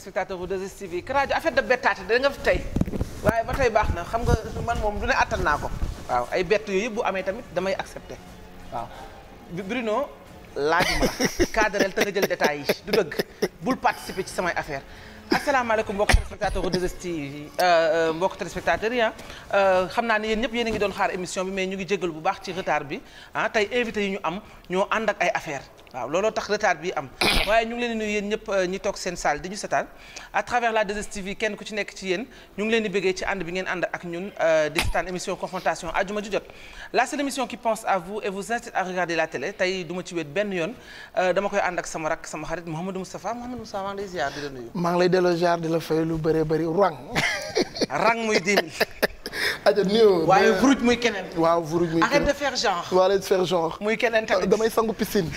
téléspectateur bu 2STV yi Karajo affaire de bettaate da fi tey waaye ba tay baax na xam nga man moom lu ne attan naa ko waaw ay bett yooyu yëpp bu amee tamit damay accepté waaw Bruno laajuma la cadrel te nga jël détails yi du dëgg bul participer ci samay affaire asalaamaaleykum mbokk téléspectateur bu 2STV euh, euh, mbokk téléspectateur yi ah euh, xam naa ne yéen ñëpp yéen a ngi doon xaar émission bi mais ñu ngi jégal bu baax ci retard bi ah tey invité yi ñu am ñoo ànd ak ay waaw looloo tax retard bi am waaye ñu ngi leen di nuyu euh, ñi toog seen salle di ñu setaan à travers la 2STV kenn ku ci nekk ci yéen ñu ngi leen di bëggee ci ànd bi ngeen ànd ak ñun euh, di setaan émission confrontation àjjuma ju jot la seule émission qui pense à vous et vous incite à regarder la télé tey du ma ci wet benn yoon euh, dama koy ànd ak sama rak sama xarit Mouhamadou Moustapha Mouhamadou Moustapha maa ngi lay ziar di la nuyu maa ngi lay delloo ziar di la fay aja nuyoo waaye vuruj muy keneen. waaw vuruj muy keneen arrête de faire damay sangu piscine.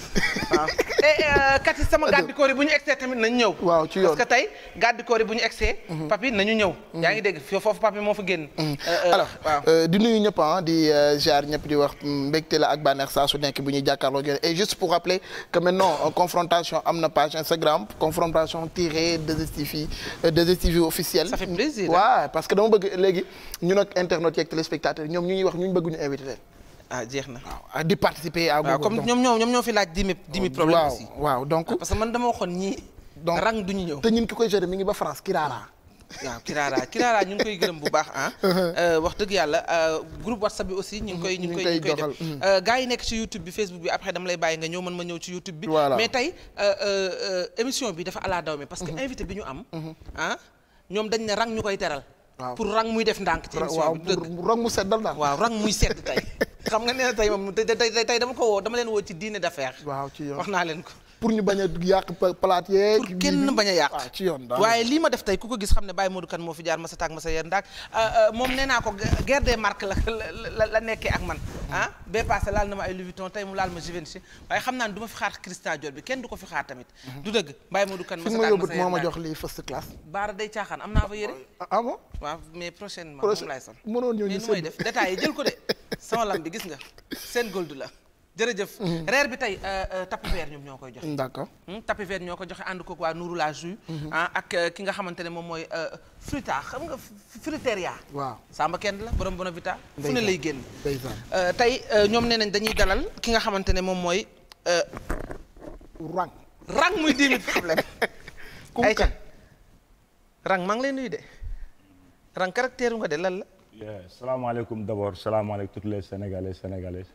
waaw eh, eh, sama gàddikoor yi bu ñu egsee tamit nañu ñëw. waaw ci yoon parce que tey gàddikoor yi bu ñu egsee. Mhm. papi nañu ñëw. Mhm. yaa ngi dégg foofu papi moo fa génn. Mhm. Euh, euh, alors euh, di nuyu ñëpp ah di ziar ñëpp di wax mm, mbégte ak bànneex saa su nekk bu ñuy jàkkaarloo ak et juste pour rappeler que maintenant confrontation am na page Instagram confrontation tiré 2STV 2STV ak internautes yeeg téléspectateurs ñoom ñu ñuy wax ñu bëgg ñu invité leen. ah jeex na ah, di participer à. waaw comme ñoom ñoo ñoom fi laaj dix mille problème aussi waaw donc. Ah, parce que man dama waxoon ñii. rang du ñëw. te ñun ki koy gérer mi ngi ba France Kirara. waaw ñu ngi koy gërëm bu baax ah. uh-huh. euh, wax dëgg yàlla euh, groupe WhatsApp bi aussi. ñu ngi koy ñu ngi koy yi nekk ci YouTube bi Facebook bi après dama lay bàyyi nga ñëw man ma ñëw ci YouTube bi. mais euh, pour rang muy def ndànk ci waaw bi dëgg rang mu seddal daal waaw rang muy sedd tey xam nga nee na tey moom tey tey dama ko woo dama leen woo ci dîner d'affaires waaw ci wax naa leen ko pour ñu bañ a yàq palaat yeeg pour kenn bañ a yàq ah, ci yoon waaye lii ma def tey ku ko gis xam ne Baye Modou Kane moo fi jaar ma sa taag ma sa yer ndaak euh, euh, moom nee naa ko guerre des marques la la nekkee ak man ah bee passé laal na ma ay Louis Vuitton tey mu laal ma Givenchy waaye xam naa ne du ma fi xaar Christian Dior bi kenn du ko fi xaar tamit mhm. du dëgg Baye Modou Kane ma sa taag ma sa yer ndaak moo ma jox lii first class baara day caaxaan am naa fa yére ah bon waaw mais prochainement moom laay sol mënoon ñëw ñu def détails yi jël ko de sama lam bi gis nga seen gold la jërëjëf. Mhm. reer bi tey euh, euh, tapis vert ñoom ñoo koy joxe. d'accord hmm, tapis vert ñoo ko joxe ànd ko waa Nourou la Jus. Mhm. Ah, ak euh, ki nga xamante ne moom mooy fruita xam nga fruiteria. waaw Samba kenn la borom Bonavita. fu ne lay génn. tey ñoom nee nañ dañuy dalal ki nga xamante ne moom mooy. rang. rang muy dix mille problème. ayca rang maa ngi lay nuyu de. rang caractère nga de lan la. salaamaaleykum d'abord salaamaaleykum tous les sénégalais sénégalaises.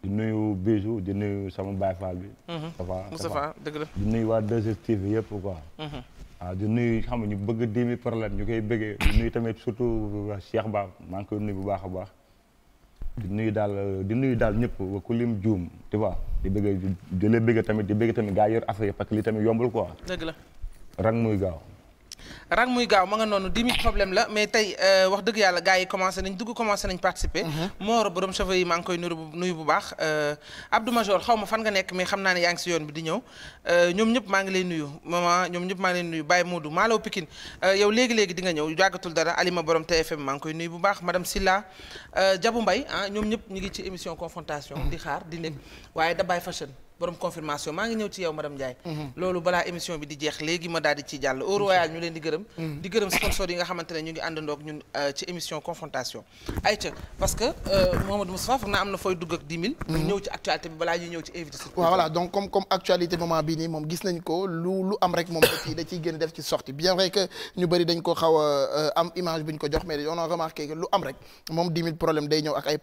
di nuyu Bijou di nuyu sama Baye Fall bi. Mhm. Moustapha dëgg la di nuyu waa 2STV yëpp quoi. waaw mhm. ah, di nuyu xam ñu bëgg dix mille problème ñu koy bëggee di nuyu tamit surtout Cheikh Ba maa ngi koy nuyu bu baax a baax. di nuyu daal di nuyu daal ñëpp wa ku lim juum tu vois di bëgg di la bëgg tamit di bëgg tamit gaa yor affaire yi parce que lii tamit yombul quoi. dëgg la rang muy gaaw. rang muy gaaw ma nga noonu dix mille problème la mais tey euh, wax dëgg yàlla gars yi commencé nañ dugg commencé nañ participer. Mhm. Mor borom cheveux yi maa ngi koy nuyu bu nuyu bu baax euh, Abdou Major xaw ma fan nga nekk mais xam naa ne yaa ngi si yoon bi di ñëw euh, ñoom ñëpp maa ngi lay nuyu ñoom ñëpp maa ngi nuyu Baye Modou Malaw Pikine léegi-léegi di ñëw jàggatul dara Alima borom TFM maa ngi koy nuyu bu baax madame Silla jabu mbay ah ñoom ñëpp ñu ngi ci émission confrontation di xaar di nekk waaye da bàyyi fashion borom confirmation maa ngi ñëw ci yow madame Ndiaye mhm. loolu balaa émission bi di jeex léegi ma daal ci jàll au royal mhm. ñu leen di gërëm mhm. di gërëm sponsor yi nga xamante ne ñu ngi àndandoog ñun euh, ci émission confrontation ayca parce que euh, Mouhamadou Moustapha foog naa am na fooy dugg ak 10 000 ñu ñëw ci actualité bi balaa ñuy ñëw ci invité surprise voilà donc comme actualité moment bii nii moom gis nañ ko lu lu am rek moom da ciy da ciy gën def ci sortie bien vrai que ñu bëri dañ ko xaw euh, am image bu ko jox mais on a remarqué que lu am rek moom 10 000 problème day ñëw ak ay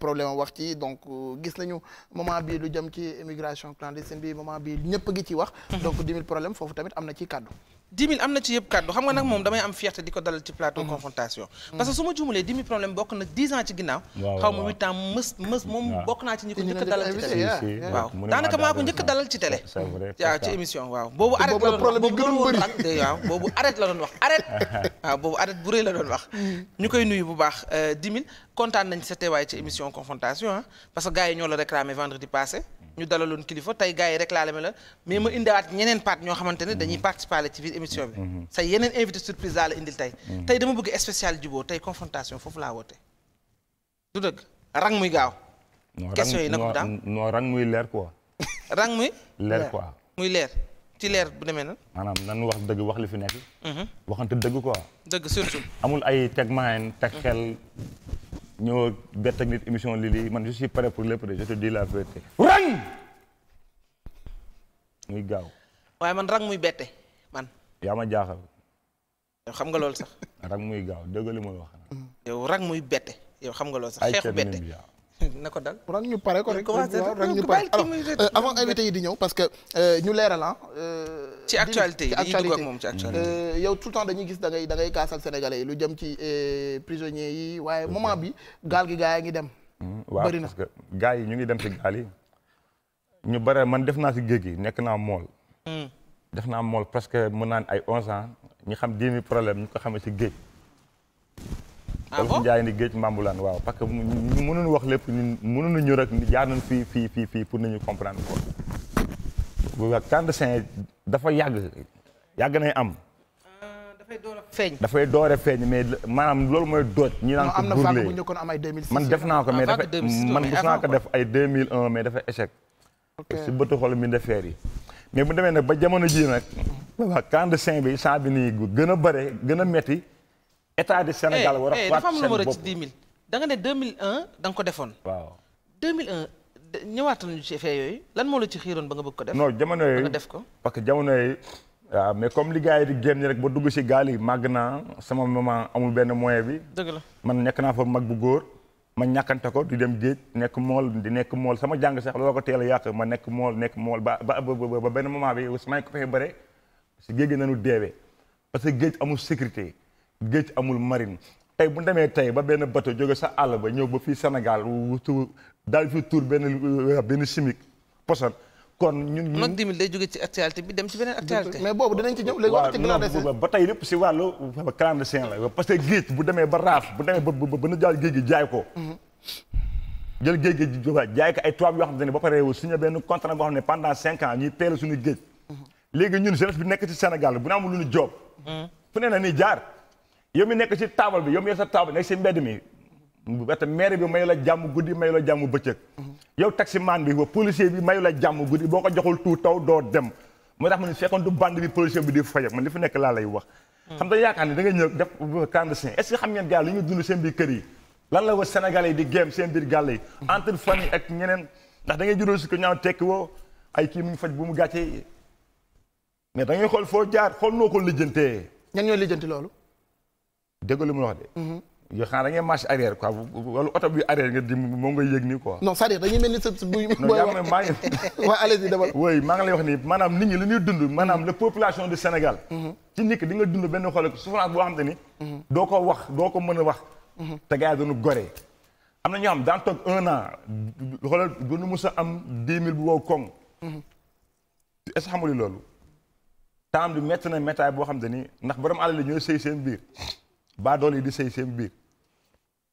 médecine bi moment bi ñëpp gi ci wax hmm. donc 10 000 problème foofu tamit am na ci kàddu 10 000 am na ci yëpp kàddu xam nga nag hmm. moom damay am fierté di ko dalal ci plateau hmm. confrontation parce que su ma jumulee 10 000 problème bokk na 10 ans ma 8 ans mës mës ci ñi ko njëkk a dalal ci télé a la doon wax waaw la doon wax ñu koy nuyu bu baax 10 euh, 000 kontaan nañ sa teewaay ci émission confrontation ah parce que gars yi ñoo vendredi passé ñu dalaloon kilifa tey gars yi rek laa leme la mais ma indiwaat ñeneen part ñoo xamante ne dañuy participer ci biir émission bi. Mhm. say yeneen invité surprise laa la indil tey. Mhm. tey dama bëgg spécial jubóo tey confrontation foofu laa woote. du dëgg rang muy gaaw. question yi nag daam non rang muy leer quoi. rang muy. leer quoi muy leer. ci leer bu demee na maanaam nan wax dëgg wax li fi nekk. Mhm. waxante dëgg quoi. dëgg surtout. amul ay teg main teg xel. ñoo bett ak nit émission Lili man je suis pour lépp de je te dis la vérité. rang. muy gaaw. waaye man rang muy bette man. yaa ma jaaxal. yow xam nga loolu sax. rang muy gaaw dëgg li ma wax. yow rang muy bette yow xam nga loolu sax. xeexu bette na ko dal ran ñu pare ko rek ran ñu pare euh, avant invité yi di ñëw parce que euh, ñu leeral ah. ci actualité yi dañuy dugg ak moom ci actualité yow tout temps dañuy gis dangay ngay da ak sénégalais yi lu jëm ci prisonniers yi waaye moment bi gaal gi gaa yi ngi dem. Hmm, bëri na waaw yi ñu ngi dem si gaal yi. ñu bare man def naa ci géej gi nekk naa mool. Hmm. def naa mool que mën naan ay onze ans ñu xam dix mille problème ñu ko xamee ci géej. Ah olof Njaay ni géej Mbambulaan waaw parce que ñu wax lépp ñun mënuñu ñu rek jaar nañ fii fii fii fii nañu comprendre ko ak tant de dafa yàgg yàgg nay am euh, dafay doore feeñ dafay doore feeñ mais maanaam loolu mooy doot ñi naan ko burlee man def naa ko mais ah, dafa man mos naa ko def ay un mais dafa échec si bëtu xol mi defeer yi mais bu demee nag ba jamono jii nag waaw camp saint bi sant bi nii gën a bare gën a metti état de Sénégal eh, war a eh, dafa am lu war a ci 10 000 da ne 2001 ko defoon. waaw 2001 ñëwaatal ci fait lan moo la ci xiiroon ba nga bëgg ko def. non jamono yooyu nga def ko. parce que jamono mais comme li yi di génn rek ba dugg si gaal yi màgg naa sama maman amul benn moyen bi. dëgg la man nekk naa fa mag bu góor. ma ñàkkante ko di dem géej nekk mool di nekk mool sama jàng sax looloo ko teela a yàq ma nekk mool nekk mool ba ba ba benn moment bi samay copains yu bare si géej gi nañu deewee parce que géej amul sécurité. géej amul marine tey bu demee tey ba benn bateau jóge sa àll ba ñëw ba fii Sénégal wutu daal fi tuur benn euh, benn chimique poson kon ñun ñun. nag day jóge ci actualité bi dem si beneen mais boobu dinañ ci ñëw léegi wax ci clandestin ba tey lépp si wàllu clandestin la parce que géej bu demee ba raaf bu demee ba ba na jaal géej gi jaay ko. Mhm. jël géej gi jaay ko ay tubaab yoo xam ne ba pare signé benn contrat boo xam ne pendant cinq ans ñuy teel suñu géej mhm. léegi ñun jeunesse bi nekk ci Sénégal bu ñu amul lu ñu joob mhm. fu ne na ni jaar yow mi nekk ci taabal bi yow mi sa taabal nekk ci mbedd mi bete maire bi mayu la jàmm guddi mayu la jàmm bëccëg yow si maan bi ba policier bi mayu la jàmm guddi boo ko joxul tuut taw doo dem moo tax ma ne fekkoon du bande di li fi nekk laa lay wax xam nga yaakaar ne da nga ñëw def clandestin est-ce que xam ngeen gars li ñu dund seen biir kër yi lan la wa sénégalais yi di géem seen biir gàlle yi entre famille ak ñeneen ndax da ngay juróo si ko ñaaw tekki woo ay kii mu ngi faj bu mu gàccee mais da xool foo jaar xool noo ko lijjantee ñan ñooy lijjanti loolu dégg lu mu wax de. Mhm. yoo xam da ngay marche arrière quoi wala oto bi arrière nga di moom nga yëg nii quoi. non c'est-à-dire dañuy mel ni sa buy. non maanaam nit ñi li ñuy dund. maanaam mhm. la population du Sénégal. Mhm. ci nit ki di nga dund benn xol souffrance boo xam te ni. doo ko wax doo ko mën a wax. te gars yi dañu goree. am na ñoo xam daan toog un an xoolal gënu mus a am dix mille bu wow loolu. temps bi métti na méttaay boo xam te ni ndax borom àll la ñooy sëy seen biir. baadool yi di sëy seen biir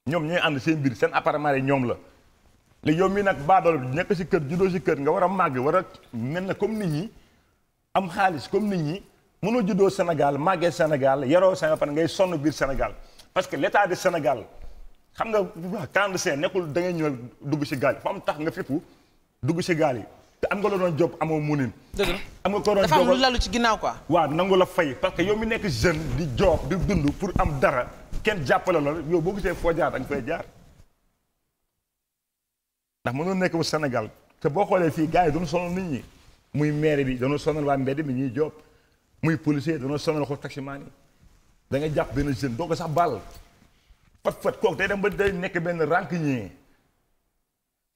ñoom ñooy ànd seen biir seen appartement yi ñoom la léegi yow mii nag baadool bi nekk si kër juddoo si kër nga war a màgg war a mel na comme nit ñi am xaalis comme nit ñi mënoo juddoo Sénégal màggee Sénégal yaroo Sénégal fan ngay sonn biir Sénégal parce que l'état du Sénégal xam nga waa clandestin nekkul da ngay ñëw dugg si gaal am tax nga fippu dugg si gaal yi am nga la doon job amoo mu dëgg la am nga ko doon job dafa am ci ginnaaw quoi. waaw nangu la fay parce que yow mi nekk jeune di job di dund pour am dara kenn jàppale lool yow boo gisee foo jaar da nga fay jaar. ndax mënoon nekk bu Sénégal te boo xoolee fii gars yi doon sonal nit ñi muy maire bi doon sonal waa mbedd mi ñuy job muy policier doon sonal ko taximaan yi da nga jàpp benn jeune doo ko sax baal fat fat kooku day dem ba day nekk benn rancunier.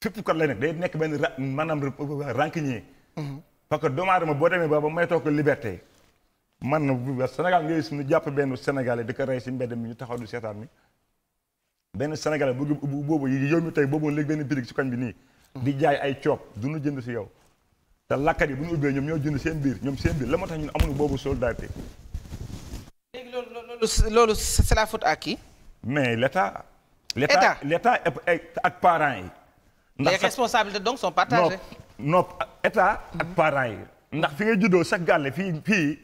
fippkat lay nekk day nekk benn ra maanaam rancunier parce que doomu aadama boo demee ba ba may toog liberté man na Sénégal ngay suñu jàpp benn Sénégalais di ko rey si mbedd mi ñu taxaw du seetaan mi benn Sénégalais bu boobu yow mi tey boobu léegi benn birig si koñ bi nii di jaay ay coob duñu jënd si yow te lakkat yi bu ñu ubbee ñoom ñoo jënd seen biir ñoom seen biir la moo tax ñun amuñu boobu solidarité léegi loolu loolu loolu c'est la faute à qui mais l'état l'état l'état ak parents yi ndax les responsabilités donc sont partagées. non non état ak parents yi. ndax fi nga juddoo sa gàlle fii fii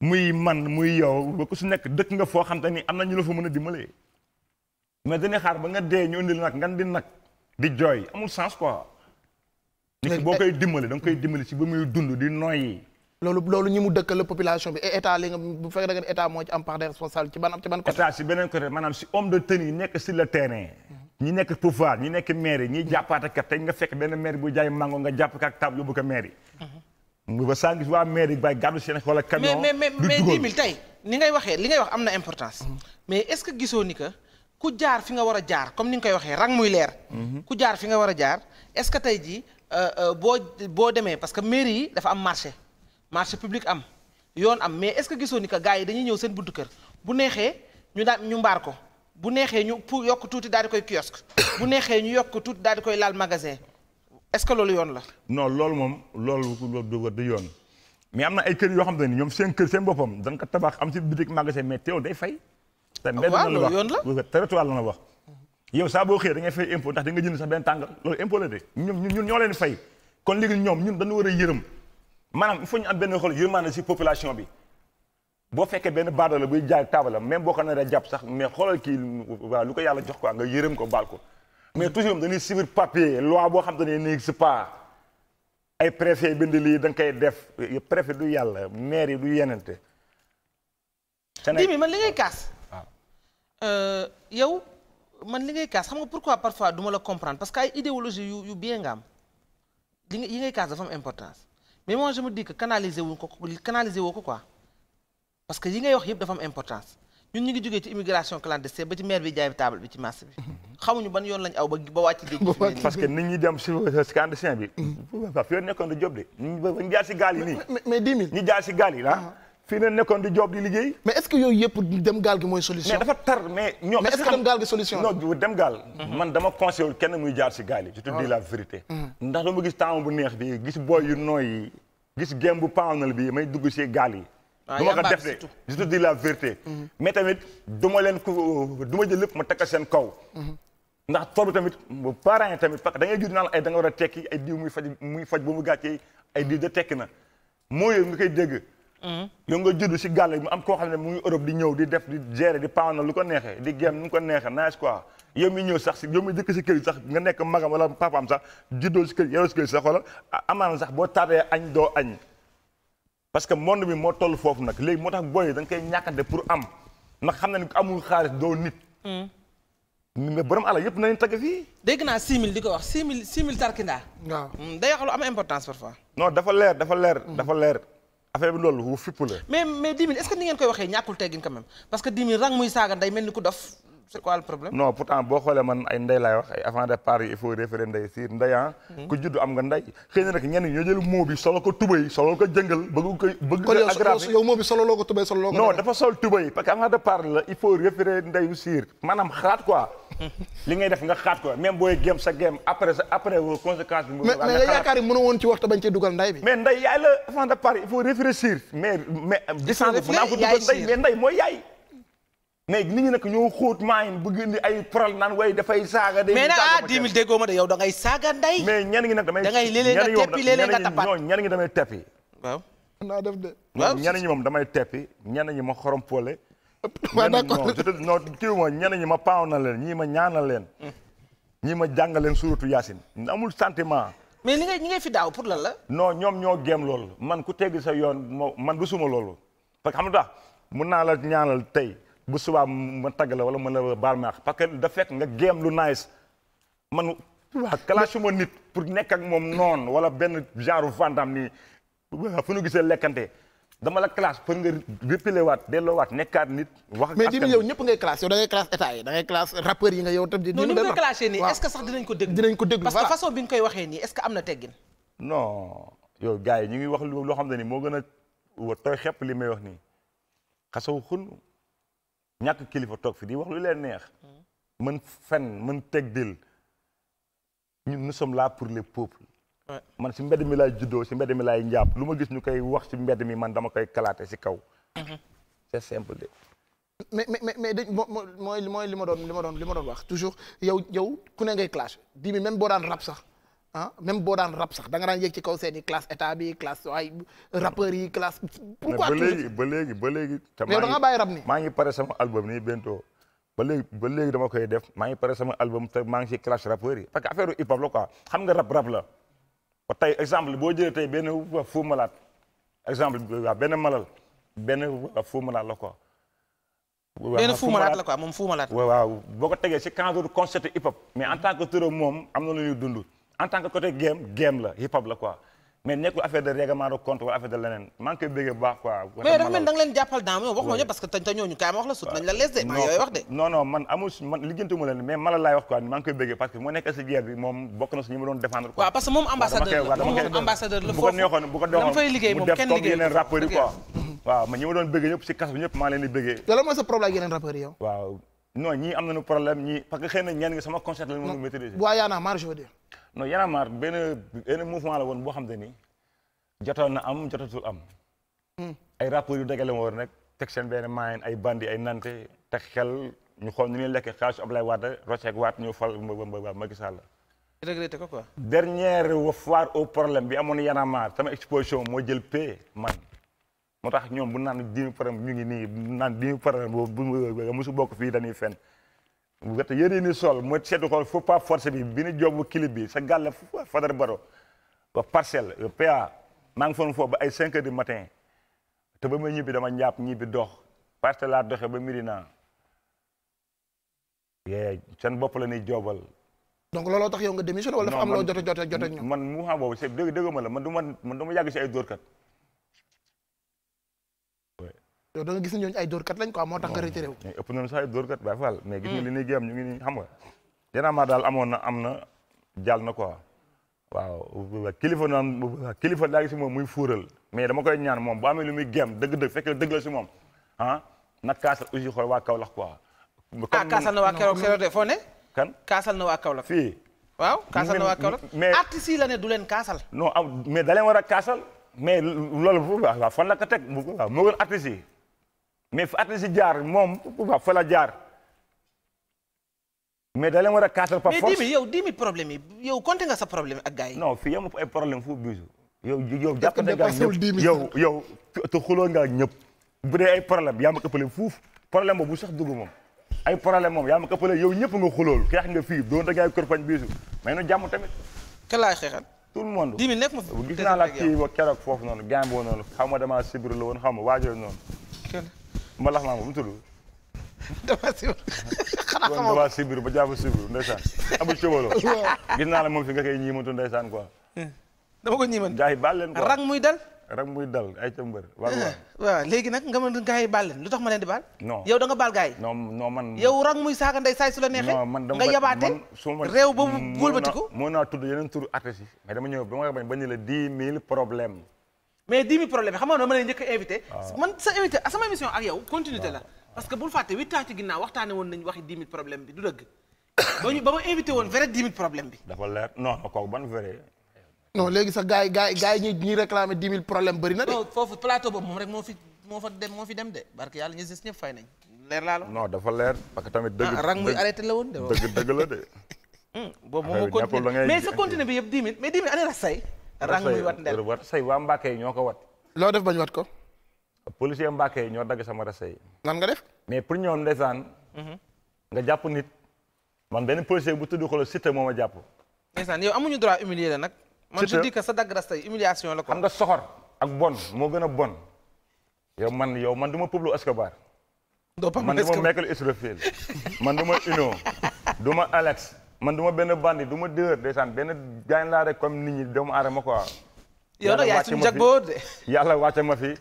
muy man muy yow ba ku su nekk dëkk nga foo xam te ni am na ñu la fa mën a dimbalee mais dañuy xaar ba nga dee ñu indil nag ngan di nag di jooy amul sens quoi. nit boo eh koy dimbali da koy dimbali ci ba muy dund di nooy loolu loolu ñi mu dëkkal la population bi et li nga bu fekkee da nga état moo ci am part de responsable ci ban ci ban côté. si beneen côté maanaam si homme de tenue nekk si le terrain. Mm-hmm. ñi nekk pouvoir ñi nekk maire ñi jàppaate kat tey nga fekk benn maire bu jaay mango nga jàpp ak tab yóbbu ko maire mu ba saa gis waa maire yi bay gàddu seen xool ak camion mais mais mais dix mille tey ni ngay waxee li ngay wax am na importance mais est-ce que gisoo ni que ku jaar fi nga war a jaar comme ni nga koy waxee rang muy leer ku jaar fi nga war a jaar est-ce que tey jii euh, euh, boo boo demee parce que mairie yi dafa am marché marché public am yoon am mais est-ce que gisoo ni que gars yi dañuy ñëw seen buntu kër bu neexee ñu daan ñu mbaar ko bu neexee ñu pour yokk tuuti daal di koy kiosque bu neexee ñu yokk tuuti daal di koy laal magasin est-ce que loolu yoon la. non loolu moom loolu du yoon mais am na ay kër yoo xam ne ñoom seen kër seen boppam dañ ko tabax am ci boutique magasin mais teew day fay. te mbedd na ah, la wax yoon la territoire la na wax. yow saa boo xëyee da ngay fay impôt ndax da nga jënd sax benn tàngal loolu impôt la de ñoom ñun ñoo leen fay kon léegi ñoom ñun dañu war a yërëm maanaam il faut benn xol yërmaande ci population bi boo fekkee benn baado la buy jaay taabalam même boo ko nar a jàpp sax mais xoolal kii waaw lu ko yàlla jox quoi nga yërëm ko baal ko mais toujours dañuy subir papier loi boo xam te ne n'existe pas ay préfet bind lii da koy def préfet du yàlla maire yi du yenente dimi man li ngay kaas ah. euh, yow man li ngay kaas xam nga pourquoi parfois du ma la comprendre parce que ay idéologie yu bien nga am li yi ngay kaas dafa am importance mais moi je me dis que canaliser wu ko canaliser woo ko quoi parce que yi ngay wax yëpp dafa am importance ñun ñu ngi jógee ci immigration clandestine ba ci maire bi jaay table bi ci marché bi xamuñu ban yoon lañ aw ba ba wàcc géej parce de jaar si gaal yi nii mais dix mille ñu jaar si gaal yi ah. fii na nekkoon di job di liggéey mais est-ce que yooyu yëpp dem gaal gi mooy solution mais dafa tar mais dem gaal gi solution non dem gaal mhm. man dama conseillé kenn muy jaar si gaal yi je te dis ah. la vérité mhm. ndax dama gis gis booy bu pawnal may dugg si gaal Ah, du ma ko def de je te dis la vérité mhm. mais tamit du ma leen du ma jël lépp ma takkal seen kaw mhm. ndax tool tamit parents yi tamit parce que da ngay gis naan ay da nga war a tekki ay diw muy faj muy faj ba mu gàccee ay diw da tekki na moo yooyu nga koy dégg mhm. yow nga judd si gàll mu am koo xam ne mu ngi Europe di ñëw di def di gérer di paaw na lu ko neexee di gem nu ko neexee nice quoi yow mi ñëw sax si yow mi dëkk si kër yi sax nga nekk magam wala papaam sax juddoo si kër yi yoroo boo taatee añ doo añ parce que monde bi moo toll foofu nag léegi moo tax booy da nga koy ñàkkante pour am na xam na ni ko amul xaalis doo nit. Hmm. mais borom àll nañu tagg fii. dégg naa 6000 di ko wax 6000 6000 tarkindaa. waaw hmm, day wax lu am importance parfois. non dafa leer dafa leer. Hmm. dafa leer affaire bi loolu wu fipp mais mais 10 est que ni ngeen koy waxee ñàkkul teggin quand même parce que 10 000 rang muy saaga day mel ni ku dof. c'est quoi le problème. non pourtant boo xoolee man ay ndey laay wax ay avant départ yi il faut référer ah. hmm. nga siir maanaam xalaat quoi li ngay xaat ko même booy gém sa gém woon ci waxta bañ cee dugal nday bi. mais nday yaay nday euh, mooy yaay. mais nit ñi nag ñoo xóot maayin bëgg indi ay pral naan waaye dafay saaga. day mais nag ah 10 000 ma de yow dangay ngay saaga nday. mais ñenn ñi nag damay dangay léeg-léeg nga teppi léeg-léeg nga tapat ñenn ñi damay teppi. waaw naa de. ñenn ñi damay teppi ñenn ñi ma xorom poole. waaw d'accord non non ñenn ñi ma paaw na leen ñii ma ñaanal leen. Mm. ñii ma jàngal leen suratu Yaasin amul sentiment. mais li ñi ngay fi daaw la. non ñoom ñoo géem man ku tegg sa yoon man du suma loolu parce que xam nga mun naa la ñaanal tey bu subaa ma tagg la ma la baal maax parce que da fekk nga géem lu nice man waa clashé ma nit pour nekk ak moom noonu wala benn genre vandam nii fu ñu gisee lekkante dama la classe pour nga répilé waat delloo waat nekkaat nit. wax mais di yow ñëpp ngay classe yow da ngay classe état yi da ngay classe rappeurs yi nga yow tam. di non ni nga classé nii est façon bi nga koy waxee nii est-ce am na teggin. non yow gars ñu ngi wax loo xam ne nii moo gën a tooy xepp li may wax nii xasaw xun ñàkk kilifa toog fi di wax lu leen neex. mën fen mën teg dil ñun nous sommes là pour les peuples. man si mbedd mi laay juddoo si mbedd mi laay njàpp lu ma gis ñu koy wax si mbedd mi man dama koy kalaate si kaw. Mhm. c'est simple de. mais mais mais dañ mooy li ma doon li ma doon li ma doon wax toujours yow yow ku ne ngay clash di bi même boo daan rap sax. ah même boo daan rap sax da nga daan yéeg ci kaw seen i classe état bi classe ay rappeurs yi classe. pourquoi ba léegi ba léegi ba léegi. te maa ngi da nga bàyyi rap ni maa ngi pare sama album nii bientôt ba léegi ba dama koy def maa ngi pare sama album te maa ngi ci classe rappeurs yi parce que affaire hip hop la quoi xam nga rap rap la ba tey exemple boo jëlee tey benn Fou Malade exemple waaw benn malal benn Fou Malade la quoi. waaw benn Fou Malade la quoi moom Fou Malade. waaw boo ko tegee ci cadre concert hip hop. mais en tant que turam moom am na lu ñuy dund. en tant que côté game game la hip hop la quoi mais nekkul affaire de règlement de compte wala affaire de leneen man koy bëggee bu baax quoi. mais dafa leen jàppal daan ñoom wax ma ñoom ma la sut nañ de. maa yooyu wax de laay wax quoi moo nekk si guerre moom bokk na si ñu ma doon défendre quoi. waaw parce la moom moom ambassadeur la foofu bu ko mu def comme si kas bi ñëpp maa leen di mooy sa problème yeneen rappeurs yi yow. waaw non ñii am na ñenn ngi sama concert la ñu mën a maîtriser. waaw yaa non Y'en a marre benn benn la woon boo xam te ni jotoon na am jotatul am. ay rappeurs yu dagale woon rek teg seen benn maayen ay bandi ay nante te xel ñu xool ni ñuy lekk xaalisu Ablaye Wade roceeg waat ñu fal Macky Sall. regretté ko quoi. dernière foire au problème bi amoon Y'en a marre sama exposition moo jël paie man. moo tax ñoom bu naan dix mille problème ñu ngi nii naan dix problème boobu bu mosu bokk fii dañuy fen wet yëre ni sol mooy seetu xool faut pas forcer bi bi joobu kilib bi sa gàll Fadar Baro ba parcelle PA maa ngi foon foo ba ay 5 heures matin te ba ma ñibbi dama njàpp ñibbi dox parcelle laa doxe ba Mirina yee seen bopp la ni joobal donc looloo tax yow nga démission wala dafa am loo jot a jot man mu xam boobu c'est dëgg dëgg ma la man du ma ma yàgg si ay dóorkat yow da nga gis ne ñooñu ay dóorkat lañ quoi moo tax nga retiré wu ëpp gis nga mm. li ñuy géam ñu ngi ni xam nga yenaa maa daal amoon na am na jàll na ko waaw kilifa naan kilifa daa si moom muy fuural mais dama koy ñaan moom boo amee lu muy géam dëgg-dëgg fekk dëgg la si moom na ah, nag kaasal aussi xool waa Kaolack quoi ah kaasal na waa Kaolack keroog foo ne kan kaasal na waa Kaolack fii waaw kaasal na waa Kaolack mais artiste la ne du leen kaasal non mais da leen war a kaasal mais loolu waaw fan mais fa atli si jaar moom waaw fa la jaar mais da leen war kaatal par force mais dimi problème yi yow compté nga sa problème ak gars yi non fii yamul ay problème fu bisu yow yow jàppante nga yow yow te xuloo nga ñëpp bu dee ay problème yaa ma këppale fuuf problème sax dugg moom ay problème moom yaa ma ñëpp nga xulool xeex nga fii doon da ngay tamit ka laay xeexal tout le monde dimi nekk ma gis naa la kii keroog foofu noonu gaañ boo noonu xaw ma damaa sibir la woon xaw ma waajoo noonu mbalax maa moom mu tudd. damaa si xanaa xamoo damaa si biir ba jaafa si biir ndeysaan abu cobolo gis naa la moom fi nga koy ñiimantu ndeysaan quoi. Eh, dama ko ñiiman gars yi baal leen quoi rang muy dal. rang muy dal ay cëmbar waaw eh, waaw léegi nag nga mën gars yi baal leen lu tax ma leen di baal. non yow da nga baal gars yi. non non man. yow rang muy saaga ndey saay su la neexee. non man dama nga yabaate réew boobu góolbatiku. moo naa tudd yeneen turu artistes yi mais dama ñëw ba ma bañ ba ñu la dix mille problème mais 10 000 problème xam nga dama lay njëkk a invité. Ah. man sa invité ah, sama émission ak yow continuité la. Ah. parce que bul fàtte huit ans ci ginnaaw waxtaane woon nañu waxi 10 000 problème bi du dëgg. ba ñu invité woon vrai 10 000 problème bi. dafa leer non dafa leer parce muy arrêté la woon dëgg dëgg la de. Hmm, mais sa continué bi yëpp 10 000 mais 10 000 ana la say. rang muy wat ndel wat say waa Mbàkke yi ñoo ko wat loo def bañ wat ko policier Mbàkke yi ñoo dagg sama rase yi nan nga def mais pour ñoom ndeysaan mhm. nga jàpp nit man benn policier bu tudd ko la Siteu moom a jàpp ndeysaan yow amuñu droit humilier la nag man je dis que sa dagg rase yi humiliation la ko xam nga soxor ak bon moo gën a bon yow man yow man du ma Pablo Escobar man du ma Michael Israfil man du ma Uno du ma Alex man du ma benn bandi du ma de ndeysaan benn gaañ laa rek comme nit ñi doomu aadama quoi. yow nag yaay yàlla wàcce ma fi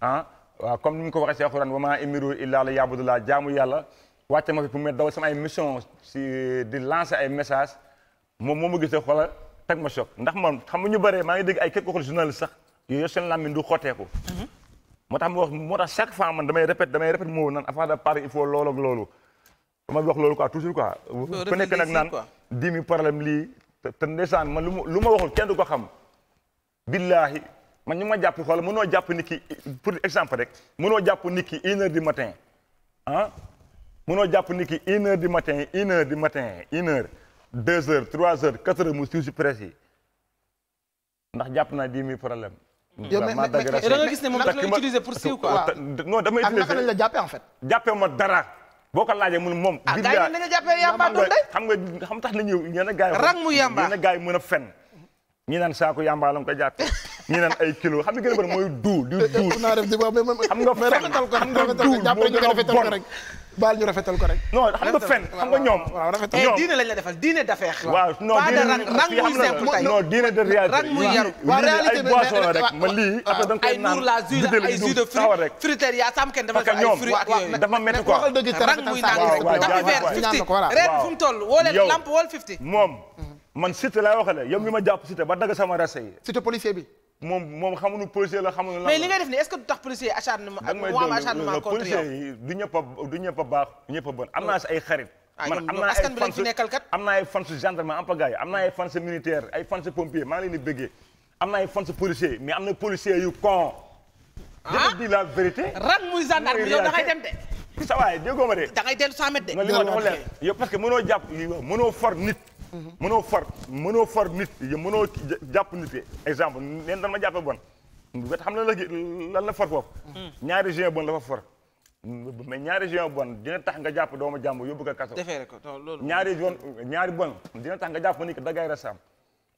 ah waaw comme ni mu ko waxee si alxuraan wa maa umiru illaa liya'budullaa jaamu yàlla wàcce ma fi pour ma daw sama ay mission si di lance ay message moom moo ma gisee xoola teg ma choc ndax man xam nga ñu bare maa ngi dégg ay képp ku xool journaliste sax yooyu seen làmmiñ du xotteeku. Mhm. moo tax ma wax moo tax chaque fois man damay répète damay répète moo nan avant de loolu. damay wax loolu quoi toujours quoi. ku nekk nag naan dix mille problème lii. te te ndeysaan lu ma lu ma waxul kenn du ko xam. billahi ma ñu ma jàpp xool mënoo jàpp nit ki pour exemple rek mënoo jàpp nit ki une heure du matin ah mënoo jàpp nit ki une heure du matin une heure du matin une heure deux heures trois heures quatre heures mu siiw si presse yi ndax jàpp naa dix mille problème. yow mais da nga gis ne moom da nga utiliser pour siiw en fait. jàppee ma dara. boo ko laajee mun moom. ah gars yi nañu jàppee yamba tunde xam nga xam tax na ñëw ñenn gars yi. rang mu yamba ñenn gars yi mën a fen ñi naan saako yamba la ko jàppee ñu ay kilo xam nga gën a bon mooy fen eh, eh, xam nga duu moo gën a bon baal ñu rafetal ko rek. non waaw rafetal ñoom la defal diine d'affaire. waaw non ay boisson la rek ma lii. après da nga koy naan ay jus de fruits rek. fruiterie yaa kenn dafa ay fruits ak yooyu. dafa métti quoi rang muy naan rek. waaw waaw jaajëf waaw moom man cité laa waxale yow mi ma jàpp cité ba dagg sama rase yi. policier bi. moom moom xamuñu policier la xamuñu lan mais li ngay def nii est-ce que du tax policier acharnement mu am acharnement contre yow policier yi du ñëpp a du ñëpp a baax du ñëpp a bon am naa si ay xarit ah, man am naa askan bi lañ fi nekkal kat am naa ay fans gendarme en pagaille am naa ay fans militaire ay fans pompier maa ngi leen di bëggee am naa ay fans policier mais am na policier yu con ah? je dis la vérité ran muy gendarme yow da ngay dem de sa waay déggoo ma de da ngay dellu 100 mètres de li ma dafa leer yow parce que mënoo jàpp mënoo for nit Mhm. mënoo for mënoo for nit mënoo jàpp nit ki exemple neen dan ma jàppee bon bet xam na la lan la for foofu mhm. ñaari juin bon la fa for mais ñaari juin bon dina tax nga jàpp doomu jàmbur yóbbu ko kaso ñaari bon ñaari bon dina tax nga jàpp nit ki dagay rasaam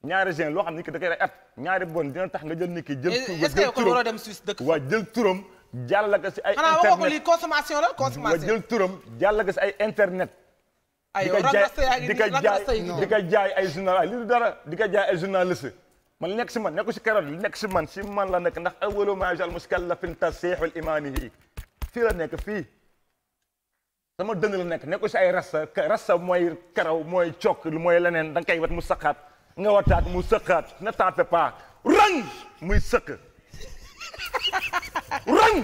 ñaari juin loo xam nit ki da koy at ñaari bon dina tax nga jël nit ki jël turam wa jël turam jàll ko si ay internet xanaa waxoo ko lii consommation la consommation jël turam jàll ko si ay internet di ko jaay di ko jaay di ko jaay ay journal li du dara di ko jaay ay journaliste man nekk si man nekku si karat li nekk si man si man la nekk ndax awalu ma jal muskallafin tasixul imaanihi fii la nekk fii sama dënd la nekk nekku si ay rassa rassa mooy karaw mooy cokk mooy leneen da nga koy wet mu saqaat nga wataat mu sëqaat ne tente pas rang muy sëq rang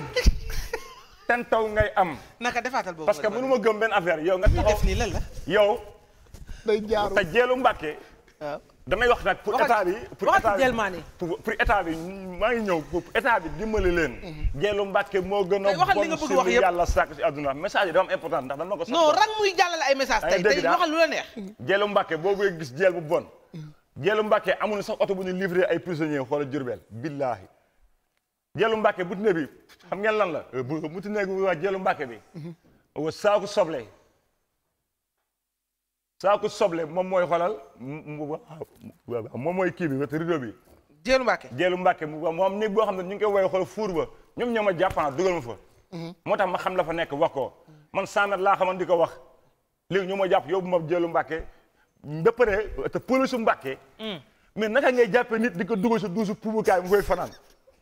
ten taw ngay am. naka defaatal parce que mënu ma gëm benn affaire yow nga. def nii lan la yow. day jaaru te jeelu Mbàkke. Ah. damay wax nag pour état bi. pour état bi pour état bi maa ngi ñëw pour état bi dimbali leen. Mhm. jeelu Mbàkke moo gën a. waxal li nga bëgg wax yëpp si àdduna message yi dafa am important ndax dama ko. non rang muy jàllale ay message tey tey waxal lu la neex. jeelu Mbàkke boobu gis jeel bu bon. Mhm. jeelu Mbàkke amul sax oto bu ñu livré ay prisonniers xoola Jurbel billaahi jëlu mbàkke butine bi xam ngeen lan la eh, butine bi waa jëlu mbàkke bi mhm. saaku soble saaku soble moom mooy xolal moom mooy kii bi rido bi jëlu mbàkke jëlu mbàkke moom néeg boo xam ne ñu ngi koy woy xool fuur ba ñoom ñoo ma jàppan dugal ma fa mhm. moo tax ma xam la fa nekk wax ko man saamet laa xaman di ko wax léegi ñoo ma jàpp yóbbu ma jëlu mbàkke ba pare te polisu mbàkke mm. mais naka ngay jàppee nit di ko dugal sa duusu puubukaay mu koy fanaan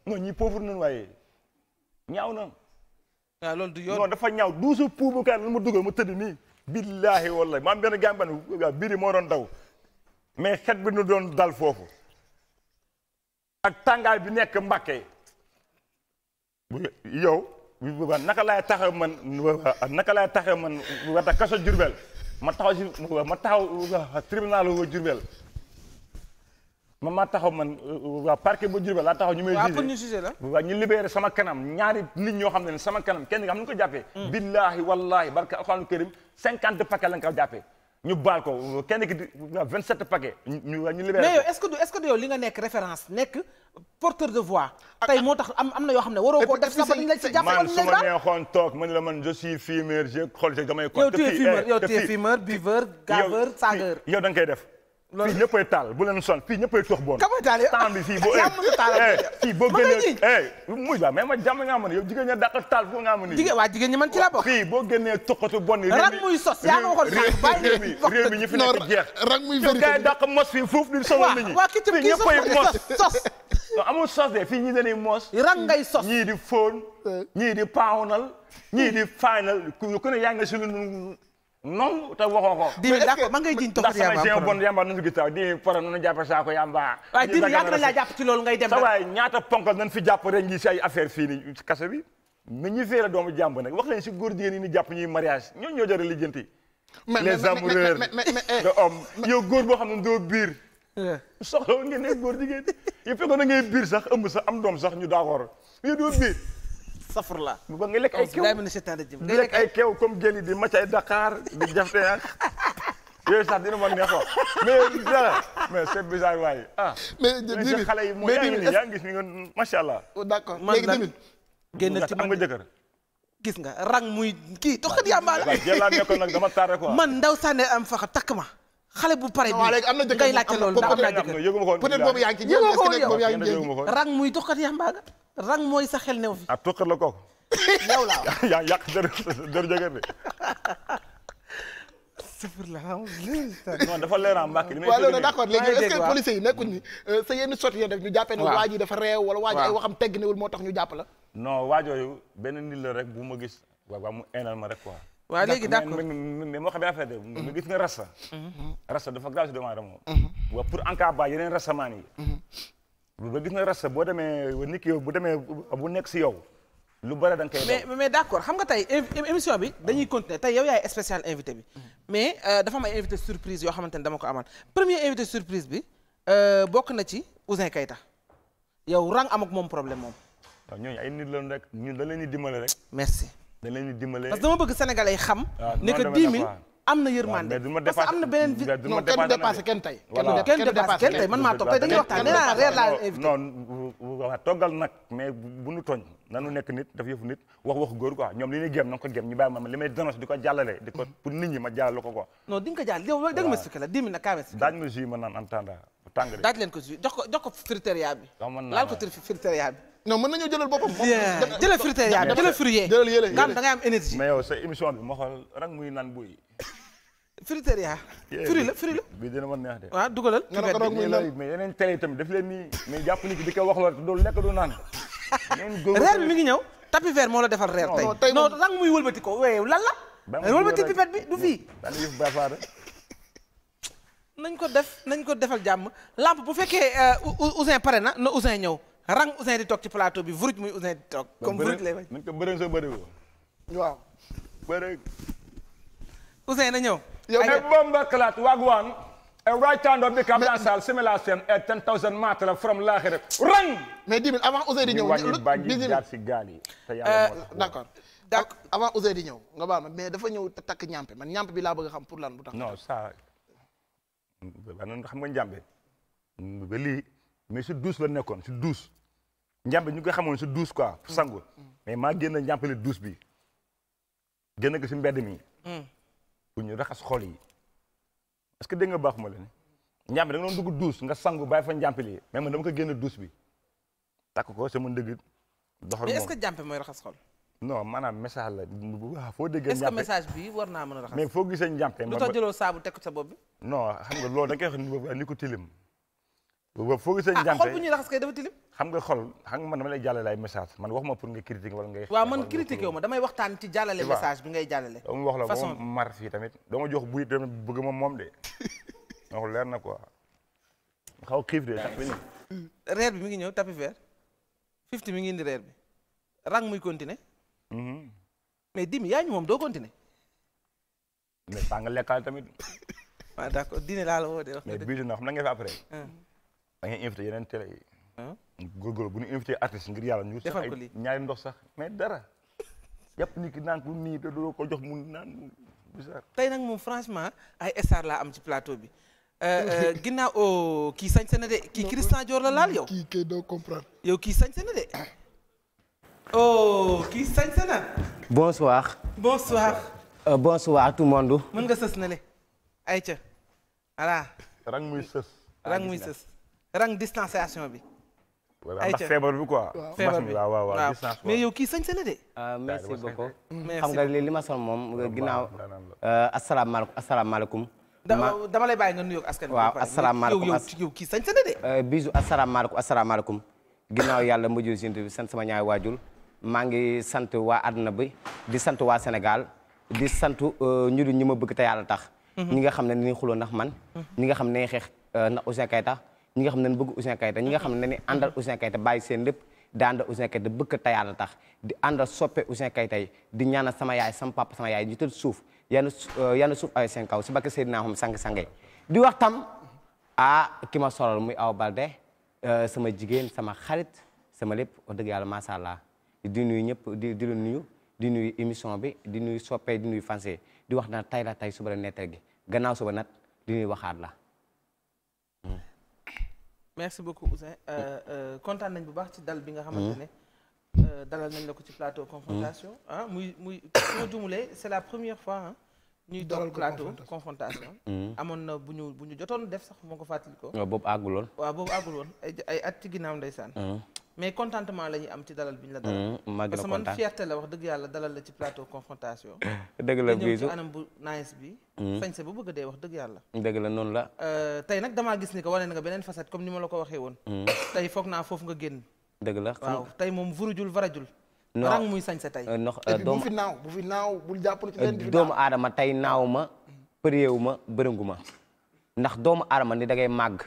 non ñi pauvre nañu waaye ñaaw na. waaw ah, loolu du yoon non dafa ñaaw douze puubukaay la ma dugal ma tëdd nii. billaahi wallaahi maam benn gàmban waaw biir yi moo doon daw mais xet bi nu doon dal foofu ak tàngaay bi nekk Mbàkke yow naka laay taxaw man naka laay taxaw man wata kaso Jurbel ma taxaw si ma taxaw tribunal wa Jurbel ma maa taxaw man euh, waa parquet bu Diourbel laa taxaw ñu may jugé waaw pour ñu jugé la waaw ñu libéré sama kanam ñaari nit ñoo xam ne sama kanam kenn nga xam ko jàppee mm. billaahi wallaahi barka alxuraan karim cinquante paquet la nga ko jàppee baal ko kenn ki vingt sept paquet ñu nga nekk référence nekk porteur de voix ah, tey ah. moo tax am am na yoo xam ne waroo ko def sax dañ la ci jàppal man su ma neexoon toog man la man je suis fumeur je xool yow tu koy def loolu fii ñëppay taal bu leen son fii ñëppay tox bon. kaba taal yow temps bi fii boo. Eh, fii boo eh, taal foo nga xam ne. jigéen waa jigéen ñi man ci rang muy sos yaa nga waxoon sànq bàyyi leen réew mi ñu fi nekk jeex. rang muy sos sos. amul sos de fii ñi dañuy mos. rang ngay sos ñii di fóon eh. ñii di pawnal ñii di final ku ne yaa nga si non te waxoo ko. mais est-ce que man ngay jiñ toxu yamba ndax bon yamba nu mu gis sax di pare nu mu jàppee saako yamba. waaye ngay dem sa waay ñaata ponkal nañ fi jàpp rek ngi si ay affaire fii nii kase bi. mais ñi féere doomu jàmb nag wax leen si góor jigéen yi ni jàpp ñuy mariage ñoo ñoo jar a lijjanti. les amoureux de homme yow góor boo xam ne doo biir. soxla ngeen ne góor jigéen yi fekkoon na ngay biir sax ëmb sax am doom sax ñu d'accord yow doo biir astafurla ba nga lekk ay kew nga lekk ay kew comme jëli di macc ay Dakar di jafte ak yooyu sax dina mën neexoo mais dara mais c'est bizarre waaye ah mais mais xale ni nga macha allah oh, d'accord léegi tamit génn ci am nga jëkkër gis nga rang muy kii toxkat yàmbaale jël laa nekkoon nag dama ndaw sànne am faxa takk ma xale bu pare bi ngay laajte loolu ndax am na jëkkër peut-être boobu yaa rang muy toxkat yàmbaaga rang mooy sa xel new fi. ah tuqar la kooku. yow laa wax yaa yàq dër dër jëgër de. non dafa leer am mbàkk li may. waaw loolu d'accord léegi est-ce que police yi nekkuñ euh, sa yenn sotti yoo def ñu jàppee ne waa ji dafa réew wala waa ji ay waxam tegg newul moo tax ñu jàpp la non waajooyu benn nit la rek bu ma gis waaw waaw mu enal ma rek waa waaw léegi d'accord mais moo xam ne affaire de mu mhm. gis nga rasta mhm. rasta dafa grave si doomu aadama mhm. pour en cas yeneen rastamaan yi ba gis na rasta boo demee nit ki bu demee bu nekk si yow. lu bëri da nga koy mais mais d'accord xam nga tey émission bi dañuy continuer tey yow yaay spécial invité bi. Mm. mais euh, dafa am ay invité surprise yoo xamante ne dama ko amal premier invité surprise bi euh, bokk na ci Ouzin Keita yow rang am moom problème moom. ñooñu ay nit lañu rek ñun da leen di dimbale rek. merci da leen di dimbale. parce que dama bëgg sénégalais xam. waaw ne que 10 am na yërmande parce que am na beneen vie non kenn du kenn tey. kenn du kenn tey man maa toog tey dañuy waxtaan nee mais bu nu tooñ nanu nekk nit daf yëfu nit wax wax góor quoi ñoom li ñuy gém na ko gém ñu bàyyi ma li may di ko jàllale di ko pour nit ma jàllale ko ko jàllale yow dégg ma expliqué la daaj ma jus ma naan en tànda daaj leen ko jus jox ko jox ko bi. laal ko critère bi non mën nañoo jëlal boppam. jëlal fruité yaa jëlal fruité. jëlal yële yële da am énergie. mais yow sa émission bi ma xool rang muy naan buy. fruité yaa. fruit la de. waaw dugalal. nga ne ko rang muy naan mais yeneen télé yi tamit ko wax loolu doon lekk bi mi ngi ñëw. tapis vert moo la defal reer tey. non rang muy wëlbati ko weew lan la. wëlbati pipette bi du fii. nañ ko def nañ ko defal jàmm lampe bu fekkee euh, Ousin pare na na Ousin ñëw rang Ouzin di toog ci plateau bi vuruj muy Ouzin waaw. bëree. ñëw. yow ne bomba a right hand of the Kablan Sall simulation at 10,000 meter from Lahore rang. mais dix mille avant Ouzin di ñëw. ñu jaar si gaal avant Ouzin di ñëw nga ba ma mais dafa ñëw takk ñampe man ñampe bi laa bëgg a xam pour lan bu tax. non saa xam nga njàmbe ba lii mais si douze la nekkoon si douze. njàmpe ñu ko xamoon si douche quoi pour sangu mais maa génn njàmpale douche bi génn ko si mbedd mii hmm. pour ñu raxas xol yi est que dégg nga baax ma leen njàmpe da nga doon dugg douche nga sangu bàyyi fa njàmpale mais man dama ko génn douche bi takk ko sama ndëgg doxal mais est-ce que njàmpe mooy raxas xol non a message la waaw foo déggee. est-ce que message bi war naa mën a raxas mais foo gisee njàmpe lu tax jëloo saabu teg sa bopp bi non xam nga loolu da nga ni ko tilim foo gisee ah, njàmpe xol bu ñuy raxas kay dafa tilim xam nga xol xam nga man dama lay jàllale ay message man waxuma pour nga critiquer wala ngay waaw man critiquer wu ma damay waxtaan ci jàllale message bi ngay jàllale mu wax la boo mar fii tamit doo ma jox buy tamit bëgg ma moom de wax leer na quoi xaw xiif de tapi ni hmm, reer bi mi ngi ñëw tapi vert fifty mi ngi indi reer bi rang muy continuer hmm. mais dimi yaa ñu moom doo continuer mais saa nga lekkaale tamit waaw d'accord dina laa la woo de wax mais bii dina xam na nga fi après hmm. da ngay invité yeneen télé yi. Hmm? góorgóorlu bu ñu invité artiste ngir yàlla ñu. defal ko lii ñaari ndox sax mais dara. yëpp nit doo ko jox mu naan tey nag moom franchement ay star am ci plateau bi. Euh, euh, ginnaaw oh, kii sañ se na kii Christian Dior laal yow. kii doo comprendre. yow kii sañ se na de. oh kii sañ euh, nga sës na le. ayca voilà. rang muy sës. rang muy sës. rang distanciation bi. ay ca feebar bi quoi. mais yow kii sañ sa na de. Ah, merci beaucoup. xam nga li ma sonn moom ginnaaw. Euh, asalaamaaleykum asalaamaaleykum. dama lay bàyyi nga nuyoog askan bi. sa na de. Euh, bisu asalaamaaleykum yàlla mujj si bi sant sama ñaari waajur maa ngi sant waa àdduna bi di sant waa Sénégal di sant euh, ñu ñi ma bëgg te yàlla tax. Mhm. ñi nga xam ne ni xuloon man. Mhm. ñi nga xam ne xeex ndax Ouzin Keita ñi nga xam ne dañ bëgg Ouzin Keita ñi nga xam ne dañuy àndal Ouzin Keita bàyyi seen lépp di àndal Ouzin Keita bëgg te yàlla tax di àndal soppe Ouzin Keita yi di ñaanal sama yaay sama papa sama yaay jiital suuf yann euh, yann suuf ay seen kaw si bakk Seydina xam sang-sange di wax tam ah ki ma solal muy Awa Balde euh, sama jigéen sama xarit sama lépp wax dëgg yàlla macha allah di nuyu ñëpp di di la nuyu di nuyu émission bi di nuyu soppe di nuyu fansé di wax na tay la tay suba la nettal gi gannaaw suba nag li ñuy waxaat la merci beaucoup Ouzin euh, euh, kontaan nañ bu baax ci dal bi nga xamante mm-hmm. ne euh, dalal nañ la ko ci plateau confrontation mm-hmm. ah muy muy su ma jumulee c'est la première fois ñuy doon plateau confrontation mm-hmm. amoon na bu ñu bu ñu jotoon def sax moo ko fàttalikoo ko waaw boobu àggul woon waaw boobu àggul woon ay at ci ginnaaw ndeysaan mais contentement la ñuy am ci dalal bi ñu la dalal. Mm, maa parce que man fierté la wax dëgg yàlla dalal la ci plateau confrontation. dëgg la bisu ci anam bu nice bi. Mm. sañse bu bëgg dee wax dëgg yàlla. dëgg la noonu la. Euh, tey nag damaa gis ni ko wane nga beneen facette comme ni ma la ko waxee woon. Mm. tey foog naa foofu nga génn. dëgg la waaw tey moom vurujul varajul. rang muy sañse tey. Euh, ndox euh, doomu bu fi naaw bu fi naaw bul jàpp ci benn doomu aadama tey naaw ma përéew ma bërëngu ma ndax doomu aadama ni da ngay màgg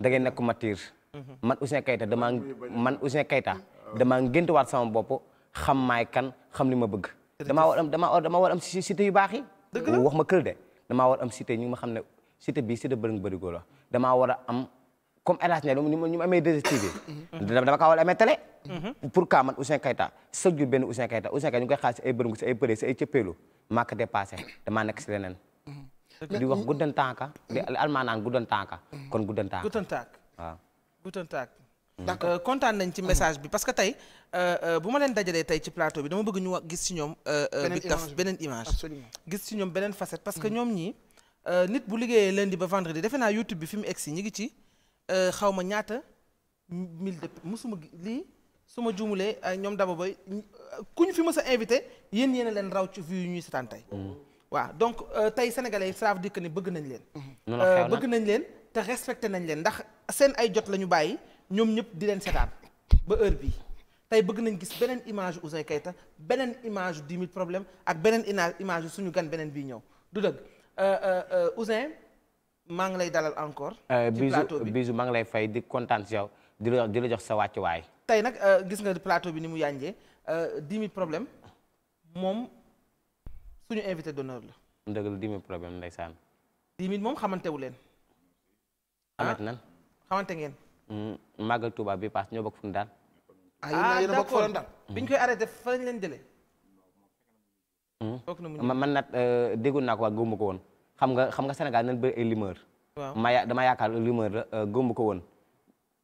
da ngay nekk matière Mhm. man Ouzin Keita damaa man Ouzin Keita oh. damaa ngéntuwaat sama bopp xam maay kan xam li ma bëgg. damaa war am damaa damaa war yu baax yi. wax ma de damaa war am cité ñu ma xam ne cité a am mhm. dama kaa war a amee télé. Mhm. pourquoi man Ouzin Keita chaque jour benn Ouzin Keita Ouzin Keita ñu koy xaar si ay bërëngu si ay përee si ay cëppeelu maa ko dépassé damaa nekk si leneen. di wax guddan tànka di almaanaan guddan tànka kon guten tag mm. d'accord euh, kontaan nañ ci message bi parce que tey euh, euh, bu ma leen dajalee tey ci plateau bi dama bëgg ñu gis ci ñoom Big Taf beneen image gis ci ñoom beneen facette parce que mm. ñoom ñii nit bu liggéeyee leen di ba vendredi defe naa YouTube bi fi mu egg si ñi ngi ci xaw ma ñaata mille de musuma lii suma ma juumulee ñoom daba ba ku ñu fi mës a invité yéen yéen leen raw ci vues yu ñuy setaan tey mm. waaw donc tey sénégalais yi ça veut dire ni bëgg nañ leen mm-hmm. bëgg nañ leen te respecté nañ leen ndax seen ay jot la ñu bàyyi ñoom ñëpp di leen seetaan ba heure bi tey bëgg nañ gis beneen image Ouzin kayta beneen image dix mille problème ak beneen image suñu gan beneen bii ñëw du dëgg euh, euh, euh, Ouzin maa ngi lay dalal encore. ci plateau bi bisu maa ngi lay fay di kontaan si yow di la di jox sa wàccuwaay. tey nag gis nga plateau bi ni mu yànjee di mille problème moom suñu invité donneur la. dëgg di dix mille problème ndeysaan. dix mille moom xamante leen. Ah. xamante nan xamante ngeen. màggal mm, Touba bi paas ñoo bokk fu ñu daan. Ah, ah yéen a bokk fa daan. biñ koy arrêté fa lañ leen mm. na man nag euh, déggoon naa ko waa gëmmu ko woon xam nga xam nga Sénégal nañ bëri ay dama yaakaar rumeur la euh, gëmmu ko woon.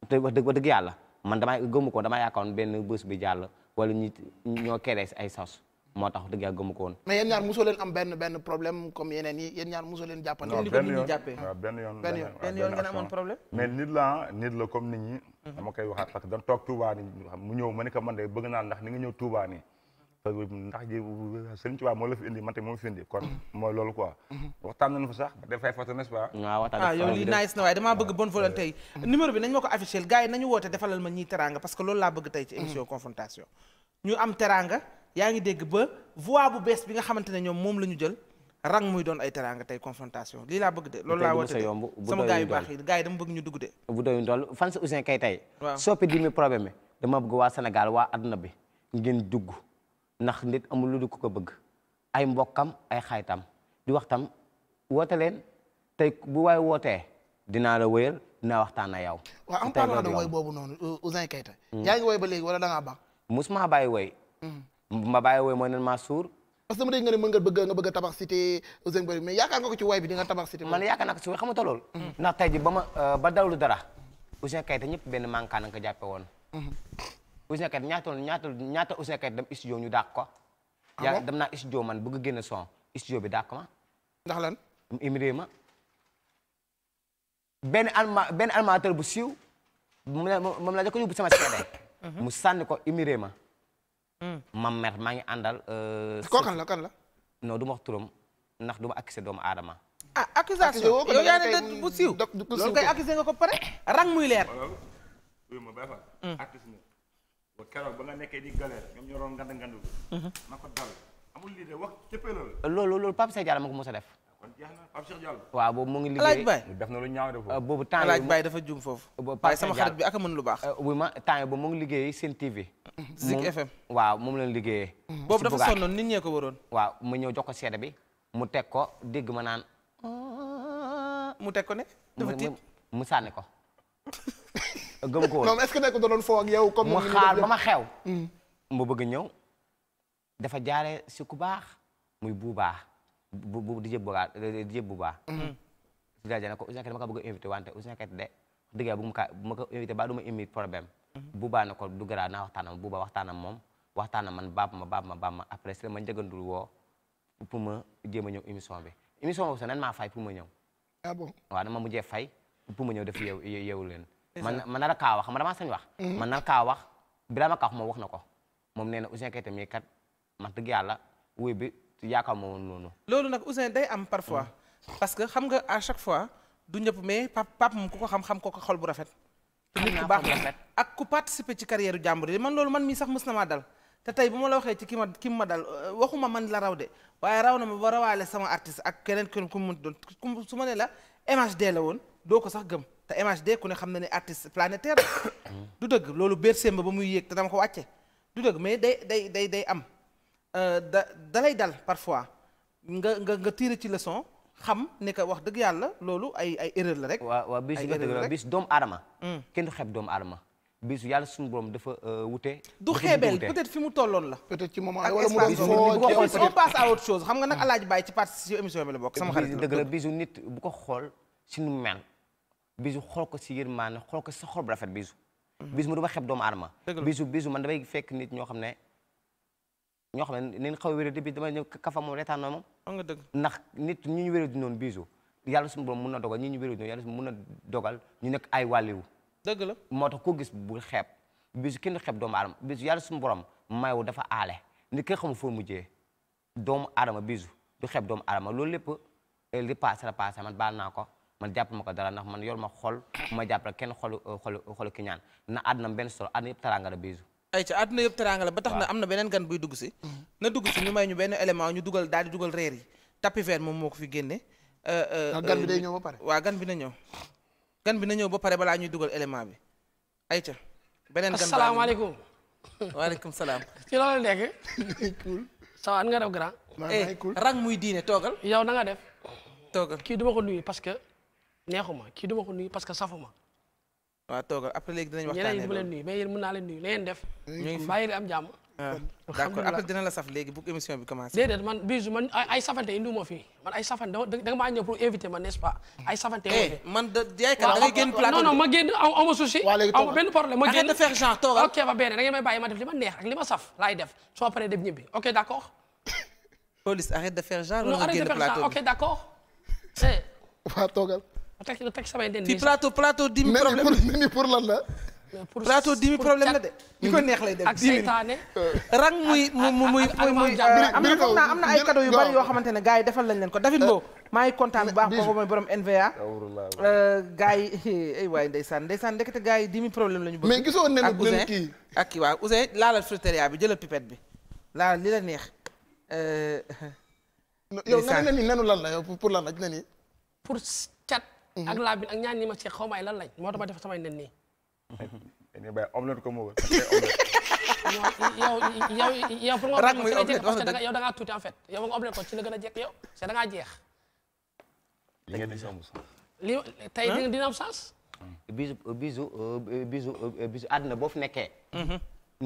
te wax dëgg wax dëgg yàlla man dama gëmmu ko dama yaakaaroon benn bës bi jàll wala ñi ñoo kéré ay sos. moo tax dëgg yàlla gëmu ko woon. mais yéen ñaar mosoo leen am benn benn problème comme yeneen yi yéen ñaar mosoo leen jàppante. non benn yoon waaw ah, benn yoon benn ah, yoon benn yoon ngeen amoon problème. mais nit la nit la comme nit ñi. dama koy waxaat parce que dañ toog Touba ni mu ñëw ma ne ko man de bëgg naa ndax ni nga ñëw Touba nii. ndax ji Serigne Touba moo la fi indi man te moo fi indi kon mooy loolu quoi. waxtaan nañu fa sax dafay photo n'est-ce pas. waaw waxtaan ah yow lii nice na waaye damaa bëgg bonne volonté yi. numéro bi nañ ma ko affiché gars yi nañu woote defalal ma ñii teraanga parce que loolu laa bëgg tey ci émission confrontation ñu am teraanga yaa ngi dégg ba voie bu bees bi nga xamante ne ñoom moom la ñu jël rang muy doon ay teraanga tey confrontation lii laa bëgg de loolu laa woote de sama bëgg ñu bu dool fan sa Ouzin Keita tey waaw soppi di mi problème dama bëgg waa Sénégal waa àdduna bi ngeen dugg nit amul lu du ko bëgg ay mbokkam ay xaytam di waxtam woote leen tey bu waay wootee dinaa la wéyal dinaa waxtaan a yow waaw en parlant de woy boobu noonu euh, Ouzin Keita hmm. ba woy hmm. ma bàyyi wooy mooy nen Mansour parce que mu dégg nga ne mën nga bëgg nga bëgg a tabax cité Ousseyn Bari mais yaakaar nga ko ci waay mm. ba ma euh, ba dawlu dara Ousseyn Kayta ñëpp benn mankaan nga ko jàppe woon mm-hmm. Ousseyn Kayta ñaata ñaata ñaata Ousseyn Kayta dem studio ñu dàq ko dam ah dem naa studio man bëgg génn son studio bi dàq ma ndax lan imrée ma benn benn animateur bu siiw moom la jëkk yóbbu sama seede mm-hmm. mu sànni ko imrée ma Hmm. mam mer maa ngi àndal. Euh, kooku kan la kan la. du ma wax turam ndax du ma doomu aadama. ah accusation yow yaa ne de bu siiw. loolu nga ko pare rang muy leer. ma ba hmm. ba keroog ba nga nekkee di galère ñoom ñoo doon ngand ngand. na hmm. ko loolu. loolu loolu ko mos a def. waaw boobu mu ngi liggéey def na lu ñaaw def euh, boobu temps Alaaj Baay dafa juum foofu waaye euh, sama xarit bi lu baax bu euh, ma temps boobu mu ngi liggéey Sen TV Zik FM waaw moom lañ liggéeyee boobu dafa sonnoon nit ñee ko waroon waaw mu ñëw jox ko seede bi mu teg ko dégg ma naan ah, mu teg ko ne dafa mu sànni ko gëm ko woon non est-ce que nekk doon foo ak yow comme mu xaar ba ma xew mm. mu bëgg ñëw dafa jaare si ku baax muy bu baax bu bu DJ Bora DJ Bouba. si rajo ne ko Ouzin Keita ma ko bëgg a invité wante Ouzin Keita de dëgg bu mu ka bu ma ko invité ba du ma indi problème. Mm-hmm. Bouba ne ko du garaaw naa waxtaanam Bouba waxtaanam moom waxtaanam man baab ma baab ma baab ma après si la ma njëgandul woo pour ma jéem a ñëw émission bi émission boobu sax nan maa fay pour ma ñëw. ah bon waaw dama mujjee fay pour ma ñëw def yeewu yeewu leen. nar a kaa wax mm-hmm. nar kaa wax bi ma kaa wax moom na ko moom nee na Ouzin Keita kat man dëgg yàlla yaakaar ma woon noonu. loolu nag Ouzin day am parfois. parce que xam nga à chaque fois du ñëpp mais pap pap moom ku ko xam-xam ko ko xol bu rafet. te nit ku ak ku participer ci carrière yu jàmbur yi man loolu man mii sax mës na maa dal. te tey bu ma la waxee ci ki ma ki ma dal euh, waxuma man la raw de waaye raw na ma ba rawaale sama artiste ak keneen keneen ku mu doon su ma ne la MHD la woon doo ko sax gëm te MHD ku ne xam na ne artiste planétaire du dëgg loolu bersemba ba muy yéeg te dama ko wàcce du dëgg mais day day day day am Euh, da dalay dal parfois nga nga nga tiire ci leçon xam ne que wax dëgg yàlla loolu ay ay erreur la rek. waaw waaw bis bis doomu aadama. Hmm. doomu aadama. bis yàlla suñu euh, la. peut-être ci moment wala mu doon soo on passe à autre chose xam nga nag Alaaji Baye ci bi nit bu ko xool si nu mel. bisu xool ko si yërmaane xool ko si sa xol bu rafet bisu. Hmm. bisu mu dama xeeb doomu aadama. bisu bisu man damay fekk nit ñoo xam ne ñoo xam ne nañ xaw a wéradi bi dama ñëw kafa moom reetaan na moom nga dëgg ndax nit ñi ñu wéradi noonu bisu yàlla suñu borom mun na dogal ñi ñu wéradi noonu yàlla suñu mun na dogal ñu nekk ay wàlliwu dëgg la moo tax koo gis bu xeeb bisu kenn du xeeb doomu aadama bisu yàlla suñu borom mayu dafa aale ni kenn xamul foo mujjee doomu aadama bisu du xeeb doomu aadama loolu lépp euh, li passé la passé man baal naa ko man jàpp ma ko dara ndax man yor ma xol ma jàpp rek kenn xolu euh, xolu xolu ki ñaan na àdduna benn solo àdduna yëpp taraanga la bisu ay ca àdduna yëpp teraanga la ba tax na am na beneen gan buy dugg si mhm. na dugg si ñu may ñu benn élément ñu dugal daal di dugal reer yi tapis vert moom moo ko fi génne euh, euh, gan bi euh, day ñëw ba pare waaw gan bi na ñëw gan bi na ñëw ba pare balaa ñuy dugal élément bi ay ca beneen gan asalaamaaleykum waaleykum salaam ci loolu nekk sawa an nga def grand eh, rang muy diine toogal yow na nga def toogal kii duma ko nuyu parce que neexuma kii duma ko nuyu parce que safuma waaw toogal après léegi dinañ waxtaanee ñeneen bu leen nuyu mais yéen mën naa leen nuyu na ngeen def bàyyi am jàmm ah, d'accord après dina la saf léegi bu émission bi commencé déedéet man bisu man ay safante indi moo fii man ay safante da nga maa ñëw pour inviter ma n'est-ce pas ay safante eh, man da yaay kat da ngay génn plateau non non ma génn aw ma souci aw ma benn problème ma génn de faire genre toogal ok ba benn da ngeen may bàyyi ma def li ma neex ak li ma saf laay def soo paree dem ñibbi ok d'accord police arrête de faire genre non arrête de faire genre ok d'accord eh. waa toogal attaque attaque samay den. ci plateau plateau dix problème la pour lan la. pour plateau dix mille de. ñu ko neex lay def ak seytaane. Euh, rang muy muy muy muy. Euh, am na am na am na ay cadeau yu bari yoo xamante ne gars yi defal lañ leen ko David Mbow. Euh, maa ngi kontaan bu baax kooku mooy borom NVA. gars yi ay waay ndeysaan ndeysaan ndekete gars yi dix mille problème la ñu bëgg. mais gisoo nen nen kii ak kii waaw Ousseyn laalal fruiteria bi jëlal pipette li la neex. yow nga ne ni nenu lan la yow pour lan la dina ni pour. Mhm. ak laa bin ak ñaan yi ma ci xaw ay lan moo tax def samay nen nii. dañuy bàyyi omelette ko moo yow yow yow pour nga omelette yow da ngaa ko ci la gën a jekk yow c' da ngaa jeex. li ngeen di sàmm li tey dina am sens. bisu bisu uh, bisu uh, bisu àddina boo fi nekkee. Mhm.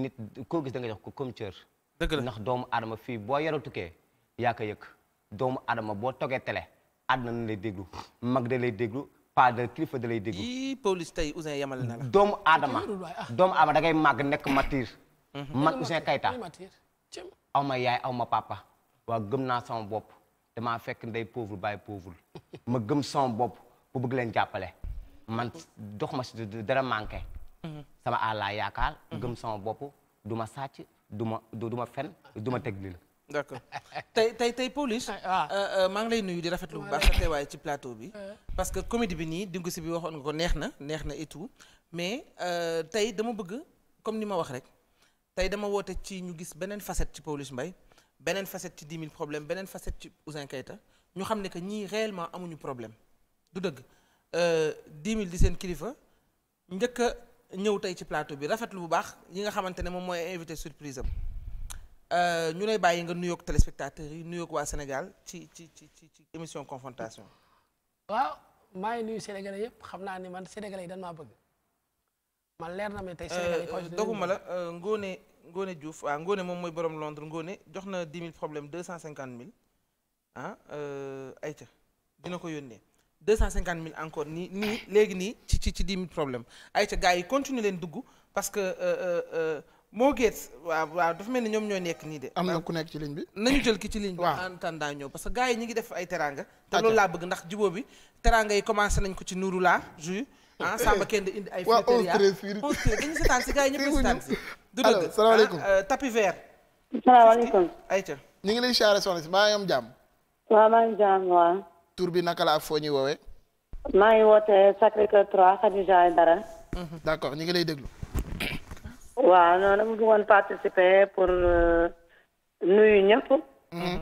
nit koo gis da nga jox ko comme cër. dëgg la doomu aadama fii boo yore tukkee yaa ko doomu aadama boo togee télé. àdduna na lay déglu mag da lay déglu pas kilifa da lay déglu. yii police tey Ouzin yemale na la. doomu aadama ah. doomu aadama màgg nekk matir. Mhm. man Ouzin Keita aw ma yaay aw ma papa. waa gëm naa sama bopp damaa fekk ndey pauvre bàyyi pauvre ma gëm sama bopp bu bëgg leen jàppale. man dox ma si dara manqué. Mhm. sama àll yaakaar. Mhm. gëm sama bopp du ma sàcc du ma du fen du ma teg d'accord tey tey tey Pawlish ah, ah. euh, euh, maa ngi lay nuyu di rafetlu bu baax sa teewaay ci plateau bi parce que comédie bi nii dinga si bi waxoon nga ko neex na neex na et tout mais euh, tey dama bëgg comme ni ma wax rek tey dama woote ci ñu gis beneen facette ci Pawlish mbay beneen facette ci 10 000 problèmes beneen facette ci Ouzin Keita ñu xam ne que ñii réellement amuñu problème du dëgg 10 000 di seen kilifa njëkk a ñëw tey ci plateau bi rafetlu bu baax yi nga xamante ne moom mooy invité surprise am Euh, ñu lay bàyyi nga nuyoog téléspectateurs yi nuyoog waa Sénégal ci ci ci ci émission confrontation. waaw maa ngi nuyu Sénégalais yëpp xam naa ni man Sénégalais yi dañ maa bëgg man leer na ma tey Sénégalais yi. Euh, euh, doguma la Ngone Ngone Diouf waaw Ngone moom mooy borom Londres ngoone jox na 10 000 problème 250 000 ah ayca dina ko yónnee. deux cent cinquante mille encore nii nii léegi nii ci ci ci dix mille problème ayca gars yi continuer leen dugg parce que moo Gates waaw waaw dafa mel ni ñoom ñoo nekk nii de. am na ku nekk ci ligne bi. nañu jël ki ci ligne bi. waaw en attendant ñëw parce que gars yi ñi ngi def ay teranga te loolu laa bëgg ndax jubóo bi teranga yi commencé nañ ko ci nuuru laa ju ah Samba kenn di ay. waaw on se dañu seetaan si gars yi ñëpp seetaan si. du dëgg salaamaaleykum ah, euh, tapis vert. salaamaaleykum. ayca ñu ngi lay siyaare soxna si maa ngi am jàmm. waaw maa ngi jàmm waaw. tur bi naka laa ak foo ñuy woowee. maa ngi woote Sacré Cœur 3 Khadija Dara. ñu ngi lay déglu waaw non dama bëggoon participer pour euh, nuyu ñëpp. Mm-hmm.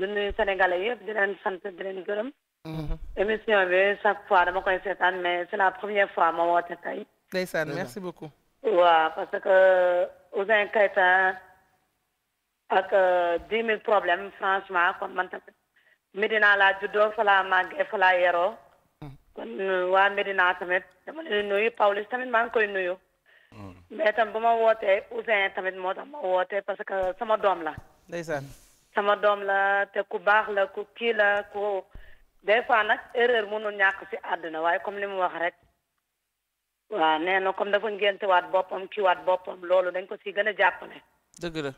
di nuyu sénégalais yëpp di leen sant di leen gërëm. Mm-hmm. émission bi chaque fois dama koy seetaan mais c'est la première fois ma woote tey. ndeysaan merci beaucoup. waaw parce que euh, Ouzin Keita ak euh, dix mille problèmes franchement kon man tamit Medina laa juddoo fa laa màggee mm. kon waa Medina tamit dama leen nuyu Pawlish tamit maa ngi koy nuyu. Mm. mais tam bu ma wootee Ouzin tamit moo tax ma wootee parce que sama doom la. ndeysaan. sama doom la te ku baax la ku kii la ku des fois nag erreur mënul ñàkk si àdduna waaye comme li mu wax rek. waa nee na comme dafa ngénte waat boppam kii waat boppam loolu dañ ko si gën a jàppale. dëgg la.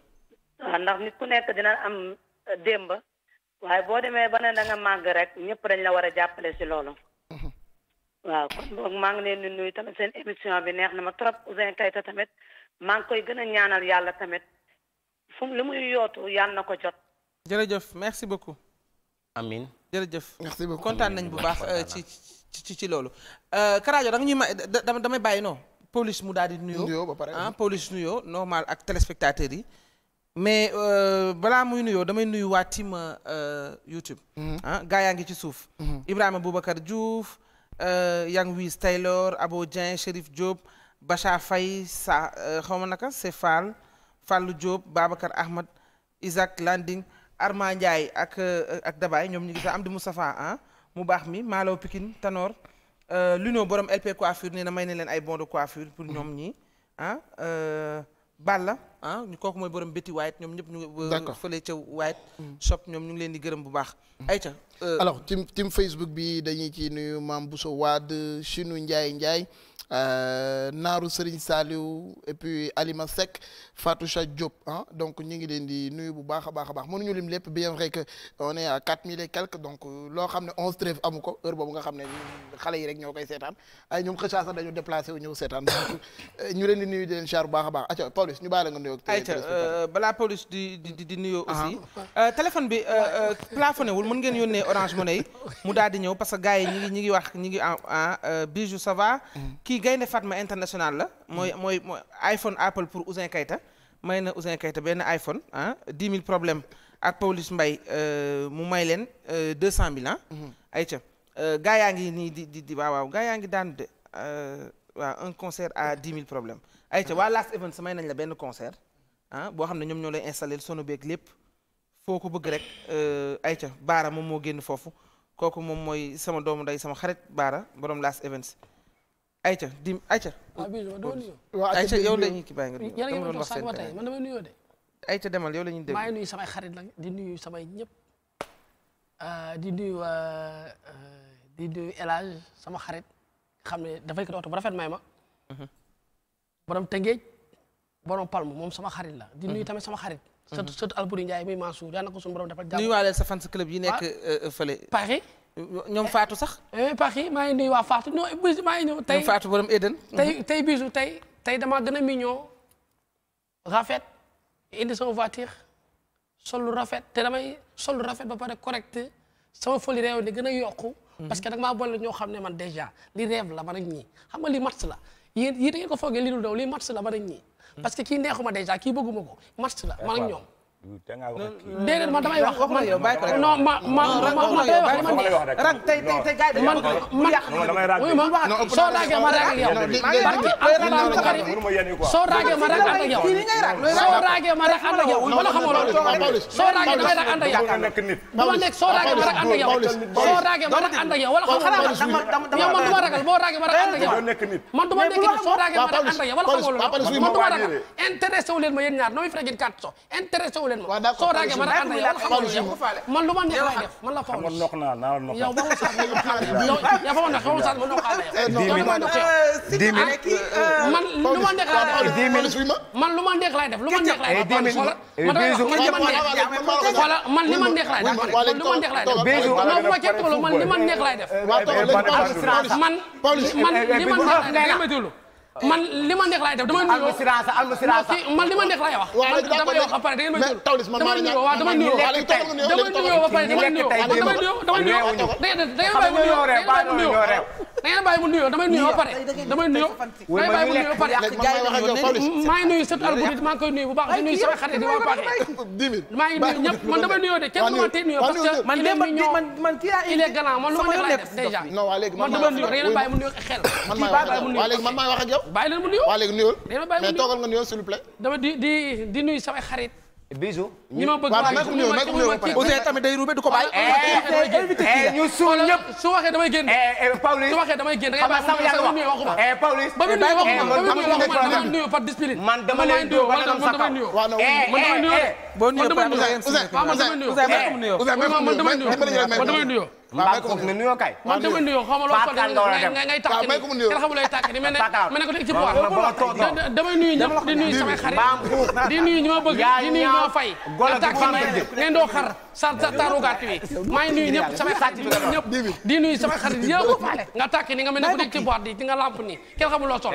waaw ndax nit ku nekk dina am démb. waaye boo demee ba ne da nga màgg rek ñëpp dañ la war a jàppale si loolu. waaw kon maa ngi leen di nuyu tamit seen émission bi neex na ma trop Ouzin Keita tamit maa ngi koy gën a ñaanal yàlla tamit fu li muy yootu yàlla na ko jot. jërëjëf merci beaucoup. amin jërëjëf. merci beaucoup kontaan nañ bu baax euh, ci ci ci loolu. Euh, Karajo da nga ñuy ma damay bàyyi noo police mu daal di nuyoo. ba pare ah police nuyoo normal ak téléspectateurs yi. mais euh, balaa muy nuyoo damay nuyu waa team YouTube. Mm-hmm. ah gaa yaa ngi ci suuf. Mm-hmm. Ibrahima Boubacar Diouf. Euh, Yang Wiss Taylor Abo Dieng Chérif Diop Bacha fay sa euh, xaw ma naka c'est Fall Fallou Diop Babacar Ahmad Isaac Landing Arma Ndiaye ak euh, ak Dabaye ñoom ñu ngi am di Moustapha ah mu baax mi Malo Pikine Tanor Luno borom LP coiffure nee na may na leen ay bon de coiffure pour ñoom ñii ah ah kooku mooy borom bétti waayet ñoom ñëpp ñu. Euh, d'accord fële ca waayet. Mm. shop ñoom ñu ngi leen di gërëm bu baax. Mm. ayca. Euh, alors team team Facebook bi dañuy ci nuyu maam Bousso Wade Chinu Ndiaye Ndiaye. Euh, naaru Serigne Saliou et puis Alima Seck Fatoucha Diop ah donc ñu ngi leen di nuyu bu baax a baax a baax mënuñu lim lépp bien vrai que on est à quatre euh, xam ne onze trève amu heure boobu nga xam ne xale yi rek ñoo koy seetaan ay ñoom xëcaa sax dañu déplacé wu ñëw seetaan euh, ñu leen di nuyu di leen char bu baax a baax aca Paulus ñu bàyyi la nga nuyoo ayca balaa Paulus di di di nuyoo ah. aussi téléphone bi plafonné wul mën ngeen yónnee Orange Money mu daal di ñëw parce que gars yi ñi ngi wax ñi ngi en Bijou ça va mm. kii Fatma international la. mooy mm. mooy mooy iPhone Apple pour Ouzin Keita may na Ouzin Keita benn iPhone ah 10 000 problème ak Paulus Mbaye euh, mu may leen euh, deux 200 000 ay ayca gaa yaa ngi nii di di di waaw waaw gaa yaa ngi daan de euh, waaw un concert à 10 mille problème ayca mm-hmm. waa Last Events may nañ la benn concert ah boo xam ne ñoom ñoo lay installé sono beeg lépp foo ko bëgg rek ayca Baara moom moo génn foofu kooku moom mooy sama doomu nday sama xarit Baara borom Last Events. Aïcha dim Aïcha. Ah, waaw Aïcha yow la ñuy kii bàyyi nga nuyu. dama doon wax seen kanam man dama nuyoo de. Aïcha demal yow la ñuy déglu maa ngi nuyu samay xarit la di nuyu samay ñëpp ah, di nuyu ah, di nuyu El Hadj sama xarit xam ne dafay ko doxatu bu rafet may ma. Mhm. borom Tëngéej borom Palme moom sama xarit la. di nuyu mhm. tamit sama xarit. Mhm. surtout surtout Alboury Ndiaye muy Mansour yàlla na ko suñu borom defal jàmm. nuyuwaale sa fan club yi nekk euh, fële. Paris. ñoom faatu sax. Eh, pax yi maa ngi nuyu waa Fatou ñoo bis ngi ñëw. tey ñoom Fatou borom Eden. tey tey bisu tey tey damaa gën a mignon rafet indi sama voiture sol lu rafet te damay solu rafet ba pare correct sama foli réew ni gën a yokku. Mhm. parce que nag maa boole ñoo xam ne man déjà li rêve la man a ñii xam nga li match la yéen yéen da ko foogee li lu daw li match la man ak ñii. parce que kii neexuma déjà kii bëgguma ko match la man ak ñoom. déedéet man ma ma ma tey wax man rag tey tey tey gars yi man man soo raagee ma raag ak yow barki raagee ma raag ànd ak yow raagee ma raag ànd ak yow wala xamoo raagee dama nekk soo raagee ma raag ànd ak ma raag ànd ak yow wala xamoo so intéressé wu leen ma. waaw d' accord soo ma man lu ma neex lay def man la Pawlish. xam nga naa la yow ba woon sax ma nokk naa la yow yaa fa ma nokk xaw ma sax ma nokk naa la yow. man lu ma neex lay def. man lu ma neex lay def lu ma neex lay def. xoolal man li ma neex lay def. man li ma neex lay def. non bu ma ca toll man li ma neex lay def. man man li ma neex lay def. man li ma neex laay def dama nuyoo man li ma neex laay wax. waaw dama damay wax ba pare da ngeen may jël damay nuyoo waaw damay nuyoo damay nuyoo ba pare damay nuyoo damay nuyoo damay nuyoo da ngeen bàyyi mu nuyoo damay nuyoo ba pare damay nuyoo damay bàyyi mu nuyoo ba pare maa ngi nuyu surtout algorithme maa ngi koy nuyu bu baax di nuyu sama xarit di waa Paaxe maa ngi nuyu ñëpp man damay nuyoo de kenn du ma tee nuyoo parce que man man il est galant man lu ma neex laay def déjà man damay nuyoo da ngeen bàyyi mu nuyoo xel man maa wax ak yow bàyyi leen mu nuyoo waaw léegi nuyoo mais toogal nga nuyoo di di di nuyu samay xarit. bisou ma bëgg a wax ñu ma tamit day ruube du ko bàyyi. ñu suul ñëpp su waxee damay génn. Pawlish su waxee damay génn da dama lay nuyu wala man damay nuyu. man damay nuyoo waaw ko mu nuyoo kay. man dama nuyoo xaw ma loo ko ngay tax ma bëgg nga tàkk ni ngeen doo xar sa di nuyu samay xarit ñëpp nga tàkk ni nga mel ne ko nekk loo sol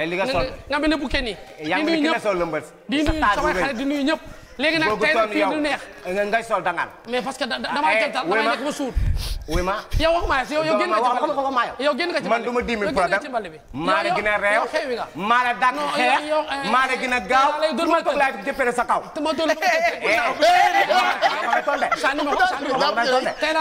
nga mel ne bukke ni di nuyu ñëpp di nuyu di nuyu ñëpp léegi nag tey fii du ngay sol dangaan. mais parce que damaa jantal damay nekk ba suut. wuy ma yow wax ma yow yow génn nga ci mbali bi yow génn nga ci mbali bi man du ma dix mille problème maa la gën a réew maa la dàq xeex maa la gën a gaaw lu ma toog laa jëppee sa kaw. ma doon ma tey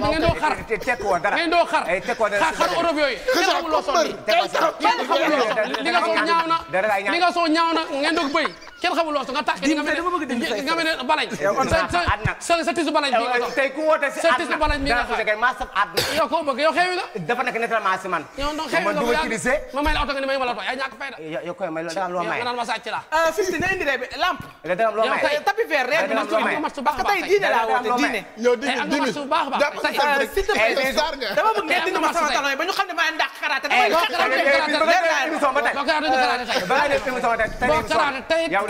ma doon ma reyndoo eh, xar xar oto yooyu kenn xamul loo sonni kenn xamul loo sonni li nga soo ñaaw na li nga soo ñaaw na ngeen doog bëy kenn xamul loo nga tàkk nga mel ne balañ sa sa tisu balañ bi tey ku woote si sa tisu balañ bi nga xam yow koo bëgg yow xewi la dafa nekk naturellement si man yow donc xewi nga ma may la oto nga ni may ma la oto ay ñàkk fayda yow koy may da loo may naan ma sàcc la euh fifty na indi rek lampe da nga loo may yow tapis vert rek parce que tey diine la woote diine yow diine diine dama bëgg ngeen dindi ma sama talon ba ñu xam ne maa ndax karaté dama karaté ba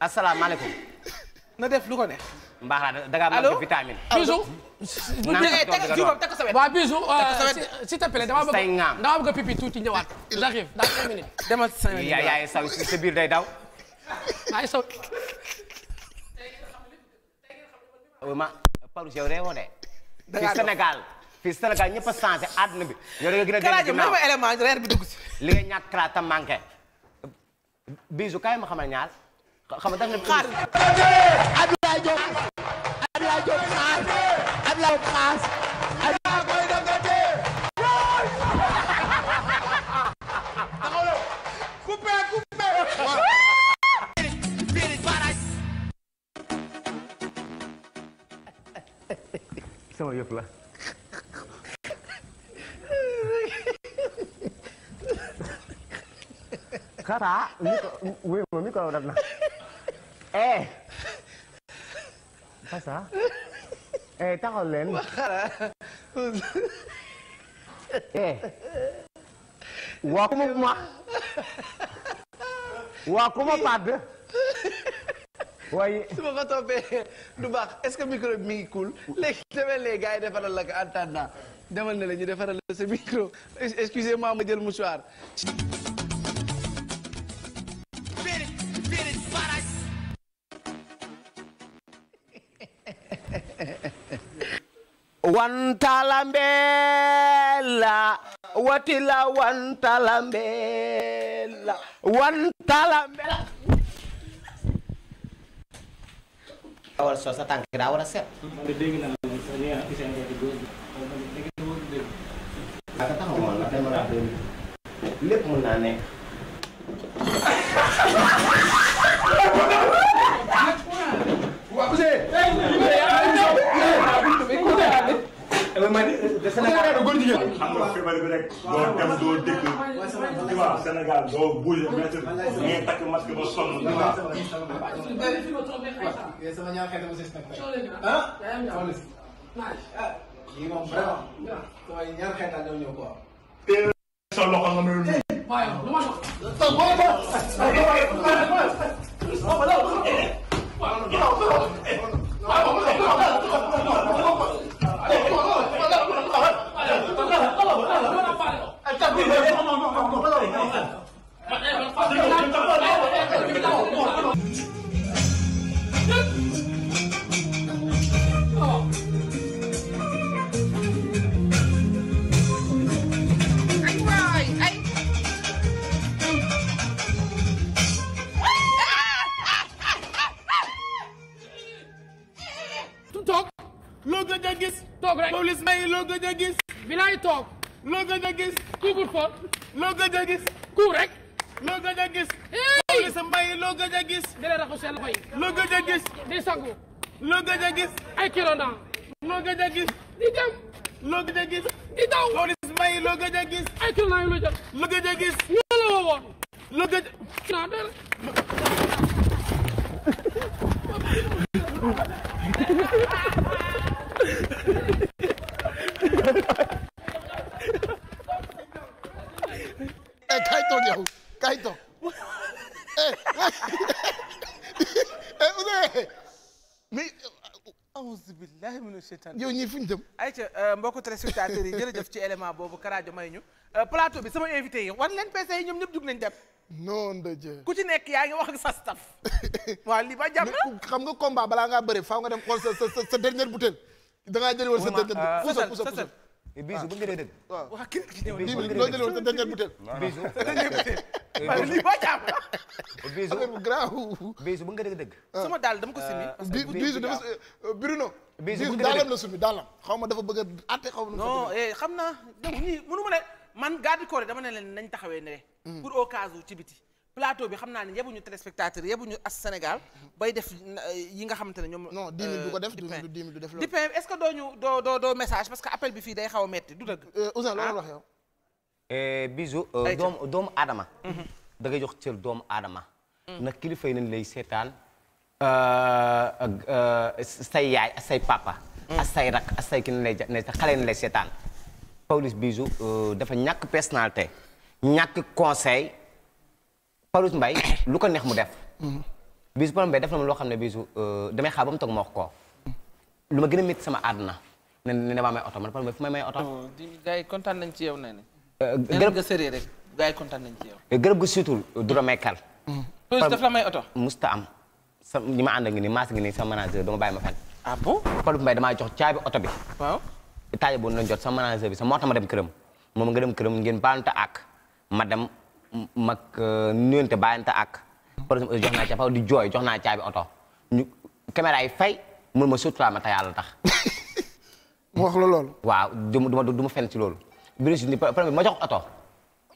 asalaamaaleykum. na def lu ko neex. mbaax la da ngaa manqué vitamine. allo bisu. waaw bisu euh, s'il te plaît dama bëgg dama pipi tuuti ñëwaat. j'arrive dans cinq minutes. demal cinq minutes yaa yaay saw si biir day daw. maa ngi saw. ma Pape bi. reer bi dugg si. li nga ñàkk kalaat tam manqué. bisu xam nga da nga. xaar Abdoulaye Diop Abdoulaye Diop xaar Abdoulaye xaas. sama yëf la. Kara micro wéy ma micro daf na eh Fassa eh taxaw leen waa kuma kuma waa kuma padd waaye su ma ko toppee du baax est-ce que micro bi mi ngi cool léegi demee léegi gars yi defaral la ko en attendant la ñu defaral la sa micro excusez-moi ma jël mouchoir wantalambela watila wantalambela wantalambela tànk daa war set Sénégal góor jigéen xam nga feebar bi rek doo dem doo dëkk tu vois Sénégal doo bouger mètre ngay takk masque ba sonn tu vois sama ñaar xeetam ah kii moom vraiment sama ñaar xeetal daw ñëw quoi téere sa loxo nga mel nii toog rek. Pawlish Mbaye loo a gis. bilaay toog. loo gëj a gis. kuubur fo. loo gëj gis. ku rek. loo gëj gis. Pawlish Mbaye loo gis. dina raxu seen gis. di sangu. loo gis. ay kironda. loo gëj gis. di dem. loo gis. di daw. Pawlish gis. ñu la woowoon. yow kaay toog mais auzu billahi mina sheytaan yow ñii fu ñu jëm ayca euh, mbokku téléspectateurs yi jërëjëf ci élément boobu karaajo may ñu euh, plateau bi sama invité yi war leen PC yi ñoom ñëpp jug nañ dem non de Dieu ku ci nekk yaa ngi wax ak sa staff waa lii ba jàmm xam nga a balaa ngaa bëre faaw nga dem xool sa sa sa dernière bouteille da ngaa jëli woon sa dernière puusal puusal puusal Eh, bisu bëgg dee dëgg. waaw waaw kii bisu bëgg dee dëgg loo bu grave. bisu bëgg dee dëgg. sama daal dama ko simi. parce que bisu eh, dafa ah. eh, Bruno. bisu bëgg dee dëgg bisu daalam la xaw ma dafa bëgg ate àtte xaw ma. non xam naa donc ñii man garde corps dama ne leen nañ taxawee hmm. ne. pour au cas où ci biti. plateau bi xam naa ne yebuñu téléspectateur yebuñu as Sénégal bay def yi nga xam xamante ne ñoom. non dix du ko euh, def du dix du def loolu. Dipin est-ce que doo ñu doo doo doo message parce que appel bi fii day a metti du dëgg. Euh, loolu ah. eh, euh, doomu doomu Adama. Mhm. da ngay doomu Adama. Mm. nag kilifa yi nañ lay seetaan. say yaay ak say papa. Mm. ak say rak ak say ki ne lay ne dafa ñàkk personnalité. ñàkk conseil. Pawlish Mbaye lu ko neex mu def. bisu Pawlish Mbaye def na ma loo xam ne bisu euh, damay xaar ba mu toog ma wax ko. lu ma gën a métti sama àdduna ne ne damaa may oto man Pawlish Mbaye fu may may oto. Oh, gars yi kontaan nañ ci yow nee na. Euh, gërëm nga sëree rek gars yi kontaan nañ euh, la may oto. musta am ñi ma ànd ak ni maas ngi ni sama manager a bàyyi ma fenn. ah bon Pawlish Mbaye damaa jox caabi oto bi. waaw taaje boobu lañ jot sama a bi sama moo tax dem këram moom nga dem këram ngeen baalante ak ma dem mag euh, nuyonte bàyyante ak. par exemple jox naa caabi di jooy naa caabi oto ñu caméra yi fay mun ma sutura ma te yàlla tax. mu wax la loolu. waaw du ma du ma fenn ci loolu. biir si ni premier ma jox oto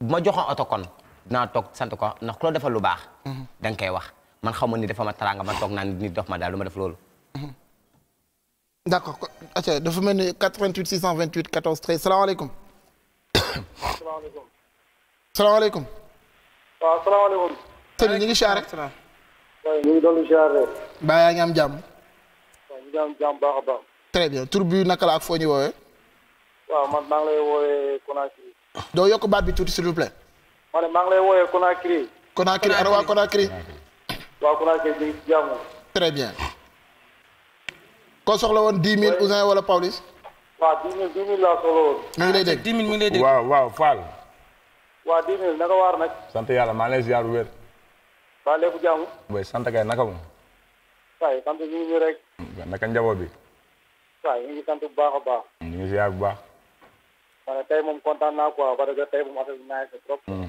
bu ma joxoon oto kon dinaa toog sant ko ndax ku la defal lu baax. Mhm. da koy wax man xaw ma ni dafa ma taraanga man toog naa ni dox ma daal du ma def loolu. Mhm. d' accord acca dafa mel ni 88 628 14 13 salaamaaleykum. salaamaaleykum. salaamaaleykum. waaw asalaamaaleykum. sëñ bi ñu ngi siyaare. ngi doon siyaare. mbaa yaa jàmm. waaw ñu bien tur bi naka la ak foo ñu woowee. maa ngi lay woowee Conakry. doo yokk baat bi tuuti s'il vous plaît. ma ne maa ngi lay woowee Conakry. waa Conakry. waa Conakry ñu ngi jàmm. très bien. koo soxla woon dix mille Ousin wala Pawlish. waaw dix mille dix mille laa soxla woon. mi ngi lay dégg ngi lay dégg. waa 10 000 naka waar nag. sant yàlla maa ngi lay ziar bu wér. waa lépp jàmm. oui sant kay naka moom. waaye sant ñu ngi nii rek. naka njaboot bi. ngi sant bu baax a baax. ñu ngi ziar bu baax. waaye tey moom kontaan naa quoi parce que tey moom affaire naa yegg hmm.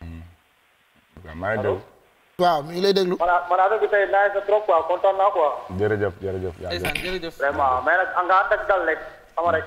hmm. hmm. maa ngi déglu. waaw ngi lay déglu. man man affaire naa yegg trop quoi kontaan naa quoi. jërëjëf jërëjëf. jërëjëf vraiment mais nag nga ànd dal rek xam rek.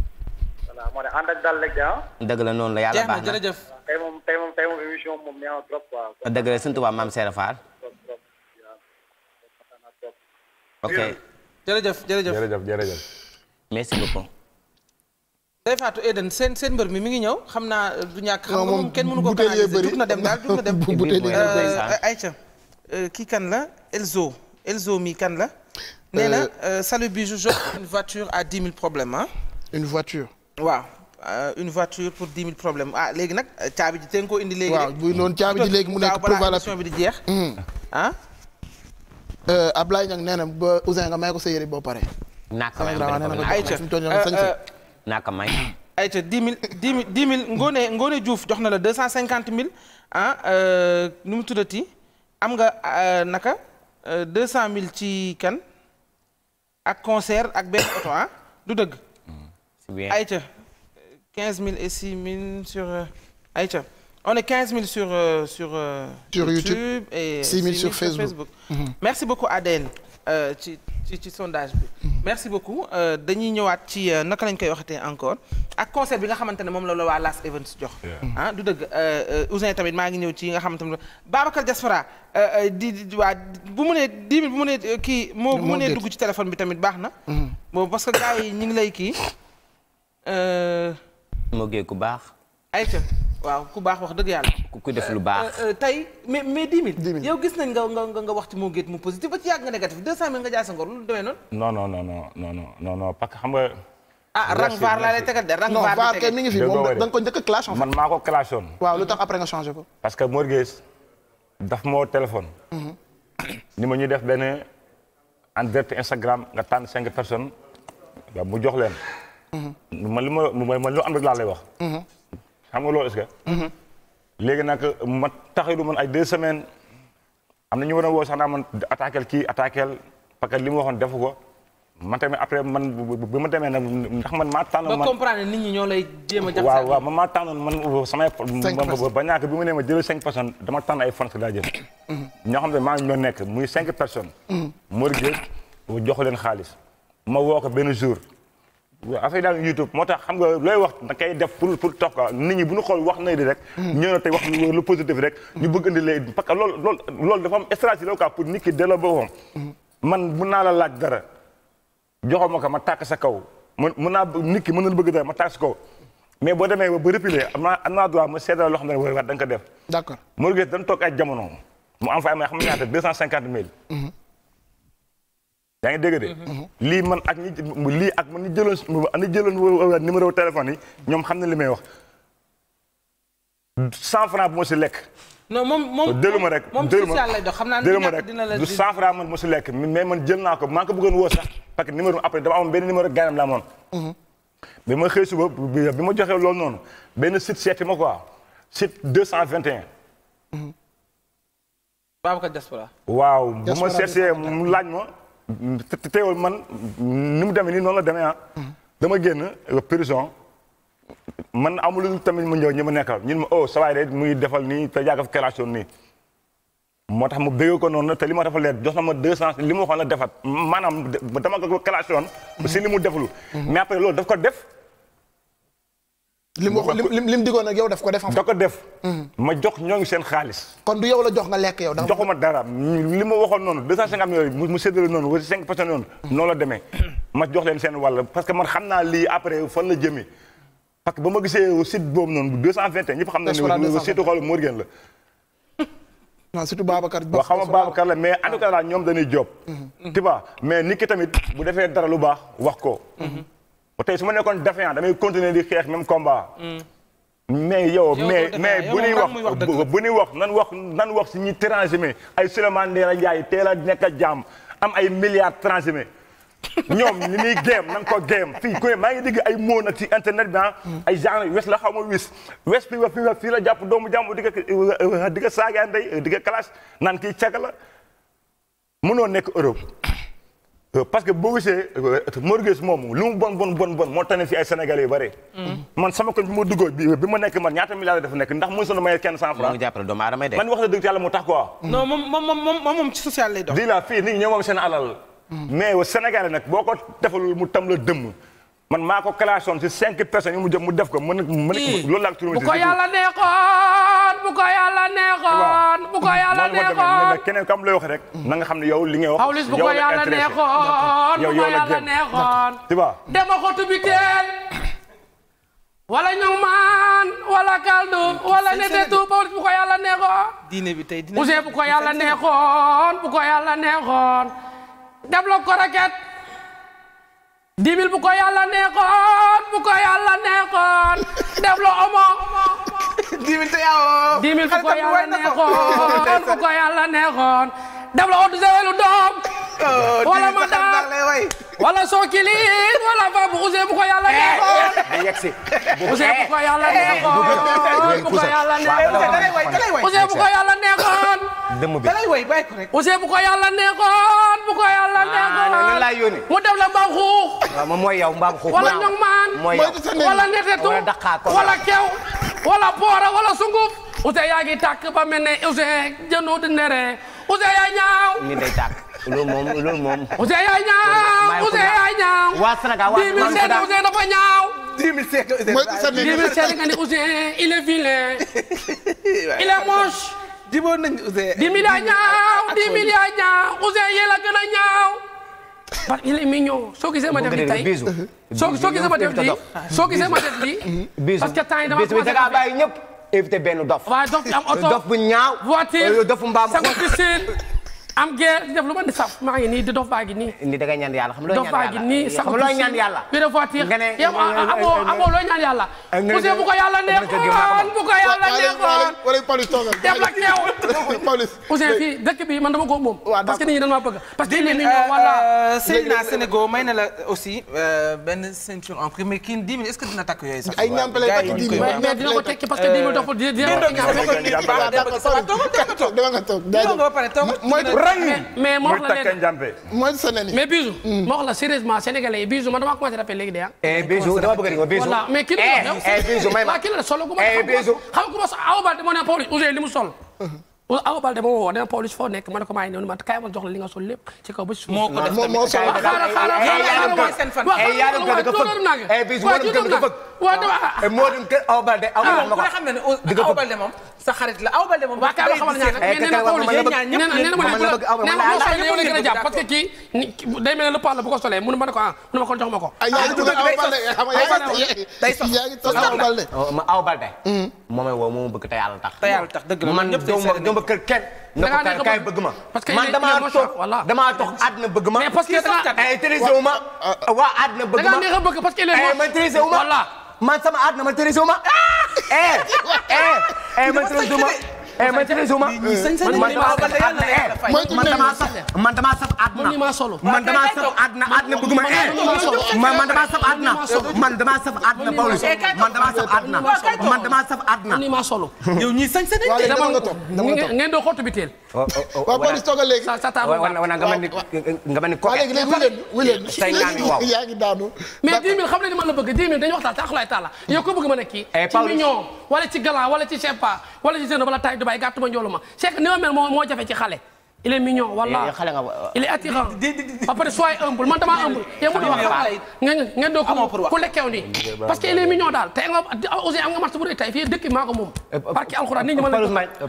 waaw moo ne ànd ak dal rek de ah. dëgg la noonu la yàlla baax na jërëjëf. tey moom tey dëgg la sant maam Serap ok jërëjëf jërëjëf jërëjëf jërëjëf. merci beaucoup. day faatu seen mbër mi mi ngi ñëw xam naa euh, du ñàkk. xam nga moom kenn mënu ko canaliser jug na dem daal jug na dem. ayca euh, euh, kii kan la Elzo Elzo mi kan la. nee na bi je une voiture à dix mille problèmes une voiture. waaw euh, une voiture pour dix mille problèmes ah léegi nag euh, caabi ji tey nga koo indi. léegi waaw bu noonu caabi ji léegi mu nekk. pour balaa émission bi di jeex. Hmm. ah. Euh, Ablaye Niang nee na ba Ouzin nga may ko sa yére boo pare. naka may naka may. ayca dix mille dix mille dix mille Ngone Ngone Diouf jox na la deux cent cinquante mille ah nu mu tuddati am nga naka deux cent mille ci kan ak concert ak benn oto ah du dëgg. bien Aïcha 15000 et 6000 sur euh, Aïcha on est 15000 sur euh, sur. Euh, sur YouTube, YouTube et 6000 sur Facebook, Facebook. Mm -hmm. merci beaucoup Adèle ci ci ci sondage bi. Mhm. merci beaucoup dañuy ñëwaat ci naka lañ koy waxatee encore ak concert bi nga xamante ne moom la la waa Las Events jox. ah du dëgg Ousin tamit maa ngi ñëw ci nga xamante ne Babacar Diaspora di di waa bu mu nee dix mille bu mu nee kii. moom bu mu nee dugg ci téléphone bi tamit baax na. Mhm. boobu parce que gars yi ñu ngi lay kii. Euh, moo gee ku baax. ay ayca waaw ku baax wax dëgg yàlla. ku def lu baax. Euh, euh, tey mais mais dix mille. dix mille gis nañ nga nga nga wax ci moo géet mu positif ba ci yàgg nga négatif deux cent nga jaay sa ngor lu demee noonu. non non non non non non non parce que xam nga. ah rang vaar laa lay tegal de rang vaar non vaar mi ngi fi moom da nga ko njëkk a clash man maa ko clashoon. waaw lu tax après nga changé ko. parce que Mor daf moo téléphone. Mhm. ni ma ñu def benn en direct Instagram nga tànn cinq personnes mu jox leen. man li ma mooy man loo am rek laa lay wax. xam nga loolu est-ce que. léegi nag ma taxilu man ay deux semaines am na ñu war a woo sax naa man attaquel kii attaquel parce que li ma waxoon defu ko man tamit après man bi ma demee nag ndax man maa tànnoon. ba comprendre nit ñi ñoo lay jéem a. jaxase waaw waaw man maa tànnoon man samay. ba ñàkk bi ma nee ma jëlee cinq personnes dama tànn ay France laa jël. ñoo xam ne maa ngi ñoo nekk muy cinq personnes. Mm-hmm. Mor Gueye jox leen xaalis ma woo ko benn jour. waaw affaire daal YouTube moo tax xam nga looy wax da kay def pour pour toog quoi nit ñi bu ñu xool wax na di rek hmm. ñëw na tey wax lu positif rek ñu bëgg indi lay parce que loolu loolu loolu dafa am stratégie la quoi pour nit ki delloo boppam hmm. man mun naa la laaj dara joxoo ma ko ma tàkk sa kaw ma mun naa nit ki mën na bëgg dara ma tàkk sa kaw mais boo demee ba repiler am naa am naa droit ma seedal loo xam ne war da ko def d'accord Mourgues dañ toog ay jamono mu am fa amee xam ñaata deux te cinquante mille hmm. yaa ngi dégg de. Mhm. Mhm. lii man ak ñi lii ak man ñi jëloon ñi jëloon numéro téléphone yi ñoom xam na li may wax cent franc bu ma si lekk. non moom moom déluma rek déluma déluma rek du cent man ma si lekk mais man jël naa ko maa ko bëggoon woo sax parce que numéro après dama amoon benn numéro gaynam laa moon mhm. bi ma xëy suba bi ma joxee loolu noonu benn site seeti ma quoi site deux cent vingt un. waaw bu ma seetee mu laaj ma. te teewul man ni mu demee nii noonu la demee ah. dama génn prison man amul tamit mu ñëw ñi ma nekkal ñun ma oh sa waay de muy defal ni te yàgg fa création nii. tax mu bëggee ko noonu te li ma defal leer jox na ma deux cent li ma waxoon la defat maanaam dama ko création. si li mu deflu. Mm-hmm. mais après loolu daf ko def. lim wax lim lim digoon ak yow daf ko def. da ko def. Mm-hmm. ma jox ñooñu seen xaalis. kon du yow la jox nga lekk yow. joxuma dara li ma waxoon noonu 250 millions mu mu séddale noonu wala 5 noonu. noonu la demee. Mm-hmm. ma jox leen seen wàll parce que man xam naa lii après fan la jëmee parce que ba ma gisee site boobu noonu 221 ñëpp xam nañu ne site xool Morgan la. waaw surtout Babacar. waaw xam nga Babacar la mais en tout cas ah. ñoom dañuy job. Mm-hmm. tu mais nit tamit bu defee dara lu baax wax ko. ba tey su ma nekkoon défaillant damay continuer di xeex même combat. mais yow mais mais bu ñuy wax bu ñuy wax nan wax nan wax si ñi transhumé ay Souleymane Ndéla Ndiaye teel a nekk a am ay milliards transhumé ñoom ni muy géem nan ko géem fii ku ne maa ngi digg ay mots nag ci internet bi ah. Hmm. ay genre wes la xaw ma wis wes fii wa fii la jàpp doomu jàmm di nga di nga saaga ndey di nga clash naan kii caga la mënoo nekk Europe. Euh, parce que boo gisee euh, Morgues moom lu mu bon bon bon bon moo tane fi ay sénégalais yu mm-hmm. man sama koñ bi ma duggoo bi bi ma man ñaata milliards dafa nekk ndax mu sonn may kenn cent francs. man wax na dëgg yàlla moo tax quoi. non moom moom moom moom ci social lay dox. alal. Mm. mais Sénégal nag boo ko defalul mu tam la dëmm. man maa ko classé ci cinq yi mu jëm mu def ko mën mën loolu laa ko bu ko yàlla neexoon bu bu ko yàlla neexoon keneen lay wax nga xam ne yow li ngay wax bu ko yàlla neexoon bu ko dema ko tubiteel wala ñoom maan wala kaldu wala netetu bu ko yàlla neexoon diine bi tey diine bu ko yàlla neexoon bu ko yàlla neexoon def la ko raket dibil bu ko yàlla neexoon bu ko yàlla neexoon def la omo. dibil te yaa woo. dibil bu ko yàlla neexoon bu ko yàlla neexoon. daf la otu doom oh, wala ma daal wala sookili wala fa bu usee bu ko eh, neexoon eh. usee bu ko neexoon bu ko yàlla ah, neexoon mu def la mbaam wala ñoŋ maan wala netetu wala kew wala poora wala sunguf usee yaa ngi tàkk ba mel ne usee di neree Ouzin yaay ñaaw. lii day tàkk loolu moom loolu moom. Ouzin yaay ñaaw Ouzin yaay seede Ouzin dafa ñaaw. 10 seede Ouzin dafa ñaaw 10 seede nga ni Ouzin il est vilain il est moche. diboon nañu Ouzin. 10 gën a ñaaw. parce que il est ma def li tey soo gisee ma def li soo gisee ma def li parce que temps yi éviter benn dof. waaw dof am oto dof bu ñaaw. voiture dofu mbaam. am guerre def lu ma di saf maa ngi nii di dof baa ngi nii. ni da nga ñaan yàlla xam looy ñaan yàlla bi de voiture yow amoo amoo looy ñaan yàlla. monsieur bu ko yàlla neexoon bu ko yàlla neexoon. wala Pawlish toogal dem la keew. Pawlish Ousseyn fii dëkk bi man dama ko moom. parce que nit ñi dañu maa bëgg. parce que nit ñi voilà. Seydina Sénégal may na la aussi benn ceinture en prix mais kii 10 000 est-ce que dina takk yooyu sax. ay ñaam lay takk 10 000 mais dina ko tekki parce que 10 000 doxul dina ko tekki. rang mais moo la leen mooy sa nen mais bisu hmm. la sérieusement sénégalais yi bisu man dama commencé rappel léegi de ah eh bisu dama bëgg ko bisu voilà mais kii la eh, eh bisu ma kii la solo gu ma eh, xam ko ma aw ba dama ne Pawlish Ouzin li mu sol uh-huh. Awa Balde moo woo nee na Pawlish foo nekk ma ne ko maa ngi noonu man kaay ma jox la li nga sol lépp ci kaw ba suuf. moo ko def tamit kaay bi daal ay ay ay ay ay ma kër kenn. da ngaa nekk kay bëgg ma man damaa toog damaa toog àdduna bëgg ma. mais parce que da nga intéressé wu ma. waa àdduna bëgg ma da ngaa bëgg parce que il est ma intéressé wu ma. man sama àdduna ma intéressé wu ma. Ah! eh eh eh ma intéressé wu ma. maîtrise ma man damaa saf man damaa saf àdduna man damaa saf àdduna àdduna bëgguma eh ni ma solo yow ñi sañ sañ ngeen do xottu bi teel waaw Pawlish toogal léegi sa ta wana nga mel ni nga mel ni ko yaa ngi daanu mais 10000 xam leen ni man la bëgg 10000 dañu waxtaan ta xulay taala yow ko bëgg ma ne kii ci mignon wala ci galant wala ci chef wala ci jeune wala taay bay gàttu ma njoolu ma c'est que ni ma mel moo moo jafe ci xale il est mignon walla eh, il est attirant ba pare soyez man dama humble ku lekkew ni parce que il est daal te nga aussi ah, am nga marché bu dëkk maa ko moom eh, barki alxuraan nit ñi ma la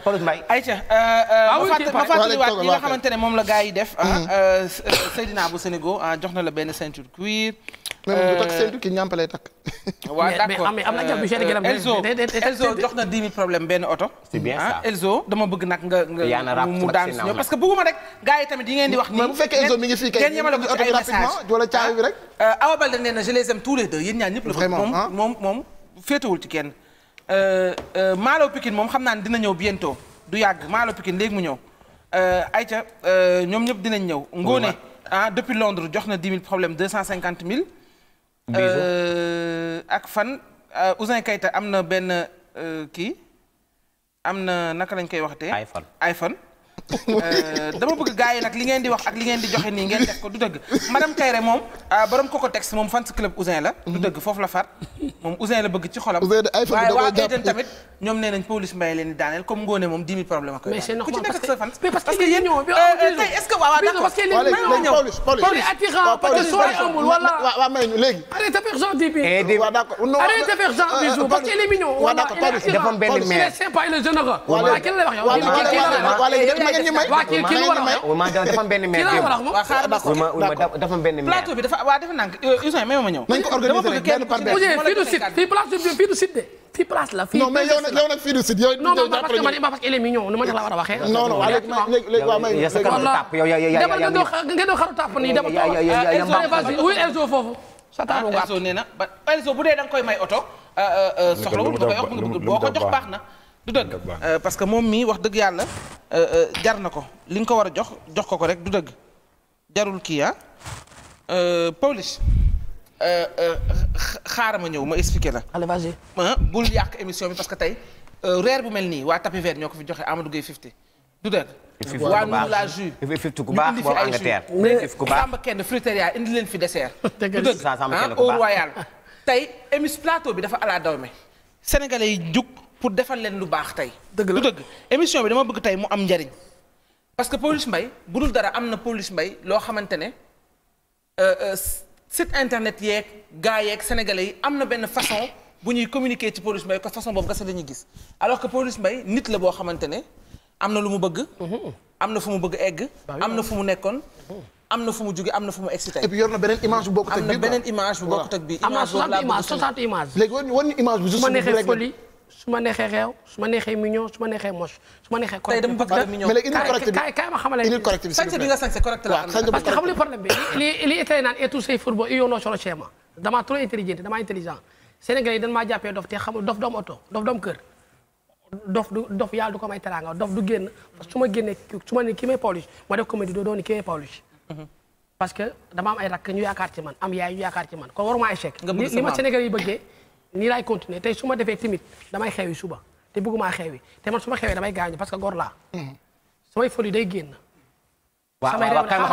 Pawlish Mbaye euh, euh, ah xamante ne moom la gars yi def mm-hmm. euh, Seydina bu Sénégal ah, jox na la benn ceinture cuir même bu takk euh, saytu ki ñàmpa lay mais na jàpp benn oto. c'est bien ah, bëgg nag nga parce que bëgguma rek gars yi tamit yi ngeen di wax. nii bu fekkee Elzo mi ngi euh, moom moom moom féetewul ci kenn. Euh, Malo Pikine moom xam naa ne dina ñëw bientôt du yàgg Malo Pikine léegi mu ñëw. Aïcha ñoom ñëpp dinañ ñëw. Ngone ah depuis Londres jox na 10 000 problème Euh, ak fan euh, Ousin Kayta am na benn euh, kii am na naka lañ koy waxatee. iPhone iPhone. Euh, dama bëgg gars yi nag li ngeen di wax ak li ngeen di joxe nii ngeen def ko du dëgg madame Kayre moom euh, borom koko texte moom fans club Ousin la du dëgg foofu la far moom Ousin la bëgg ci xolam waaye waa Kayten tamit ñoom nee nañ Pawlish Mbaye leen di daaneel comme ngoone moom 10 000 problème ak ku ci nekk sa fan parce que yéen euh, tey est-ce que waaw d'accord parce que léegi Pawlish Pawlish ñi may waaw kii kii lu war a wax waaw dafa benn maire kii la wax xaaral dafa benn maire plateau bi dafa waaw dafa nànk Ousmane euh, may ma ñëw nañ ko organiser rek benn par benn fii du site fii place fii du site de fii place la fii non mais yow nag yow nag fii du site yow non non parce que man Iba Pak élève yi ñëw nu ma jox la war a waxee non non léegi léegi waaw may demal nga doo nga doo xaru tàpp nii demal ah, Elzo wuy Elzo foofu sa taaru nga Elzo nee na Elzo bu dee da nga koy may oto euh, euh, soxlawul nga koy wax boo ko jox baax na du dëgg euh, parce que moom mii wax dëgg yàlla euh, euh, jar na ko li nga ko war a jox jox ko ko rek du dëgg jarul kii ah Pawlish xaaral ma ñëw ma expliqué la. allez vas-y. bul yàq émision bi parce que tey reer bu mel nii waa tapis vert ñoo ko fi joxe Amadou Gueye fifty du dëgg. waa nu la jus fifty ku baax boobu Angleterre fifty ku kenn fruiteria indi leen fi dessert. du dëgg ah, au royal tey émission plateau bi dafa ala dawme sénégalais yi pour defal leen lu baax tey. dëgg la lu dëgg émission bi dama bëgg tey mu am njariñ parce que Pawlish mbay bu dul dara am na Pawlish mbay loo xamante ne euh, euh, site internet yeeg gars yeeg sénégalais yi am na benn façon bu ñuy communiquer ci Pawlish Mbaye ko façon boobu kese la ñuy gis alors que Pawlish Mbaye nit la boo xamante ne am na lu mu bëgg. Mm-hmm. am na fu mu bëgg egg. am na fu mu nekkoon. Mm-hmm. am na fu mu jógee am na fu mu excité. et puis yor na beneen image bu bokkut ak image boobu su ma neexee xeew su ma neexee mignon su ma neexee moche su ma neexee. tey dama bëgg mignon mais léegi kaay ma xamal leen. unité correcte bi sañse bi nga sañse correcte la. parce que xam nga problème bi li li itali naan et tout say football yu yoonoo solo chez moi damaa trop intelligent damaa intelligent Sénégalais yi dañ maa jàppee dof te xamul dof doom oto dof doom kër. dof du dof yàlla du ko may teraanga dof du génn parce que su ma génnee su ma ne kii may Pawlish ma def comédie doo doon ni kii may Pawlish mhm. parce que dama am ay rakk ñu yaakaar ci man am yaay ñu yaakaar ci man kon waruma échec li ma Sénégalais yi bëggee nii laay continuer tey su ma defee timit damay xewi suba te bëggumaa xewi te man su ma xewee damay gaañu parce que góor laa. samay fol yi day génn. waaw waaw kan ma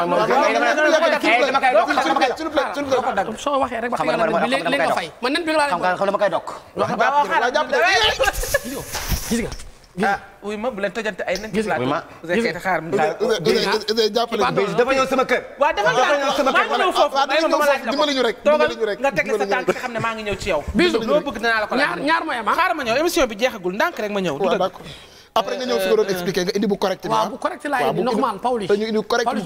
xam soo waxee rek ba xam ne léegi nga fay man nen bi laa leen. xam nga xam nga dama koy dok. gis nga. ah wuy ma dafa ñëw sama kër. waaw dafa ñëw sama ngi ñëw foofu may ma nga teg sa tànk xam ne maa ngi ñëw ci yow. bisu loo bëgg dinaa la ko laaj ñaar mooy ma ah. xaar ma ñëw émission bi jeexagul ndànk rek ma ñëw. du nga ñëw fi nga doon expliquer nga indi bu correct bi waaw ah. bu correct laa indi normal Pawlish dañu indi correct ma wuy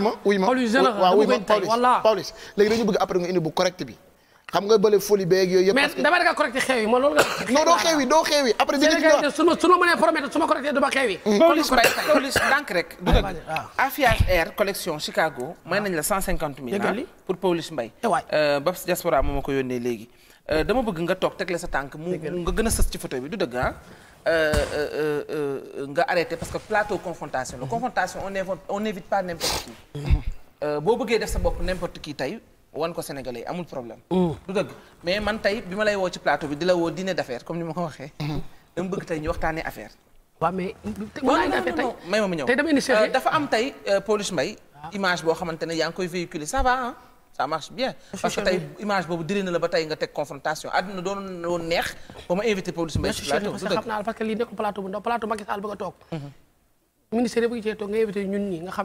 ma Pawlish général Pawlish léegi dañu bëgg après nga indi bu bi xam nga bële folie beeg yooyu yëpp. parce que mais dama danga correcté xew yi man loolu nga. non doo xew yi xew yi après. di nga ci su ma su a mënee su ma correcté du ma xew yi. Mm. police police ndànk rek. du ah. nañ la 150 000. dëgg pour Pawlish Mbaye. Eh waay euh, Babs Diaspora moo ma ko yónnee léegi. Euh, dama bëgg nga toog tegle sa tànk. mu nga gën a sës ci photo bi du dëgg ah. euh, nga arrêté parce que plateau confrontation la. confrontation on évite on évite pas n'importe qui. Mm-hmm. boo bëggee def sa bopp n'importe kii tey wan ko Sénégalais yi amul problème. Mm. du dëgg mais man tey bi ma lay woo ci plateau bi di la woo dîner d'affaires comme ni ma ko waxee. Mm-hmm. dama bëgg tey ñu waxtaanee affaire. mais. ma mu ñëw tey euh, dafa am tey euh, Pawlish Mbaye image boo xamante ne yaa ngi koy véhiculer ça va ah. marche bien parce que tey image boobu diri na la ba tey nga teg confrontation àdduna doon neex ba ma invité Pawlish Mbaye ci plateau parce que xam naa plateau bu ndaw plateau Macky a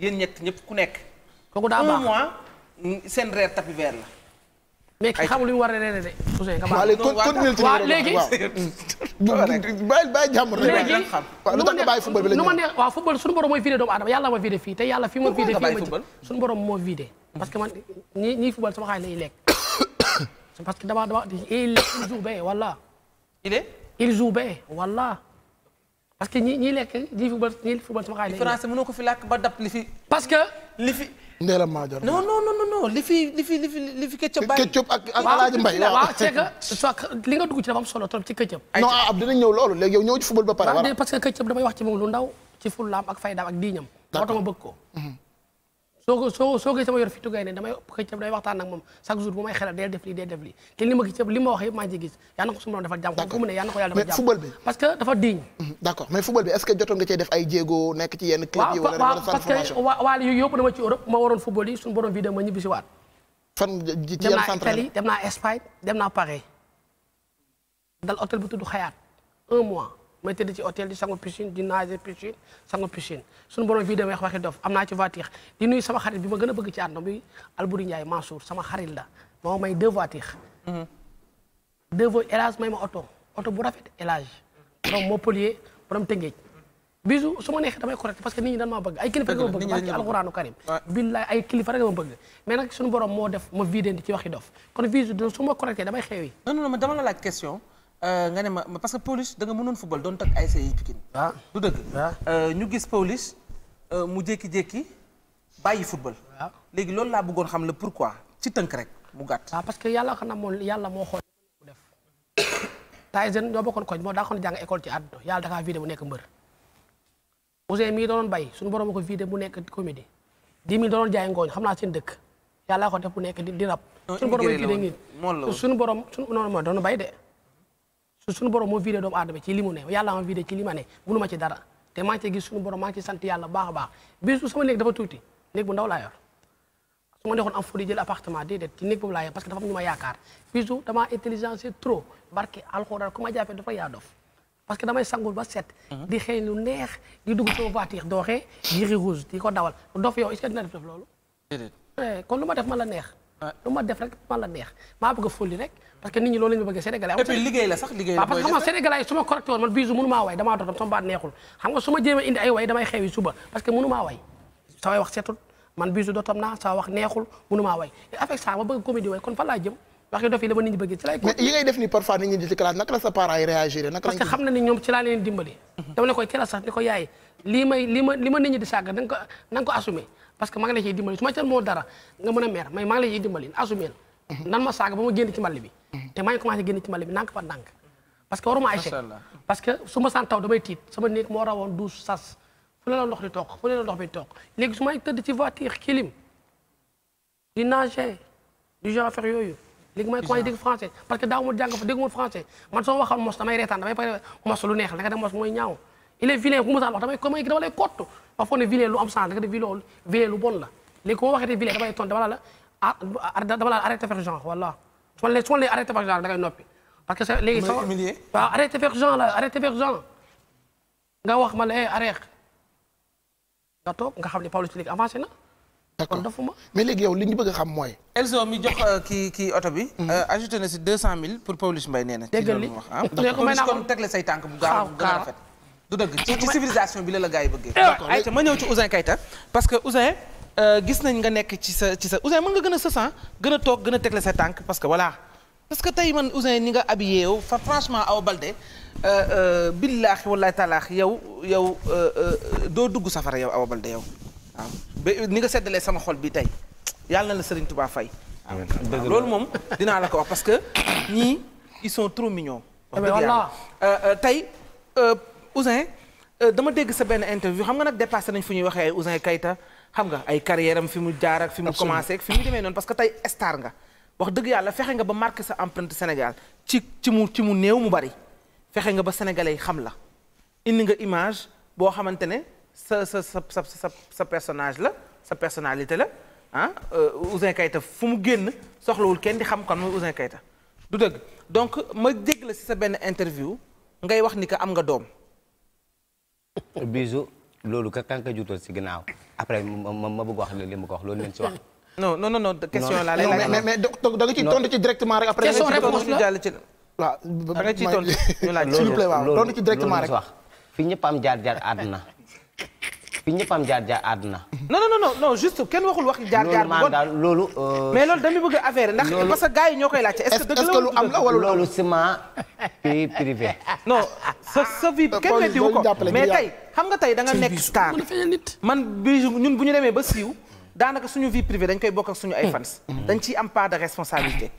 yéen ñett ñëpp ku nekk. kooku daa baax un mois seen reer tapis vert la. mais ki xamul lu mu war a reere de. Ousseyn nga baax waaw léegi bàyyi bàyyi jàmm rek léegi lu ma neex ma neex waaw football suñu borom mooy vidé doomu aadama yàlla ma vidé fii te yàlla fi ma vidé fii ma suñu borom moo vidé parce que man ñi ñiy football sama lekk parce que dama dama il joue bien il joue bien parce que ñi ñi lekk ñi football ñi football sama xaalis. français mënoo ko fi ba dab li fi. parce que li fi. Ndéla Madior. non non non non li fi waaw c'est que soit li nga solo trop ci ketchup. non ab dinañ ñëw loolu léegi yow ñëw ci football ba pare. parce que ketchup damay wax ci moom lu ndaw fullaam ak faydaam ak diiñam. soo ko soo soo gisee ma yor fitu gaynde damay xëccëb day waxtaan ak moom chaque jour bu may xelal deel def lii deel def lii te li ma xëccëb li ma wax yëpp maa ngi gis yal na ko suñu ko mu ne yal na ko yàlla defal football bi parce que dafa diñ d'accord football bi est-ce que jotoon def ay jéego nekk ci yenn club yi waat fan naa Italie dem naa Espagne dal hôtel bu tudd Xayaat un mois may tëdd ci hôtel di sangu piscine di nager piscine sangu piscine suñu borom fii demee waxi dof am naa ci voiture di nuyu sama xarit bi ma gën a bëgg ci àdduna bi Albouri sama xarit la moo may deux voitures mhm. deux voies élage may ma oto oto bu rafet élage borom Montpellier borom Tëngéej bisu su ma neexee damay correct parce que nit ñi dañ maa bëgg ay kilifa rek ma bëgg ci alxuraanu karim ma bëgg borom moo def ma vidéo ci waxi dof kon bisu su ma correcté damay xeewi non non dama la laaj Euh, nga ne ma parce que Pawlish da nga mënoon football doon tag ASC yi Pikine waaw ah. dëgg ah. euh, ñu gis Pawlish euh, mu jékki-jékki bàyyi football ah. léegi loolu laa bëggoon xam la pourquoi ci tënk rek mu gàtt waaw parce que yàlla xam na moom yàlla moo xool def Tyson ñoo bokkoon koñ moo daa xoon ci àdduna yàlla dakaa nekk mbër Ousseyn mii doon bay suñu borom ko vidé mu nekk comédie dix xam naa seen dëkk yàlla ko def mu nekk di rab suñu borom vidé suñu borom suñu noonu mooy doon bay de su suñu borom moo vidé doomu aadama ci li mu ne yàlla ma vidé ci li ma ne mënu ma ci dara te maa ci gis suñu borom maa ngi ci sant yàlla baax a baax bisu sama néeg dafa tuuti néeg bu ndaw laa yor su am foo jël appartement déedéet ci néeg boobu laa parce que dafa ma yaakaar trop barke alxuraan ku ma jàppee dafa yaa dof parce que damay sangul ba set. Mhm. di xëy lu neex di dugg sama voiture dooxee jiri rouge di ko dawal dof yow est-ce que dina def loolu. déedéet eh, kon ma la neex. lu ma def rek man la a parce que nit loolu la ñu bëgg sénégalais et puis liggéey la sax liggéey la ma way damaa dotam sama neexul xam nga su ma indi ay way damay xewi suba parce que mënumaa way sa wax setul man bisu dotam naa sa wax neexul mënumaa way avec ça ma bëgg comédie way kon fan jëm wax dof la ma nit ñi bëgg ci a sax ni ko yaay lii may lii di sàgg na ko na parce que maa ngi la moo dara nga mën a meer mais maa ngi la nan ma saaga ba ma génn ci mbali bi te maa ngi commencé génn ci mbali bi ndànk fa ndànk parce que waruma échec parce que su ma saan taw damay tiit sama néeg moo rawoon douze sas fu ne la di toog fu ne la ndox bi toog léegi su may tëdd ci voiture kilim di nager du genre affaire yooyu léegi may commencé dégg français parce que daaw ma jàng fa dégg ma français man soo waxoon mos damay reetaan damay pare mos lu neex la nga def mos mooy ñaaw il est vilain bu ma saan wax damay la léegi ku ah, ah dama la arrêté faire genre voilà su ma leen su ma leen arrêté faire genre dangay la arrêté faire genre nga wax ma la eh, arrêté nga toog nga xam ne Pawlish léegi avancé na. d'accord mais léegi yow li ñu bëgg xam mooy. Elzo mi jox euh, kii kii oto bi. Mm-hmm. Euh, ajouté na si 200000 pour Pawlish Mbaye nee na. dégg nga li wax ah. kon tegle say tànk bu gaaw bu gën a du dëgg ci civilisation bi la la gars yi bëggee. Eh, d'accord ayca ma ñëw ci Ouzin Keita parce que Ouzin. Euh, gis nañ nga nekk ci sa ci sa Ouzin mën nga gën a sës ah? gën a toog gën a teg tegle sa tànk parce que voilà parce que tey man Ouzin ni nga habillé yow fa franchement Awa Balde euh, euh, billaahi wallaahi taalaahi yow yow doo dugg safara yow a Balde yow ah. ni nga seddalee sama xol bi tey yàlla na la Serigne Touba fay. Ah. loolu moom dinaa la ko wax parce que ñii ils sont trop mignons. Eh tey Ouzin dama dégg sa benn interview xam nga nag dépassé nañ fu ñuy waxee ay Ouzin xam nga ay carrière fi mu jaar ak fi mu commencé ak fi mu demee noonu parce que tey star nga wax dëgg yàlla fexe nga ba marqué sa empreinte Sénégal ci ci mu ci mu néew mu bari fexe nga ba sénégalais xam la indi nga image boo xamante ne sa sa sa sa sa sa personnage la sa personnalité la ah euh, Ouzin Keita fu mu génn soxlawul kenn di xam kon mooy Ouzin du dëgg donc ma dégg la si sa benn interview ngay wax ni que am nga doom. loolu ka kan ka juutoon si ginnaaw après ma ma bëgg wax li ma ko wax loolu leen si wax. non non non question laa lay laaj. mais mais da nga ciy tontu après question réponse da nga ciy tontu ñu laaj. s'il vous plaît waaw tontu ñëpp am jaar jaar àdduna fi ñëpp am jaar jaar àdduna. non non non kenn waxul wax jaar jaar. bu bon loolu euh, mais loolu dañu bëgg ndax parce que gars yi ñoo koy laajte. est-ce que dëgg la lu am ko mais tey xam nga tey da nga nekk star man bii ñun bu ñu demee ba siiw daanaka suñu vie privée dañ koy bokk ak suñu ay fans. dañ ciy am paa de responsabilité.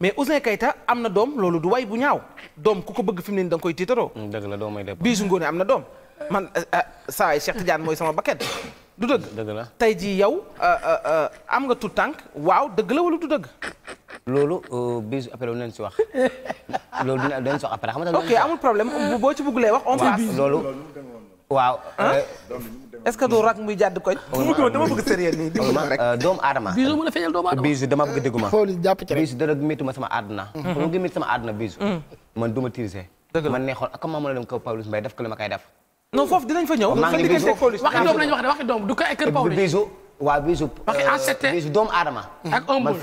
mais Ouzin Keita am na doom loolu du way bu ñaaw doom ku ko bëgg fi mu ne nii da koy tiitaroo. Mm, dëgg la doom ay am na doom. man eh, eh, saa yi Cheikh Tidiane mooy sama baket du dëgg dëgg la tey jii yow eh, am nga tout tànk waaw dëgg la wala du dëgg. loolu euh, bis après nañ si wax loolu dina dinañ si wax après xam nga. ok amul problème boo ci bëggulee wax on passe loolu. waaw. Euh, est-ce que du rak muy jàdd koñ. dama bëgg sérieux nii ma rek euh, doomu aadama. bisu mën a feeñal dama bëgg déggu ma. xool jàpp ci rek ma sama àdduna. mu ngi métti sama àdduna bisu. Mm-hmm. man du ma tirisé. dëgg la man neexoon ak comme maa a dem kaw Pawlish Mbaye def ko li ma kay def. non foofu dinañ fa ñëw. maa ngi bisu waxi doom lañ wax de waxi doom du ko ay kër Pawlish. bisu waaw bisu. waxi en euh, bisu doomu aadama. ak un man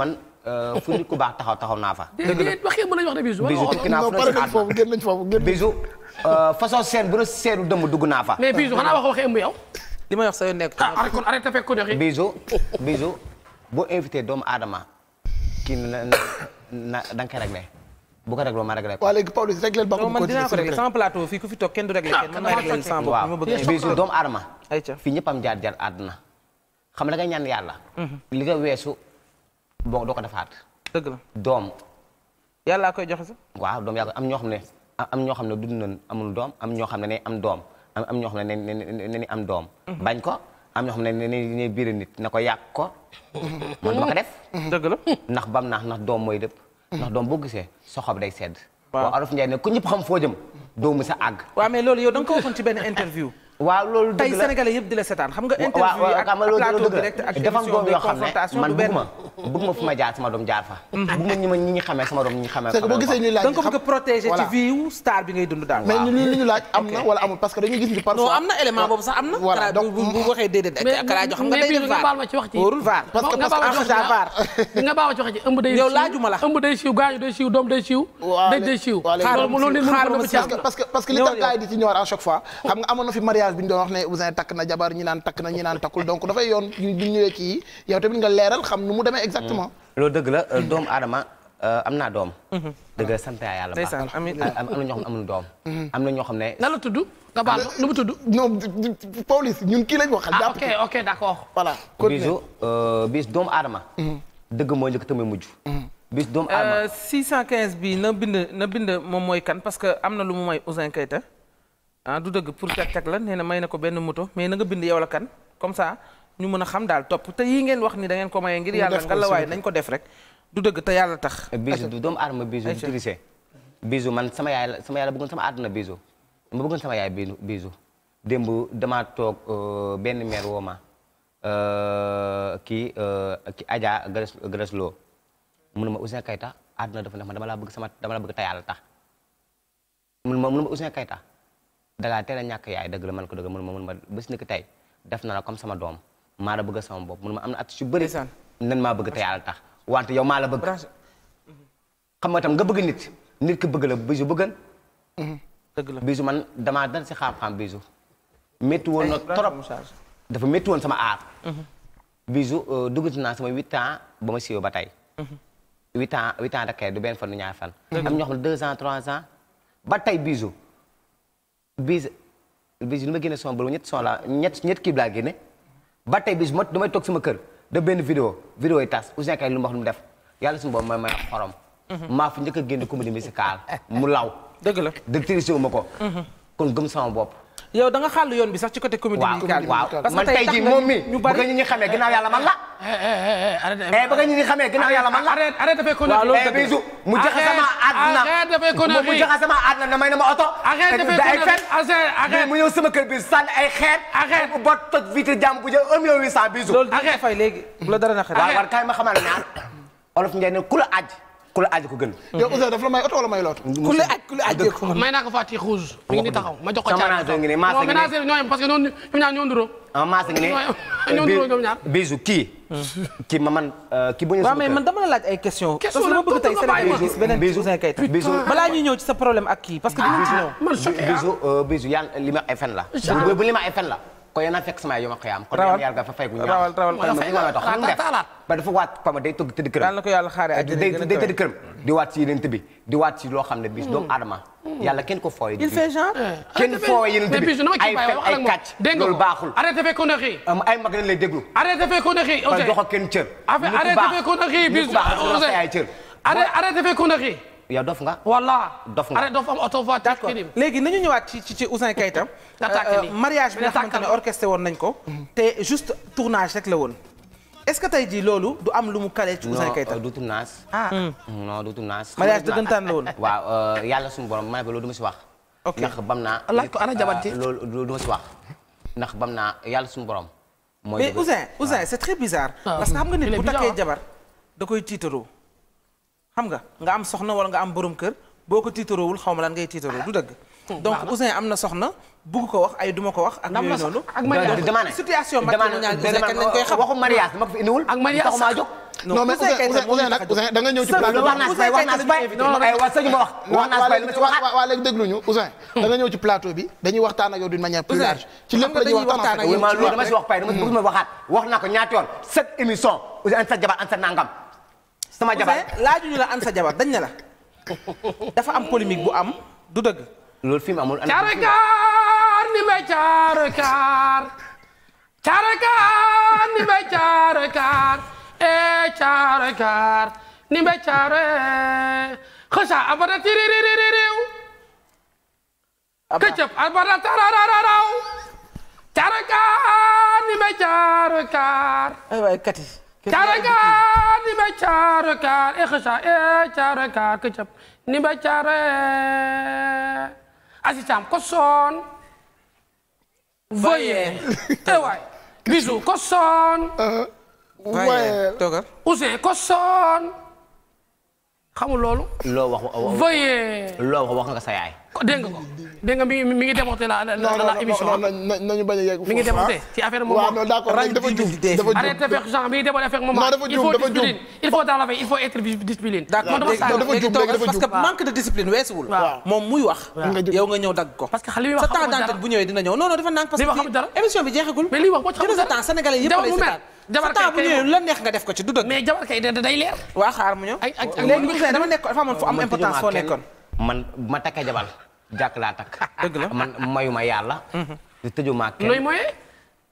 man euh, ku baax taxaw taxaw naa fa. déedéet waxi yëpp lañ wax de bisu. bisu tekki naa fu nekk foofu génn nañ foofu euh, façon seen bu la seenu dëmm dugg naa fa. mais bisu xanaa wax waxi ëmb yow. li ma wax sa yoon nekk. ah kon arrêté fekk ko joxe. bisu bisu boo invité doomu aadama kii na na da nga bu ko réglé ma réglé ko. waaw léegi Pawlish réglé ba ko dinaa ko réglé sama plateau fii ku fi toog kenn du réglé ah, kenn mën naa a ko defaat dëgg la doom yàlla koy joxe sax waaw doom yaa am ñoo ne am ñoo xam ne dund nañ am ñoo xam ne ne am doom am am ñoo xam ne ne mhm. bañ ko am ñoo xam ne ne ne na ko yàq ko man ma ko def dëgg la ndax bam naax ndax doom mooy dëpp ndax doom boo gisee soxob day sedd waaw aruf Ndiaye ne ku ñëpp xam foo jëm doomu sa àgg waaw mais loolu yow da nga ko waxoon ci benn interview waaw loolu dëgg la tey sénégalais yëpp di la seetaan xam nga. interview yi ak plateau direct ak émission de confrontation du benn bëgguma fu ma jaar sama doom jaar fa. Mm-hmm. bëgguma ñi ma ñi ñu xamee sama doom ñi ñu xamee. parce que boo gisee ñu laaj ko bëgg a protéger ci vie star bi ngay dund daal. mais ñu li ñu laaj am na wala amul parce que dañuy gis ni parfois. non am na élément boobu sax am na. voilà donc bu bu waxee déedéet ak rajo xam nga day def vaar mais mais bii nga baal ma ci wax ci. wóorul nga baal ma ci wax ci ëmb day siiw yow laajuma la ëmb day siiw gaañu day siiw doom day siiw dëj day siiw parce que parce que li tax gars yi di ci ñëwaat à chaque fois xam nga amoon na fi mariage mariage bi ñu doon wax ne Ousin takk na jabar ñi naan takk na ñi naan takkul donc dafay yoon bu ñëwee ci yow tamit nga leeral xam nu mu demee exactement mm. loolu dëgg la euh, doomu aadama euh, am naa doom mm-hmm. dëgg la sant yàlla baax euh, am na ñoo xam ne amul doom mm-hmm. am na ñoo xam ne nan la doomu aadama mm-hmm. dëgg mooy njëkk tamit bi na bind na bind moom mooy kan parce que am na lu mu may Ousin Keita ah du dëgg pour càq-càq la nee na may na ko benn moto mais nanga nga bind yow la kan comme ça ñu mën a xam daal topp te yii ngeen wax ni dangeen ngeen ko maye ngir yàlla nga nañ ko def rek du dëgg te yàlla tax bisu du doomu aadama bisu du triché bisu man sama yaay la sama yaay la bëggoon sama àdduna bisu ma bëggoon sama yaay bisu démb damaa toog euh, benn meer woo ma euh, kii euh, ki Adja Gres Gres ma munuma kayta Keita na dafa neex ma dama laa bëgg sama dama bëgg te yàlla tax munuma munuma Ouzin kayta dalaa teel a ñàkk yaay dëgg la man ko dëgg mun ma mun ma bés ni ko tey def na la comme sama doom maa la bëgg sama bopp mun ma am na at yu bëri nan maa bëgg te yàlla tax wante yow maa la bëgg xam nga tam nga bëgg nit nit ki bëgg la bisu bëggan mhm. dëgg la bisu man damaa dal si xam-xam bisu métti woon na eh, trop dafa métti woon sama aar mhm. bisu euh, dugg naa sama huit ba ma siiw ba tey mhm. huit da kay du benn fan du ñaar fan am ñoo xam deux ans trois ans ba tey bisu bis bis li ma génne son boobu ñett son la ñett ñett kii bi laa génne ba tey bis ma damay toog sama kër da benn vidéo vidéo yi tas Ouzin Keita lu mu wax lu mu def yàlla suñu boobu may may xorom mhm. maa fi njëkk a génne comédie musicale mu law dëgg la dëgg térisi ma ko mhm. kon sama bopp yow da nga xàll yoon bi sax ci côté comédie musicale waaw parce que man tey jii moom mi ba nga ñu ñu xamee ginnaaw yàlla man la eh ba nga ñu ñu xamee ginnaaw ko nekk bisu ko nekk mu jaxa sama àdduna na may na ma oto arrête sama kër ay xeer arrête ba toj vitre jàmm bu jël 1 million 800 bisu arrête fay léegi bu dara na xel waaw war kay ma xamal naan ah, olof Ndiaye ne ku la ku la aaj gën. may oto wala may loto. ku la ku la may naa ko Fatick Rouge. mi ngi taxaw ma jox ko caa non ménage ñoo yem parce que ñoo ah, kii. ma man euh, kii bu ñu. waaw mais man dama la laaj ay questions. ci sa problème ak kii parce que. ah man choqué ah bisu euh, bisu yàlla li ma ay fen la. incha bu li la. ko yana fekk sama a xiyam ko ñaan yàlla fa fay gu ñaan rawal rawal xam nga ba dafa waat pama day tëgg tëdd këram day tëdd këram di waat ci yeneen bi di waat ci loo xam ne bis doomu aadama yàlla kenn ko fooy il fait genre eh, kenn fooy yeneen bi ay ay kàcc loolu baaxul arrêté fee konoxi ay mag lañ lay déglu arrêté fee cër arrêté fee konoxi bis arrêté fee yow dof nga. walla dof nga arrête dof léegi nañu ñëwaat ci ci ci Ouzin euh, bi nga xamante ne woon nañ ko. Mhm. te juste tournage rek la woon. est-ce que tey jii loolu du am lu mu kale ci Ouzin Keita euh, du tournage. ah hmm. non du tournage. mariage dëggantaan la woon. waaw euh, yàlla suñu borom ma ne ma si wax. ok bam naa. laaj ko si wax. ndax bam naa yàlla suñu borom. mooy mais Ouzin Ouzin c'est très bizarre. Ah. parce que xam nga nit bu takkee jabar da koy tiitaroo xam nga nga am soxna wala nga am borom kër boo ko tiitaroowul xaw ma ngay tiitaroo du dëgg hmm, donc Ouzin am na soxna bugg ko wax ay duma ko wax ak yooyu dama ko fi indiwul ak mariage taxumaa jóg non mais Ouzin nag da nga ñëw ci plateau wax naa si bay ma wax wax naa si nga dañuy waxtaan ak yow d'une manière plus large ci lépp si wax pay waxaat wax naa ko ñaati yoon émission an sa jabar an sa nangam sama jabar laajuñu la an sa jabar dañ ne la dafa am polémique bu am du dëgg. loolu fi kaar ni may caare kaar caare kaar ni may caare kaar eh caare kaar ni may caare kaar ni may caare kaar ay kati caarakaar ni ba caarakaar e eh, xësa e eh, caarakaar këcëb ni ba caare asi caam ko soon voye e eh, waay bisu ko soon uh, voye togal usin ko soon loolu loo wax voye loo nga sa yaay dégg ko dégg a yegg moom muy wax yow nga ñëw dagg ko parce que sa temps d'antenne bu ñëwee dafa nang ko dafa amoon fu am importance foo nekkoon ma takka jabar jàkk laa takk. dëgg la man mayuma yàlla. di mhm. tëju ma ak kenn. looy mooyee.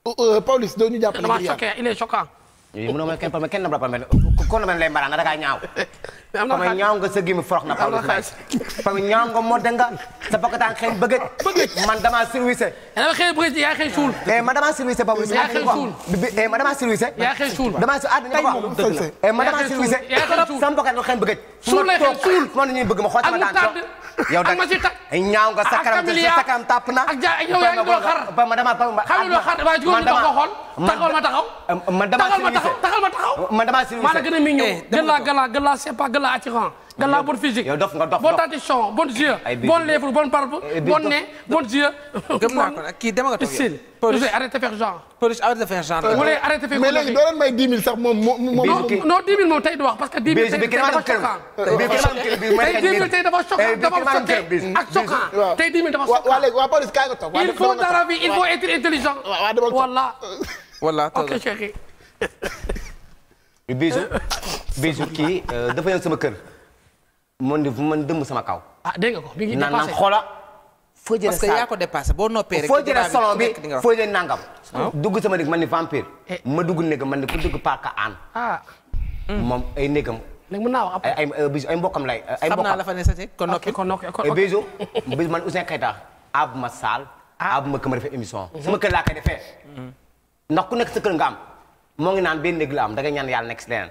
Euh, euh, Pawlish doo ñu jàppale. il est choquant. mënoo ma kenn pamel kenn na la pamel kon man lay mbaraan da ngaa ñaaw. am na xaalis ñaaw nga sa gémmi forox na. am na xaalis pamel ñaaw nga moo sa bakkataan xëy bëggëj. bëggëj man damaa service. yaa xëy bëggëj yaa xëy suul. ma damaa service boobu. yaa xëy suul ma damaa service. yaa suul damaa suul àddina ma damaa sama bakkataan xëy yow nag ñaaw nga sa karam sa karam tàpp na ak ja yow yaa ngi xar ba ma dama xam nga xar waaye jigéen ñi ko xool taxawal ma taxaw man dama taxawal ma taxaw taxawal ma taxaw man dama maa la gën a mignon eh, gën laa gala gën laa c'est pas gën laa attirant de la bonne physique. yow dof nga dof bon attention bon jeu. bon lèvre bon barbe eh, bon nez bon jeu. gëm naa ko nag kii dama nga toog yow. police arrêté faire genre. police arrêté faire genre. wala arrêté faire mais léegi doo leen may 10 000 sax moom moom. non 10 000 moom tey du wax parce que 10 000 tey dafa choquant. tey 10 000 tey dafa choquant dafa choqué ak choquant. tey 10 000 dafa choquant. waa léegi waa police kaay nga toog. il faut dans la vie il faut être intelligent. voilà. voilà ok chéri. bisu bisu kii euh, dafa ñëw sama kër. moom di fu man dëmb sama kaw. ah dégg nga ko mi ngi dépassé naan xoola. foo jëlee parce que yaa ko dépassé boo noppee rek. foo jëlee salon bi foo jëlee nangam. Ah. dugg sama néeg man ni vampire. Eh. ma dugg néegam man ni ku dugg paaka aan. ah. Hmm. moom ay néegam. léegi mën naa wax ay ay mbokkam lay. ay mbokkam xam naa la fa ne sax kon noppi kon noppi kon bisu bisu man Ouzin Keita ab ma saal. ab ah. ma kër ma defee émission. Hmm. sama kër laa koy defee. Hmm. ndax ku nekk sa kër nga am. moo ngi naan benn néeg la am danga ñaan yàlla nekk si leneen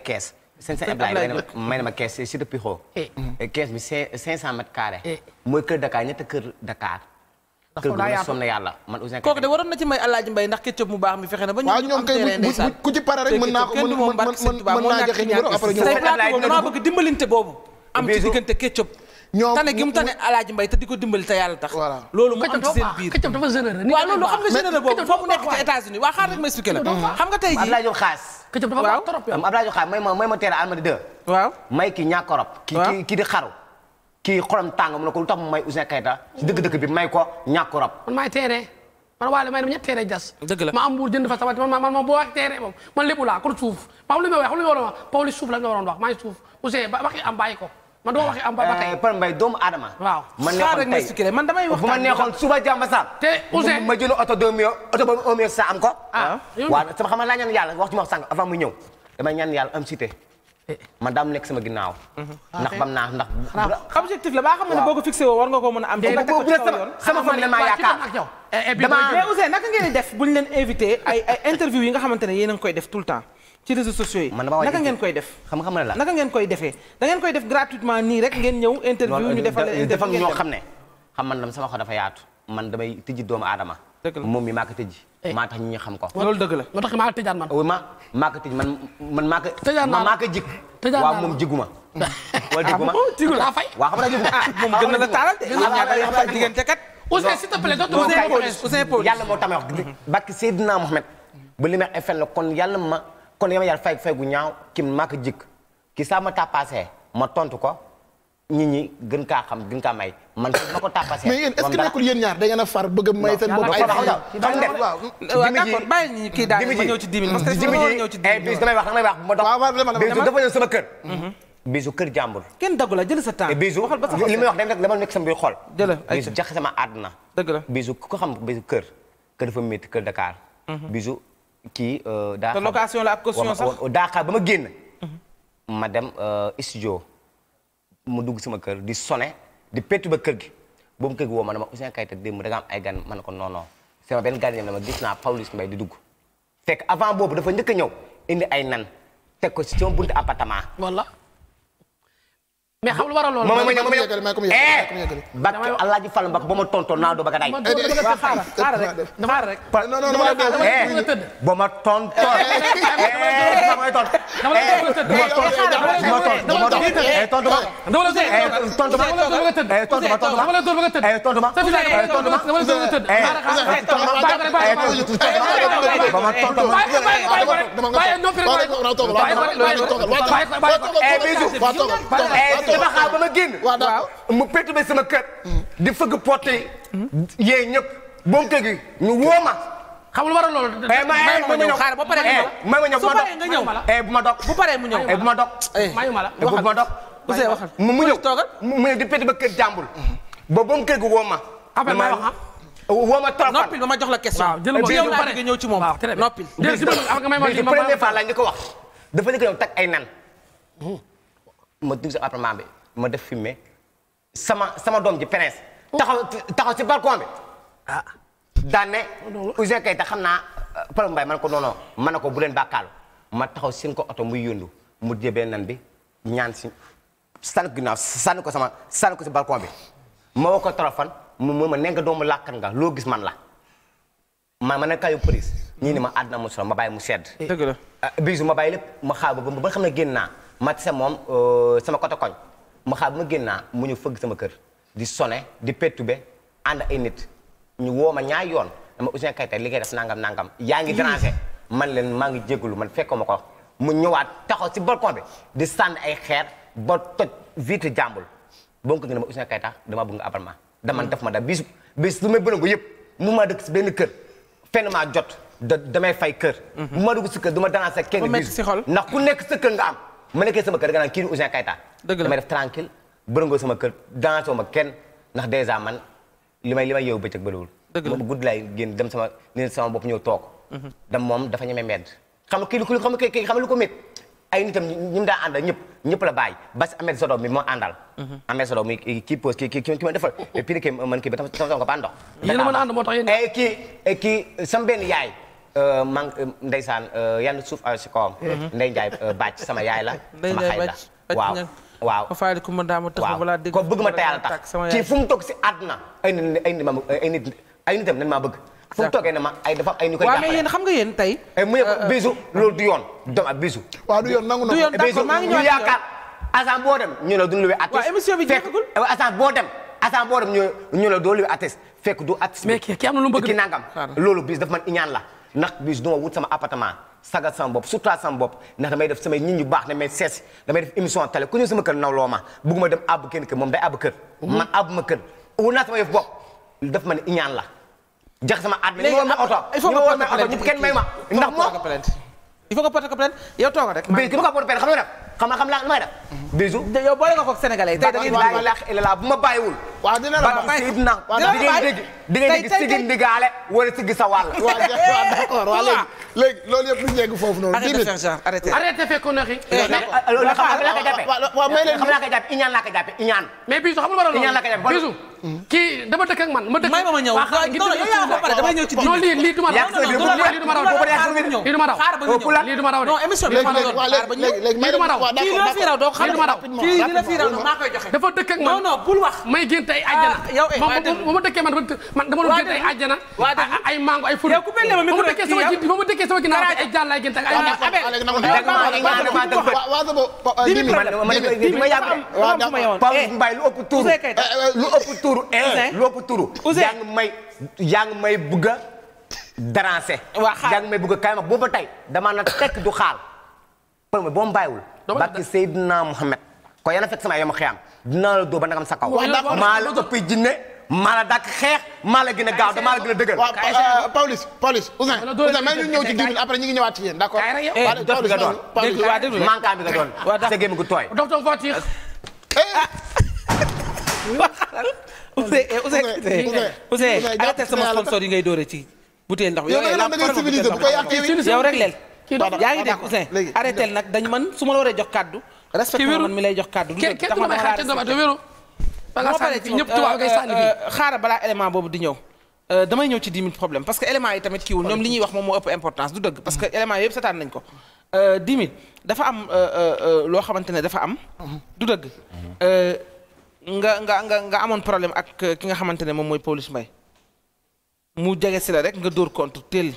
kees. sëñ Sane Ablaye may na ma may na ma kees si le Pixoo. Eh. Eh, kees bi cinq cinq cent mètres carrés. Eh. mooy kër Dakar ñetti kër Dakar. kër gu ma sonn yàlla man Ouzin kooku de waroon na ci may Alaaji Mbay ndax ketchup mu baax mi fexe na ba ñoom ñu am terrain ndeysaan ku ci pare rek mën naa ko mën mën mën naa joxe numéro après ñu. dama bëgg dimbalinte boobu am ci diggante ketchup ñoom tane gi mu tane alaaji mbay te di ko dimbali te yàlla tax voilà loolu mu am ci biir këccam dafa généreux waaw loolu xam nga généreux boobu foofu nekk ci états waa xaar rek ma expliqué la xam nga tey ji Abdoulaye ki ñàkkorop ki ki di xaru kii xolam tàng mu ne ko lu tax mu may Ouzin Keita dëgg-dëgg bi may ko ñàkkorop man maay teere man waale may dem ñett teere jas dëgg la ma am buur jënd fa sama man man boo wax teere moom man lépp laa kon suuf ma am lu may wax lu may waroon wax Pawlish suuf la nga waroon am bàyyi ko man doo waxi am ba ba tey eh, Pam Mbaye doomu aadama. waaw saa rek nga man damay waxtaan bu ma neexoon suba jàmm saam. te Ousseyn ma jël oto deux millions oto boobu un million sa am ko. ah waaw sama xam naa ñaan yàlla wax ci ma sànq avant mu ñëw damay ñaan yàlla am cité. Eh. man daam nekk sama ginnaaw. Mhm. ndax bam naa ndax. objectif la ba xam ne boo ko fixé woo war nga ko mën a am. sama famille maa yaakaar damaa eh, mais Ousseyn naka ngeen di def bu ñu leen invité ay ay interview yi nga xamante ne yéen a ngi koy def tout le temps ci réseaux sociaux yi naka ngeen koy def xam-xam ngeen koy defee da ngeen koy def gratuitement nii rek ngeen ñëw interview ñu defal defal ñoo xam ne xam man dam sama xol tijji eh. maa tax ñi xam ko loolu tax maa ko tëjaat man ma maa man man jig waaw moom jiguma wala jiguma tigu jiguma ah moom ah, na la taaral de xam naa diggante kat Ousseyn s'il te plaît dootuma Ousseyn Paul Ousseyn la kon yàlla ma kon li ma yar fay fay gu kim maa ko ki saa ma tàppaasee ma tontu ko nit ñi gën kaa xam gën kaa may man ma ko tàppaasee. mais yéen est-ce que nekkul yéen ñaar da ngeen a far bëgg a may ma ñëw a ñëw ci dix minutes damay wax damay bisu kër jàmbur kenn daggu la sa temps bisu waxal ba sa li may wax dañ dama nekk bisu jax sama àdduna dëgg bisu ko xam bisu kër kër dafa métti kër Dakar bisu kii euh, daaxa te location la ak caution sax génn. Mhm. ma dem euh, studio mu dugg sama kër di sone di pétu ba kër gi boobu kër gi woo ma ne ma Ouzin Keita démb da nga am ay gan ma ne ko non non sama benn gardien dama gis naa Pawlish Mbaye di dugg fekk avant boobu dafa njëkk a ñëw indi ay nan teg ko ci sama buntu appartement. walla mais xam lu waral loolu. ma ma ma ma yeggali ma ma yeggali. ba Alaaji Fall Mbak ba ma tontoon naa do ba ka day. waaw xaaral xaaral rek xaaral rek. non non non non non ba ma tontoon. ba ma tontoon. ba ma tontoon. ba ma tabaxaa ba ma génn. waaw mu perturbé sama kër. di fëgg porte yi. yee ñëpp bonte gi ñu woo ma. xam lu waral loolu. may eh, ma eh, ma ba pare eh, ma ñëw nga ñëw bu ma dog bu paree mu ñëw bu ma dog. mayu bu ma dog. mu mu ñëw mu ñëw di pété ba kër jàmbul. Mhm. ba ba mu kër gi woo ma. après ma wax ah. woo ma trop noppil ba ma jox la question. waaw jël moom yow laa bëgg ñëw ci moom noppil. jërëjëf si ma am ah, nga may ma ay nan. Mhm. ma dugg si appartement bi ma def filmé sama sama doom ji prince taxaw taxaw si balcon bi ah daan ne oh, Ouzin Keita xam naa euh, Pawlish Mbaye man ko noonu man na ko bu leen bàkkaalu ma taxaw seen ko oto muy yóndu mu jëbee nan bi ñaan si sànni ko sama sànni ko si balcon bi ma woo ko téléphone mu mu ma ne nga doomu làkkan nga loo gis man la ma ma ne kayu police ñii ni ma àddina mu solo ma bàyyi mu sedd eh. dëgg la ah, ma bay lépp ma xaar ba mu xam na génn naa Matisa moom euh, sama côté koñ ma xaar ma génn naa mu ñu fëgg sama kër di sone di perturbé ànd ay nit ñu woo ma ñaay yoon dama Ouzin Keita li ngay def nangam nangam yaa ngi déranger man leen maa ngi jégalu man fekkoo ma ko mu ñëwaat taxaw si balcon bi di sànni ay xeer ba toj vitre jàmbul ba nga ko na ma Ouzin Keita dama bëgg nga abal ma dama def ma da bis bis lu may bëgg yëpp mu ma dëkk si benn kër fenn maa jot da damay fay kër. mu ma dugg si kër du ma déranger kenn. ndax ku nekk sa nga am. ma nekkee sama kër nga naan kii Ouzin Keita dëgg la damay def tranquille bërëngoo sama kër dansoo ma kenn ndax dèjà man li may li may yow bëccëg bëriwul moom gudd laay génn dem sama ni sama bopp ñëw toog mhm. dam moom dafa ñeme medd xam ki lu xam ki xam lu ko mét ay nitam ñi mu daa àndal ñëpp ñëpp la bàyyi bas Ahmed Sodo mi moo àndal mhm. Ahmed mi kii pose ki ki ki ma defal oh, oh. et puis ki man kii ba sama sama ko ba ndox yéen a mën a ànd moo tax yéen eh, kii eh, benn yaay maa ngi ndeysaan yàlla suuf ayosi kawam. Ndeye Ndiaye bàcc sama yaay la. sama xarit waaw waaw ma fayal ko ma daa ma tax balaa ko bëgg ma te yàlla tax kii fu mu toog si àdduna ay nit ay nit ma ay nit ay nitam nañ maa bëgg. fu mu toogee ne ma dafa ay ñu yéen xam nga yéen tey. mu ne ko bisu loolu du yoon doom a bisu. waa du yoon nangu na du yoon d'accord maa ngi ñëwaat boo dem ñu ne du luwe artiste. waaw émission bi jeexagul fekk agent boo dem agent boo dem ñu ñu ne doo luwe fekk du artiste. mais kii am na lu mu ki nangam. loolu bis dafa man iñaan la ndax bis duma wut sama appartement sagal sama bopp surtout sama bopp ndax damay def samay nit ñu baax damay sees damay def émission télé ku ñëw sama kër nawloo ma bugguma dem àbb kenn kër moom day àbb kër mhm. man àbb ma kër wut naa sama yëf bopp daf ma la jax sama at mi ñu woon ma oto ñu woon ma oto ñëpp kenn may ma ndax moom il faut que porte ko plainte yow tooga rek bi ki xam nga xam laa nooy def. Bijou yow boole nga ko Sénégalais tey da ngeen di la bu ma bàyyiwul. waaw dina la ma bàyyi dina la ma bàyyi di ngeen di sigi ndigaale wala sigi sa wàll. waaw d'accord waaw léegi léegi loolu yëpp ñu yegg foofu noonu. arrêté faire genre arrêté. arrêté fekk na xi. loolu xam nga laa koy jàppee. waaw may leen xam laa koy jàppee iñaan laa koy jàppee iñaan. mais Bijou xam nga loolu iñaan laa koy jàppee Bijou. kii dama dëkk ak man ma dëkk. may ma ma ñëw damay ñëw ci non lii lii du ma raw lii du ma raw lii du ma raw lii du ma raw lii du ma raw kii la fi raw doo xam ne ma raw kii la fi raw maa koy joxe dafa dëkk ak man non non bul wax may gént ay àjjana ah, yow ba eh, ma dëkkee man man dama doon gént ay àjjana ay mango ay furu yow ku bëlle ma micro dëkkee sama ji ba ma dëkkee sama ginnaaw ay jàll lay gént ak ay ah, ma yaa ngi may bëgg a déranger yaa ngi may bëgg a kaay ma booba tey damaa na tekk du xaal ba mu bàyyiwul barke Seydina Muhammad ko yana fekk sama yoma xiyam dinaa la nagam sa maa la ëppee jinne maa la dàq xeex maa la gën a gaaw maa la gën a dëggal waaw Pawlish euh, Pawlish Ouzin Ouzin may ñu ñëw ci 10 minutes après ñu ngi ñëwaat ci yéen d'accord eh, dof nga doon manquant bi nga doon sa gémmi gu tooy docteur Fortier eh! ah. eh, Ouzin Ouzin sama sponsor yi ngay dóore ci bouteille ndox yow rek leel yaa ngi dégg Ousseyn arrêté nag dañ man su ma la waree jox kàddu respecté man mi lay jox kàddu tax ma euh, euh, xaara balaa boobu di ñëw euh, damay ñëw ci 10 000 problème parce que élément yi tamit kiiwul ñoom li ñuy wax moom moo ëpp importance du dëgg parce que élément yooyu yëpp sataan nañ ko 10 000 dafa am loo xamante ne dafa am du dëgg nga nga nga nga amoon problème ak ki nga xamante ne moom mooy Pawlish Mbaye mu jege si la rek nga dóor compte teel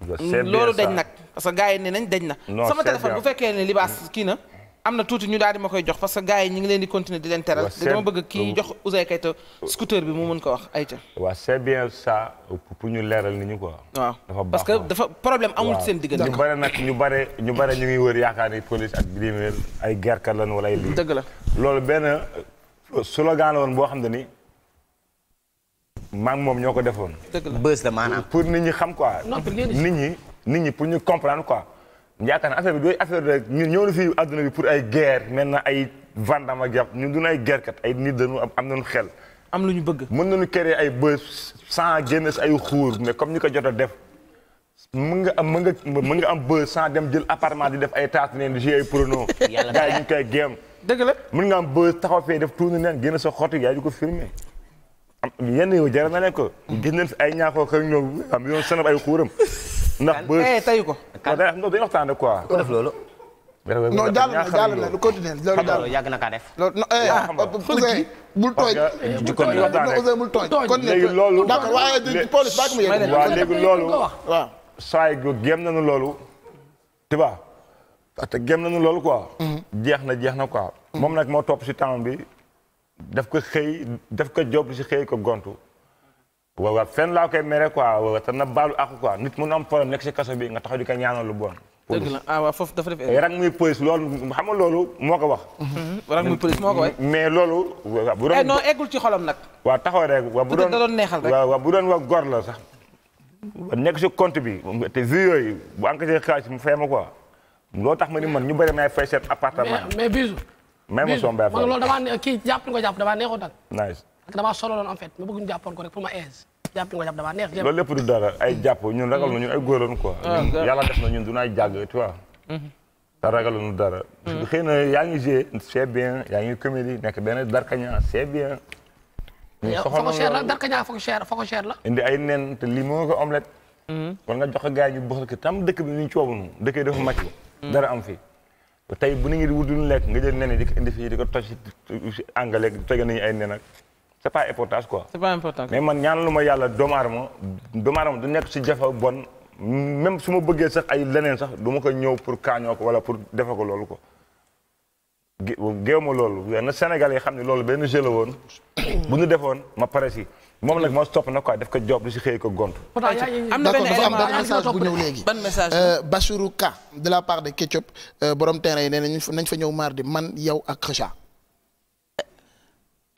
Mm, loolu dañ nag parce que gars yi ne nañ dañ na sama téléphone bu fekkee ne libaas kii na am na tuuti ñu daal di ma koy jox parce que gars yi ñu ngi leen di continuer di leen teral dama bëgg kii jox Ouzin Keita scooter bi mu mën ko wax ay waaw c'est bien pour ñu leeral ni ñu quoi waaw dafa parce que dafa problème amul seen diggante ñu bare nag ñu bare ñu bare ñu ngi wër yaakaar ni police ak bidiméer ay gerkat lan wala ay lii dëgg la loolu benn slogan la woon boo xam ne ni maa ngi moom ñoo ko defoon. bës la maanaam. pour nit ñi xam quoi. nit ñi nit ñi pour ñu comprendre quoi. yaakaar naa affaire bi dooy affaire rek ñun ñëw na fii adduna bi pour ay guerre na ay vandam ak yàpp ñun duñu ay guerre kat ay nit dañu am na nañu xel. am lu ñu bëgg. mën nu créer ay bës sans génne si ay xuur mais comme ñu ko jot a def. mun nga am mën nga mën nga am bës sans dem jël appartement di def ay taas neen di jouer ay prono. yàlla gars ñu koy géem. dëgg la mën nga am bës taxaw fee def tuuti neen génne sa xottu yaa di ko filmer am yenn yow jar na leen ko. gis nañ fi ay ñaaxoo ak ñoom am yoon seen ay xuuram. ndax ba eh, tayu ko. kan day no day waxtaanee quoi. ko def loolu. non jàll na jàll na lu continuer loolu jàll yàgg na kaa def. loolu non eh bul tooñ. jukkoon bi waxtaanee bul tooñ kon léegi loolu. d'accord waaye di police baa mu yegg. waaw léegi loolu. waaw saa yu gém nañu loolu. tu vois parce que gém nañu loolu quoi. Mm-hmm. jeex na jeex na quoi. Mm-hmm. moom nag moo topp si temps bi. daf ko xëy daf ko job si xëy ko gontu waaw fenn laa koy mere quoi waaw te na baalu àqu quoi nit mun am problème nekk si kaso bi nga taxaw di ko ñaanal lu bon. Ah, foofu dafa def rang muy police loolu xam nga loolu moo ko wax. Mm-hmm. rang muy moo mais loolu. bu doon eh, non eggul ci xolam taxaw rek waaw bu doon da doon neexal rek. waaw bu doon wax góor la sax. nekk si compte bi te vu yooyu bu encaissé xaalis mu fay ma quoi. tax ma ni man ñu bëri may fay seen appartement. mais mais même ma son bàyyi loolu damaa kii jàpp nga jàpp damaa neexoon nag. nice damaa solo loon en fait bëgg ñu ko rek pour ma aise. jàpp nga lépp du dara ay jàpp ñun ragal na ñun ay góoroon quoi. Ah, yàlla def na ñun du naay jàgg tu vois. Mhm. ta ragalunu dara. Mhm. xëy na yaa ngi joué c'est bien yaa ngi comédie nekk benn darkaña c'est bien. ñu soxla foko cher la darkaña foko cher foko la. indi ay nen te lii moo ko omelette. Mhm. kon nga jox ko gars yi ñu tam dëkk bi ñu coobunu dëkk de dafa màcc. dara am fii tey bu ni ngi di wut lu lekk nga jël nen yi di ko indi fii di ko toj si engrais tege nañu ay nen ak c' est pas important quoi. c' est pas important mais man ñaanalu ma yàlla doomu aadama doomu aadama du nekk si jafe bon même su ma bëggee sax ay leneen sax du ma ko ñëw pour kaañoo ko wala pour defe ko loolu ko géew ma loolu na Sénégal yi xam ne loolu benn jeu la woon bu ñu defoon ma pare si moom nag moo si na nag quoi daf ko job lu si xëy ko gont. am na benn dafa am benn message bu ñëw léegi. ban message euh, Bassirou Ka de la part de Ketchup euh, borom terrain yi nee nañ fa ñëw maar mardi man yow ak Kheucha.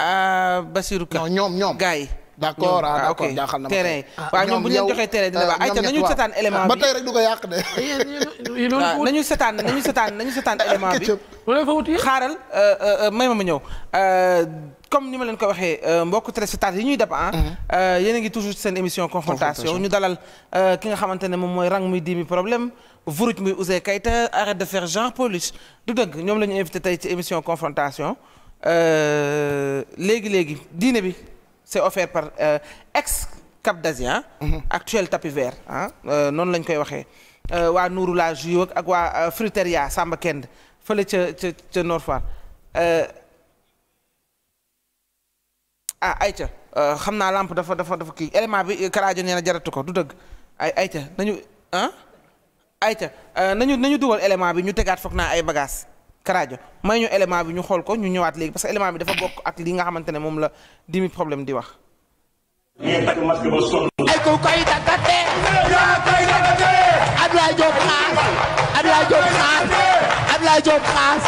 Euh, Bassirou Ka ñoom ñoom gars yi. d' accord ah, ah d' accord jaaxal na ma terrain waaw ñoom bu ñu leen joxee terrain dina euh, baax ayca nañu setaan élément bi ba tey rek du ko yàq de. nañu setaan nañu setaan nañu setaan élément bi. xaaral euh, euh, may ma ma ñëw. comme ni ma leen ko waxee mbokk téléspectateurs yi ñuy def ah. Mhm. yéen ngi toujours seen émission confrontation ñu dalal ki nga xamante ne mooy rang muy dimi problème vuruj muy Ouzin Keita arrête de faire Jean Pawlish du dëgg ñoom la ñu invité tey ci émission confrontation léegi léegi diine bi. c'est offert par euh, ex Cap d'Azia mhm. actuel tapis vert ah noonu lañ koy waxee euh, waa Nourou la Jou ak waa Fruteria Samba Kend fële ca ca ca Nord Foire ah, xam naa làmp dafa dafa dafa kii élément bi karaajo nee na jaratu ko du dëgg ay ayca nañu ah ayca nañu nañu dugal élément bi ñu tegaat foog naa ay bagages Karajo may ñu élément bi ñu xool ko ñu ñëwaat léegi parce que élément bi dafa bokk ak li nga xamante ne moom la dimi problème di wax. ay koy daggate. yaa koy daggate. Abdoulaye xaas. Abdoulaye Diop xaas.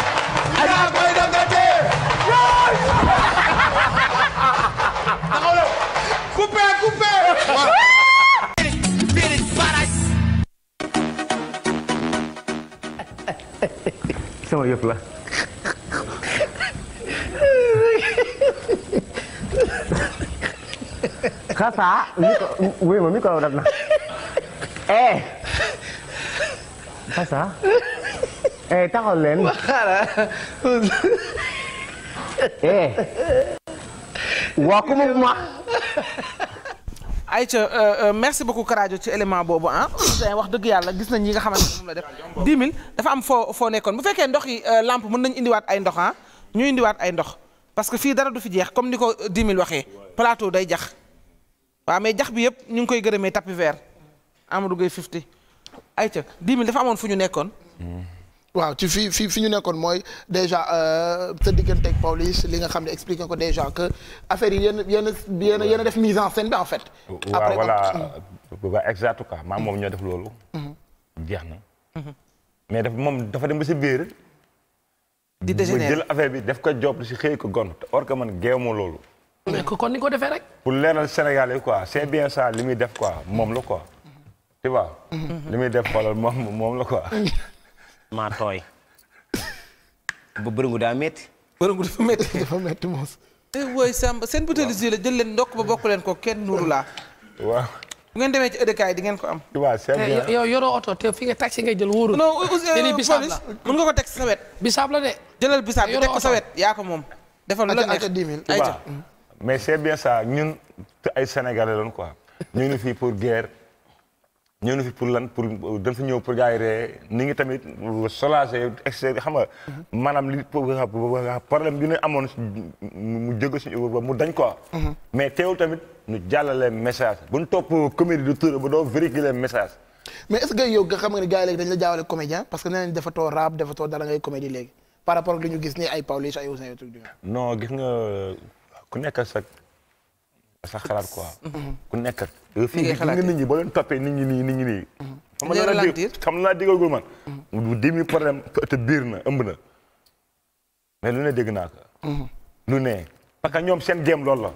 xaas. yaa koy sama yëf la. xasa micro ma micro daf na eh xasa eh taxaw leen eh! ma xaaral ay Aïcha euh, euh, merci beaucoup Karajo ci élément boobu ah wax dëgg yàlla gis nañ yi nga xamante ne la def 10 dafa am foo foo nekkoon bu fekkee ndox yi euh, lampe mën nañ indiwaat ay ndox ñu indiwaat ay ndox parce que fii dara du fi jeex comme ni ko 10 waxee plateau day jax waaw mais jax bi yëpp ñu ngi koy gërëmee tapis vert Amadou Gueye 50 Aïcha 10 000 dafa amoon fu ñu nekkoon waaw ci fi fi fi ñu nekkoon mooy déjà euh, sa diggante ak Pawlish li nga xam ne expliqué ko déjà que affaire yi yéen yéen yéen yéen a def mise en scène bi en fait. après voilà hmm. exact quoi maa moom ñoo def loolu. Hmm. jeex na. Hmm. mais daf moom dafa dem ba si biir. di dégénéré jël bi def ko job si xëy ko gon te or que man géemu loolu. mais kon ni ko defee rek. pour leeral Sénégal yi quoi c'est bien ça li muy def quoi moom la quoi. tu vois. li muy def xoolal moom la quoi. maa tooy. ba bërëngu daa metti bërëngu dafa métti dafa métti moos. woy Samba seen butéelu jus la jël leen ndokk ba bokk leen ko kenn nuuru laa. waaw. bu ngeen demee ci ëdëkaay di ngeen ko am. waaw sëñ yow yoroo oto te fi nga si ngay jël wóorul. non euh, bisaab la mën nga ko teg sa wet. bisaab la de. jëlal bisaab bi teg ko sa wet yaa ko moom. defal lu la neex ayca mais c'est bien ça ñun ay sénégalais lañ quoi ñu ngi fii pour guerre ñëw na fi pour lan pour euh, dem fi ñëw pour gars yi ree ni ngi tamit soulagé extérieur xam nga. maanaam li problème bi ñu amoon mu jóge suñu mu dañ quoi. Mhm. mais teewul tamit ñu jàllale message bu ñu topp comédie de Touré ba doo véhiculer message. mais est-ce que yow xam nga ne gars yi léegi dañ la jaawale comédien parce que nee nañ dafa too rap dafa too dara ngay comédie léegi par rapport ak ñu gis ni ay Pawlish ay Ouzin yooyu. non gis nga ku nekk sa sa xalaat quoi. Mhm. ku nekk. Euh, mi ngi xalaatee fii nit ñi boo leen toppee nit ñi nii nit ñi nii. Mm-hmm. xam nga laa dégg xam naa déggagul man. du mm-hmm. demi problème te biir na ëmb na. mais lu ne dégg naa mm-hmm. lu ne parce ñoom seen jéem loolu la.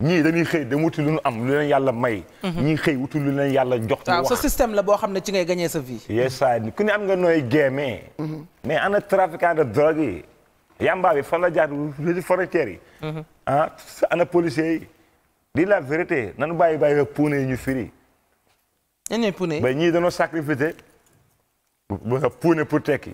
ñii dañuy xëy dem wuti lu ñu am lu leen yàlla may. ñii xëy wuti lu leen yàlla jox. waaw sa système la boo xam ne ci ngay gagné sa vie. yeesaa ku ne am nga nooy géemee. mais ana trafiquant de drogue yi. yamba bi fan la jaar yi. Ah, ana policier yi. di la vérité nanu bàyyi bàyyi puune yi ñu firi. ñan ñooy puune ba ñii dañoo sacrifice ba puune pour tekki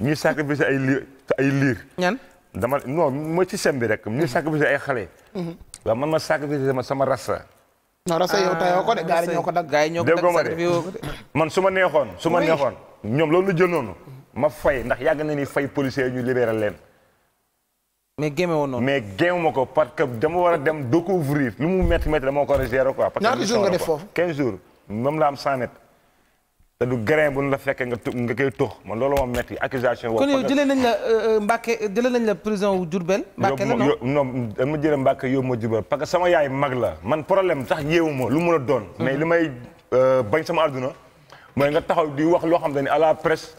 ñuy sacrifice ay liir ay liir. ñan dama non mooy système bi rek ñuy sacrifice ay xale. Mhm. waaw man ma sacrifice ma sama rasta. non rasta yow tayoo ko de ñoo ko dag. yi ñoo ko dag man su ma neexoon su ma neexoon. ñoom loolu lu jël noonu. ma fay ndax yàgg na ni fay policiers yi ñu libéral leen. mais gémme woon noonu mais gémme ma ko parce que dama war a dem découvrir lu mu métti métti dama ko war a gérer quoi. ñaata jours nga def foofu 15 jours moom la am 100 mètres. te du grain bu ñu la fekkee nga nga koy tux man loolu moom métti accusation. kon yow jëlee nañ la euh, euh, Mbacke jëlee nañ la prison wu Diourbel. Mbacke la non non dama jëlee Mbacke yóbbu ma Diourbel parce que sama yaay mag la man problème sax yeewu ma lu mu la doon. mais hmm. li may euh, bañ sama àdduna mooy nga taxaw di wax loo xam ne à la presse.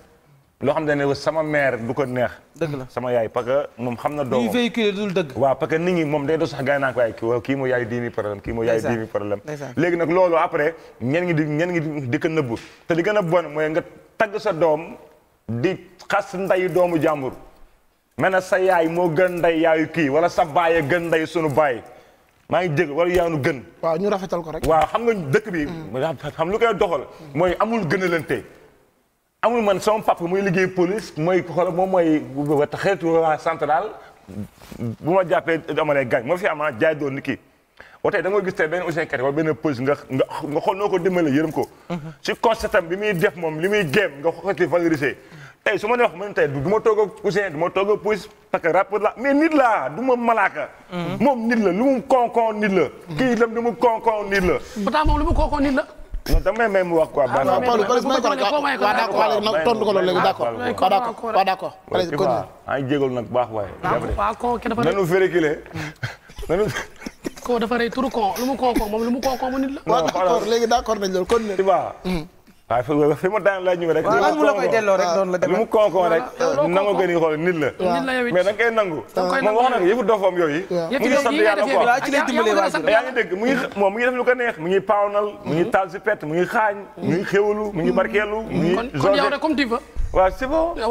loo xam ne sama mère du ko neex. dëgg la sama yaay parce que moom xam na doomam. liy véhiculé dul que nit ñi moom day doon sax gars yi naan ko waaye kii kii moo yaay dix mille problème kii moo yaay dix mille problème. léegi nag loolu après ñen ngi di ñen ngi di ko te li gën a bon mooy nga tagg sa doom di xas nday doomu jàmbur. mën na sa yaay moo gën nday yaayu kii wala sa baay a gën nday sunu baay maa ngi dégg wala yaanu gën. waaw ñu rafetal ko rek. waaw xam nga dëkk bi. Mm. xam lu koy doxal. mooy amul gënalante amul man sama papa muy liggéey police mooy xoolal moom mooy xeetu central bu ma jàppee dama lay gaañ moo fi am ah, jaay doon ni kii ba tey da nga gis tey benn Ouzin Keita wala benn police nga nga nga xool noo ko dimbale yërëm ko. ci constat bi muy def moom li muy géem nga xool ci su ma nee wax man tey du ma toog ak Ouzin du ma toog ak police que rapport la mais nit la du ma malaaka. Mm-hmm. moom nit la lu mu konkon nit la. kii itam lu mu konkon nit la. pourtant moom lu mu konkon nit la. non damay may mu a quoi. ah non a Pawlish may ko rek a d'accord léegi tontu ko loolu léegi d'accord a d'accord waaw d'accord. Pawlish continue ay jégalu nag baax waaye. waaw kooku kenn dafa nanu férékile nanu. turu kooku lu mu kooku moom lu mu kooku moom nit la. waaw d'accord léegi d'accord nañ loolu continue. waaw fi ma daan la ñëw rek. waaw mu la koy delloo rek noonu la demee lu mu konkon rek. nangu gën a xool nit la. mais da nga koy nangu. moom wax na yëfu mu ngi def lu ko neex mu ngi paawnal mu ngi mm-hmm. taal si pet mu ngi xaañ. mu ngi xéwalu mu ngi mm-hmm. barkeelu. mu ngi kon yow rek comme tu veux. waaw mm-hmm.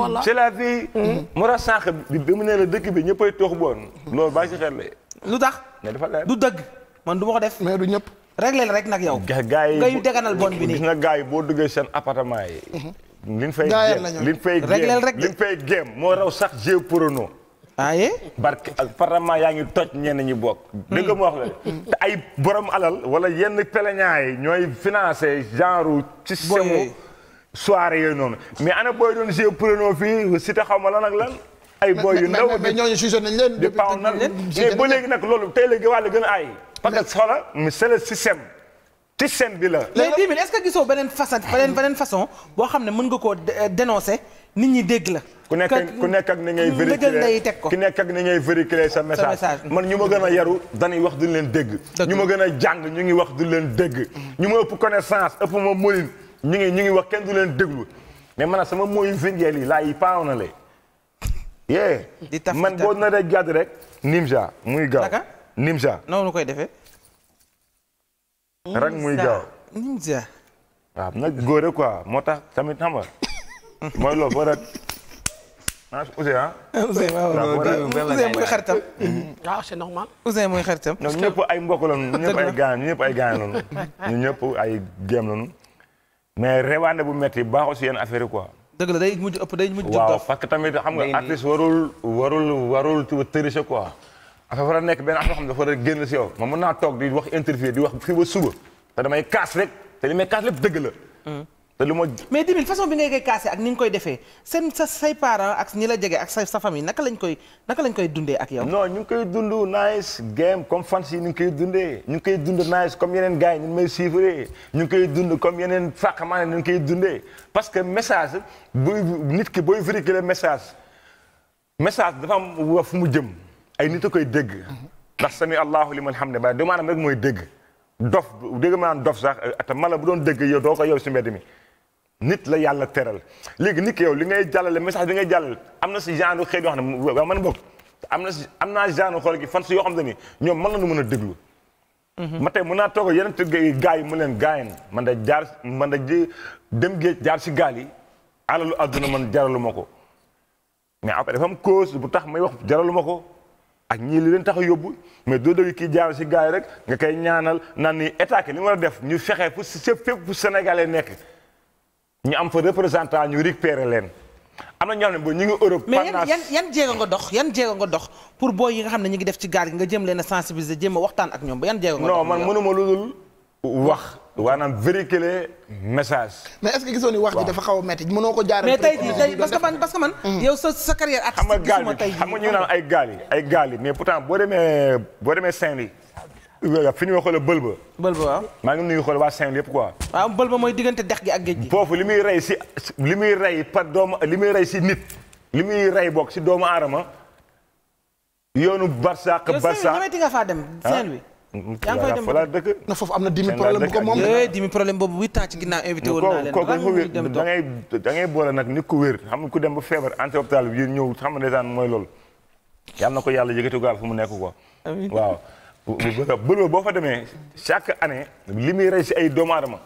bi mu ne la dëkk bi ñëppay toox boon. loolu baa si xel la. lu tax. mais dafa leer du dëgg man du ma ko def mais du ñëpp rek leen rek nag yow. gaa yi ngay deganal bon bi nii gis nga gaa yi boo duggee seen appartement yi. Mhm. liñ fay géem liñ fay géem liñ fay géem moo raw sax jeu porno. aye ah, barke appartement yaa ngi toj ñenn ñi bokk. dëgg mu mm. wax la mm. te ay borom alal wala yenn plaignants yi ñooy financé genre ci semu soirée yooyu noonu mais ana booy doon jeu porno si te xaw ma lan ak lan. ay booy yu ndaw mais ñooñu suison nañ leen. di paw nañ leen mais ba léegi nag loolu tey léegi waa la gën a ay. parce que soxla mu c'est le bi la. léegi dix mille est-ce que gisoo beneen beneen façon boo xam ne mën nga koo euh, dénoncer nit ñi dégg la. ku nekk ku nekk ak ni ngay véhiculer ku nekk ak ni ngay véhiculer sa message man ñu ma gën a yaru dañuy wax duñ leen dégg. ñu ma gën a jàng ñu ngi wax duñ leen dégg. Mm-hmm. ñu ma ëpp connaissance ëpp ma mënin ñu ngi ñu ngi wax kenn du leen déglu mais man sama mooy vingeel yi laa yi paaw na le. di man boo naree gàdd rek Nimja muy gaaw. Nimza. noonu koy defee. rek muy gaaw Nimza waaw nag góore quoi moo tax tamit xam nga mooy loolu boo rek ah Ousseyn mooy xaritam. waaw c'est normal. Ousseyn mooy xaritam. ñoom ñëpp ay mbokk la ñu ñëpp ay gaañ ñëpp ay gaañ la ñu. ñu ñëpp ay géem la ñu. mais rewaande bu metti baaxul si yenn affaire yi quoi. dëgg la day mujj ëpp day mujj. waaw parce que tamit xam nga artiste warul warul warul tërëse quoi. dafa war nekk benn xam ne dafa a génn si naa toog di wax interview di wax fii dëgg la hmm. te lu ma mais dimin bi ngay koy ak ni nga koy defee seen sa say ak ñi la jege ak sa sa famille naka lañ koy naka lañ koy dundee ak yow non ñu ngi koy dund nice game comme fans yi ñu ngi koy dundee ñu ngi koy dund nice comme yeneen gars yi ñu may ree ñu ngi koy dund comme yeneen fàqamaane ñu ngi koy dundee parce que message buy nit ki booy véhiculer message message dafa am fu mu jëm ay nit a koy dégg ndax sami allahu liman hamd ba du maanaam rek mooy dégg dof dégg maanaam dof sax te mala bu doon dégg yow doo ko yow si mbedd mi nit la yàlla teral léegi nit ki yow li ngay jàllale message bi ngay jàllale am na si genre xëy yoo ne waaw man am na si am naa genre xool gi fan si yoo xam ne ni ñoom mën nañu mën a déglu mhm. ma tey mën naa toog yeneen gaay yi mu leen gaayen man da jaar man da ji dem géej jaar si gaal yi alalu àdduna man jaralu ma ko mais après dafa am bu tax ma wax jaralu ma ko ak ñii li leen tax a yóbbu mais doo dégg kii jaar si gars yi rek nga koy ñaanal na ni état ki li war a def ñu fexe fu fépp fu Sénégalais nekk ñu am fa représentant ñu récupérer leen. am na ñoo xam ne boo ñu ngi Europe. mais yan yan nga dox yan jéego nga dox pour boo yi nga xam ne ñu ngi def ci gaal gi nga jëm leen a sensibiliser jéem a waxtaan ak ñoom ba yan jéego nga dox. non man mënuma lu dul wax. waanaam véhiculer message. mais est-ce que gisoon ni wax ji dafa xaw a métti mënoo ko jaarale. mais tey jii parce que man parce que man. Hmm. yow sa sa carrière artistique gisuma tey jii xam ay gaal yi ay gaal yi mais pourtant boo demee boo demee Saint-Louis. Euh, fi ñuy xoolal Bëlba. Bëlba waaw. maa ngi nuyu xool waa Saint-Louis yëpp quoi. waaw Bëlba mooy diggante dex gi ak géej gi. foofu li muy rey si li muy rey par doomu li muy rey si nit. li muy rey bokk si doomu aadama. yoonu Barça ak Barça yow Saint-Louis dem Saint-Louis voilà dëkk. na foofu am na dimi problème bu ko moom. dimi problème boobu huit ans ci ginnaaw invité woon naa leen. kooku da dem ba feebar entre hôpital bi ñëw xam nga na ko yàlla yëkkati gaal fu mu nekk quoi. waaw. boo fa demee chaque année li muy rey si ay doomu aadama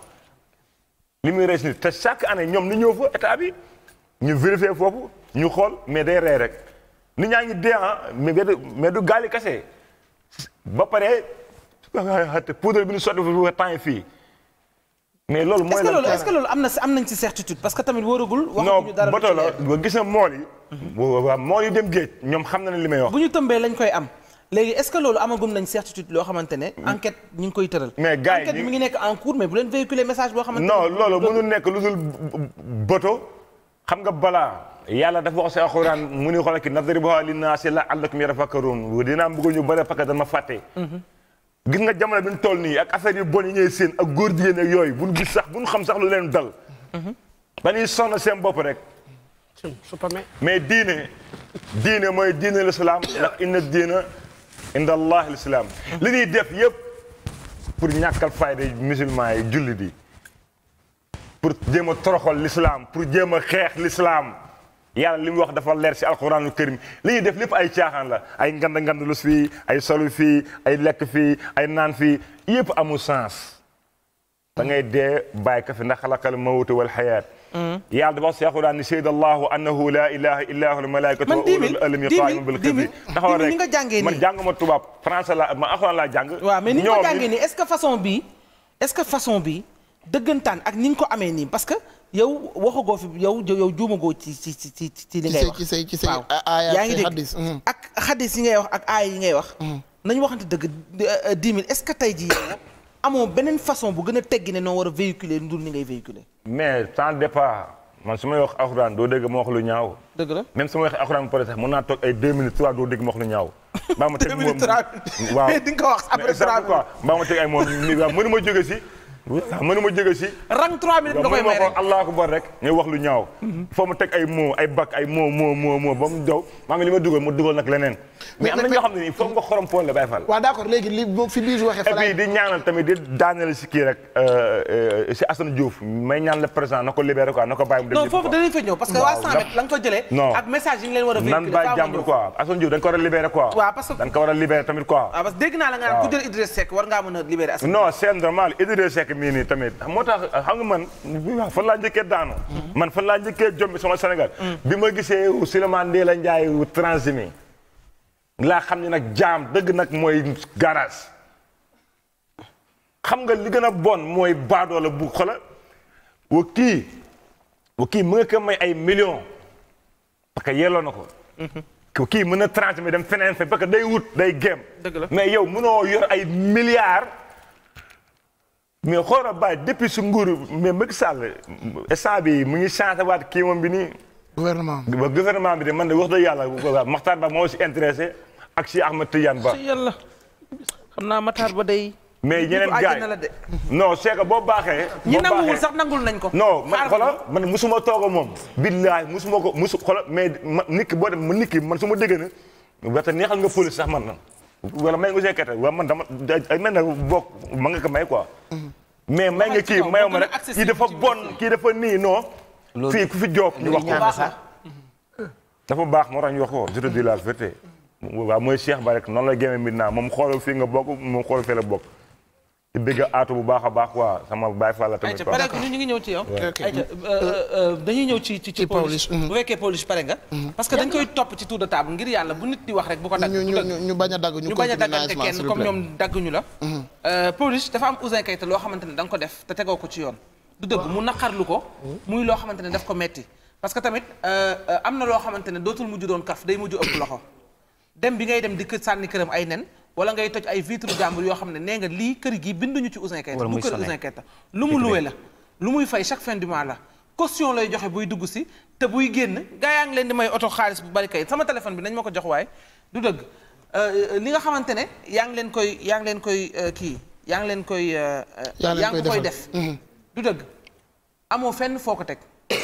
li muy rey te chaque année ñoom ni ñëw fa état ñu vérifier foofu ñu xool mais day rey rek nit ñaa ngi dee ah, mais du gaali kase ba pare. te poudre bi ñu sotti fu temps yi fii. mais loolu mooy la est-ce que loolu am na am nañ ci certitude parce que tamit wóoragul. waxuñu dara non bato la gis na mool yi. Hmm. waaw mool yi dem géej ñoom xam na ne li may wax. bu ñu tëmbee lañ koy am. léegi est-ce que loolu amagum nañ certitude loo xamante ne. enquête ñu ngi koy tëral. mais gars yi enquête mi ngi nekk en cours mais bu leen véhiculer message boo. xamante ne non loolu mënul nekk lu dul bato xam nga balaa. yàlla dafa wax si alxuraan mu ni xoolal ki nadribuha linnaasi la'allahum yatafakkaruun dinaa bëgg ñu bëri parce que dama fàtte hmm. gin nga jamono bi ñu toll nii ak affaire yu bon yi ñuy seen ak góor jigéen ak yooyu buñ gis sax bu buñ xam sax lu leen dal. ba ñuy sonn seen bopp rek. mais diine. diine mooy diine lislaam ndax inna diina inda allah lislaam li ñuy def yëpp pour ñàkkal fayda musulman yi jullit yi pour jéem a toroxal lislaam pour jéem a xeex lislaam yàlla li mu wax dafa leer si alquraanul karim li def lépp ay caaxaan la ay ngand ngand lus fii ay solu fii ay lekk fii ay naan fi yëpp amul sens da ngay dee bàyyi ka fi ndax xalaqal mawta wal xayaat hmm. yàlla dafa wax si alquraan ni shahida allahu annahu laa ilaha illa huwal wa ulul ilmi qaiman bil qist la man ni nga ko que façon bi est-ce que façon bi dëggantaan ak ni ko amee nii parce yow waxagoo fi yow yow juumagoo ci ci ci ci ci li ngay wax ci say ci say yaa ngi dégg mm-hmm. ak xadis yi ngay wax ak aay yi ngay wax mm-hmm. nañu waxante dëgg euh, euh, dix mille est-ce que tey jii amoo beneen façon bu gën a teggi ne noo war a véhiculer ndul ni ngay véhiculer mais sans départ man su may wax alxuraan doo lu ñaaw dëgg la même su may wax alxuraan bu naa toog ay deux minutes trois doo dégg ma wax lu ñaaw mbaa ma teg moom waaw di nga ko wax après mbaa ma teg ay moom waaw mënu ma jóge si Ah, mënuma a si. rang 3 minutes nga koy may rek allah akbar rek. ngay wax lu ñaaw. Mhm. foo mu teg ay moo ay bakk ay moo moo moo moo ba mu daw maa ngi li ma dugal ma dugal nag leneen. mais am nga xorom pool bay fal. waaw d'accord léegi li moom fi biir waxee. fa di ñaanal tamit di daaneel si kii rek euh, euh, si Assane Diouf may ñaan le président na ko libéré quoi ko bàyyi mu dem. non foofu danañ fa ñëw parce ak message yi leen war a. véhiculer faaw ma ko a libéré quoi. waaw a ah, a nii nii tamit moo tax xam nga man fan laa njëkkee daanu man fan laa njëkkee jombi sama Sénégal bi ma gisee Souleymane Ndéla Ndiaye wu transhumé laa xam ni nag jaam dëgg nag mooy garage xam nga li gën bon mooy baadoola bu xola wa kii wa kii mën na ko ku kii feneen fe parce que day wut day gém mais yow mënoo yor ay milliards mais xoolal baay depuis su nguur mais Macky Sall instant bi mu ngi changé waat kii moom bi nii. gouvernement bi gouvernement bi de man de wax dëgg yàlla waaw Makhtar Ba moo si intéressé ak si Ahmed Tidiane Ba. si yàlla xam naa Makhtar Ba day. mais ñeneen gars yi non c'est que boo baaxee. ñi nanguwul sax nangul nañ ko. noo man xoolal man musuma toog moom. billaay suma ko musu xoolal mais ma nit ki boo dem ma nit ki man su ma déggee ne waxtaan neexal nga police sax man. na wala may Ouzin Keita waaw man dama ay mel na bokk ma nga ko may quoi. mais may nga kii mayoo ma rek kii dafa bon kii dafa nii non. fii ku fi joob ñu wax ko dafa baax moo tax ñu wax ko je te la vérité waaw mooy Cheikh Ba rek noonu la gémé mit naa moom xoolal fii nga bokk moom xoolal fii la bokk. di bëgg aatu bu baax a baax quoi sama baay Fall la tamit. pare ñu ngi ñëw ci yow. Euh, euh, euh, dañuy ñëw ci ci ci Pawlish. Mhm. bu fekkee Pawlish pare nga. Mhm. parce que dañ koy topp ci tour ngir yàlla bu nit di wax rek. bu ko dagg ñu bañ a dagg ñu bañ daggante kenn comme ñoom dagguñu la. Mhm. Pawlish dafa am Ouzin Keita loo xamante ne danga ko def te tegoo ko ci yoon. du dëgg mu naqarlu ko. muy loo xamante ne daf ko metti parce que tamit am na loo xamante ne dootul mujj doon kaf day mujj ëpp loxo dem bi ngay dem di sànni këram ay nen wala ngay toj ay vitre jàmbur yoo xam ne nee nga lii kër gi binduñu ci Ouzin Keita du kër Ouzin Keita lu mu luwe la lu muy fay chaque fin du mois la caution lay joxe buy dugg si te buy génn gaa yaa ngi leen di may oto xaalis bu bari kay sama téléphone bi nañ ma ko jox waaye du dëgg euh, li nga xamante ne yaa ngi leen koy yaa ngi leen koy euh, kii yaa ngi leen koy euh, yaa ngi koy def mm-hmm. du dëgg amoo fenn foo ko teg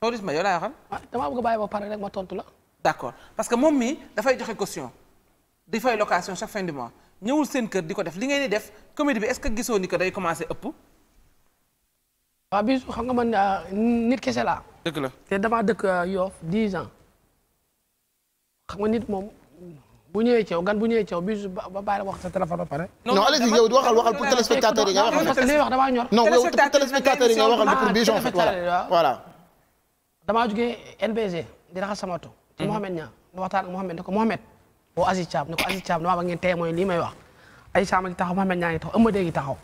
Pawlish Mbaye yow laa xam ah, damaa nga bàyyi ba pare rek ma tontu la d'accord parce que moom mi dafay joxe caution di fay location chaque fin du mois ñëwul seen kër di ko def li ngeen di def comédie bi est que gisoo ni que day commencer ëpp. waaw bisu xam nga man ah, nit kese laa. dëgg la te damaa dëkk ah, Yoff 10 ans xam nga nit moom bu ñëwee gan bu ñëwee ceew bisu ba bàyyi wax sa téléphone ba pare. non allez-y yow waxal waxal pour téléspectateur yi nga waxal. parce damaa ñor. non yow yi nga waxal pour Bichon voilà. di raxas sama to. te mhm. Mouhamed Niang waxtaan ak Mouhamed ne ko Mouhamed. woo Aziz Thiam ne ko Aziz Thiam damaa ba ngeen témoin lii may wax Aziz Thiam a ngi taxaw Mouhamed Niang a ngi taxaw Eumeu Dèye a ngi taxaw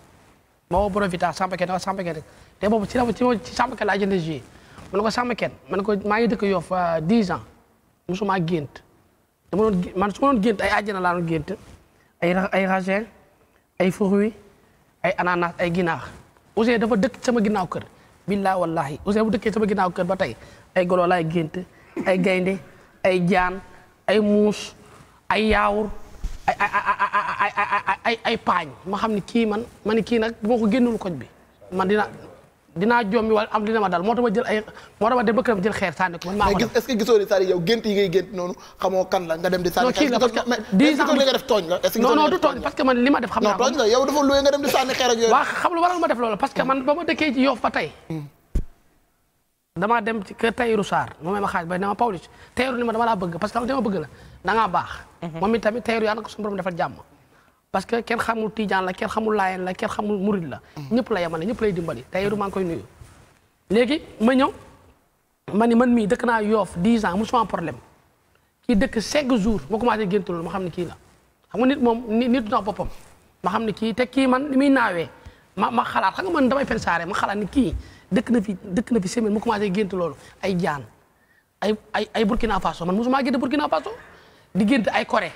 ma woo Borovita Samba Kane wax Samba Kane te boobu ci la ci Samba Kane laa jënd juillet ma ne ko Samba Kane ma ne ko maa ngi dëkk Yoff 10 euh, ans musuma gént dama doon man su ma doon gént ay àjjana laa doon gént ay ay raisin ay fruits ay ananas ay ginaar Ouzin dafa dëkk sama ginnaaw kër billaa wallahi Ouzin bu dëkkee sama ginnaaw kër ba tey ay golo laay gént ay gaynde ay jaan ay muus ay yaawur ay ay ay ay paañ ma xam ne kii man ma ne kii nag boo ko génnul koñ bi man dina dinaa jommi wala am dina ma dal moo tax jël ay moo tax dem nga dem di sànni xeer dix ans li nga def tooñ la non non du tooñ parce que man li ma def xam naa tooñ la yow dafa luwe nga dem di sànni xeer a yooyu waaw xam lu waral ma def loolu ba hmm. dama Pawlish Tayru ni ma dama laa bëgg parce que dama bëgg la da baax. Mhm. moom itamit teeru yàlla na ko suñu borom defal jàmm. parce que kenn xamul tijaan la kenn xamul laayeen la kenn xamul murid la. Mhm. ñëpp la yemale ñëpp lay dimbali teeru maa ngi koy nuyu. léegi ma ñëw ma ni man mii dëkk naa yoof 10 an mosuma problème kii dëkk 5 jours ma commencé gént loolu ma xam ne kii la xam nga nit moom nit du boppam ma xam ne kii te kii man li muy naawee ma ma xalaat xam nga man damay pensaare ma xalaat ni kii dëkk na fi dëkk na fi semaine mu commencé gént loolu ay jaan ay ay ay Burkina Faso man mosuma gént Burkina Faso. di gént ay kore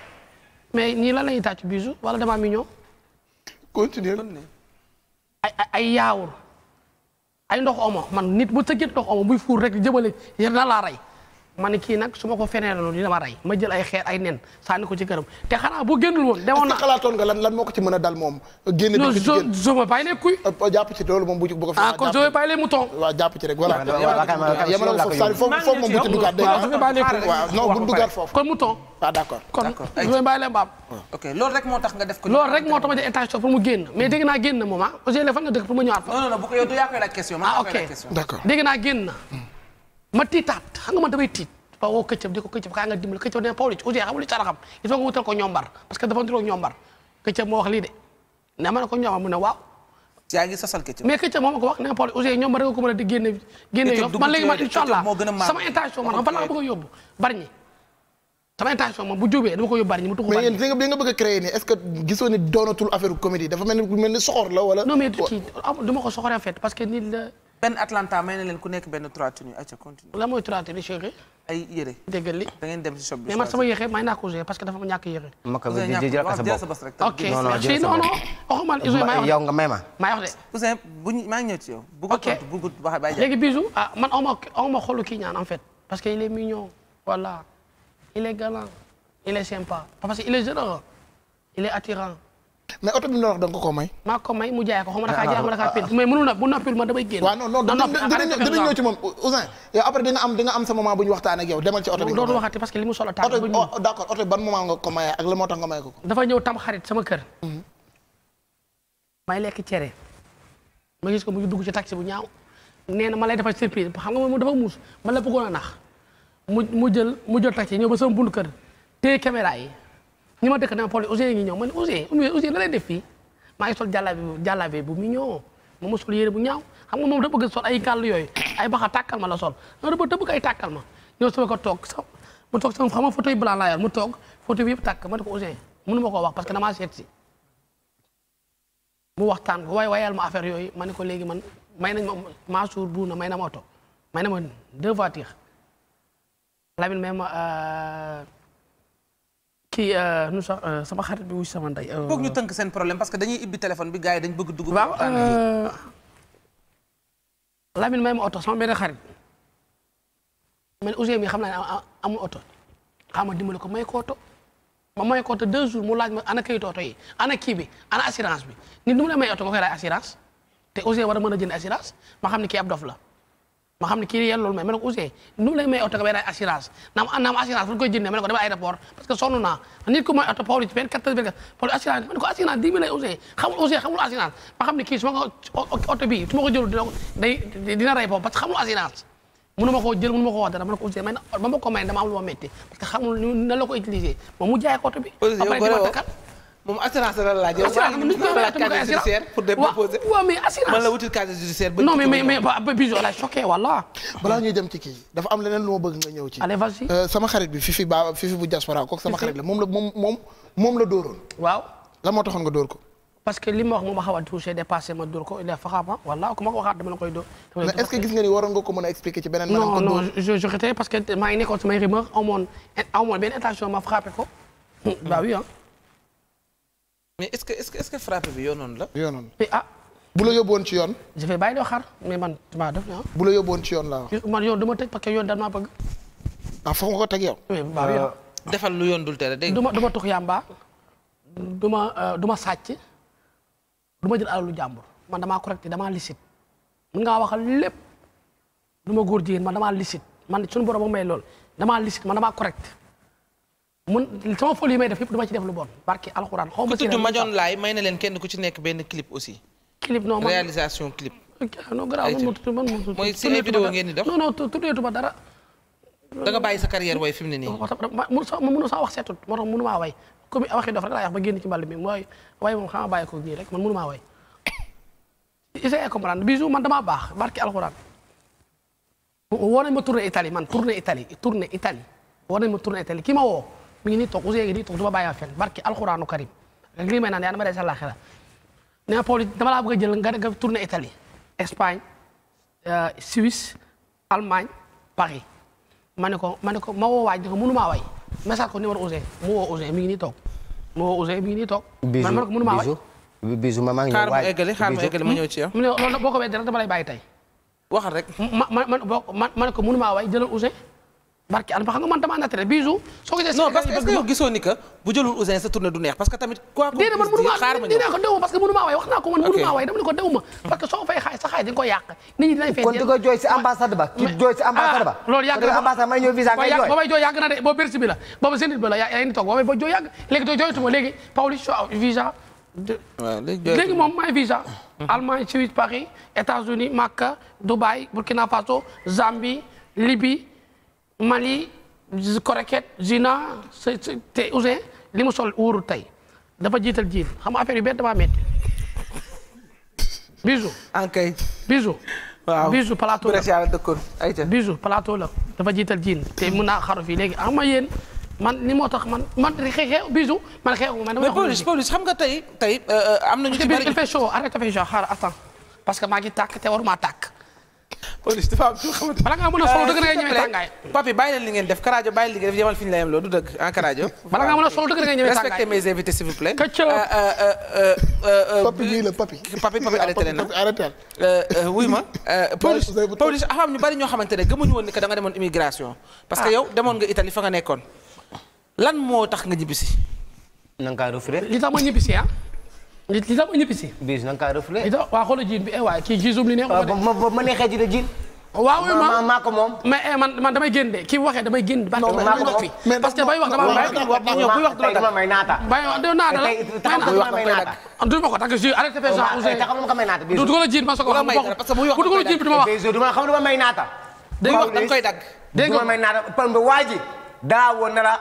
mais ñii lan la ñuy tàcc bijou wala damaa mignon. continuer ay ay yaawur ay ndox omo man nit bu tëggee ndox omo muy fuur rek jëmale yéen na laa rey. ma kii nag su ma ko feneeraloon dina ma rey ma jël ay xeer ay nen sànni ko ci këram te xanaa bu génnul woon demoon na xalaatoon nga moo mën a dal moom génn euh, ah, ah, non je me bàyyi leen ko ah kon je foofu kon mu toog ah, kon je me bàyyi leen baab ok loolu rek moo tax nga ma jël étage pour naa génn dëkk pour ma ñëwaat fa non ok d'accord naa génn na hmm. ma tiitaat xam nga man damay tiit ba woo këccëb di ko këccëb kaa nga dimbali këccëb ne Pawlish Ouzin xamul lu caraxam il faut nga wutal ko ñombar parce moo wax lii de ne ma ko ñombar mu ne waaw yaa ngi sosal këccëb ko wax ne ma Pawlish Ouzin ñombar nga ko a di génne génne yof man léegi man incha allah sama intention man xam fan laa bëgg a yóbbu bari mu tuxu bari ñi mais yéen que soxor la wala non mais du kii ko soxoree en fait parce que nit Pen Atlanta may na leen ku nekk benn trois tenues la mooy trois tenues chéri. ay yére déggal li ngeen dem ci shop bi. mais man sama yére may naa parce que dafa ma ñàkk ok merci non non waxuma yow nga may ma. de. Ousseyn bu ñu maa ngi ñëw ci yow. ah man aw ma aw ma xolu kii ñaan en parce que il est mignon voilà il est galant parce que il est généreux il mais oto bi mu wax da nga ko may. maa ko may mu jaay ko xam ah, ah, ah, ma damay génn. mu solo oh, dafa mm-hmm. dugg ci taxi bu ñaaw. nee na ma lay defal surprise xam nga moom dafa muus ma la bëggoon a nax mu mu jël mu jël taxi ñëw ba sama bunt kër téye caméra yi ñi ma dëkk naa problème Ouzin ngi ñëw ma ne Ouzin Ouzin na lay def fii maa ngi sol jàllaabe jàllaabe bu mu ñëw ma ma sol yére bu ñaaw xam nga moom da bëgg sol ay kàll yooyu ay baxa tàkkal ma la sol non da bëgg ay tàkkal ma ñëw sama ko toog sa mu toog sama xam nga photo yi blanc laa yor mu toog photo bi yëpp tàkk ma ne ko Ouzin mënu ma koo wax parce que damaa seet si mu waxtaan ko waaye waayal ma affaire yooyu ma ne ko léegi man may nañ ma Mansour bu na may na ma oto may na ma deux voitures Lamine may ma euh, kii euh, nu sax euh, sama xarit bi wuy sama ndey. Euh, foog ñu tënk seen problème parce que dañuy ibbi téléphone bi gars yi dañ bëgg dugg. waaw may ma oto sama benn xarit man Ousseyn mi xam naa ne amul oto xam nga dimbali ko may ko oto ma may ko oto deux jours mu laaj ma ana kayitu oto yi ana kii bi ana assurance bi nit du mu la may oto nga koy laaj assurance te Ousseyn war a mën a jënd assurance ma xam ne kii ab dof la. ma xam ne kii yel loolu may ma nu mu lay may oto nga benn assurance naam naam assurance fu ñu koy jëndee ko demal aéroport parce que nit ko ma ne ko assurance dix mille lay Ouzin xamul ma xam ne kii su ko oto bii su ma ko jëlul dina ko Ouzin ma ko may dama am moom assurance la laaj. assurance bi nga laaj casier judiciaire pour déposer. waaw mais assurance man la wutil casier judiciaire. ba non mais mais mais Bijou la choqué wala. balaa ñuy dem ci kii dafa am leneen lu ma bëgg nga ñëw ci. allez vas-y. Euh, sama xarit bi Fifi ba Fifi bu diaspora kooku sama xarit la moom la moom moom moom la dóoroon. waaw la moo taxoon nga dóor ko. parce que li ma wax moom ma xaw a touché dépassé ma dóor ko il est faxaama wala ku ma ko waxaat dama la koy dóor. est-ce que gis nga ni waroon nga ko mën a expliquer ci beneen. non non je je parce que maa ngi nekkoon samay rumeur amoon amoon benn intention ma frappé ko. bah oui ah. mais est-ce que est-ce que frappe bi yoonoon la. yoonoon ah. bu la yóbbuwoon ci yoon. je vais bàyyi doo xaar man maa def na bu la ci yoon la wax. man yoon du ma teg parce que yoon daal maa bëgg. ah foog euh, defal lu yoon dul tere dégg du ma du ma tux yàmba du ma euh, du ma sàcc du ma jël alalu jàmbur man damaa correct damaa licite mën ngaa waxal lépp du ma góor jigéen man damaa licite man suñu may lool damaa licite man damaa correct. mun sama fol yi may def def lu bon barke alxuraan xaw ma ci tudd may na leen kenn ku ci nekk benn clip aussi. clip non réalisation clip. non garaaw man ma tudd man ma tudd. mooy seen vidéo ngeen di dox non non tuddeetuma man mënu maa way. essayé comprendre baax barke woo nañ ma tournée Italie man tournée Italie tournée Italie woo nañ ma tournée ki ma woo mi ngi nii toog Ousseyn ngi nii toog du ma bàyyi a fen barki alxuraanu karim lii may naan yaa dama day sa laaxira nee naa Pawlish dama laa bëgg a jël nga nga tourné Italie Espagne euh, Suisse Allemagne Paris ma ne ko ma ne ko ma woo waaj ne ko mënumaa way message ko numéro Ousseyn mu woo Ousseyn mi ngi nii toog mu woo Ousseyn mi ngi nii toog. bisu man ma ne ko mënumaa way bisu ma maa ngi ñëw waaj xaar ma eggali xaar ma eggali ma ñëw ci yow. mu ne loolu boo ko weesoo dama man ma ne ko mënumaa way jëlal Ousseyn barki àll ba xam nga man damaa nattale bisu. soo bu jëlul Ouzin sa tournée du neex parce maa ko dew ko man mënu maa waay dama ne ko ma. parce soo fay xaay sa xaay dañu ko yàq. nit ñi dinañ fay kon di ba. ki jooy si ah, may ñëw visa ngay jooy ba may jooy yàgg na de boobu Bercy bi la boobu may visa léegi moom Paris États-Unis Makka Dubaï Burkina Faso Zambie Libye Mali Koraket Zina te Ouzin li mu sol wóoru tey dafa jiital jiin xam nga affaire yu benn damaa métti bisu. ankay ah, bisu. waaw bisu plateau la bisu plateau la dafa jiital jiin te mun naa xaru fii léegi xam nga yéen man li moo tax man man xeex xeex bisu man xeexu man. dama police police xam nga tey tey euh, euh, am na ñu. il fait chaud arrête il fait chaud xaar attends parce que maa ngi tàkk te waruma tàkk. police dafa am xam nga. bala a solo dëgg da ngay ñëwee papi bàyyi leen li ngeen def karaajo bàyyi li ngeen def yemal fi ñu la yem loolu ah, karaajo. bala a solo dëgg da ngay ñëwee euh, euh, euh, la papi. papi papi ah, arrêté wuy ma. police police xam ah, ñu bari ñoo xamante ne gëmuñu woon ni que da nga demoon immigration. parce que yow demoon nga Italie fa nga nekkoon. lan moo tax nga ñibbisi. na nga kaa reféré li tax ma ñibbisi ah li li tax ma ñëpp si. bis na nga kaa refoulé. li tax waa xoolal jiin bi eh waay kii kii zoom li neex. ma ma ma neexee ji de jiin. waaw ma maa ko moom. mais eh, man man damay génn de kii waxee damay génn. non maa ko moom parce que bay wax dama bay wax buy wax du la dagg may naata. bay wax du naata la ah, may naata. du ma ko dagg jii arrêté fee sax. du du ko la jiin ma soog a wax bu wax bu dugal jiin bi du ma wax. du ma xam du ma may naata. day wax danga koy dagg. dégg nga du ma may naata Pambe waa ji daa woon na la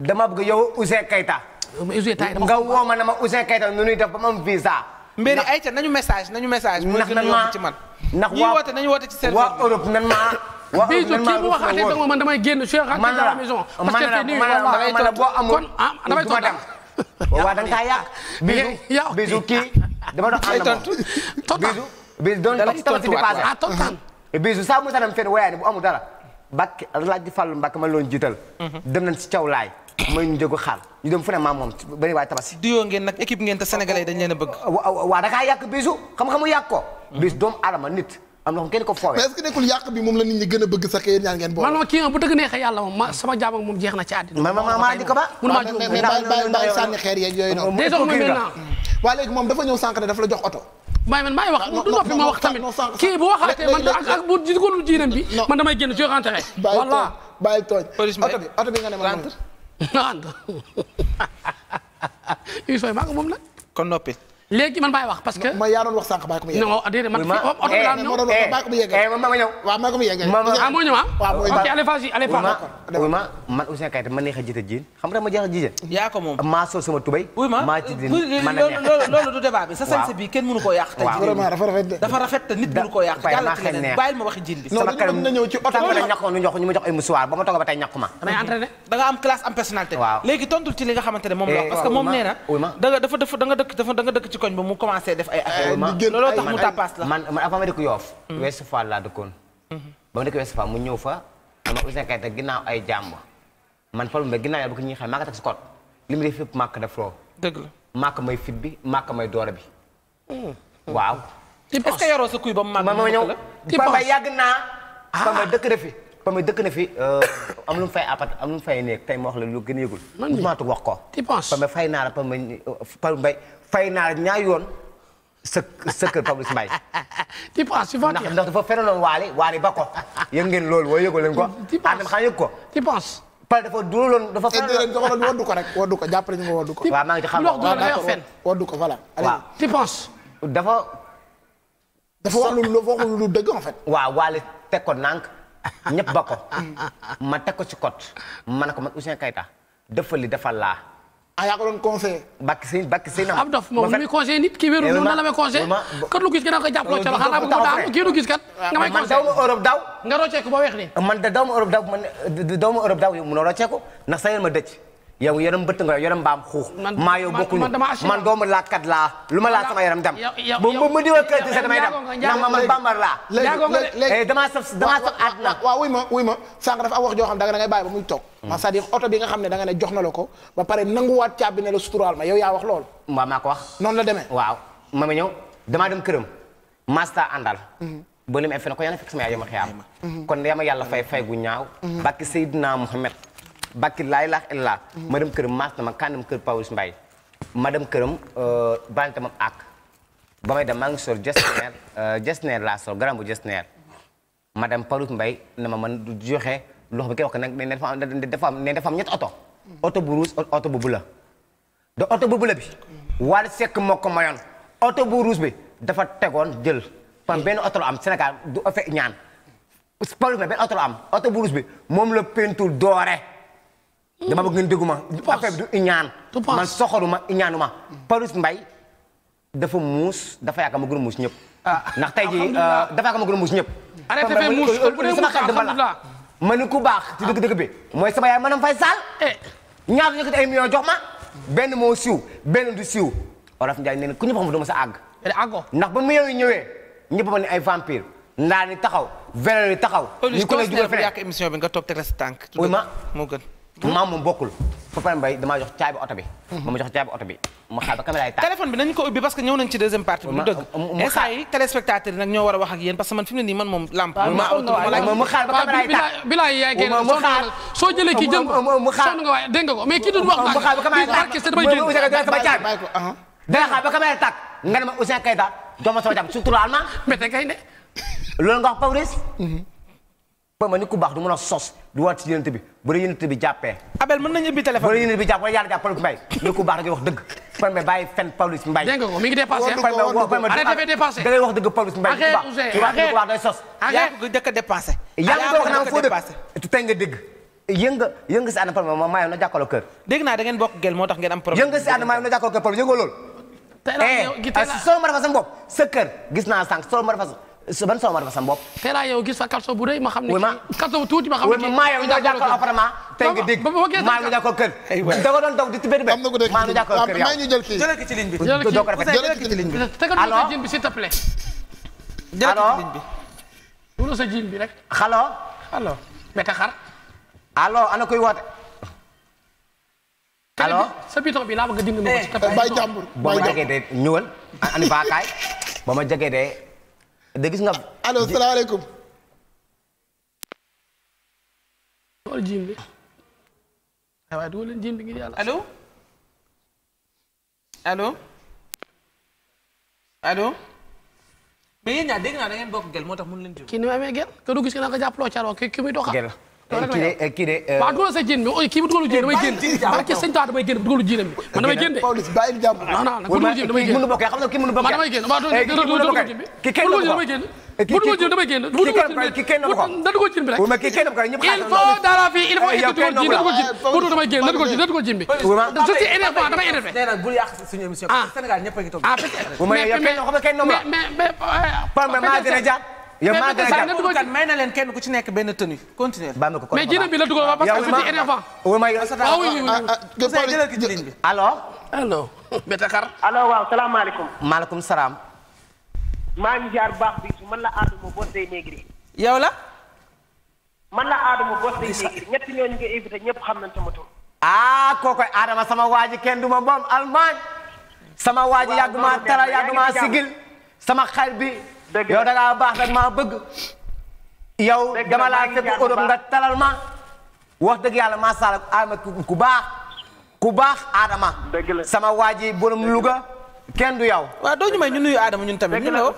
dama bëgg yow Ouzin Keita nga woo ma ne ma Ouzin Keita nu ñuy def ba ma am visa. mbéri ayca nañu message nañu message. ndax nan ma ci man. ndax waa woote nañu woote ci seen. waa Europe nan ma. waa Europe nan ma waxatee da nga man damay génn je suis rentré dans la maison. parce que fii nii waaw boo amul ah, damay tontu waaw da nga kaa yàq. bisu bisu kii dama doon ànd moom. tontan bisu bisu doon tamit di passé. ah tontan. bisu saa mu sanam fenn waaye bu amul dara. Mbàkke Alaaji Fàllu Mbàkke ma loon jiital. Mhm. dem nañ si Cawlaay may ñu njëgu xaal ñu dem fu ne maam moom bari waay tabaski duyoo ngeen nag équipe ngeen te sénégalais dañ leen a bëgg waa dakaa yàq bisu xam-xamu yàq ko hmm. bis doomu aadama nit am na kenn ko foowee mais est-ce que nekkul yàq bi moom la nit ñi gën a bëgg sax yéen ñaan ngeen boole man non kii bu dëgg neexee yàlla moom ma sama jaam ak moom jeex na ci àddina ma ma ma di ko ba mun maa jóg bàyyi sànni xeer yeeg yooyu noonu day dox ma maintenant waa léegi moom dafa ñëw sànq ne dafa la jox oto maay man maay wax ah, du noppi ma wax tamit kii bu waxaatee man ak ak bu jigoonul jiinam bi man damay génn ci rentré voilà bàyyi tooñ oto bi oto bi nga ne ma ñu ànd il faut maa ngi moom nag. kon noppi. léegi man maay wax parce que. ma yaa doon wax sànq bàyyi ko mu yegg. non ah, man eh, eh, eh, ma ma ñëw ma ko mu ma ma ah, ah? ma man Ouzin Keita ma neex a jiite ko moom dafa rafet de. nit mënu koo yàq. yàlla ci leneen bàyyil ma waxi jiin bi. sama kanam non ñëw ci oto bi la ñàkkoon ba ma toog ba tey ñàkku ma. damay entraîné da am classe am personnalité. waaw léegi tontul ci li nga xamante ne moom la parce que moom nee na dafa dafa da nga ci koñ ba mu commencé def ay affaire eh, looloo tax mu tapas la man man avant ma dëkk Yoff mm-hmm. Ouest Foire laa dëkkoon mm-hmm. ba ma dëkk Ouest Foire mu ñëw fa dama Ouzin Keita ginnaaw ay jàmm man problème bi ginnaaw yàlla bu ko ñuy xam maa ngi teg si code li mu def fépp màkk def loo dëgg la màkk may fit bi màkk may doole bi mm-hmm. waaw est-ce que yoroo sa kuy ba mu màgg ma ma ñëw ba yàgg naa ah. ba ma dëkk defi Pamay dëkk na fi euh, am lu mu fay apat am lu mu fay nekk tey ma wax la lu gën a yëgul. man mii wax ko. tu penses Pamay fay naa la Pamay Pamay fay naa la ñaari yoon sa sa kër Pablis Mbaye. tu penses souvent ndax ndax dafa fenaloon waale waale ba ko yëg ngeen loolu wala yëgul leen ko. tu dafa duloon eh, lu lu waxul lu dëgg en fait. waaw ñëpp ba ko ma teg ko ci kot ma ne ko man Ouzin Keita dafa li dafa laa ah yaa ko doon conseil bakki sëy bakki sëy na am dof moom muy conseil nit ki wérul noonu nan la may conseil kat lu gis ki na ko jàppaloo ca la xanaa mu daanu kii du kat ah, nga may conseil man daw ma Europe daaw nga rocceeku ba weex ni man da daw ma Europe daaw man daw ma Europe daaw yow mënoo rocceeku ndax sa yéen ma dëcc yow yaram bëtt nga yaram mbaam xuux maa yow bokkuñu man doomu laakkat laa lu ma laa sama yaram dam ba ma ma diwa kër sa damay dam ndax ma man bambar laa léegi saf eh, damaa saf waaw wuy ma wuy ma sànq dafa wax joo xam da nga da ngay bàyyi ba muy toog hmm. c'est-à-dire oto bi nga xam da nga ne jox na la ko ba pare nanguwaat caabi ne la suturaal ma yow yaa wax loolu waaw la demee waaw ma ba lim fn ko hmm. yàlla fay fay gu ñaaw hmm. bakki Seydina Muhammad bakki laay laax illa ma dem këram maas na ma kàndam kër Pawlish Mbaye ma dem këram euh, bante ma ak ba may dem maa ngi sol gestionnaire euh, gestionnaire laa sol garam bu gestionnaire ma dem Pawlish Mbaye na ma man du joxe loxo bi kay wax nag ne dafa am dafa am ne dafa am ñetti oto oto bu oto bu bula da oto bu bi Wally Seck moo ko mayoon oto bu rouge bi dafa tegoon jël pam benn oto la am Sénégal du ofe ñaan Pawlish Mbaye la am oto bu bi moom la peinture doore dama bëgg ngeen déggu ma. affaire bi du ñaan. man soxoruma ñaanuma. Pawlish Mbaye dafa muus dafa yaakaar ma gën a muus ñëpp. Ah. ndax tey jii euh, dafa yaakaar ma gën a muus ñëpp. arrêté fee muus euh, ma ni ku baax ci dëgg-dëgg bi mooy sama yaay maanaam fay saal. Eh. ñaata ñu ko ay millions jox ma. benn moo siiw benn du siwu Olof Ndiaye nee na ku ñëpp xam du ma sa àgg. ndax ba mu yow ñëwee ñëpp ma ne ay vampire ndaa ni taxaw vélo ni taxaw. ñu ko lay dugal feneen émission bi nga toog teg la tànk. moo gën maam moom bokkul Papa Mbaye damaa jox caabi oto bi. Mhm. ma ma jox caabi oto bi ma xaar bi nañu ko ubbi parce que ñëw nañ ci deuxième partie. bu dëgg instant yi téléspectateur yi nag wax ak yéen parce que man fi mu ba caméra yi taal nga waaye ma xaar ba caméra yi ma xaar ba caméra yi ma Ouzin Keita jox ma nga wax ma nit ku baax du mën a sos du waat ci yénent bi bu la yénent bi jàppee Abel mën nañu ubbi téléphone bu la yénent bi jàpp wala yàlla jàpp Pawlish Mbaye nit ku baax da ngay wax dëgg Pawlish bàyyi fen Pawlish Mbaye dégg nga ko mi ngi dépassé arrêtez de dépasser da ngay wax dëgg Pawlish Mbaye ku baax day sos yaa ko dëkk dépassé yaa ko wax naa foo dëkk tey nga dégg yënga yënga si ànd problème ma maayoon na jàkkaarloo kër dégg naa da ngeen bokk gel moo tax ngeen am problème yënga si ànd maayoon na jàkkaarloo kër Pawlish yëngoo loolu eh, eh, soo ma rafet sa bopp sa kër gis naa sànq soo ma rafet ban soomar nga sa bopp. tey laa yow gis fa kaso bu rëy ma xam ne. ma kaso bu tuuti ma xam ne kii. maa yow nga jàkkaarloo appartement. tey nga dégg maa ngi jàkkaarloo kër. da nga doon toog di tibet be. maa ngi jàkkaarloo kër yow. jëlee ki ci ligne bi jëlee ki ci ligne bi. allo jëlee ki ci ligne bi s'il te plaît. jëlee ki ci ligne bi. wala sa jiin bi rek. allo. allo. bete xar. allo ana koy woote. allo sa biton bi laa bëgg a dindi ma ko. Eh, bay jàmbur bay jàmbur boo ma jegee de ñëwal ani baakaay boo ma jegee de de gis nga. allo salaamaaleykum. xool jiim bi ah, waaye dugal leen jiim bi ngir yàlla. allo allo allo. mais yéen ñaa dégg naa da ngeen bokk gel moo tax mënu leen jóg. kii ni ma ka du gis nga jàppaloo caro ki ki muy doxa Euh, kii de dugal sa jéen bi kii bi dugalu jéen damay damay génn bi dugalu jéenam bi man damay génn de Pawlish bàyyil kenn damay génn bu eh, dugalu jéen damay eh, il faut dara fii il faut eh, que dugalu jéen dugalu jéen bu dugalu damay génn na dugalu jéen na damay énervé nee na bul yàq suñu émission ah. Sénégal ñëpp a ngi toog ah mais mais mais euh, yow maa gën a jàpp kan may na leen kenn ku ci nekk benn tenue continuer. baax na ko kon mais jiina bi la dugal parce que c'était énervant. allo. allo. Betakar. allo waaw salaamaaleykum. maaleykum salaam. maa ngi jaar baax bi man la Adama Bosse Negri. yow la. man la Adama Bosse Negri ñetti ñooñu nga invité ñëpp xam nañ sama tur. ah kooku Adama sama waa ji kenn du ma bom Allemagne. sama waa ji yàgg maa tara yàgg maa sigil sama xarit bi. dëgg yow da baax da maa bëgg. yow dama laa seet Europe nga talal ma. wax dëgg yàlla macha allah Adama ku baax ku baax Adama. sama waa ji borom Louga kenn du yow. waa doo ñu may ñu nuyu Adama ñun tamit ñu la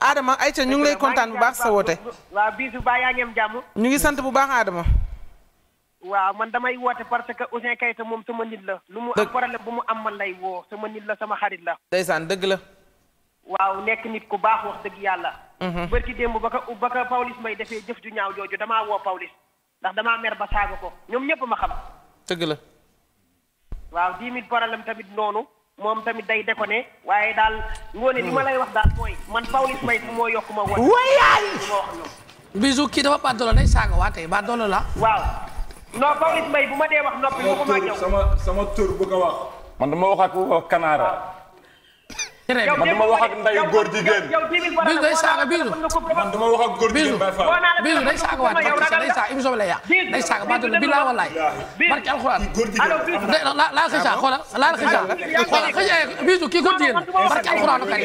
Adama Aïcha ñu ngi lay kontaan bu baax sa woote. waaw bisu baa yaa ngi jàmm. ñu ngi sant bu baax Adama. waaw man damay woote parce que Ouzin Keita moom sama nit la. lu mu am problème bu mu am man lay woo sama nit la sama xarit la. ndeysaan dëgg la. waaw nekk nit ku baax wax dëgg yàlla. Mhm. bërki démb ba ko ba ko Pawlish Mbaye defee jëf ju ñaaw jooju damaa woo Pawlish ndax damaa mer ba saaga ko ñoom ñëpp ma xam. dëgg la. waaw dix mille tamit noonu moom tamit day déconné waaye daal ngoone li ma lay wax daal mooy man Pawlish Mbaye fu moo yokk ma woon. wayaay li ma wax ñoom. bisu kii dafa baat doole day saaga waa tey baat doole la. waaw non Pawlish bu ma dee wax noppi. bu ma ñëw sama sama tur bu ko wax. man dama wax ak très bien man du ma wax ak ndayu góor jigéen. bisu day saaga bisu. man du ma wax ak góor jigéen Baye Fall. bisu day saaga waat day saaga émission bi lay yàq day saaga baatu la bilaa walaay. barke alxuraan. la la xëy saa xoolal la xëy saa xoolal xëy bisu kii góor jigéen barke alxuraan kari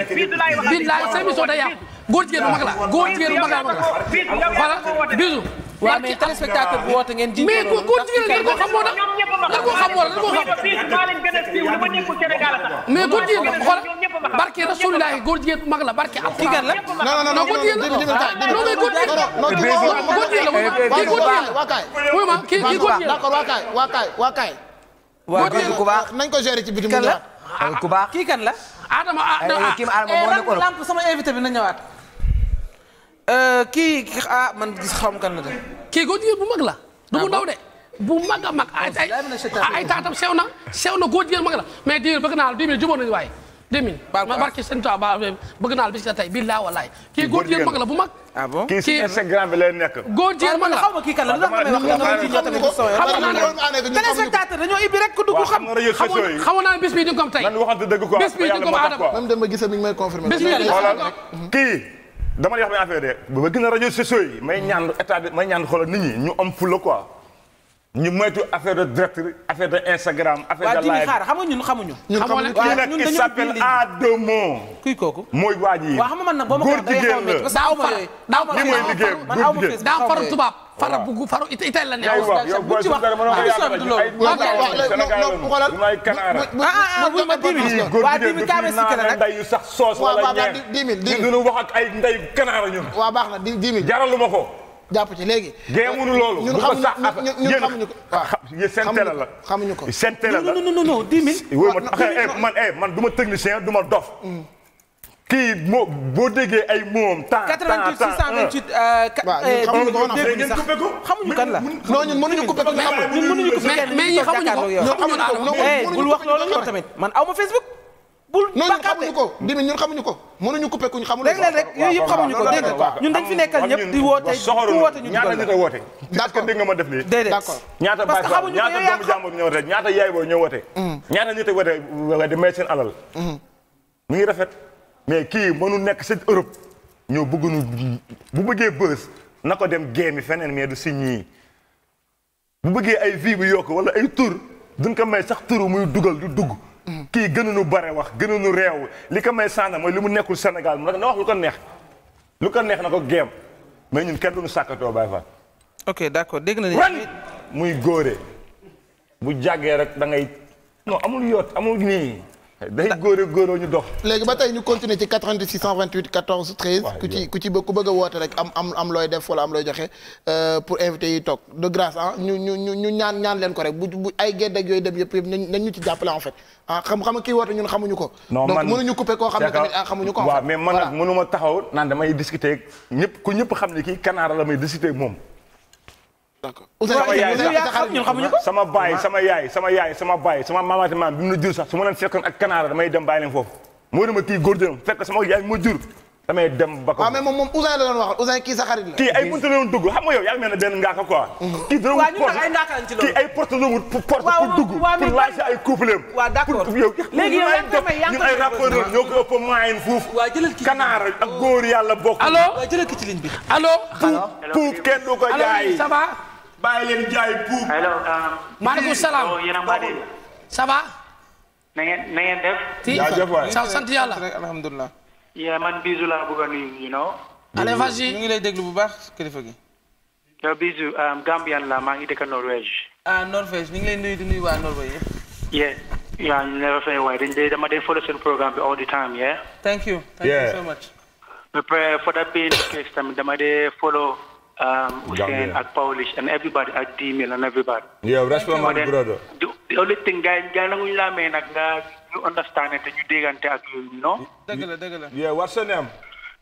billaay sa émission day yàqu. góor jigéen bu mag la góor jigéen bu mag la voilà bisu. waaw mais téléspectateur bu woote ngeen ji. mais góor jigéen ngeen ko xam moo tax lan koo xam moo tax lan koo xam. mais góor jigéen xoolal barke Rasulullah góor jigéen bu mag la barke alxuraan la. non non non góor jigéen la non mais góor jigéen la. non góor jigéen la kii góor jigéen la. mooy ma kii kii góor jigéen la. d'accord waakaay waakaay waakaay. waaw góor ku baax nañ ko gérer ci bitim. kan la ku baax kii kan la. Adama ah Adama eh, ah eh, lamp sama invité bi na ñëwaat. Euh, kii ah man gis xaw ma kan la de. bu mag la. du ah, mag a ah, ay taatam sew na sew na góor bëgg naa la dégg nga jubóo nañu waaye. dégg barki sëñ Tuubaa ba bëgg naa la bis tey bii laa walaay. kii góor jigéen bu mag. ah bon kii si Instagram bi lay nekk. góor jigéen kii kan la lu tax nga may wax nga tamit xam nga téléspectateur ba gisee mi ngi may confirmer. bis bii dama lay wax benn affaire de ba gën a rajo sociaux yi may ñaan état may ñaan xoolal nit ñi ñu am fulla quoi ñu moytu affaire de direct affaire de Instagram. affaire de live xaar xam nga ñun xamuñu. ñun xamuñu kii nag il s'appelle Adamo. kuy kooku mooy waa ji. waaw xam nga man nag boo ma ko waxee day xaw a métti parce que daaw far daaw far lii mooy liggéeyam góor jigéen daaw faru tubaab. fara bu faru itel la ne. yow wax yow booy suuf dara mën na wax ay wax ay wax ay jàpp ci léegi. géej mënu loolu. ñun xamuñu ñun xamuñu ko waaw xamuñu ko xamuñu ko seen télé la. non non non non dix mille. Ah, eh, man eh, man du ma technicien du ma dof. Mm. kii moo boo déggee ay moom. temps temps eh. euh, euh, xamuñu kan la. non ñun mënuñu coupé ko mais ñun mënuñu ko mais ñi xamuñu ko. ñoo xamuñu ko bul wax loolu yow tamit man aw ma Facebook. bul bàkkaate ko dimi ñun xamuñu ko mënuñu couper kuñ xamul léeg-léeg rek yooyu yëpp xamuñu ko dégg nga ñun dañ fi nekkal ñëpp di woote ku woote ñu ñaata a woote d'accord dégg nga ma def lii d'accord ñaata baay ñaata doomu jàmbur ñëw rek ñaata yaay boo ñëw woote mm-hmm. ñaata nit a woote may seen alal mm-hmm. mu ngi rafet mais kii mënu nekk ci Europe ñoo bëgguñu bu bëggee bës na ko dem géemi feneen mais du si ñii bu bëggee ay vie bu yokk wala ay tur duñ ko may sax turu muy dugal du dugg kii gënuñu bare wax gënuñu reew li ko may sànna mooy li mu nekkul Sénégal mu na wax lu ko neex lu ko neex na ko géem mais ñun kenn duñu sàkkatoo Baye Fall ok d'accord dégg na ni muy góore bu jàggee rek dangay ngay non amul yoot amul nii day góor góoroo ñu dox. léegi ba tey ñu continuer ci 88 628 14 13. ku ci ku ci ku bëgg a woote rek am am am looy def wala am looy joxe euh, pour invité yi toog de grâce ah ñu ñu ñu ñu ñaan ñaan leen ko rek bu bu ay gedd ak yooyu dem yëpp yëpp nañ ñu ci jàppale en fait ah xam xam kii woote ñun xamuñu ko. non man donc mënuñu couper koo xam ne tamit ah xamuñu ko. waaw mais man nag mënuma taxaw naan damay discuter ak ñëpp ku ñëpp xam ne kii Kanaara la may discuter moom. d'accord sama baay sama yaay sama yaay sama baay sama maamaati maam bi mu la jur sax su ma leen kanaara damay dem bàyyi foofu moo dama kii góor jëm fekk sama yaay ma jur damay dem ba ko waaw mais moom moom Ouzin la doon wax kii ay buntu la doon dugg xam nga yow kii da wut porte ay porte la wut pour ay couple pour yow léegi yow ñun ay rappeurs ñoo ko ëpp ci ligne bi allo puub kenn du ko jaay bàyyi leen jaay puub. allo. Um, maaleykum salaam. Oh, ça va. na ngeen na ngeen def. jaajëf sa sant yàlla. alhamdulilah. yaa man bisu laa bëgg a nuyu. allez vas-y. ñu ngi lay déglu bu baax kilifa gi. yow bisu um, Gambian la maa ngi dëkk Norvège. ah Norvège ñu ngi lay nuyu di nuyu waa Norvège yëpp. yeah. yaa ñu never fay waay dañ dee dama dee follow seen programme bi all the time yeah. thank you. thank you so much. ba pare uh, for that being the case tamit dama dee follow. um, Hussein ak Polish and everybody at Demil and everybody. Yeah, respect my brother. The, the only thing, guys, guys, laa know, you understand it and you dig and tag you, you know? Yeah, what's your name?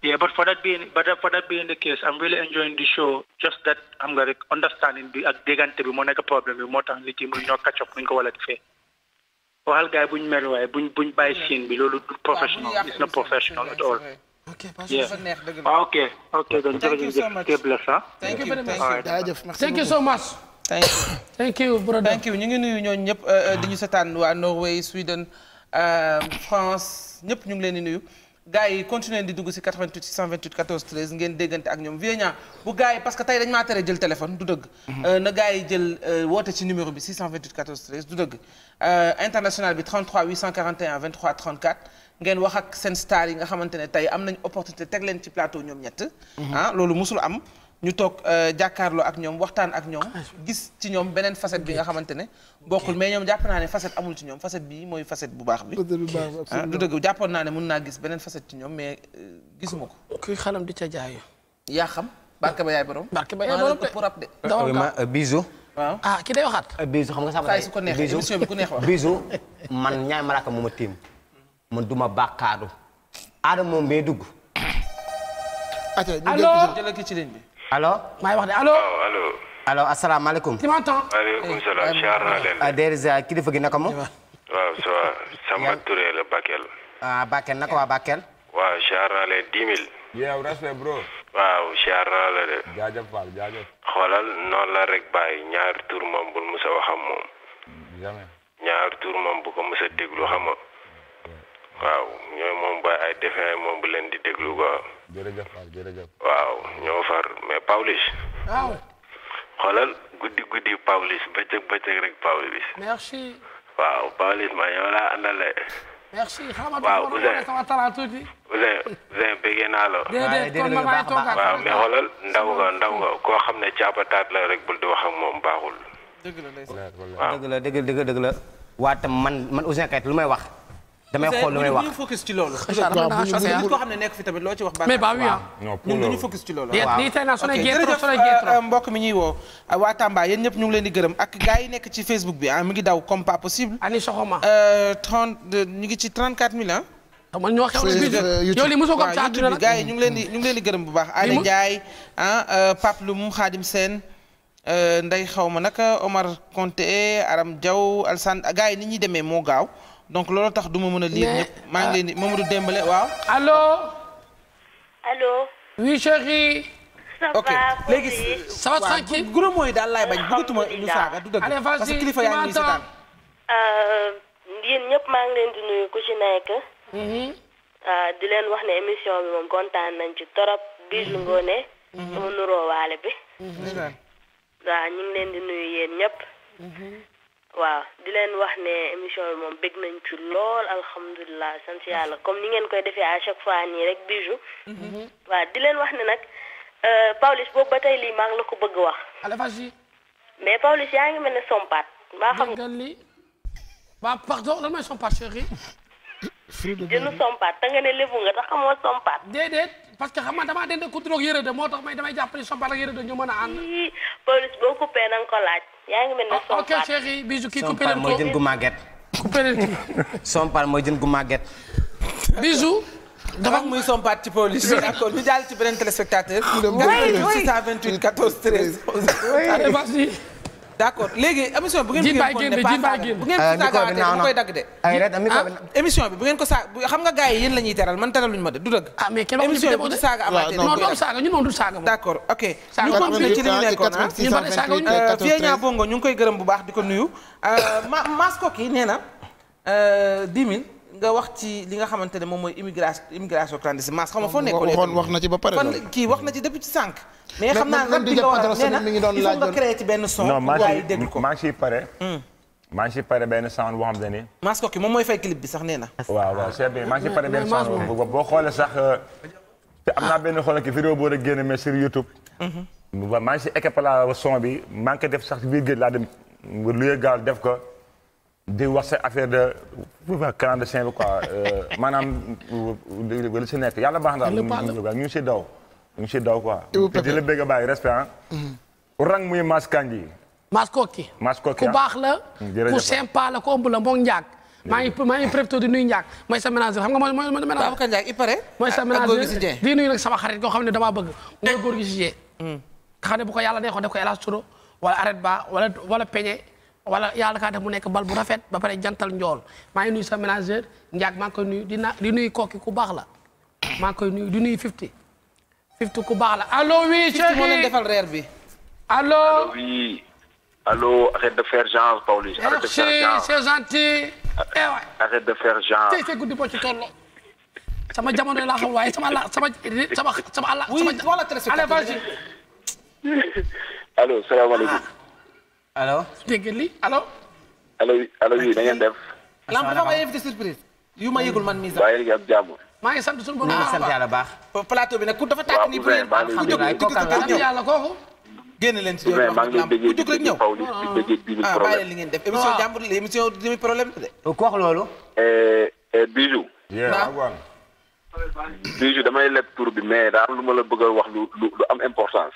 Yeah, but for that being, but for that being the case, I'm really enjoying the show. Just that I'm gonna understanding the digan to be more like a problem. We more than little, we not catch up. We go wallet fe. Well, guy, buñ mel way, buñ buñ bay scene bi lolu professional. It's not professional at all. ok parce ah, ñu ngi nuyu ñooñu ñëpp euh, euh, di ñu seetaan waa Norway Sweden euh, France ñëpp ñu ngi leen di nuyu gars yi continuer di dugg si 88 628 14 13 ngeen déggante ak ñoom Vienna bu gars yi parce que tey dañ maa tere jël téléphone du dëgg. na gars yi jël woote ci numéro bi 628 14 13 du dëgg international bi 33 841 23 34. ngeen wax ak seen star yi nga xamante ne tey am nañ opportunité teg leen ci plateau ñoom ñett. Mhm. ah loolu musul am ñu toog euh, jàkkaarloo ak ñoom waxtaan ak ñoom. Ah, gis ci ñoom beneen facette bi nga xamante ne. bokkul mais ñoom jàpp naa ne facette amul ci ñoom facette bi mooy facette bu baax bi. Ah, du dëgg jàppoon naa ne mun naa gis beneen facette ci ñoom mais euh, gisuma ko. kuy xalam di ca jaayu. yaa xam barke ba yaay borom. barke ba yaay borom te rab de. dawal euh, biso. waaw ah, ki day waxaat. biso xam nga sax. saa su ko neexee émission bi ku neex wax biso man ñaay malaaka moo ma tiim man duma bàkkaaru Adama moom bee dugg. allo allo. maa ngi wax de allo. allo. allo asalaamaaleykum. tu m'entends. maaleykum eh, salaam eh, siyaar naa eh, leen. ah Dérésia kilifa gi naka mu. waaw ça va Samba Touré la Bakel. ah Bakel naka waa waaw siyaar naa leen dix waaw siyaar naa la de. jaajëf Fall jaajëf. xoolal noonu la rek bàyyi ñaar tur moom bul musa waxam moom. jamais. waaw ñooy moom ba ay défin moom bu leen di déglu quoi. jërëjëf jërëjëf. waaw ñoo far mais Pawlish. waaw. Ah. xoolal guddi guddi Pawlish bëccëg bëccëg rek Pawlish. merci. waaw Pawlish ma yow laa àndale. merci xaaral ma dugg bëggee naa la. waaw mais xoolal ndaw nga ndaw nga koo xam ne caabataat la rek bul di wax ak moom baaxul. dëgg la dëgg la dëgg la dëgg la waaw man man Ouzin lu may wax. damay xool lu may wax focus ci loolu. ko xam ne nekk fi tamit loo ci wax. mais ba oui euh, euh, mi ñuy woo. Euh, waa Tamba yéen ñëpp ñu ngi leen di gërëm ak gars yi nekk ci Facebook bi ah mi ngi daw comme pas possible. Aliou ñu ngi ci 34 000 ah. xam nga ñoo xew li mosoo ko am saa tuuti ñu ngi leen di ñu ngi leen di gërëm bu baax. Aliou Ndiaye ah Pape Loum Khadim Sène Ndeye xaw ma naka Omar Conté Aram Diaw Alsane gars yi ni ñuy demee moo gaaw donc loolu tax du ma mën a lire ñëpp maa ngi leen di euh, Mamadou Dembélé waaw. allo. allo. oui chérie. ça va. ok léegi ça va tranquille gros mooy daal laay bañ bëggatuma ñu saaga du dëgg. parce que kilifa yaa ngi ñuy seetaan. Euh, yéen ñëpp maa ngi leen di nuyu ku ci nekk. Mm-hmm. Euh, di leen wax ne émission bi moom kontaan nañ ci torop biis lu mm-hmm. ngoone. sama mm-hmm. nuroo bi. waaw ñu ngi leen di nuyu yéen ñëpp. waaw di leen wax ne émission bi moom bég nañ ci lool alhamdulilah sant yàlla comme ni ngeen koy defee à chaque fois nii rek bijou mhm. waaw di leen wax ne nag euh, Pawlish boobu ba tey lii maa ngi la ko bëgg wax. mais Pawlish yaa ngi mel ne Sompat. maa xam nga lii ne lébu nga tax xamoo Sompat. déedéet parce que xam nga damaa dend ku turoog yëre de moo tax may damay jàpp ne Sompat ak yëre de ñu mën a ànd. Pawlish boo coupé na ko laaj. yaa ngi mel ne ah, Sompar ok chéri Bijou kii coupé leen ko Sompar mooy jën gu màgget. coupé leen kii Sompar mooy jën gu màgget. Bijou. dafa muy sompat ci police bi d'accord ñu jàll ci beneen téléspectateur. oui oui 628 14 d'accord léegi émission bi bu ngeen. bu ngeen ah, koy dagg de. Eh, ah, émission bi bu ngeen ko saa xam nga gars yi yéen la ñuy teral man teraluñu ma de du dëgg. Ah, émission bi du saaga amaatee non non saaga ñun moom du saaga moom. d'accord ok ñu continuer euh, Bongo ñu ngi koy gërëm bu baax di ko nuyu. Euh, ma Mass Koki nee na 10 euh, 000 nga wax ci li nga xamante ne moom mooy immigration immigration clandestine maas xam nga foo nekkoon waxoon wax na ci ba pare kon wax na ci depuis ci sànq. mais a na ci benn pare. Hmm. maa ngi ciy pare benn xam naa benn xoolal ki vidéo boo rek génne mais sur YouTube. Hmm. waaw maa ngi ciy bi maa def sax biir géej laa dem lu gaal def ko di wax sa affaire de pouvoir camp de Saint bi quoi euh, maanaam euh, wala si nekk yalla baax na daal ñu si daw ñu si daw quoi di la bëgg a bàyyi respect mm-hmm. ah orang muy Mass Kandji Mass Kokki Mass Kokki ku baax la mm, ku sympa la ku ëmb la moom njaag maa ngi maa ngi préféré di nuyu Ndiak mooy sa ménager xam nga ma mooy ménager. waaw kay il paraît. mooy sa ménager di nuyu nag sama xarit koo xam ne damaa bëgg. mooy góor gi si jee. Mm. nga xam ne ko yàlla neexoon def ko El Hadj Turo wala Arrête Ba wala wala wala yàlla kaa def mu nekk bal bu rafet ba pare jantal njool maa ngi nuyu sa ménageur njaag maa ngi nuyu di nuyu kooki ku baax la maa ngi koy nuyu di nuyu fifty fifty ku baax la allo oui chéri moo leen defal reer bi allo allo oui allo arrête de faire genre Pawlish eh, arrête de faire genre c'est gentil eh, arrête de faire genre tey guddi boo ci tolloo sama jamono laa xam waaye sama la sama sama sama ala. oui voilà très bien allez vas-y. allo allo. dégg nga lii allo. allo allo yi na ngeen def. lam dafa am ay invité surprise. yu ma yëgul man mii sax. waaye am jàmm. maa ngi sant suñu borom baax sant yàlla baax. plateau bi nag ku dafa tàkk nii bu leen ku jóg ku yàlla kooku. génn leen si yow ku jóg rek ñëw. ah bàyyi leen li ngeen def émission jàmbur la émission dimi problème la de. ku wax loolu. Eh, eh, Bijou. waaw Bijou damay leb tur bi mais daa am lu ma la bëgg a wax lu lu am importance.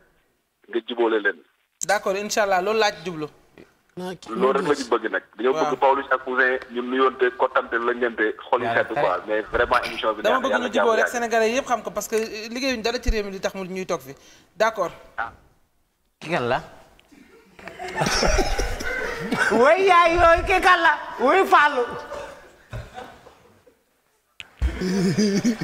nga jiboole leen. d' accord loolu laaj jublu. loolu rek la ñu bëgg nag. dañoo bëgg Pawlish ak Ouzin ñun nuyoonte kottante lañante xol yi xeetu ah, quoi mais vraiment dama bëgg ñu jiboo rek sénégalais yëpp xam ko parce que liggéeyuñ dara ci réew mi li tax mu ñuy fi d' ki kan la. way yaay yooyu ki kan la way Fallou.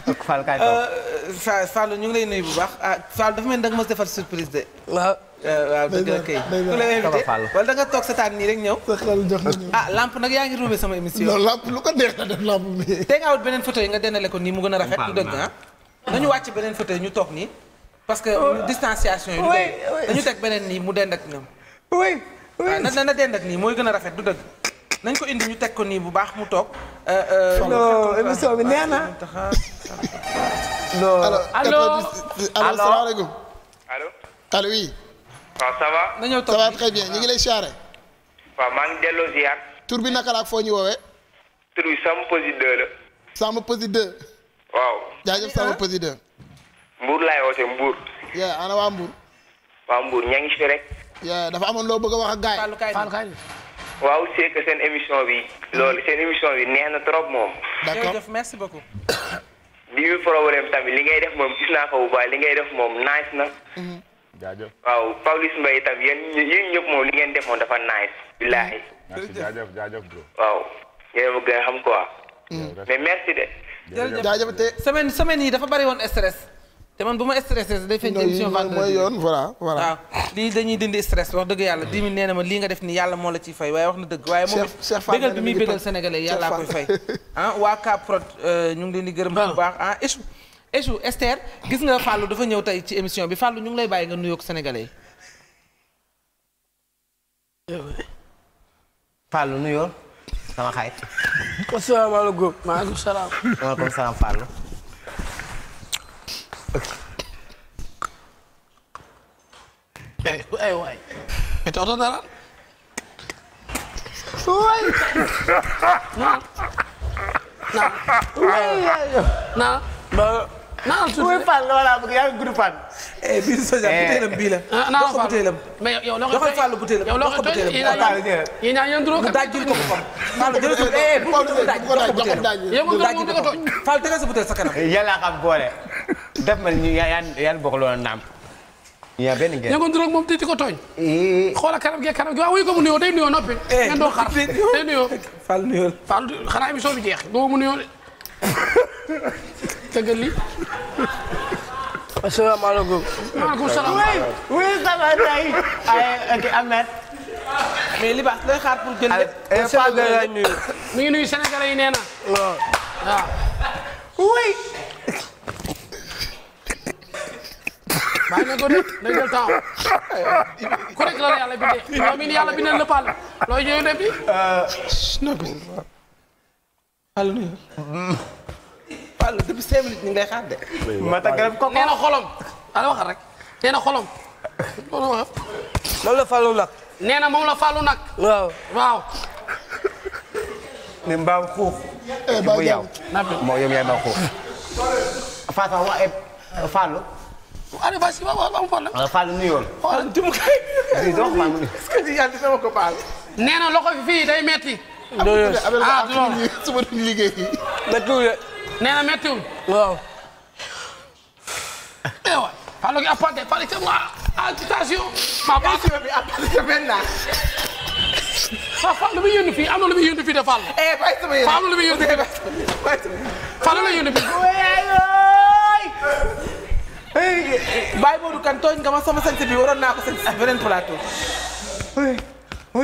ak Fall kaay toog euh, ñu ngi lay nuyu bu baax ah Fall dafa mel ni da nga mos defar surprise de. waaw euh, waaw dëgg la kay. ku la invité wala da nga toog setaan nii rek ñëw. ah lamp nag yaa ngi ruubee sama émission. non lamp lu ko neex na def lamp bi. tey ngaa beneen photo nga dendale ko nii mu gën a rafet. du dëgg ah nañu wàcc beneen photo yi ñu toog nii. parce que oh. distanciation yi. dañu teg beneen nii mu dend ak ñoom. oui oui ah, na na dend ak nii mooy gën a rafet du dëgg nañ ko indi ñu teg ko nii bu baax mu toog. Euh, euh, non émission bi nee na. non allo allo allo salaamaaleykum. Ah, bien ñu ngi lay siyaare. waaw maa ngi delloo ziar. tur bi naka la foo ñu woowee. tur bi Samba Posi 2 la. Samba Posi 2. waaw. jaajëf Samba ah. Posi 2. Mbour laay woote Mbour. ana waa Mbour. waa Mbour ñaa ngi fi rek. dafa amoon loo bëgg a wax a gars waaw c'est que seen émission bi. loolu seen émission bi neex na trop moom. d'accord jërëjëf merci beaucoup. di ñu problème tamit li ngay def moom gis naa ko bu baax li ngay def moom nice na. Mhm. jaajëf waaw Pawlish Mbaye tam yéen yéen ñëpp moom li ngeen def moom dafa nice. billaahi. Mm. merci jaajëf jaajëf bro. waaw yéen a gën a xam quoi. Mm. mais merci de. jërëjëf jaajëf te semaine semaine dafa bari woon stress. te man bu ma stressé day feeñ émission vendredi mooy yoon voilà voilà waaw lii dañuy dindi stress wax dëgg yàlla dix mille nee ma lii nga def ni yàlla moo la ciy fay waaye wax na dëgg waaye moom bégal bi muy bégal sénégalais yàllaa koy fay ah waa Kaprod euh, ñu ngi leen di gërëm bu baax ah échou échou Esther gis nga Fallou dafa ñëw tey ci émission bi Fallou ñu ngi lay bàyyi nga nuyoog sénégalais yi Fallou nuyoo sama xarit asalaamaaleykum salaam maaleykum ay waay mais taxut a dara waay naan naan naan naan suuf si Fall voilà yaa ngi gudd Fall. bii la. naan Fall mais yow loo koy Fall butéelam yow loo koy tooy yéen ñaa yéen ñaa yéen duróo. mu daaj ko ko Fall. Fall jërëjëf eh bu ko daaj jox ko butéelam. yow mu duróo mu ko sa butéel sa boole. def ma ni yaa yaa bokk loolu naam. yaa benn ngeen. ña nga dugal moom titi ko tooñ. Eh. xoolal kanam gee kanam gi waaw ah, wuyu ko mu nuyoo day nuyoo noppi. Eh, ngeen doo xaar day nuyoo. Fall nuyoo Fall xanaa émission bi jeex doo mu nuyoo de. tëggal li. asalaamaaleykum. maaleykum salaam. oui oui ça va tey. ay ok Ahmed. mais li baax looy xaar pour jënd. ay Fall lay nuyu. mi ngi nuyu Sénégalais yi nee na. waaw. oui. maa ngi ko def na jël temps ku la yàlla looy ñëw def bi. allo. na xolom. ala waxal rek nee xolom. loolu la Fallou nag. nee na moom la Fallou nag. waaw waaw. mbaam xuux. Eh, moo yow yaay mbaam xuux. Fatou wax Fallou. waaw parce que ma wax am problème. waaw Fall nuyoon. xoolal jëm kay. di donc maa ngi nuyu. est-ce que yàlla dina ma ko baal. nee na loxo fi fii day metti. doo ah loolu suba duñ liggéey. méttiwul de. nee na méttiwul. waaw. eh wa Fallou gi apporté Fallou itam waa agitation. Ah, maa maa si bi apporté ah, benn naa. waaw ah, Fallou bi yëndu fii am na lu muy yëndu fii de Fallou. eh bàyyi sama yëndu Fallou lu muy yëndu fii de. bàyyi sama yëndu Fallou la yëndu fii. Baye Modou kan tooñ nga ma sama sant bi waroon naa ko sant si beneen plateau.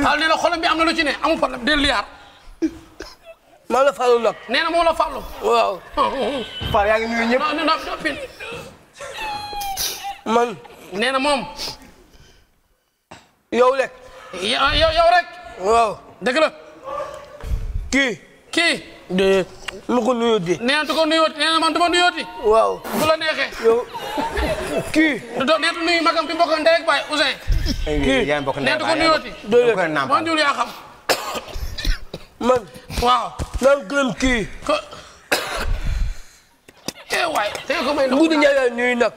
Fall nee bi am na lu ci ne amul problème del liyaar. maa la Fallou la nee na moo la Fallou. waaw. Oh, oh, oh. Fall yaa ngi nuyu man. nee na moom. yow rek. yow yow rek. waaw. dëgg la. kii. de lu ko nuyooti. nee na du ko nuyooti nee na man du ma nuyooti. waaw du la neexee. yow kii. du doon nee na nuyu magam bi mbokk ndey ak baay Ousseyn. kii yaa ngi bokk ndey ak baay yaa ngi bokk ndey ak baay yaa xam. man. waaw. naan gërëm kii. ko. eh waay. tey ko may Nguuda Ndiaye la nuyu nag.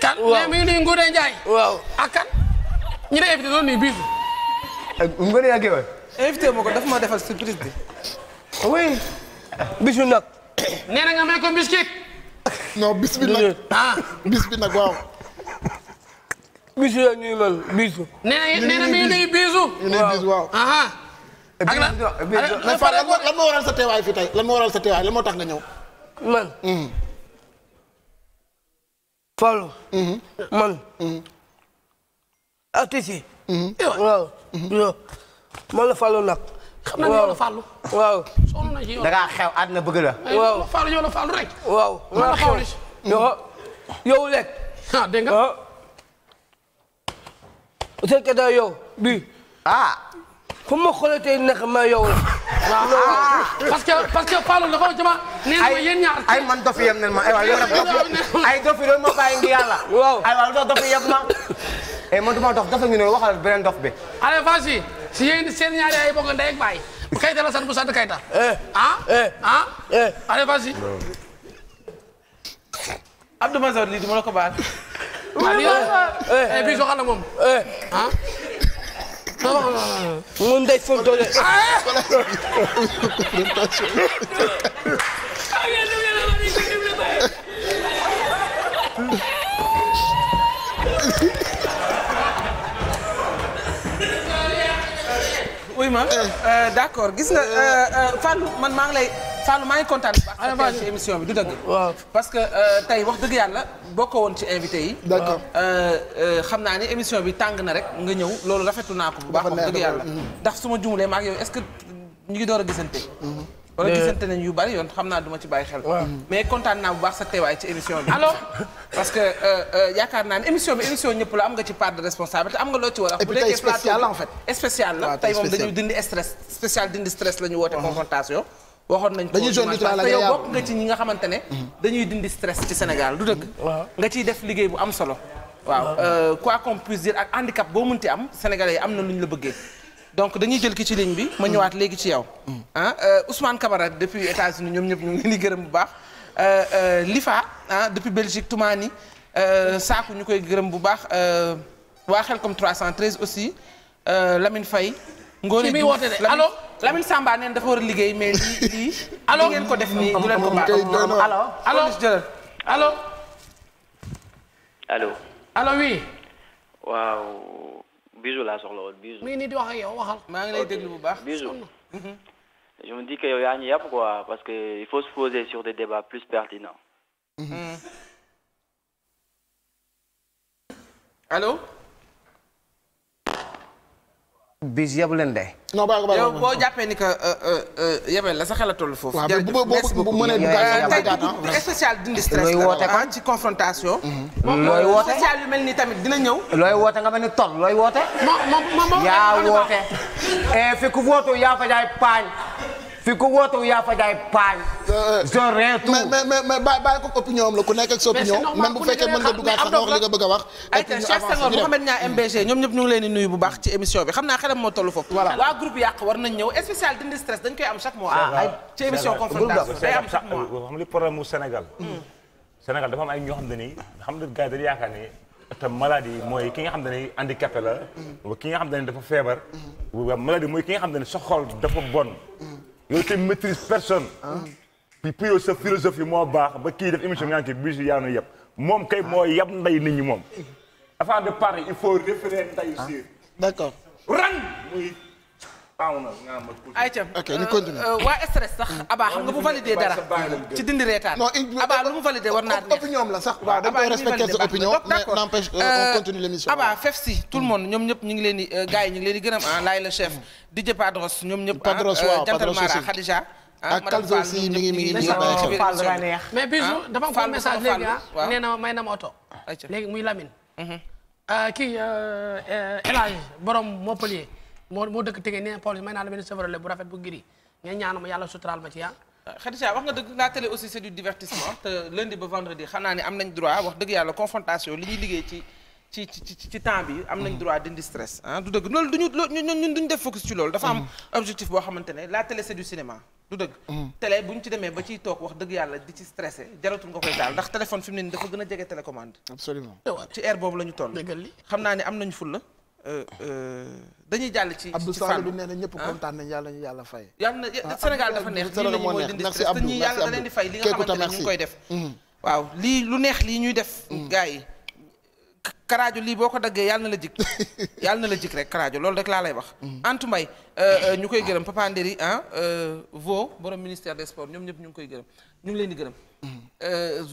kan mais mi ngi nuyu Nguuda Ndiaye. waaw ak kan. ñu ne invité doon nuyu biisu. Eh, Nguuda yaa ngi koy invité ma ko dafa ma defal surprise bi. oui. bisu nag. nee na nga may ko biscuit. non bis bi nag ah nag waaw. bisu la ñuy mel bisu. nee na nee na mi ngi nuyu bisu. ñu nuyu bisu waaw. ak lan lan moo waral sa teewaay fii tey lan moo waral sa teewaay lan moo tax nga ñëw. man. Hmm. Fallou. Hmm. man. Hmm. artiste man la Fallou nag. xam nañ ñoo la fàllu. waaw sonn na ci yow. da ngaa xew àdduna bëgg la. waaw fàllu ñoo la fàllu rek. waaw maa xew yow yow lekk. ah dégg nga. ah. su yow bi ah. fu ma xoolee tey naka ma yow la. parce que parce que Fallou dafa jama. nee na ma yéen ñaar ay man dof yem nañ ma aywa yow nag dof ay dof yi loolu ma bàyyi ngi yàlla. waaw aywa lu dof dof yem ma. Eh, man du ma dof dof ngi noonu waxal beneen dof bi. allez vas-y. si yéen seen ñaari ay bokk ndey baay kayta la sant bu sant kayta eh, ah eh, ah eh. allez vas-y Abdou Mansour lii du ma la ko baal ah, bi soxal na ah mun day foofu doole wuy ma eh. euh, d'accord gis nga eh. euh, euh, Fallou man maa ngi lay Fallou maa ngi kontaan bu baax ah, ci émission bi du dëgg waaw parce que tey wax dëgg yàlla bokkoo woon ci invité yi d'accord xam naa ni émission bi tàng na rek nga ñëw loolu rafetlu naa ko bu baax wax dëgg yàlla mm-hmm. ndax su ma jumulee maa ak yow est-ce que ñu ngi door a gisante mm-hmm. wala euh, gisante nañ yu bari yoon xam naa du ma ci bàyyi xel. Mm. mais kontaan naa bu baax sa teewaay ci émission bi. alors parce que euh, euh, yaakaar naa ne émission bi émission ñëpp la am nga ci part de responsabilité am nga loo ci war a. bu dee spécial en fait. spécial la tey moom nañ ko dañuy yow bokk nga ci ñi nga xamante ne. Mm-hmm. dañuy dindi stress ci Sénégal du dëgg. nga ciy def liggéey bu am solo. waaw quoi qu'on puisse dire ak handicap boo mënti am sénégalais yi am na lu ñu la bëggee donc dañuy jël ki ci ligne bi. ma hmm. ñëwaat léegi ci yow. Hmm. ah euh, Ousmane Camara depuis États-Unis ñoom ñëpp ñu ngi di gërëm bu baax euh, euh, Lifa ah depuis Belgique Toumani Saaku ñu koy gërëm bu baax waa Xelkom 313 aussi Lamine Faye. Ngone Diouf allo Lamine Samba neen dafa war a liggéey mais lii lii. ngeen ko def nii du leen ko baax allo allo alo allo. allo oui. waaw. bisu laa soxla woon bisu. muy nit di wax ak yow waxal. maa ngi lay déglu bu baax bisu. Mhm. je me dis que yow yaa ñu yàpp il faut se sur des débats plus pertinents. Mhm. Mhm. allo. bis yabu leen de. non baax baax yow boo jàppee ni que yabal la sa xel a toll foofu. jërëjëf merci beaucoup bu mënee dugg tey spécial dindi stress. looy woote kon looy woote dina ñëw. looy woote nga mel ni toll looy woote. ma ma ma ma yaa woote. et fi wootoo yaa fa paañ. fi ku wootu yaa fa jaay paañ. Euh, je rien tout ko opinion am la ku nekk ak sa opinion. même bu fekkee mën nga dugaat sax wax li nga bëgg a wax. moo Sénégal. Hmm. Sénégal dafa am ay ñoo xam ne nii xam nga gars yi dañu yaakaar ne te maladie mooy ki nga xam ne handicapé la. Hmm. ki nga xam ne dafa feebar. Hmm. maladie mooy ki nga xam ne sa xol dafa bon yow te maîtrise personne. pi puis sa philosophie moo baax ba kii def émission bi nga xam ne bii si yaa ngi yab moom kay moo yab nday nit ñi moom. avant de parler il faut référer nday sur. ok ñu continuer euh, euh, waa stress sax mm. abaa xam nga bu validé dara ci dindi reetaan abaa lu mu validé war naa la sax waaw dañ koy respecter sa euh, continue l'émission abaa fef si tout ñoom ñëpp ñu ngi leen gërëm ah laay la chef mm. DJ Padros ñoom ñëpp ah, Padros waaw Jantal Mara Khadija ak ah, ah, Kalzo si mi ma oto léegi muy Lamine mhm. kii El borom Montpellier moo moo dëkk tege nee Pawlish may naa la benn Chevrolet bu rafet bu giri ngeen ñaanu ma yàlla suturaal ma ci yaa ah. euh, Khadija wax nga dëgg la télé aussi c'est du divertissement te lundi ba vendredi xam naa ne dëgg yàlla confrontation li ñuy liggéey ci ci ci ci temps bi a am nañ fulla Euh, euh, dañuy jàll ci Abdou Sall bi nee na ñëpp ah? kontaan nañ yàlla ñu yàlla fay yàlla na ah, Sénégal dafa neex lii la ñu mooy dindi stress te ñii yàlla da leen di fay li nga xamante ne ñu ngi koy def mm-hmm. waaw lii lu neex lii ñuy def mm-hmm. gars yi lii boo ko daggee yàlla na la jik yàlla na la jik rek karaajo loolu rek laa lay wax mm-hmm. Antou Mbaye euh, ñu koy gërëm Papa Ndéri ah vo borom ministère des sports ñoom ñëpp ñu ngi koy gërëm ñu ngi leen di gërëm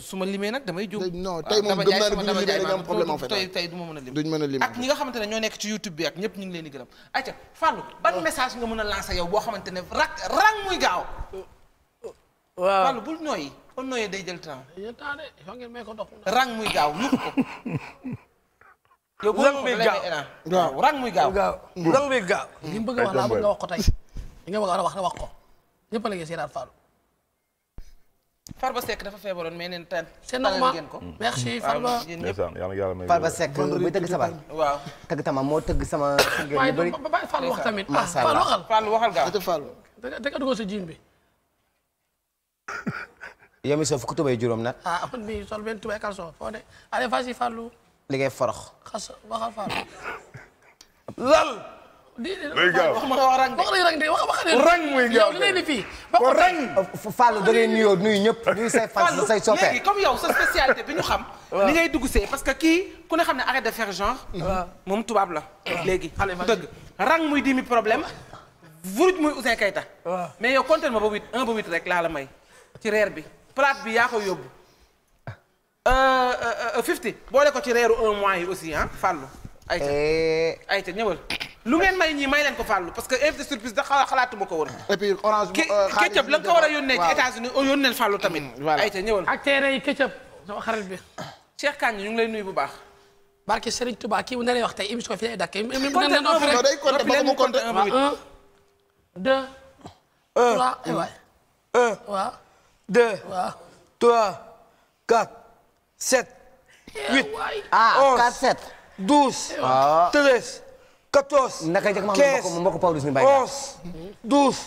su ma limee nag damay juum. no ah, tey moom gëm naa ne bu ñu limee du ma mën a lim duñ mën a lim ak ñi nga xamante ne ñoo nekk ci YouTube bi ak ñëpp ñu leen di gërëm. ayca message nga mën a lancer yow boo xamante ne rak rang muy gaaw. waaw day jël temps. rang muy gaaw ñu ko. yow rang muy mm. mm. bëgg a wax laa bëgg nga wax nga bëgg wax na wax ko ñëpp a la ngi Farba Seck dafa feebaroon mais neen tan c'est normal mm. merci Farba Farba Seck muy tëgg sabar waaw tëgg tama moo tëgg sama single yu bëri bàyyi Fall wax tamit ah, Fall waxal Fall waxal gaaw Fall dëgg dugg sa jiim bi yow mi soo fukki tubay juróom nag ah man tubay kalson foo li ngay forox xas lal day gaaw wax ma nga wax rang wax rang rang de wax rang muy gaaw yow léegi fii ko rang Fallou da ngay nuyoo nuyu ñëpp nuyu say fan say soppe léegi comme yow sa spécialité bi ñu xam ni ngay dugg see parce que kii ku ne xam ne arrête de faire genre mhm. moom tubaab la léegi dëgg rang muy dimi problème vuruj muy Ouzin Keita mais yow compter ma ba huit un ba huit rek laa la may ci reer bi plate bi yaa ko yóbbu euh, euh, euh, fifty boole ko ci reeru un mois yi aussi ah Fallou ayca eh. ayca ñëwal. lu ngeen may ñii may leen ko fàllu parce que invité surprise da xalaatuma ko woon. et puis orange euh, ketchup la nga ko war a yónnee ci États-Unis oh, yónneel fàllu tamit. Mm, voilà ayca ñëwal. ak teere yi ketchup sama xarit bi. Cheikh Kagne ñu ngi lay nuyu bu baax. barke Serigne Touba kii bu ne lay wax tey émission fi lay dakk. compté non day compté ba mu compté un deux. trois un. waaw. deux. waaw. trois. quatre. sept. Eh, huit ah quatre sept. douze. waaw ah. treize. quatorze. naka njëkk ma xam mbokk Pawlish mi bàyyi la onze. douze.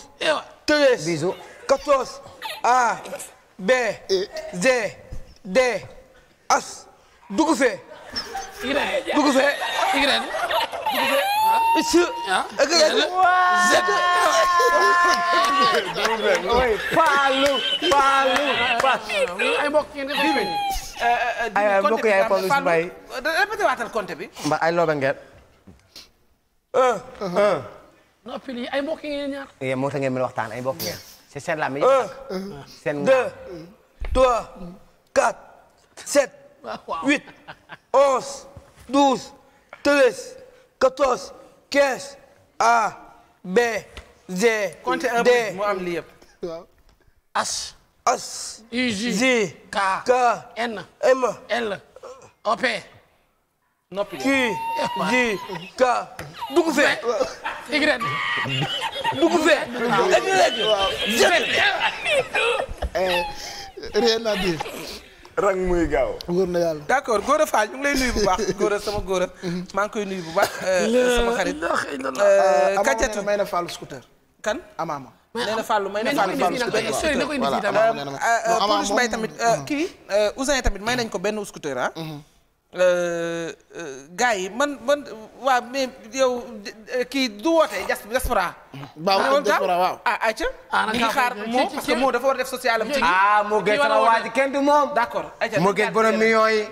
treize. bisu quatorze. A. B. Z. D. As. dugg fee. dugg fee. Monsieur. Paalu. Paalu. Uh, mbokk yaay euh, ay loobe ngeen euh, euh, noppi li eh, moo tax ngeen mën waxtaan ay mbokk ngeen c'est seen làmb yi seen deux trois quatre sept huit onze douze treize quatorze quinze A B Z D H S. U J. J. K. K. N. M. L. O P. noppi Q. J. K. dugg fee. Y. dugg fee. Eh, rang muy gaaw. d'accord Gora Fall ñu lay nuyu bu baax Gora sama Gora. maa ngi koy nuyu bu baax. Eh, sama xarit. Eh, kan amaama. nee na Fallou may na Fallou Pawlish euh, euh, Mbaye tamit euh, kii Ousin tamit may nañ ko benn scooter ah. Mhm. gars yi man man waaw mais yow kii du wootee jas diaspora. Mhm. waaw diaspora waaw ah, ah moo parce que moo dafa war a def social am. ci ah moo gën sama waa ji kenn du moom. moo gën borom millions yi.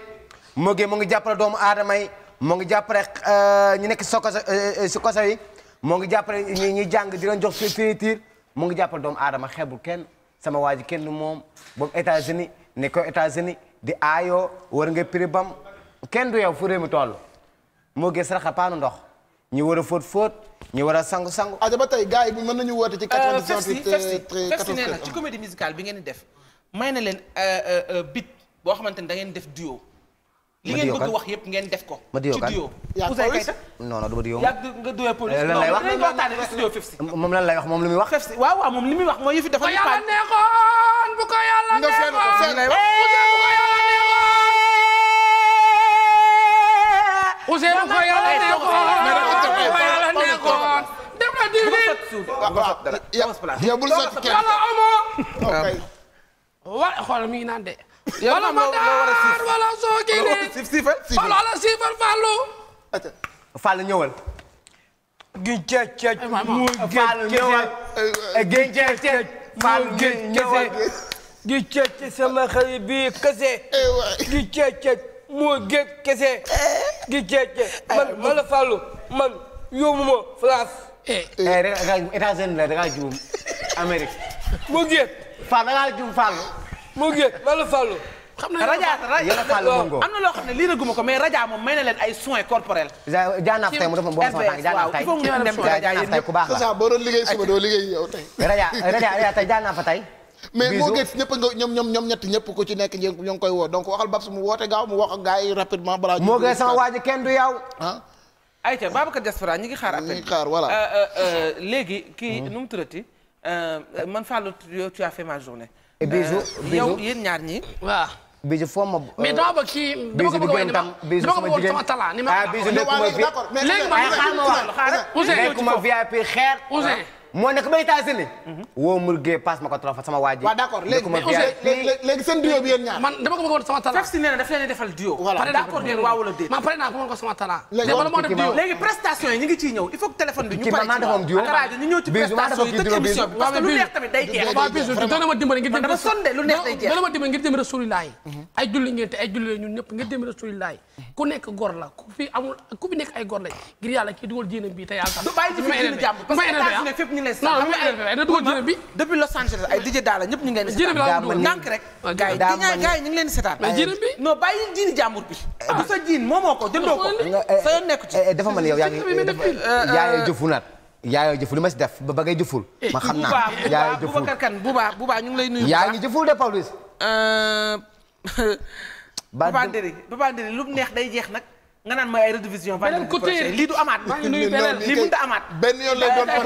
moo gën mu ngi jàppale doomu aadama yi moo ngi jàppale ñu nekk si koso si koso yi moo ngi jàppale ñi ñuy jàng di leen jox fiiritir mu ngi jàppal doomu aadama xeebul kenn sama waa ji kenn moom boobu États-Unis ne ko États-Unis di aayoo war nga prix bam kenn du yow fu mi toll moo gis raxa paanu ndox ñi war a foot fóot ñi war a sangu sangu. ah ba tey gars yi mën nañu woote ci. 98 euh, 14 euh, nee na ci comédie musicale bi ngeen def may na leen euh, bit boo xamante ni da ngeen def duo. li ngeen bëgg wax yëpp ngeen def ko. ma diyoo kan ci diyoo. Ouzin Keita non non du ma diyoo. yaa nga diyoo police lan lay wax moom lan lay wax mooy yëfi dafa. bu ko yàlla neexoon bu ko neexoon nga seetlu ko lay wax. Ouzin bu ko yàlla neexoon. dafa diwlin. yow bul sotti kenn. yàlla amoo. wa mi ngi naan de. wala ma daar wala soo génnee sif sifal wala sifal Fallou. ati Fallou mu Fallou ñëwal. mu gën kese. gàncax gàncax man man la Fallou man yóbbu ma mu gën. Fallou da ngaa juum moo gën wala Fallou. xam na raja Fallou Mongo na loo xam ne lii guma ko mais raja moom may leen ay soins corporels. jaanaaf tey mu dafa bon sama boo doon liggéey tey. mais ñëpp nga ñoom ñoom ñoom ñett ñëpp ku ci nekk ñoo ngi koy woo donc waxal Babs mu woote gaaw mu wax ak gars kenn du yow. ayca ah? Babacar Diaspora ñi ngi xaar appel ñi ngi xaar voilà. Euh, euh, euh, léegi kii hmm. nu mu tuddati man Fallou tu as fait ma journée Euh, Bijou yow yéen ñaar ñi waaw. Bijou foo ma. mais euh, dama bëgg kii dama ko bëgg a woy ni ma dama ko bëgg a woon sama talent ni ma. ah Bijou nekkuma VIP. léegi ma ah, xaaral ma wax nekkuma VIP xeer. Ouzin moo nekk ba États-Unis woo Mour Gueye passe ma ko trop sama waa ji. waaw d'accord léegi léegi seen duo bi yéen ñaar. man dama ko bëggoon sama talent. Fefsi nee na daf leen di defal duo. voilà pare d'accord ngeen waaw wala déet. man pare naa bëggoon ko sama talent. léegi wala moo def duo léegi prestation yi ñu ngi ciy ñëw il faut que téléphone bi. ñu pare ci waaw ak rajo ñu ñëw ci prestation yi tëj émission bi parce que lu neex tamit day jeex. waaw bisu dana ma dimbali ngir dem dama sonde lu neex day jeex dana ma dimbali ngir dem rasulilaay ay julli ngeen te ay julli ñun ñëpp ngir dem rasulilaay ku nekk góor la ku fi amul ku fi nekk ay góor la ngir yàlla kii dugal jéenam bi te yàlla tax ñu lay sax xam bi depuis Los Angeles ay DJ daala ñëpp ñu ngi leen di seetaan ndànk rek gars yi gars yi ñu ngi leen di seetaan mais jiini jàmbur bi du ah. sa jiin moomoo ko jëndoo ko sa yoon nekku ci eh, eh, dafa mel ni yow yaa ngi yaa ngi jëfu naat yaa ngi jëful li ma si def ba ba ngay jëful eh, ma xam naa yaa ngi jëful Boubacar Kane Bouba Bouba ñu ngi lay nuyu yaa ngi jëful de Pawlish euh, Babandiri Babandiri lu mu neex day jeex nag nga naan ma ay redivision. beneen couture lii du amaat. benn yoon lay doon par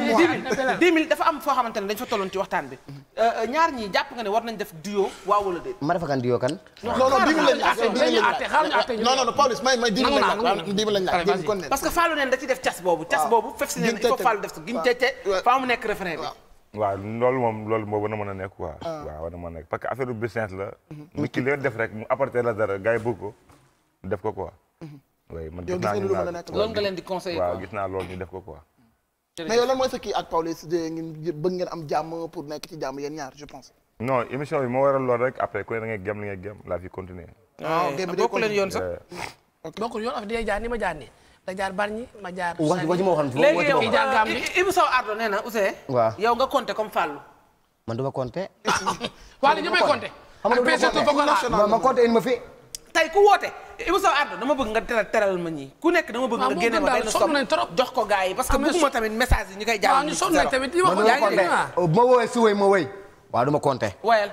dafa am foo xamante ne dañ fa loon ci waxtaan bi. Euh, euh, ñaar ñii jàpp nga ne war nañ def duo waaw wala déet. ma defa kan parce que Fallou neen da ci def cas boobu. cas boobu ah, fef si neen il faut Fallou def si gim tete faa mu nekk référent bi. Ah. waaw loolu moom loolu moom war na mën a nekk quoi. Ah. waaw war na mën a nekk parce que affaire bu business la. mu mhm. ki leen def rek mu apporter la dara gars yi ko def ko quoi mhm. oui man gis a loolu nga leen di conseillé waaw gis naa loolu ñu def ko quoi. mais yow lan mooy sa kii ak Pawlish de ngeen bëgg ngeen am jàmm pour nekk ci jàmm yéen ñaar je pense. non émission bi moo waral lool rek après ku ne da ngay gem li ngay gem la ah, ah, ni ma jaar ni da ma jaar. wax wax ci ma waxoon léegi yow Ibou Sow Ardo nee na Ousseyn. waaw yow nga compté comme Fallou. man du ma compté. waaw li ñu may compté. xam du ma compté in ma fi. tey ku woote Ibou Sow Ardo dama bëgg nga teral teral ma ñi ku nekk dama bëgg nga génne ma benn sopp nañ trop jox ko gars yi parce que bëgguma tamit message yi ñu koy jàll ñu sonn nañ tamit li ma ko jàng ma woy si woy ma woy waaw du ma compté wayal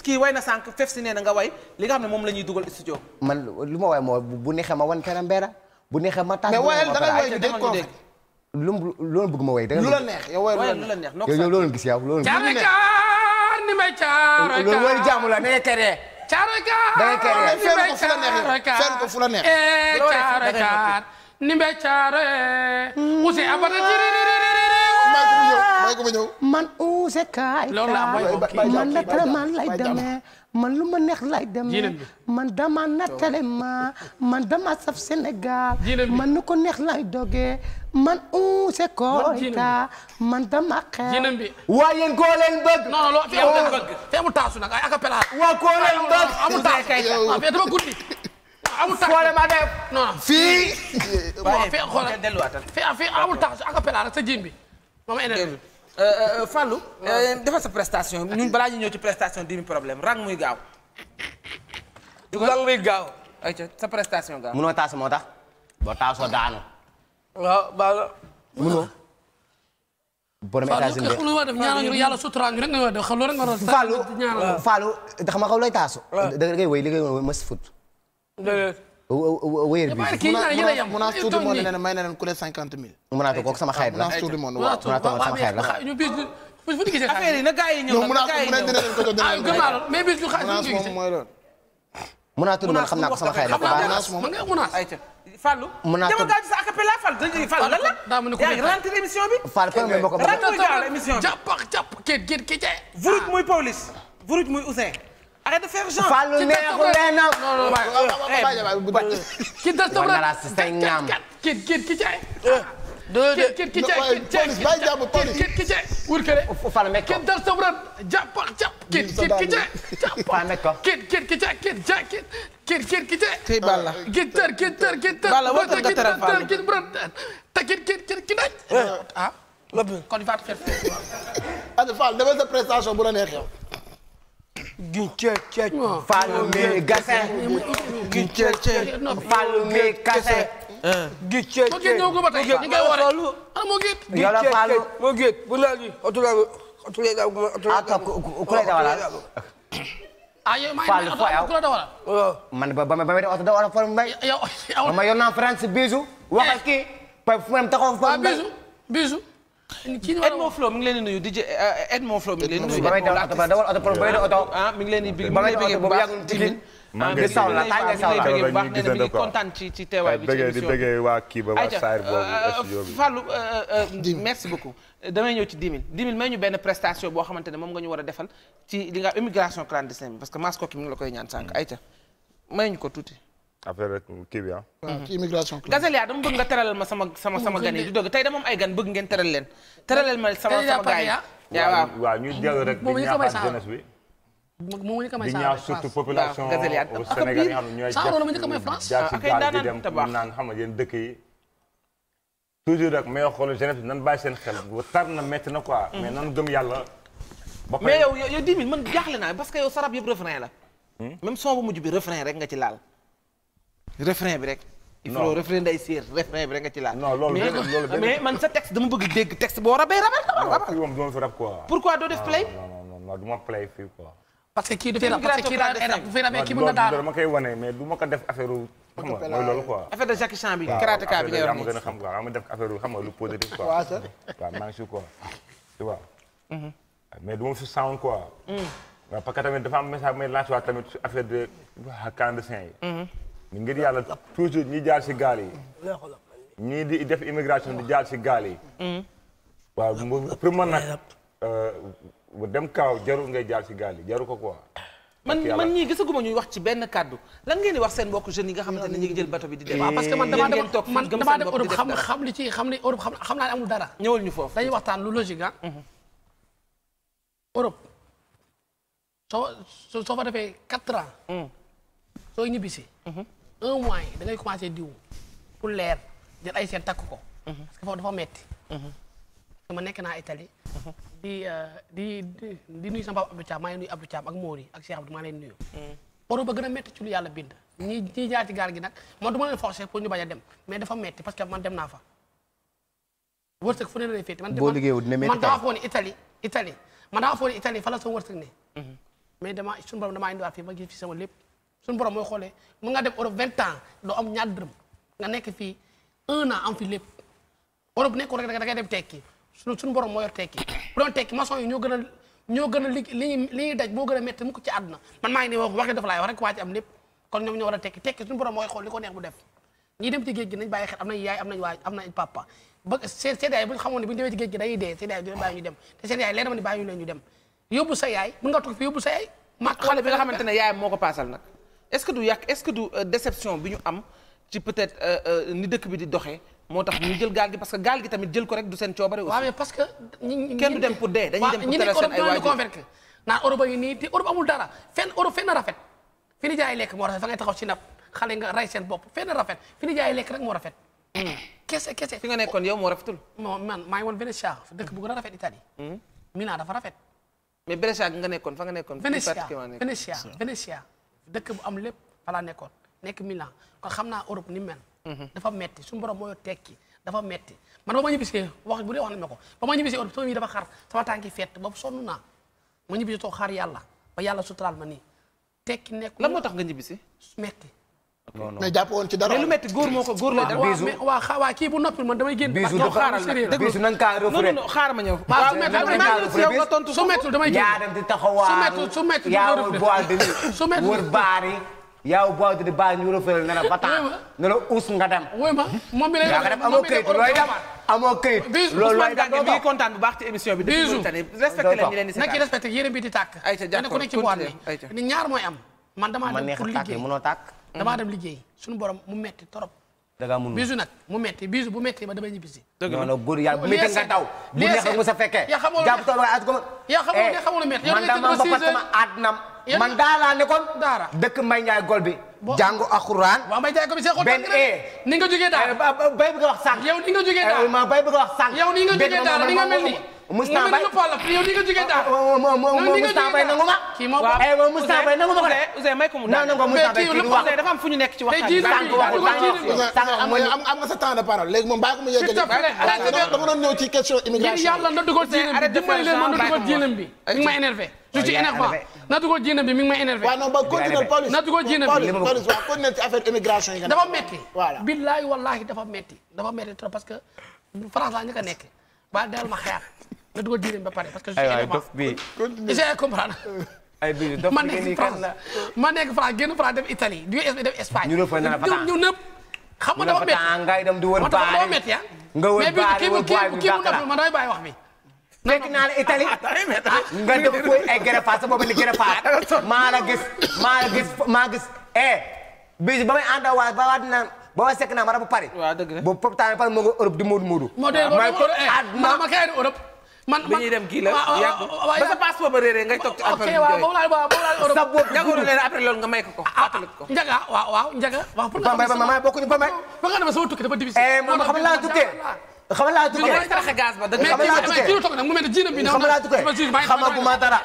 kii way na sànq fef si nee na nga way li nga xam ne moom la ñuy dugal studio man lu ma way moo bu neexee ma wan karambeera bu neexee ma tànn mais wayal da ngay way ñu dégg ko lu loolu bëgg ma way da lu la neex yow wayal lu la neex yow loolu gis yow loolu ni may caara caara loolu jaamu la nekkere ko fu la neex ni mbay caare Ousseyn abada ci maa ngi ko ñëw man Ousseyn kaay man la man lay demee man lu ma neex lay demee man dama nattale ma man dama saf Sénégal man nu ko neex lay dogee man uuse Koita man dama xew bi waa yéen koo leen bëgg non non fii oh. taasu nag ay acapella waa koo leen bëgg amul taasu kay dama guddi amul taasu xoole ma def non non fii fii xoole fii taasu acapella rek sa jim bi moom énergie Euh, euh, euh, Fallou. defal sa prestation ñun balaa ñu ñëw prestation dimi problème rang muy gaaw. rang muy gaaw. sa prestation gaaw. munoo taas moo tax. boo taasoo daanu. waaw baax na. munoo. borom états-unis de Fallou def ñaanal fut. wéer bi munaas tout le monde nee na may na leen mille. munaas kooku sama xarit munaas tout le monde waaw sama xarit la. na gars yi na munaas tout le monde xam ko sama xarit la ko baax munaas moom Fallou. munaas tout sa acapella Fallou Fallou lan la. daa mun a ko yaa ngi bi. Fallou fële mu bokk ak. rentré émission bi jàpp ak jàpp Vuruj muy police Vuruj muy Ousseyn. arrête de faire genre Fallou neexu leen na. non non non non non non non Guincece Fallume Gasse Guincece Fallume Gasse Guincece Mo Guit ñëw ko ba tey ñu koy woore ana Mo Guit Yàlla Fallu Mo Guit ah, bu la li otula otula otula ku lay dawala ayo ma ku la dawala man ba ba ma ba auto dawala form bay ma yor naa France bisu waxal kii eh. pa fu am taxaw form ah, bisu bisu ci Edmond Flo mi ngi leen di nuyu di je ah, ah, Edmond Flo mi ngi leen di nuyu. Ah, mi ngi leen di bëgg mi ngi leen di bëgg timin. maa ngi leen di kontaan ci ci teewaay bi ci émission bi waa kii ba waa Saar boobu. Fallou euh, euh, euh, merci beaucoup. damay ñëw ci 10 000 10 000 may ñu benn prestation boo xamante ne moom nga ñu war a defal ci li nga immigration clandestine bi parce que Mascoki mi ngi la koy ñaan sànq. Hmm. ayca may ñu ko tuuti. affaire rek kii bi ah. Mhm. ci immigration. Gazelle yaa dama bëgg nga teralal ma sama sama sama gan yi du dëgg tey dama am ay gan bëgg ngeen teral leen teralal ma sama sama gars yi. Ah. waaw waaw ñu jël rek di ñaaxaat jeunesse bi. moomu ñu ko may di ñaax surtout population au ah, Sénégal yi nga xam ne ñooy. saa loolu ñu ko may France jaar ci ah, gaal di dem pour naan xam nga yéen dëkk yi. toujours rek mais xool jeunesse bi nan bàyyi seen xel bu tar na métti na quoi. Mm. mais nan gëm yàlla. ba pare mais yow yow 10 000 man jaaxle naa parce que yow sarab yëpp refrain la. Hmm? même son bu mujj bi refrain rek nga ci laal refrain bi rek. il faut refrain day séer refrain bi rek nga ci laal. non loolu loolu mais man sa texte dama bëgg dégg texte boo rabee rabal. non non non quoi. pourquoi doo def play. fi rab parce que kii daan rab bu fi kii mën na daal. ma koy wane mais du ma def affaire xam nga mooy loolu de Jackie Chan bi karateka bi nga yor nii gën a xam mhm. fi sound quoi. Mhm. waaw parce dafa am message may lancé waat tamit affaire de clandestin yi. Mhm. ngir yàlla toujours ñi jaar si gaal yi. ñii di def immigration di jaar si gaal yi. waaw pour man nag euh, dem kaaw jarul ngay jaar si gaal yi jaru ko quoi. man man ñii gisaguma ñuy wax ci benn kàddu lan ngeen wax seen mbokk jeunes yi nga xamante ne ñu ngi jël bato bi di dem. waaw parce man damaa demoon toog man damaa dem Europe xam xam li xam li Europe xam naa ne amul dara. ñëwal ñu foofu dañuy waxtaan lu logique ah. Mhm. Europe soo soo fa defee quatre ans. Mhm. soo ñibbisi. Mhm. un mois yi da ngay commencé diw pour leer jël ay seet takk ko. Mhm. parce que foofu dafa metti mhm. ma nekk naa Italie. Euh, di di di nuyu sama papa Abdou ak Mori ak Cheikh Abdou maa leen nuyu. borom mhm. ba gën a metti ci lu yàlla bind. ñi ñi jaar ci gaal gi nag man du ma leen forcer pour ñu bañ a dem mais dafa metti parce que man dem naa fa. wërsëg fu ne la lay féete man boo liggéeyul dina métti man daa foog fa la sama wërsëg ne. mais dama suñu borom damaa indiwaat fii ma gis fi sama lépp. suñu borom mooy xoolee mën nga dem Europe vingt ans doo am ñaar dërëm nga nekk fii un an am fi lépp Europe nekkoon rek da ngay dem tekki suñu suñu borom moo yor tekki bu doon tekki maçon yi ñoo gën a ñoo gën a li li ñuy daj boo gën a métti mu ko ci àdduna man maa ngi nii wax waxi dafa laay wax rek waa ci am lépp kon ñoom ñoo war a tekki tekki suñu borom mooy xool li ko neex mu def ñi dem ci géej gi nañ bàyyi xel am nañ yaay am nañ waay am nañ papa ba seen seen yaay bu ñu xamoon ne bu ñu demee ci géej gi dañuy dee seen yaay du leen bàyyi ñu dem te seen yaay leer na ma ne bàyyi ñu leen ñu dem yóbbu sa yaay mën nga toog fi yóbbu sa yaay màkk wala bi nga xamante ne yaayam moo ko paasal nag est-ce que du yàq est-ce que du euh, déception bi ñu am ci peut-être euh, euh, ni dëkk bi di doxee moo tax ñu jël gaal gi parce que gaal gi tamit jël ko rek du seen coobare. aussi waaw mais parce que. ñi kenn du dem pour dee dañuy dem pour tere seen ay waajur convaincre naan Europe yi nii te Europe amul dara fenn Europe fenn rafet fi ni jaay lekk moo rafet fa ngay taxaw ci napp xale nga rey seen bopp fenn rafet fi ni jaay lekk rek moo rafet. Hmm. kese kese fi nga nekkoon yow moo rafetul. non man maa ngi woon Venezia dëkk bu gën a rafet Italie. Hmm. Milan dafa rafet. mais Brescia nga nekkoon fa nga nekkoon. Venezia Venezia Venezia dëkk bu am lépp falaa nekkoon nekk Milan kon xam naa Europe ni mhm. dafa metti suñu borom mooy tekki dafa metti man ba ma ñibbisee wax bu dee wax na ma ko ba ma ñibbisee Europe sama yi dafa xar sama tànki fett ba sonn naa ma ñibbisee toog xaar yàlla ba yàlla suturaal ma nii tekki nekk la moo tax nga ñibbisi metti mais jàpp woon ci dara la waa waa kii bu noppi man damay génn bisu du xaaral bisu na nga kaa non non xaaral ma ñëw waaw mais yow nga tontu su métti damay génn yaa nga dem woy ma moom mi lay dem amoo këyit bu baax ci émission bi bisu di respecté yére bi ni ñaar mooy am man damaa dem pour liggéey mënoo tàkk damaa dem liggéey suñu borom mu metti torop da bisu nag mu metti bisu bu metti ba dama ñibbisi non non góor yàlla bu metti nga daw bu neex nga sa fekkee jàpp tool nga at ko yaa xamul eh, ne xamul metti man dama ba sama adnam daala ne kon daara dëkk may Njaay gol bi jàngu alxuraan waaw Mbay Njaay ko bi see xol benn ni nga jógee daara eh, bay bi nga wax sànq yow ni nga jógee eh, daara ma bay bi nga wax sànq yow ni nga jógee daara ni nga mel Moustapha ma. kii moo ko moom eh, Moustapha Mbaye nangu ma ko de. Ousseyn may ko mu daal mais kii lu mu wax dafa immigration. yàlla na dugal diinam bi ma oh, na dugal diinam bi mi ngi may énervé. dafa metti billahi wallahi dafa metti dafa metti trop parce que France laa njëkk a nekk ba del nga dugal diine ba pare parce que. aywa dof bi j'ai comprendre. ay bi dof bi ngeen di kan la ma nekk France génn France dem Italie du dem Espagne. ñu doon na fa ñu ñëpp. xam nga dafa métti ngay dem di wër baare dafa métti ah. nga wër baare wër baare bi wax bi. Ah, gis maa la gis maa gis eh bii ba may ànd ak ba waat sekk naa ma bu pare. waaw dëgg la boobu pop taa pare moo ngi Europe di Moodu Moodu. moo dee ma kay Europe. man man bi ñuy dem kii la yàgg ba sa passeport ba réeré ngay toog ci affaire bi waaw moom laal waaw moom laal Europe sa bopp jagoro leen après loolu nga may ko ko ah, fàttali ko njaga waaw waaw njaga waaw pour nga xam ne bokkuñu ba may ba nga dama sama tukki dafa divisé eh man xam laa tukkee xam laa tukkee ma taraxe gaz ba dëgg xam laa tukkee jiru toog nag mu mel ne jiinam bi xam laa tukkee xamaguma dara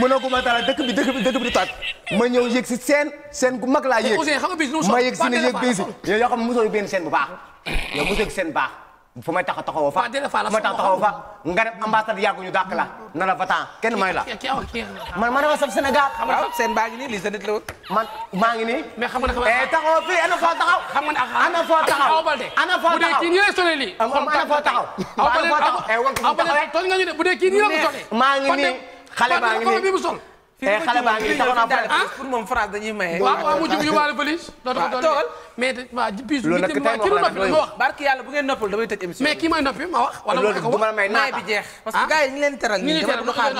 mënaguma dara dëkk bi dëkk bi dëkk bi du tàkk ma ñëw yëg si seen seen gu mag laa yëg ma yëg si ne yëg bi si yow yoo xam ne mosoo benn seen bu baax yow mosoo seen baax fu may tax a taxawoo fa fu may tax a taxawoo fa nga dem ambassade yàgguñu ma dama saf Sénégal. xam nga seen baa ngi nii lii sa nit la woon. man maa ngi nii. mais ana foo taxaw. xam nga ana foo taxaw ana ana foo taxaw. ana foo taxaw. aw ba leen aw ba leen fii eh, xale baa ngi taxaw naa fa ma wax. barki yàlla bu ngeen noppal ma wax. ma may naa bi jeex. parce que ah? gars yi ñu leen teral ñu dama du xaar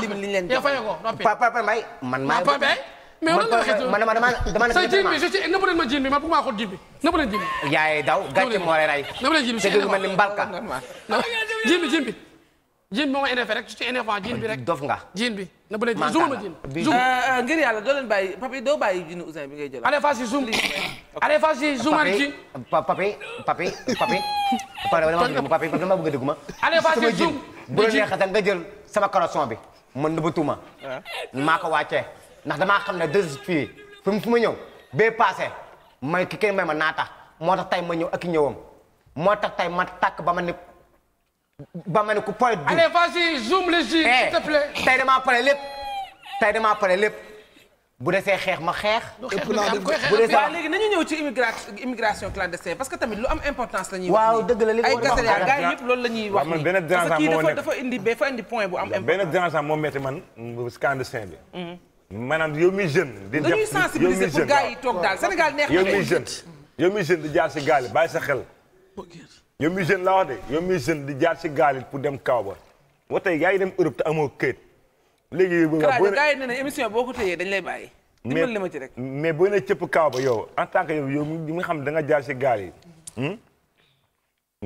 lim ma jiin jiin bi ma énervé rek je suis énervé jiin bi rek dof nga. jiin bi na bu leen jiin zoom ma jiin. zoom euh, euh, ngir yàlla doo leen bàyyi papi doo bàyyi jiinu Ouzin bi ngay jël. allez vas-y zoom allez vas-y papi papi papi papi dama bëgg a dégg ma. allez vas-y zoom bu la neexee da nga jël sama carrosson bi maa ko wàccee ndax damaa xam ne deux fi mu fi ma be bee passé may ki ma naata moo tax tay ma ñëw ak ñëwam moo tax tay ma tàkk ba ma ba ma ne ko point deux. allez vas-y zoom le jus. Eh, s'il te pare lépp tey damaa pare xeex ma xeex. ëpp naa dem bu desee léegi nañu ñëw ci immigration clandestine parce que tamit lu am importance la ñuy wax. waaw dëgg la li nga wax ay gasal gaa yëpp loolu la ñuy wax. man bu clandestin bi. maanaam yow mi jeune. di jaar si gaal yi sa xel. ñoom mi jeune la wax de mi jeune di jaar si gaal it pour dem kaw ba moo tey yaa ngi dem Europe te amoo këyit léegi gars yi ne ne émission boo ko tëyee dañ lay bàyyi dimbali li ma ci rek mais boo ne cëpp kaw ba yow en tant que yow yow mi nga xam da nga jaar si gaal yi hmm?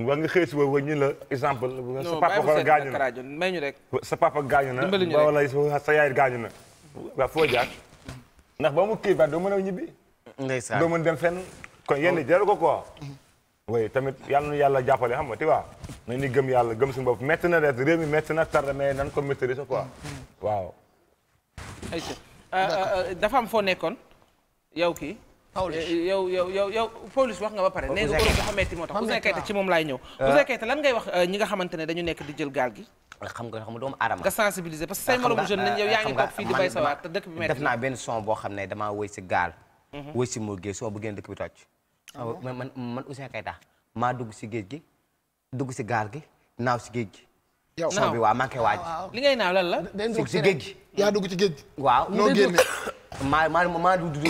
war nga xëy suba ñu la exemple sa papa wala gaañu na may ñu rek sa papa gaañu na wala sa yaay gaañu na waaw foo jaar ndax ba mu kii ba doo mën a ñibbi ndeysaan doo mën dem fenn kon yenn jaru ko ko oui tamit yàlla na yàlla jàppale xam nga tu vois nañ ni gëm yàlla gëm suñu bopp métti na de réew mi métti na tardé mais nan ko maîtriser quoi waaw. ayca euh, euh, euh, dafa am foo nekkoon yow kii. Pawlish eh, eh, yow yow ne dañu nekk di jël gaal gi. xam nga xam nga doomu aadama. Ah, ah, sa waat te dëkk bi metti def naa benn son boo xam ne damaa woy si gaal. Mhm. woy si Mourguet soo bëggee dëkk bi tàcc Ah, man man man Ouzin Keita maa dugg si géej gi dugg si gaal gi naaw si géej gi. yow naaw bi waaw manqué waaj. li ngay naaw lan si géej gi. yaa dugg ci géej waaw noo génne maa maa maa dugg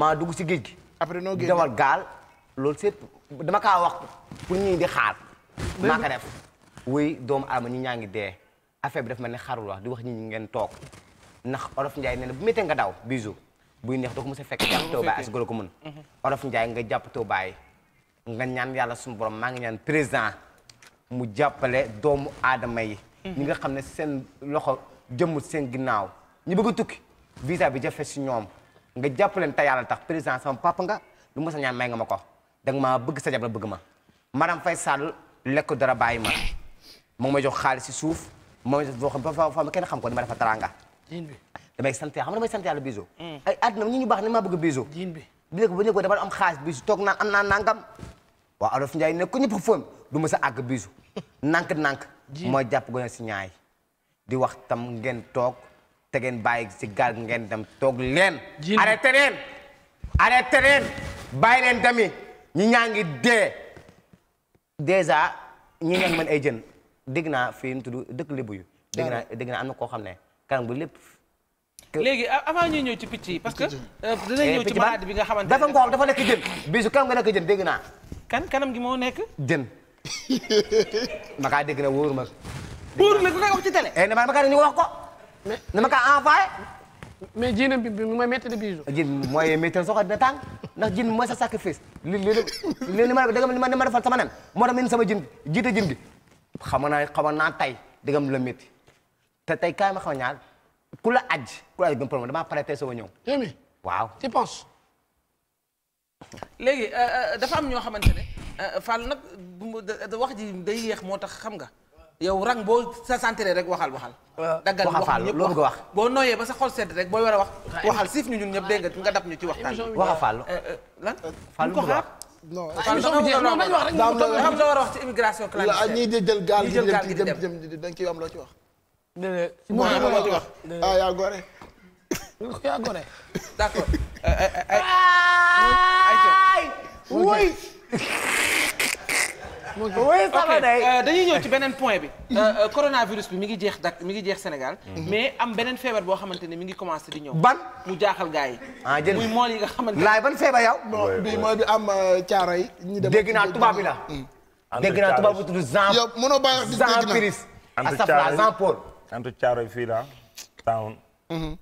maa dugg si géej gi. après noo génne dawal gaal loolu c'est dama kaa wax pour ñuy di xaar. maa ko def wuy doomu aadama ñi ñaa ngi dee affaire bi daf mel ni xarul wax di wax ñi ñu ngeen toog ndax olof Njaay nee na bu méttee nga daw bisu. buy neex doo ko mos a fekk jàpp too baay as golo ko mën mm-hmm. olof njaay nga jàpp too baay nga ñaan yàlla suñu borom maa ngi ñaan président mu jàppale doomu aadama yi mm-hmm. ñi nga xam ne seen loxo jëmut seen ginnaaw ñu bëgg a visa bi jafe si ñoom nga jàppaleen te yàlla tax président sama papa nga lu ma sa ñaan may nga ma ko dang ma bëgg sa jabar bëgg ma madame Faye Sall lekk dara bàyyi ma moom may jox xaalis si suuf moom may jox boo xam ba fa kenn xam damay sant yàlla xam nga damay sant yàlla biso mm. ay àddina ñi ñu baax ne maa bëgg biso diin bi di ko ba ñu ko am xaalis biso toog naan am naa nangam waaw alof Ndiaye ne ko ñëpp foom du ma sa àgg biso nànk nànk mooy jàpp gone si ñaay di wax tam ngeen toog te ngeen bàyyi si gaal ngeen dem toog leen arrêté leen arrêté leen bàyyi leen tamit ñi ñaa ngi dee dèjà ñi ngeen mën ay jën dégg naa fi mu tudd dëkk lébu am na koo xam ne léegi avant ñuy ñëw ci picc yi parce que euh, dinañ eh, ñëw ci maladie bi nga xamante dafa ngoog dafa nekk jën bisu kanam nga nekk jën dégg naa kan kanam gi moo nekk jën ma kaa dégg na wóor ma wóor la ku koy wax ci eh, ne ma ma kaa ñu wax ko na ma kaa envoyé mais jina bi bi mooy métti bisu jin mooy métti soxla dina tàng ndax jin mooy sa sacrifice li li li ma dégg ma ma defal sama nen moo tax min sama jin jiite jin bi xam naa xam naa tay dégg la métti te tey kaay ma xam ñaar ku la aj ku la aj benn problème damaa pare tey sama ñëw. waaw tu penses. léegi dafa am ñoo xamante ne Fall nag wax ji day yéex moo tax xam nga yow rang boo sa sentiree rek waxal waxal. daggal waxal ñëpp wax boo nooyee ba sa xol sedd rek booy war a wax. waxal siif ñu ñun ñëpp dégg nga nga dab ñu ci waxtaan bi. waxa Fall lan Fall ko xaar. non émission bi non wax rek. nga war a wax ci immigration clandestine. ñi di jël gaal di di dem dañ ciy am loo ci wax. déedéet. moo ma ci wax ah yaa gore. yaa ñëw ci beneen point bi. Eh, eh, coronavirus bi mi ngi jeex dak mi ngi jeex Sénégal. Mhm. mais am beneen feebar boo xamante ne mi ngi commencé di ñëw. ban mu jaaxal gars yi. ah jërëjëf muy mool yi nga xamante ne. laay ban feebar yow. non bii eh, yi. ñu dem dégg naa tubaab bi la. Mm. dégg naa tubaab bu tudd Jean Paul. entre Thiaroye fii la town mhm.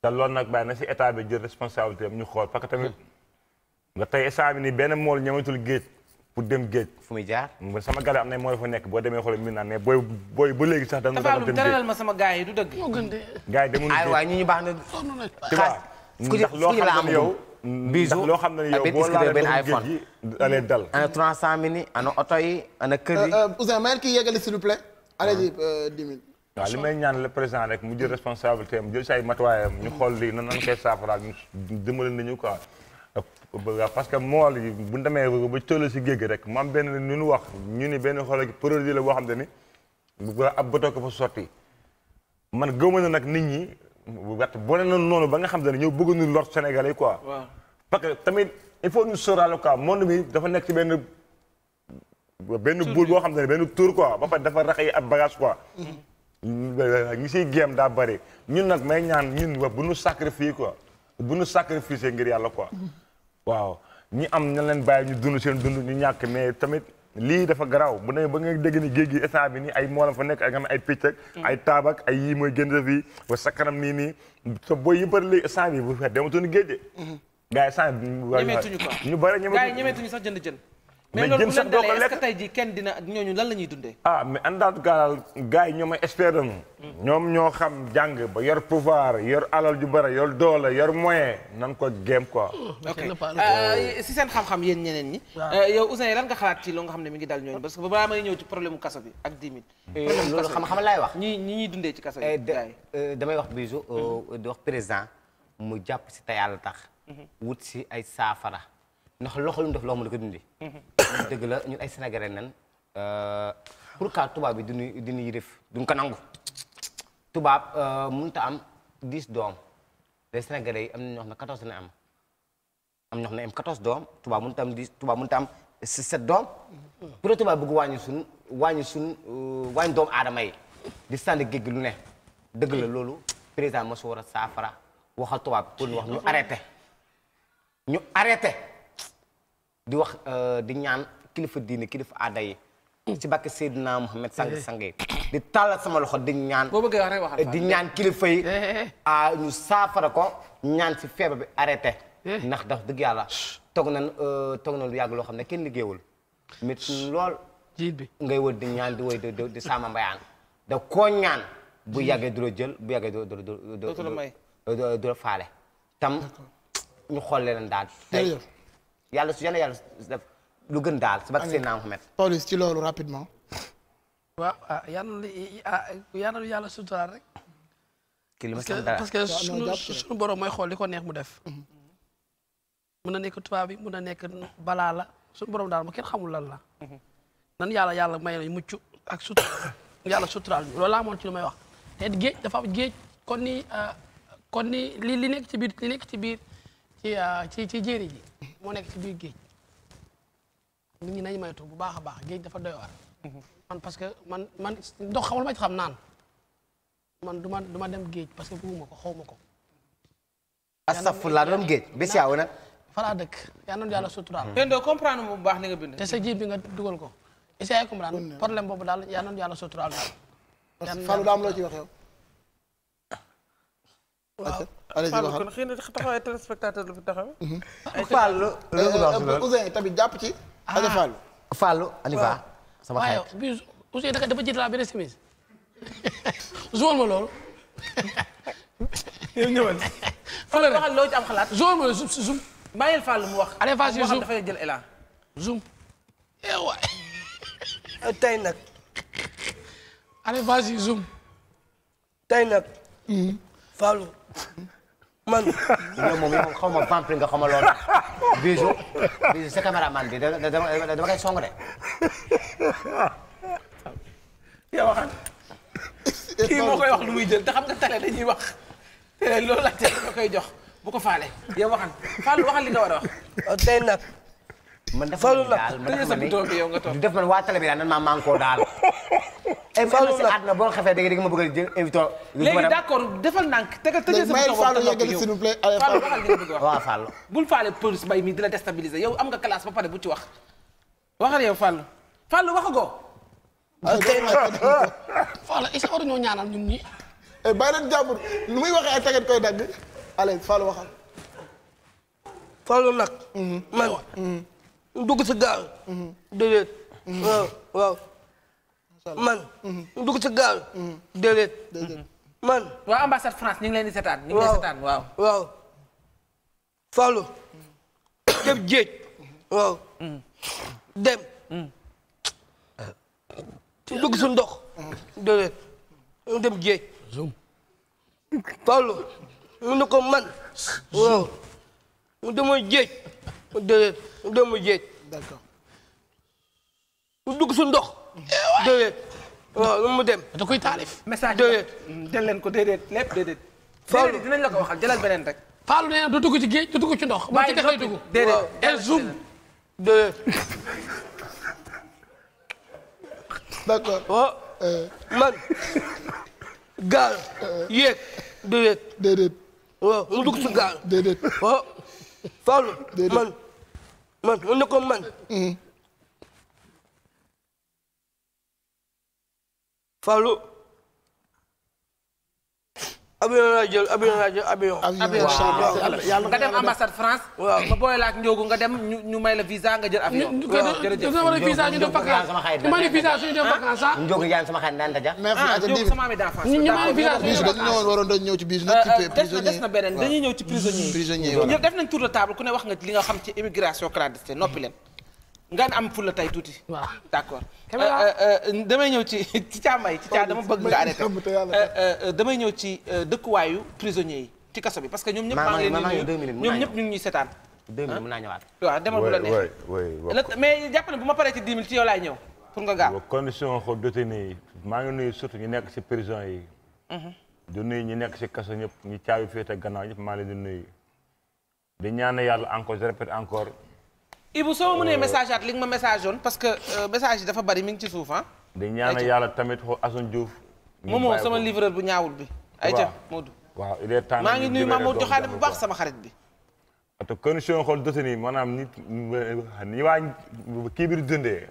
te nag bàyyi na si état bi jël responsabilité am ñu xool parce que tamit nga tey état bi ni benn mool ñamatul géej pour dem géej. fu muy jaar sama gàllankoor am na mooy fa nekk boo demee xool mi naan mais booy booy ba léegi sax. dañu doon dem ma sama gars yi du dëgg. moo gën de gars yi demuñu géej aywa ñu baax na. ku ci ku ci la am loo xam ne yow boo laalee benn dal. ana 300 mini ana oto yi ana kër yi. Euh, euh, Ousseyn maa ngi leen kii yeggali s'il vous plaît. waaw li may ñaan le président rek mu jël responsabilité am jël say matuwaayam ñu xool lii nan nan koy saafaraal ñu dimbali nañu quoi parce que mool yi bu demee ba toll si géej gi rek mu am benn nu ñu wax ñu ni benn xool ak produit la boo xam te ni bu ab bato ko fa sotti man gëwma na nag nit ñi wat bone na noonu ba nga xam te ne ñoo bëgg ñu lor Sénégalais quoi parce que tamit il faut ñu sóoraale quoi monde bi dafa nekk ci benn benn buul boo xam te ne benn tour quoi ba pare dafa rax yi ab bagage ñu siy géem daa bëri ñun nag may ñaan ñu wa bu nu sacrifice quoi bu nu sacrifice ngir yàlla quoi waaw ñu am ña leen bàyyi ñu dund seen dund ñu ñàkk mais tamit lii dafa garaaw bu ne ba nga dégg ni géej gi instant bi nii ay moolam fa nekk ak nga ay picc ak mm. ay taabak ay yii mooy gën fii ba sa kanam nii nii te booy yëppar léegi instant bi bu fekk dematuñu géej mm-hmm. gars yi instant ñu bëri ñemetuñu sax jënd jën mais loolu tey jii kenn dina ñooñu lan la ñuy dundee. ah mais gaa tout cas gars yi ñoom ay ñoom ñoo xam jàng ba yor pouvoir yor alal ju bëri yor doole yor moyen nan ko géem quoi. Hmm, ok euh, si seen xam-xam yéen ñeneen ñi. Euh, yow Ouzin lan nga xalaat ci loo nga xam ne mi ngi daal ñooñu parce que ba may ñëw ci problème mu kaso bi ak dix mille. Hmm. Euh, loolu xam-xam laay wax. ñi ñi ñuy dundee ci kaso bi eh, gars yi. damay wax bisu hmm. di wax président mu jàpp si te yàlla tax. wut si ay saafara ndax loxo lu mu def loo mën ko dundee. dëgg la ñun ay sénégalais nan ka euh, tubaab bi duñu duñu yërëf duñ ko nangu tubaab euh, mënut a am dix doom les sénégalais yi am na ñoo xam ne quatorze na am am ñoo xam ne am quatorze doom tubaab mënut a am dix tubaab mënut a am doom pour que tubaab bëgg wàññi suñ wàññi suñ euh, wàññi doomu aadama yi di sànni géej gi lu ne dëgg la loolu président ma su war a saafara waxal tubaab pour ñu wax ñu arrêté ñu di wax euh, di ñaan kilifa diine kilifa aada yi ci bàkk Seydina Mouhamed sang sang yi di tàllal sama loxo di ñaan di ñaan kilifa yi a eh, eh, eh. ñu saafara ko ñaan si feeba bi arrêté ndax daf dëgg yàlla toog nañ euh, toog nañ lu yàgg loo xam ne kenn liggéeyul métti lool ngay wër di ñaan di woy di di saama mbayaan da koo ñaan bu yàggee du la jël bu yàggee du du du du faale tam ñu xool leen daal yàlla su yàlla yàlla def si barke Seydina Muhammad Pawlish ci loolu rapidement waaw ah yàlla lu ah, yàlla suturaal rek ki li ma xam dara parce que suñu borom mooy xool li ko neex mu def mhm. mun na nekk tubaab bi mun na nekk balaa la suñu borom daal ma kenn xamul lan la nan yàlla yàlla may nañ mucc ak sut yàlla suturaal ñu loolu laa moon ci lu may wax te géej dafa am géej ah, li nekk ci li nekk ci biir ci ah, moo nekk ci biir géej nit ñi nañ maytu bu baax a baax géej dafa doy war man parce que man man ndox xamul ma ci xam naan man du ma du dem géej parce que ma ko xaw ma ko astafurlaa doon géej bés yaaw nag falaa dëkk yaa noonu yàlla suturaal yéen doo comprendre bu baax ni nga bind te sa ji bi nga dugal ko essayé comprendre problème boobu daal yaa noonu yàlla suturaal daal Fallou daa am allez Fallou kon xëy na taxawaay téléspectateur la fi taxawee. Mhm. Fallou loolu euh, euh, Ousseyn tamit jàpp ci. Ah. Aliou Fallou. Fallou Alifa sama xarit. waaw bi Ousseyn dafa dafa jiitalaa benn simis. zool ma loolu. yow ñëwal. Fallou waxal loo ci am xalaat. zool ma loolu zoom zoom. bàyyil Fallou mu wax. Aliou Fallou zoom mu wax dafay jël élan. zoom. waay. Euh, tey nag. Aliou Fallou zoom. tey nag. Mhm. Fallou. Mhm. man yow moom yow xaw ma ventre nga xam ma loolu bisu bisu sa caméraman bi dama dama koy song de. yow waxaat kii moo koy wax lu muy jël te xam nga télé dañuy wax télé loolu la télé da koy jox bu ko faale yow waxaat Fallou waxal li nga wax man dafa daal man dafa man def man waa télé bi daal nan maa maa ngi koo daal. Fallou la àdduna boo xefee dégg nga ma bëgg a jël invité. léegi d'accord defal ndànk tegal tëjee sa tool waxtaan ak yow Fallou waxal li nga bëgg a wax. waaw Fallou bul faale police mbay mi di la déstabiliser yow am nga classe ba pare bu ci wax. waxal yow Fallou Fallou waxagoo. Fallou est-ce que waruñoo ñaanal ñun ñi. Eh, bàyyi leen jàmbur lu muy waxee ay teget koy dagg. allez Fallou waxal. Fallou nag. Mm-hmm. man. dugg si gaal. déedéet. waaw waaw. man. Mm-hmm. dugg si gaal. Mm-hmm. déedéet. Mm-hmm. man. waaw ambassade France ñu ngi leen di seetaan ñu ngi leen waaw. waaw. Fallou. dem jéej. waaw. dem. dugg si ndox. déedéet. dem jéej. Fallou. mu ne ko man. waaw. mu demoon jéej. déedéet doomu jéej. d'accord mu dugg su ndox. Eh, déedéet waaw lu mu dem. da koy taalif. message déedéet jël leen ko déedéet lépp déedéet. Faalu la ko waxal jëlal beneen rek. Faalu nee na du dugg ci géej du dugg ci ndox. waaye ndox mi dugg déedéet el zoom déedéet. d'accord waaw oh, euh. man gaal. Euh. yéeg mu dugg ci gaal. Fallou man man man ko man. Mm-hmm. Fallou. avion laa jël avion laa jël avion. avion waaw nga dem ambassade France. waaw nga booy laak Ndiogu nga dem ñu ñu may la visa nga jël avion. jërëjëf dina ma ne visa ñu dem vacance ñu ma ne visa suñu dem vacance ah. Ndiogu yaa ngi sama xarit naan daja. ah Ndiogu sama ami d'enfance. ñu ma ne visa suñu dem vacance dañu ñëwoon waroon dañu ñëw ci biir. Euh, euh, prisonnier des na beneen dañuy ñëw ci prisonnier. prisonnier def nañ tour de table ku ne wax nga li nga xam ci immigration clandestine noppi leen nga am fula tay tuuti. waaw d'accord euh, euh, euh, damay ñëw ci ci caamay ci caa dama bëgg nga arrêté damay ñëw ci dëkkuwaayu prisonniers yi ci kaso bi parce que ñoom ñëpp. maa ngi nuyu ñëpp ñu ngi ñuy seetaan. deux minutes ah. mën naa ñëwaat. ma paree surtout ñu nekk ci prison yi. Mhm. du nuyu ñu nekk ci kaso ñëpp ñu caabi féete gannaaw ñëpp maa leen di nuyu. di ñaan yàlla encore je encore Ibou soo mënee oh. message at li nga ma message woon parce que euh, message yi dafa bari mi ngi ci suuf ah. di ñaanal yàlla tamit xo Assane Diouf. moomoo sama livreur bu ñaawul bi. ay ayca Modou. waaw il est temps maa ngi nuyu bu baax sama xarit bi. te condition xool dësën yi waa kii biir dundee.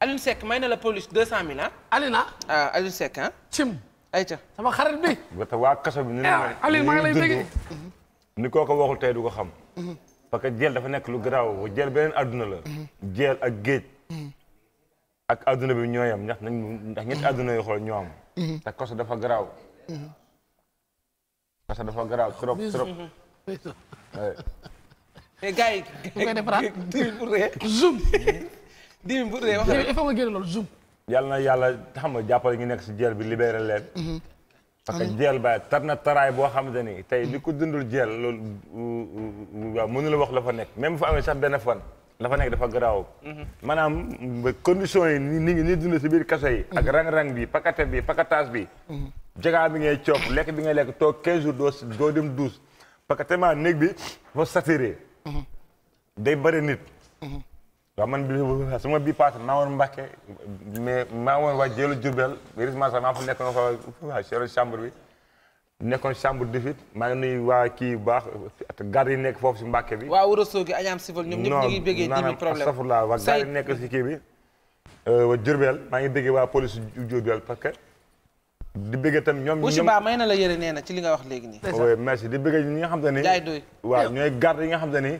Alioune may na la police deux cent mille ah. Alina ah Alioune ah. sama xarit bi. waa kaso bi ni eh, maa ngi lay dégg. ni koo ko waxul tey du xam. Mm-hmm. parce que jël dafa nekk lu garaaw jël beneen àdduna la. jël ak géej. ak àdduna bi ñoo yam ndax nañ ndax ñetti àdduna yoo xool ñoo am. dafa garaaw. koso dafa garaaw trop trop. mais gars yi. bu koy defaraat diwin nga génn loolu zoom. yàlla na yàlla xam nga jàppale ñu nekk si jel bi libéré leen. Mhm. parce que jeel ba tar taraay boo xamante ni tey li ko dundul jeel loolu waaw mënu la wax la fa nekk même fa amee sax benn fan la fa nekk dafa garaaw mhm. maanaam condition yi ni ngi ni si biir kaso yi ak mhm. rang-rang bi pakate bi pakataas bi mhm. jagaa bi ngay coof lekk bi ngay lekk toog 15 jours doo dem douze parce que néeg bi fa saturé day bëri nit waaw man bi sama bii paase maa woon Mbacke mais maa woon waa Jéelu Jurbel maa bi nekkoon chambre de maa ngi nuyu waa kii bu baax garde yi nekk foofu si Mbacke bi. waaw Ourossogui gi Agnam Civil ñoom ñëpp ñu ngi bëggee dix problème si kii bi euh, waa maa ngi bëggee waa police Jurbel parce que di bëggee tam ñoom ñoom ba may na la yëre nee na ci li nga wax léegi nii. oui merci di bëggee ñi nga xam te ni. jaay doy ñooy garde yi nga xam te ni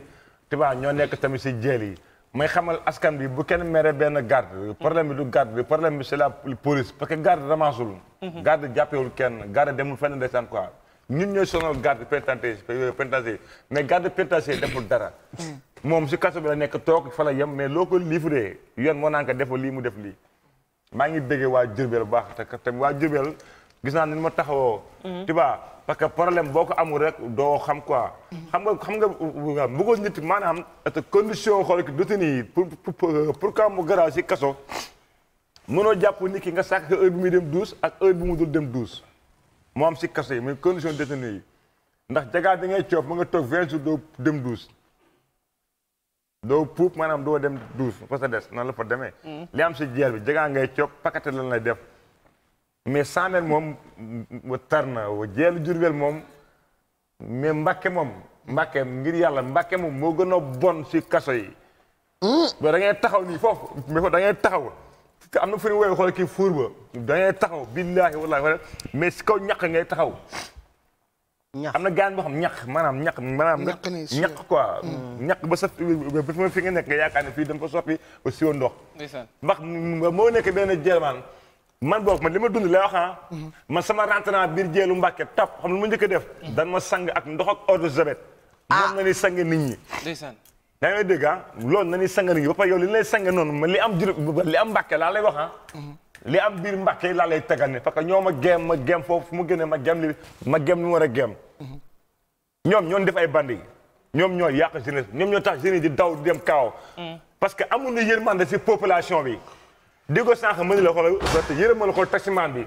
tubaab ñoo nekk tamit si jeel yi may xamal askan bi bu kenn mere benn garde problème bi du garde bi problème bi c'est la police parce que garde ramassul mhm. garde jàppewul kenn garde demul fenn ndeysaan quoi ñun ñooy sonal garde pénitentiaire pénitentiaire mais garde dem deful dara mhm. moom si kaso bi la nekk toog fa la yem mais loo ko livré yoon moo naan ko lii mu def lii maa ngi béggee waa Jurbel bu baax te tamit waa Jurbel gis naa ni ma taxawoo mhm. tu parce que problème boo ko amul rek doo xam quoi. xam nga xam nga bëggoon nit maanaam. te condition xool ki détenu yi pour pour euh, que mu garaaw si kaso. mënoo jàpp ni ki nga sàkk heure bi muy dem douze ak heure bi mu dem douze. moo am si kaso yi muy condition détenu yi ndax jagaa bi ngay coob mu nga toog vingt jours doo dem douze. doo maanaam doo dem douze fa sa des noonu la fa demee. Mm. li am si jeer bi jagaa ngay coob pakate lan lay def. mais Samel moom tar na jeelu Jurbel moom mais Mbàkke moom Mbàkke ngir yàlla Mbàkke moom moo gën a bon si kaso yi. Hmm? ba da ngay taxaw nii foofu mais foofu da ngay taxaw te am na fu ñu woowee xool kii fuur ba da ngay taxaw billaahi wallaahi mais si kaw ñaq ngay taxaw. ñax am na gaan boo xam ñax maanaam ñax maanaam. ñax quoi. Hmm. ñax ba sa ba fi nga nekk nga yaakaar ne fii da nga ko soppi ba siwoon ndox. ndax moo nekk benn Jerman. man book ma li ma dund lay wax ah. mhm. ma sama rentrant biir jéelu Mbàkke tap xam lu mu njëkk a def. Mhm. dan ma sang ak ndox ak eau de Javel. na ah. ni sang nit ñi. ndeysaan. yaa ngi dégg ah. loolu na ni sang nit ñi li lay sang noonu man li am jur li am Mbàkke laa lay wax mhm. li am biir Mbàkke laa lay tegal ne parce que ñoo ma gem ma gem foofu fu mu génnee ma gem li ma gem lu mu war a gem. ñoom ñoo def ay bandi ñoom ñoo yàq jeunesse ñoom ñoo tax jeunesse di daw di dem kaaw. parce que amuñu yërmande si population bi. di ko sànq mën la xool yërëmal xool taximan bi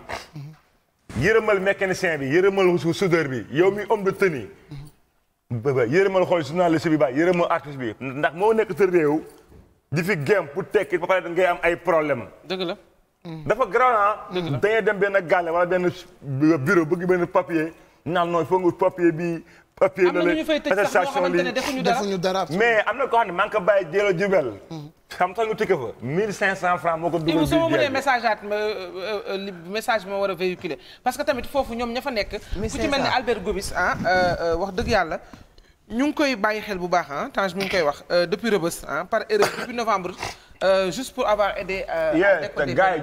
yërëmal mécanicien bi yërëmal soudeur bi yow mi homme de tenue yërëmal xool journaliste bi ba yërëmal artiste bi ndax moo nekk sa réew di fi gem pour tekki ba pare ngay am ay problème la dafa garaaw ah. naa dangay dem benn gàlle wala benn bureau bëgg benn papier naan noonu foo nga papier bi papier la attestation li defuñu dara mais am na ko xam ne maa ngi ko bàyyi jéelo jubel mm-hmm. xam sax nga tike fa 1500 moo ko dugal. su ma mënee message aat ma euh, euh, euh, message ma war a véhiculer parce que tamit foofu ñoom ña fa nekk. ku ci mel ni Albert Gomis ah, wax dëgg yàlla. ñu ngi koy bàyyi xel bu baax ah Tange mi ngi koy wax depuis Rebeuss ah par erreur depuis novembre. juste pour avoir aidé. te gars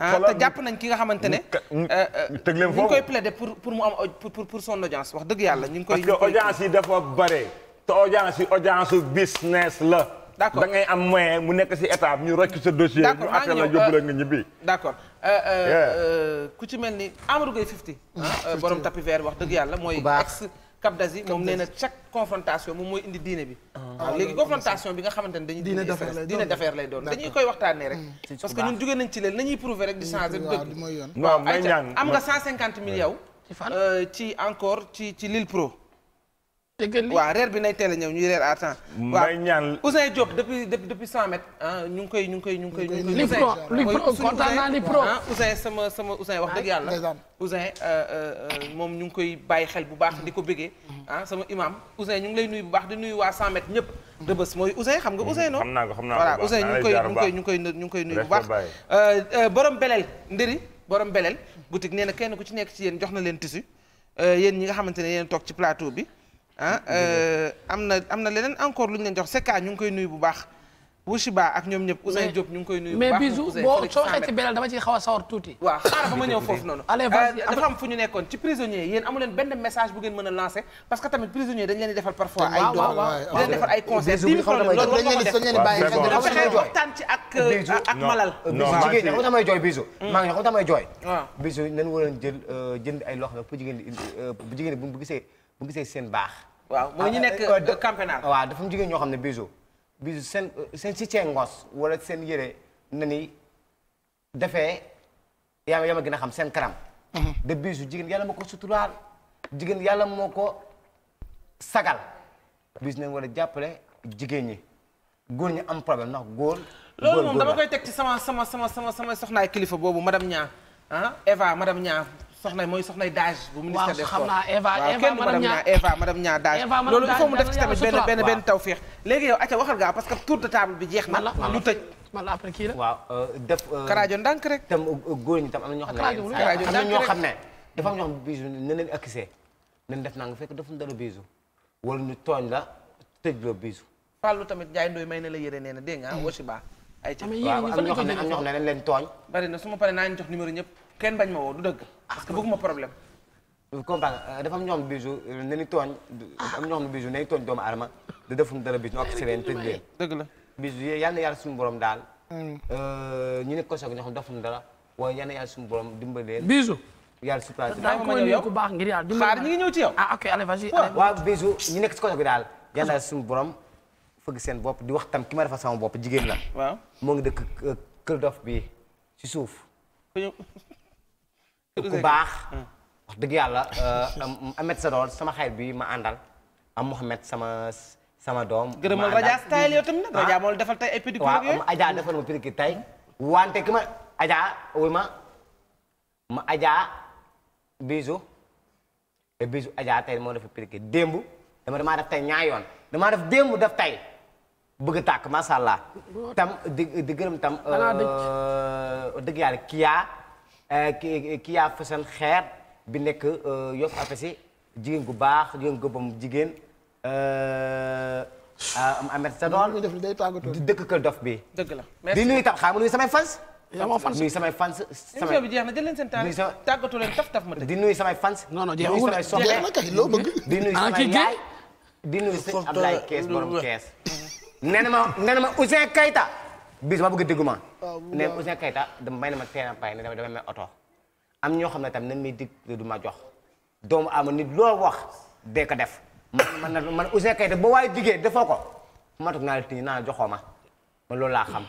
ah, ah, jàpp nañ ki nga xamante ne. teg leen foofu ñu ngi koy plaider pour pour mu am audience dëgg yàlla ñu ngi koy. ñu ngi koy parce que audience yi dafa bare. te audience yi audience business la. d'accord da ngay am moyen mu nekk si état ñu rocc sa dossier. ñu àtte la yóbbu euh, ñibbi. d'accord euh, euh, ku ci mel ni Amadou Gueye Fifty. Ah, borom tapis vert wax dëgg yàlla mooy. ex Cap d'Asie moom nee na chaque confrontation moom mooy indi diine bi. Ah. Ah, léegi confrontation bi nga xamante ne dañuy. diine d'affaire lay doon diine d'affaire lay doon dañuy koy waxtaanee rek. Hmm. parce que ñun jóge nañ ci leen la ñuy rek di hmm. changer hmm. dëgg. waaw am nga 150 millions yow. ci encore ci ci Lille Pro. waaw reer bi nay teel a ñëw ñuy reer à temps. may ñaan Ousseyn Diop depuis mètres. ñu ngi koy ñu ngi koy ñu ngi koy. li pro li pro kontaan naa li ñu ngi koy bàyyi xel bu baax di ko bëggee. ah sama imam Ousseyn ñu ngi lay nuyu bu baax di nuyu waa cent mètres ñëpp. dëbës mooy ko xam naa ko voilà Ousseyn ñu ngi koy bu baax. nee na kenn ku ci nekk ci yéen jox na leen tissu yéen ñi nga xamante ne yéen toog ci plateau bi ah euh, am na am na leneen encore lu ñu leen jox Seka ñu ngi koy nuyu bu baax. Wushiba ak ñoom ñëpp Ousseynou Diop ñu ngi koy nuyu. bu baax mais bisu boo soo tuuti. waaw xaaral ba euh, nekkoon ci prisonniers yéen amu leen benn message bu ngeen mën a lancer parce que tamit prisonniers dañ leen di defal parfois. ay doom ay conseils. bisu bi xam nga loolu war nga jigéen ñi mm. euh, jigéen bu gisee seen baax waaw mooy ñu ah, nekk eh, eh, campénal. waaw dafa mu jigéen ñoo xam ne bisu bisu seen seen si cee ngos wala seen yére na ni defee yaa yaa ma gën a xam seen karam. Mhm. de bisu jigéen yàlla moo ko suturaal jigéen yàlla moo ko sagal bis nañ war a jàppale jigéen ñi góor ñi am problème ndax góor. loolu moom dama koy teg ci sama sama sama sama sama soxnaay kilifa boobu madame Niang ah Eva madame soxna mooy soxnay Dage. bu ministère des sports waaw xam naa Eva Eva madame Niang Eva loolu il faut mu def ci tamit benn benn benn tawféex. léegi yow acca waxal gaa parce que tour de table bi jeex na. lu tëj man la après euh, euh, rek. tam euh, góor ñi tam am na ñoo xam ne. karaajo ndànk rek na def naa nga fekk defuñ dara bisu wala ñu tooñ la tëj la bisu. Fallou tamit Ndiaye Ndoye may na la nee na dégg nga Woshiba. ay ca leen tooñ. bari na su ma paree naa ñu jox numéro ñëpp kenn bañ ma woo du dëgg parce que bëgguma problème. comprendre dafa am ñoo xam ne Bijou ne ni tooñ da defum dara Bijou ñu ak si la Bijou yal na yàlla suñu daal. Hmm. Euh, ñu nekk ko soog ñoo xam defum dara waaye yal na yàlla suñu borom dimbali leen. Bijou. yàlla sutura si daal baax ngir yàlla dimbali xaar ñu ngi ah, ok allez vas-y waaw Bijou ñu nekk si kosoog bi daal yal na yàlla suñu borom fëgg seen bopp di wax tam ki ma defa sama bop jigéen la. waaw moo ngi dëkk kër dof ku baax ah. wax dëgg yàlla euh, Ahmed Sador sama xarit bi ma àndal am Mohamed sama sama doom gërëmal Raja style yow tamit nag ah. defal tey ma pédicure tey wante ki ma Adja wuy ma ma Adja bisu te bisu Adja tey moo defal démb dama damaa def tey ñaar yoon dama def démb def tey bëgg tàkk macha tam di di tam euh, dëgg yàlla Euh, ki ki yaa fësal xeer bi nekk a euh, Apesi jigéen gu baax jigéen gu bam jigéen. Euh, Ameth Sador di dëkk Kër Dof bi. dëgg la merci di nuyu tam xaaral ma nuyu samay fans. yaa ma fans nuyu samay fans. émission bi jeex na jël leen seen taal tàggatoo leen taf ma di nuyu samay fans. non non jeexul jeex na kay loo bëgg. di nuyu ah, samay yaay di nuyu sëñ Ablaye Kees borom Kees. nee na ma bis ma bëgg dégguma ne Ouzin Keita dama may na ma teena pay ne dama dama may oto am ñoo xam ne tam nañ may dig du ma jox doomu ama nit loo wax dee ko def man a man Ouzin Keita ba waaye digee defoo ko ma toog naa la tiñi ma loolu laa xam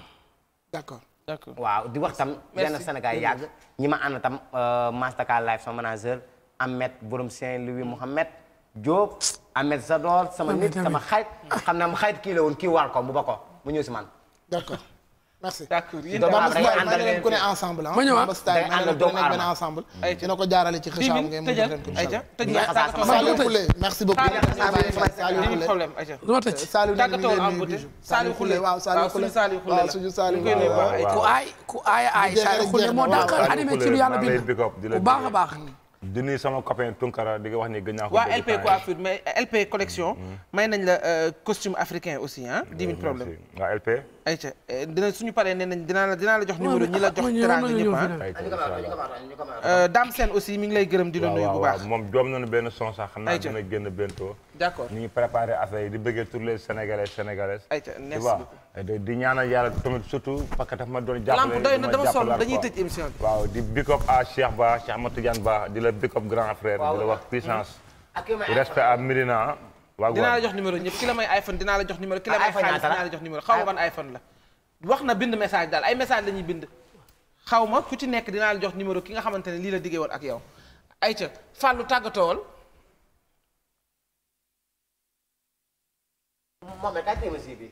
d'accord d'accord waaw di wax tam yenn Sénégal yàgg ñi ma ànd tam euh, Mastercard live sama manager Ahmed borom Saint-Louis Mohamed Diop sa Zador sama nit sama xarit xam naa xarit kii la woon kii war ko mu ñëw si man merci d'accord yéen leen ko ne ensemble ah. ma ñëw ah ensemble. dina ko jaarale ci xëccaam ngeen mën leen ko. ayca tëj Saliou Khoulé merci beaucoup. Saliou Khoulé waaw Saliou Khoulé waaw ku aay ku aay aay Saliou Khoulé moo dàqal animé ci lu yàlla bind bu baax a baax. di nuyu sama copain Tunkara di nga wax ni gën naa ko. waa LP coiffure mais LP collection. Mm-hmm. may nañ la euh, costume africain aussi ah. 10 000 problème waa LP. ayca euh, dina suñu paree nee nañ dinaa la dinaa la jox numéro ñi la ah, jox. teraanga ñëpp ah. Dame Sène aussi mi ngi lay gërëm di la nuyu bu baax. moom joom nañu benn son sax xam naa dina génn bentoo d'accord ñu ngi préparé affaire yi di bëggee tous les sénégalais sénégalaises. ayca merci beaucoup di surtout parce que ma doon jàppale. doy na dama sonn dañuy tëj émission bi. waaw di big up à Cheikh Ba Cheikh Ahmed Tidiane di la big up grand frère. di la wax puissance. respect à Médina. Ah. dinaa la jox numéro ñëpp ki la may iPhone dinaa la jox numéro. ki la may xaalis ah, dinaa la jox numéro xaw ma ban ah. iPhone la. wax na bind message daal ay message la ñuy bind. xaw ma ku ci nekk dinaa la jox numéro ki nga xamante ne lii la diggee woon ak yow. Mohamed kaay téye ma si bi.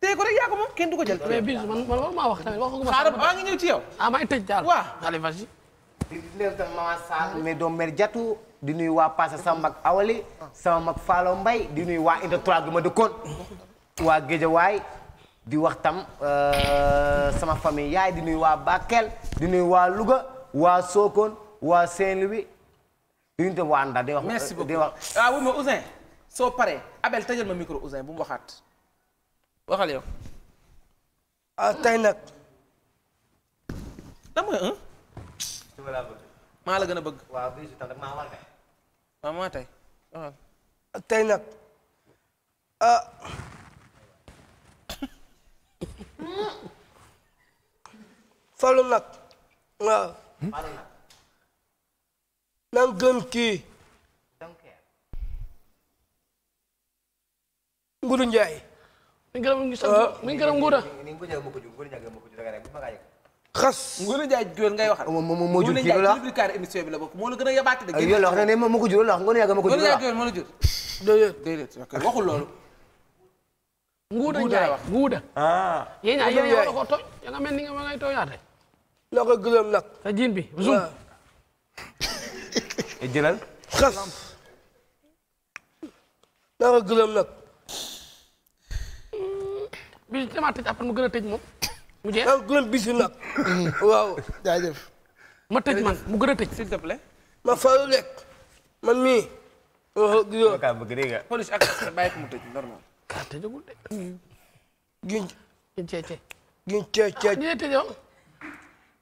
téye ko rek yaa ko moom kenn du ko jël. mais Bijou man man loolu maa wax tamit waxaguma. ngi ñëw ci yow. ah maa ngi di nuyu tam maman Sall mais doom mère Diatou di nuy waa Passa sama mag Awali sama mag Fallou Mbaye di nuy waa Inter 3 ma dëkkoon waa Géejawaay di wax tam euh, sama famille yaay di nuyu waa Bakel di nuyu waa Louga waa Sokone waa Saint-Louis di nuyu tam waa Ndar di wax. merci beaucoup di wax ah oui mais soo paree. Abel tëjal ma micro Ousin bu mu waxal yow. ah tey nag. lan mooy maa la gën a bëgg. waaw maa maa tey. tey nag ah. nag waaw. Ah. gën kii. Nguuda Ndiaye. mi ngi gërëm ngi sant mi ngi gërëm Nguuda. xas Nguuda Ndiaye jur ngay wax. moom moom moo jur kii la wax Nguuda Ndiaye émission bi la bokk moo la gën a yabaate. ak yow la wax ne moom moo ko jur la wax Nguuda Ndiaye moo ko jur la wax. Nguuda Ndiaye moo la jur. déedéet déedéet waxul loolu. Nguuda Ndiaye wax Nguuda. ah yéen a yéen a ko tooñ ya nga mel ni nga ma ngay tooñaate. la ko gërëm nag. sa jiin bi zoom. Ah. Eh, jëlal xas. la ko gërëm nag. bi damaa tëj après mu gën a tëj moom. mu jeex ah, waaw gën a bis nag. ma tëj man mu gën a tëj. s'il te ma faalu lekk. man mi wax dëgg yow. kaa bëgg dégg nga. police ak bàyyi mu tëj normal. kaa tëjagul de. gin. gin cee gin cee cee. ah ñu lay tëjoo.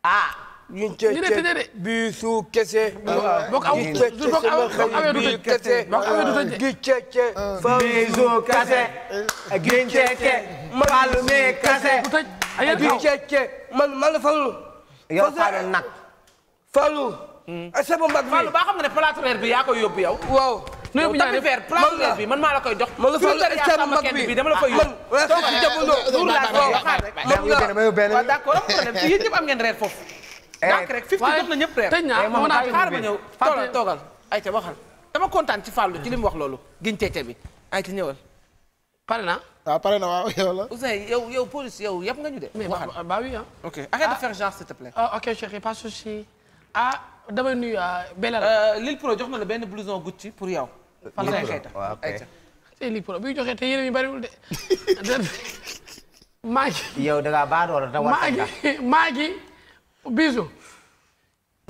ah. ñu ngi ah cee cee biisu kese. waaw boo ko awee du tëjee boo ko awee du tëjee. biisu kese. gin cee mbalume kese. gin cee man man Fallou. yow Fallou nag. Fallou. Hmm. ak ah, sama mag bi Fallou ba xam ne plateau reer bi yaa koy yóbbu yow. waaw. nu yóbbu ñaari verre plateau reer bi man maa la koy jox. man la Fallou ak sama mag bi dama la koy yóbbu. man la Fallou ak sama mag bi dama la koy yóbbu. d'accord yéen ñëpp am ngeen reer foofu. Eh, donc rek fifty jox na ñëpp reer eh, mën ma ñëw toogal toogal ayca waxal dama kontaan ci Fallou ci wax loolu giñ tete bi ayca ñëwal pare na waaw ah, pare na waaw la Ousseyn yow yow police yow yëpp nga ñu de waxal bah oui ah ok arrête de ah. faire genre s'il te plaît ah, ok chérie euh, jox na la benn blouson Gucci pour yow Fallou Keita ayca te Lil Pro bi joxee te yéen mi bariwul de maa yow da la maa ngi maa bisu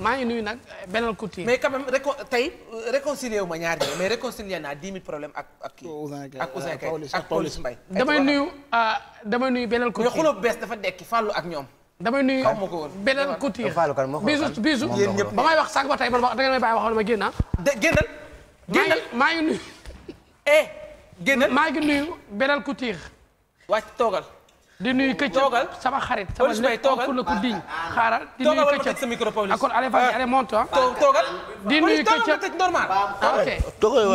maa ngi nuyu nag beneen couturier. mais quand même récon tey euh, réconcilier wu ma ñaar ñi mais réconcilier naa dix mille problèmes ak ak kii. ak Ouzin Keita euh, ak Pawlish Mbaye damay nuyu ah, damay nuyu beneen couturier. mais xuloo bees dafa dekki fàllu ak ñoom. damay nuyu beneen couturier. bisu bisu ba may wax sànq ba tey ba wax da nga may bàyyi waxoon ma génn ah. de génnal. génnal maa ngi nuyu. eh génnal maa ngi nuyu beneen couturier. wàcc toogal. di nuyu këcc sama xarit sama lépp ku diñ ah, ah, xaaral di nuyu këcc sa micro police accord ah, allez vas-y allez monte toogal di nuyu këcc normal ok toogal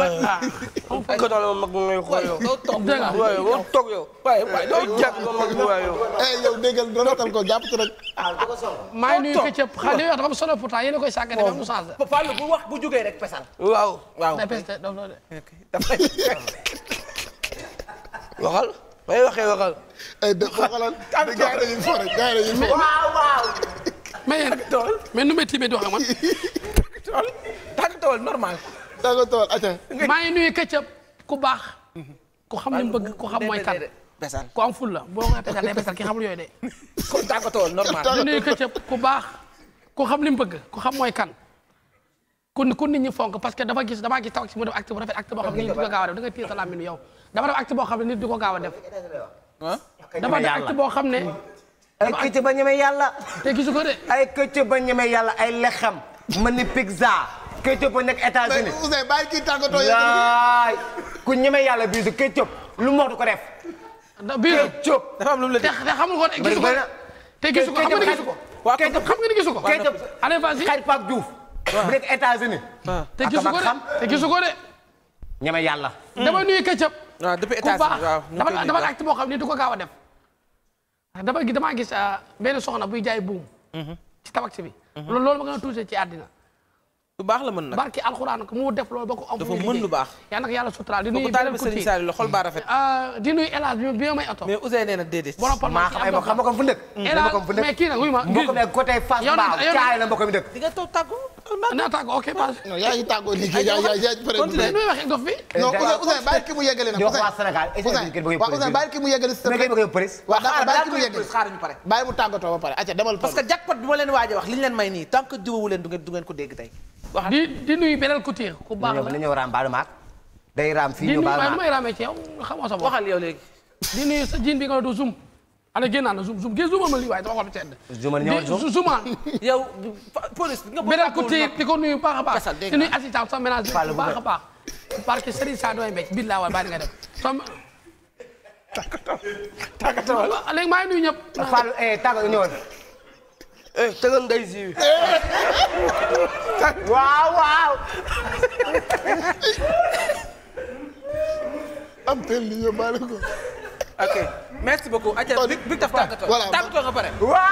ko dal ma mag ngay xool yow dégg nga waay yow toog yow waay waay doo jàpp nga mag waay yow eh yow déggal do natal ko jàpp ci rek maa ngi a mu changé Fallou bu wax rek pesal waaw waaw bay waxee waxal. da xoolal gaa yi dañuy fore gaa yi dañuy fore. waaw waaw. mais yéen mais nu may tiimee di wax ak man. tàgg tool tool normal. tàgg tool acca. maa ngi nuyu këccëb ku baax. ku xam li mu bëgg ku xam mooy kan. besal ku am la boo ko besal day besal ki xamul yooyu de. kon baax ku xam li mu bëgg ku xam kan. ku ku nit fonk parce que dafa gis damaa gis taw si mu def acte bu rafet acte boo xam ne nii du ko gaaw a def da yow. dafa def acte boo xam ne nit di ko gaaw a def. dafa def acte boo xam ne. ay këcc ba ñeme yàlla. te gisu ko de. ay këcc ba ñeme yàlla ay lexam. ma ni pizza. këcc ba nekk États-Unis. mais Ousseyn tàggatoo yaay ku ñeme yàlla bii du lu moo du ko def. këcc dafa am lu mu te xamul de gisu ko xam nga ni gisu ko. ko. këcc allez vas-y xarit Pape Diouf. bu ko de te gisu ko de. ñeme yàlla. dama nuyu këcc. waaw depuis état waaw dama dama laajte boo xam ne du ko gaaw a def. Ah, dama damaa gis ah, benn soxna buy jaay buum. Mhm. ci tabax bi. Mhm. loolu loolu ma gën a tuuse ci àddina lu baax la mën nag barki alxuraan ko mu def ba ko am euh, di nuyu taalibe bi may na déedéet maa xam ay mbokk xam fu ndëkk mais ma mbokk mi côté Fass Mbao caay la mbokk pare continue nuy waxee dof bi eh, non Ousseyn nag Ousseyn bàyyi ki mu yeggale waaw bàyyi pare bàyyi mu pare parce que jackpot bi ma waaje wax li may nii tant que jiwu ko dégg di di nuyu beneen couturier ku baax la li ñëw raam baalu maak day raam fii ñu baalu maak may raamee ci yow xamoo sa bopp waxal yow léegi di nuyu sa jiin bi nga doon zoom ana génnaan na zoom zoom gis zoomal ma lii waaye dama xool bi tedd zoomal ñëw zoom zoomal bi nga beneen couturier di ko nuyu baax a baax di nuyu assistant sa baax a baax parce que Serigne Sadio Mbecc biir laa war baa nga def waaw waaw. am teel li yóbbaale ko. ok merci beaucoup. Aja bi taf tàggatoo tàggatoo waaw.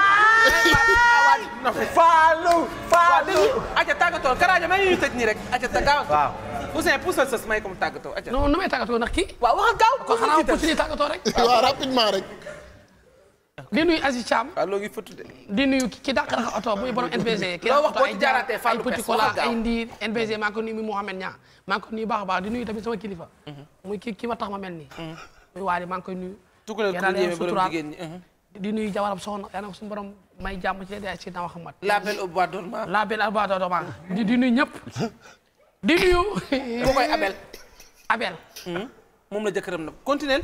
Fallou Fallou. Aja tàggatoo Karajo maa ngi ñuy tëj nii rek. Aja tàggatoo waaw. Ousseyn poussal sës may comme tàggatoo Aja. non waaw waxal gaaw. ko xanaa ku ci tàggatoo rek. waaw rapidement rek. di nuyu Aziz Thiam. waaw ah, loo ngi fëttu de. di nuyu ki dàq rax oto muy borom NBG. loo wax boo ci jaaraatee a Pes ay petit cola ay ndiir NBG maa ngi nuyu Mouhamed Niang maa ngi ko nuyu baax baax di nuyu tamit sama kilifa. Mhm. muy ki ki ma tax ma mel nii. Mhm. muy waale maa ngi koy nuyu. tukuleel ku mhm. di nuyu jawaram soxna yàlla na ko suñu borom may jàmm ci leen si na wax mat. la belle au bois dormant. la belle au di nuyu ñëpp. di nuyu. Abel. Abel. moom la jëkkëram nag continuel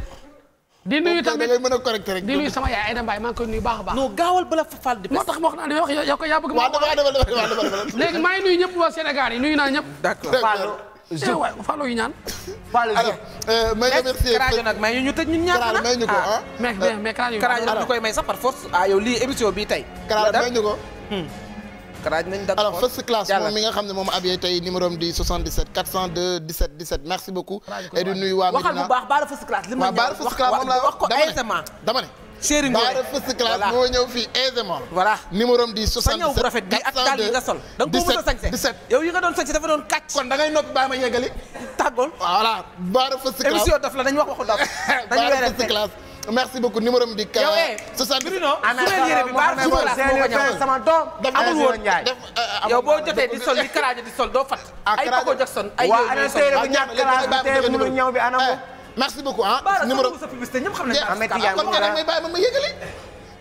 di nuyu tamit da ngay mën a correct rek di nuyu sama yaay Aïda Mbaye maa ngi koy nuyu baax a baax. non gaawal bala fa faal di. moo tax wax naa ne wax yow ko yaa bëgg. waaw dafa dafa dafa dafa léegi maa ngi nuyu ñëpp waa Sénégal yi nuyu naa ñëpp. d'accord Fallou. Eh je waay Fallou yu ñaan. Fallou alors euh, may remercier Karajo nag may ñu tëj ñun ñaar na may ñu ko ah. ah. mais mais Karajo nag ñu koy may sax par force. ah yow lii émission bii tey. Karajo may ñu ko. Hmm. karaaj nañ dagg alors first class moom mi nga xam ne moom abiyee tey numéro am di 77 402 17 17 merci beaucoup. et di nuyu waa Medina waxal bu first class li ma ñëw wax ko aisément dama ne. chéri Ndoye Baara First Class moo ñëw fii aisément. voilà di 77 ñëw bu ak taal yi nga sol. da nga ko mën a sañse yow yi nga doon sañse dafa doon kàcc. kon da noppi bàyyi ma yeggali. tàggool voilà Baara First Class émission daf merci beaucoup numéro bi di. yow eh bi baal suñu laas sama doom. amul woon eh, eh, yow boo jotee di sol li karaaje di sol doo fat ah, ay Paco Jackson ay yooyu sol ñaw bi anam eh, merci beaucoup ah. numéro baara sa publicité ñëpp xam nañu. kon nga may bàyyi man ma yëgali.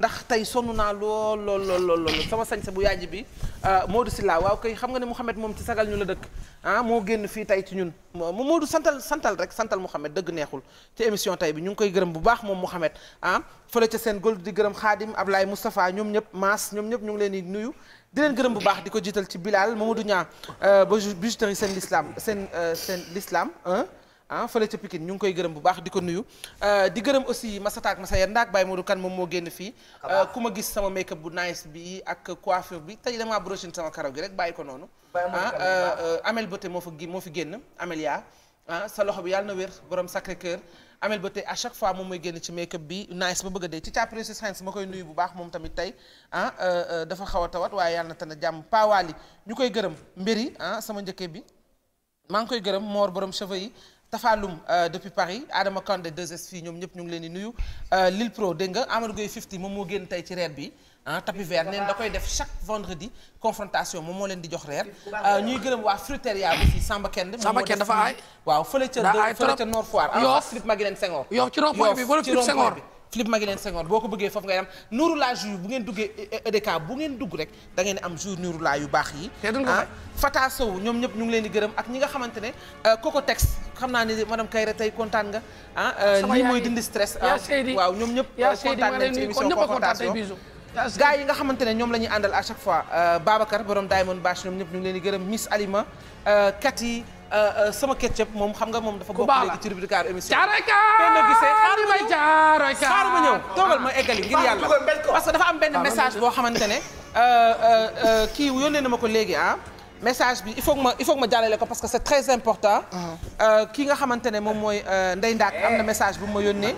ndax tey sonn naa lool lool lool lool sama sañse bu yaay ji bi ah, du Sylla waaw koy xam nga ne Mouhamed moom ci sagal ñu la dëkk ah moo génn fii tey ci ñun mu Modou santal santal rek santal Mouhamed dëgg neexul ci émission tey bi ñu ngi koy gërëm bu baax moom Mouhamed ah fële ca seen gold di gërëm Khadim Ablaye Moustapha ñoom ñëpp Maas ñoom ñëpp ñu ngi leen di nuyu di leen gërëm bu baax di ko jiital ci Bilal Mamadou Niang euh, ba bijouterie seen l'islam seen euh, seen lislaam ah fële ca Pikine ñu ngi koy gërëm bu baax di ko nuyu euh, di gërëm aussi Masata ak Masaya Ndaak Baye Modou Kane moom moo génn fii euh, ku ma gis sama make bi ak coiffure bi tey damaa brochine sama karaw gi rek bàyyi ko noonu ah euh, Amel Beauté moo fa moo fi génn Amel ah sa loxo bi yàlla na borom Sacré Cœur Amel Beauté à fois moom mooy génn ci make-up bi nice ba bëgg a dee ci ca Precious Heinz ma koy nuyu bu baax ah, dafa xaw a tawat waaye yàlla na jàmm paawaali ñu koy gërëm mbiri ah sama njëkke bi maa ngi koy gërëm moor borom cheveux yi Tafaloum euh, depuis Paris Adama Kandé 2S fii ñoom ñëpp ñu ngi leen di nuyu euh, Lil Pro dégg nga Amadou Gueye 50 moom moo génn tey ci reer bi ah neen da koy def chaque vendredi confrontation moom moo leen di jox reer euh, ñuy gërëm waa fruiteria bi fii Samba Kend Samba Kend dafa aay waaw fële ca fële ca Nord Foire en face Philippe Maguilène Senghor yow ci rond-point bi wala Philippe Senghor bi Philippe Maguilène Senghor boo ko bëggee foofu ngay am Nouroullah jour bu ngeen duggee EDK bu ngeen dugg rek da ngeen am jour Nouroullah yu baax yi. te ah, Fata Sow ñoom ñëpp ñu ngi leen di gërëm ak ñi nga xamante ne koko euh, tex xam naa ne madame Kayra tey kontaan nga. Ah, euh, lii mooy dindi stress. Ah, waaw ñoom ñëpp euh, kontaan nañ ci émission gaa yi nga xamante ñoom la ñuy àndal à chaque fois euh, Babacar borom Diamond Bash ñoom ñëpp ñu ngi leen di gërëm Miss Alima euh, Cathy euh, sama ketchup moom xam nga moom dafa bokk léegi ci rubrique émission Penda Guissé xaaral ma ñëw xaaral ma eggali ngir yàlla parce que dafa am benn message boo xamante ne kii yónnee na ma ko léegi ah message bi il faut ma il faut ma jàllale ko parce que c'est très important ah. kii nga xamante ne moom mooy Ndey Ndaak am na message bu ma yónnee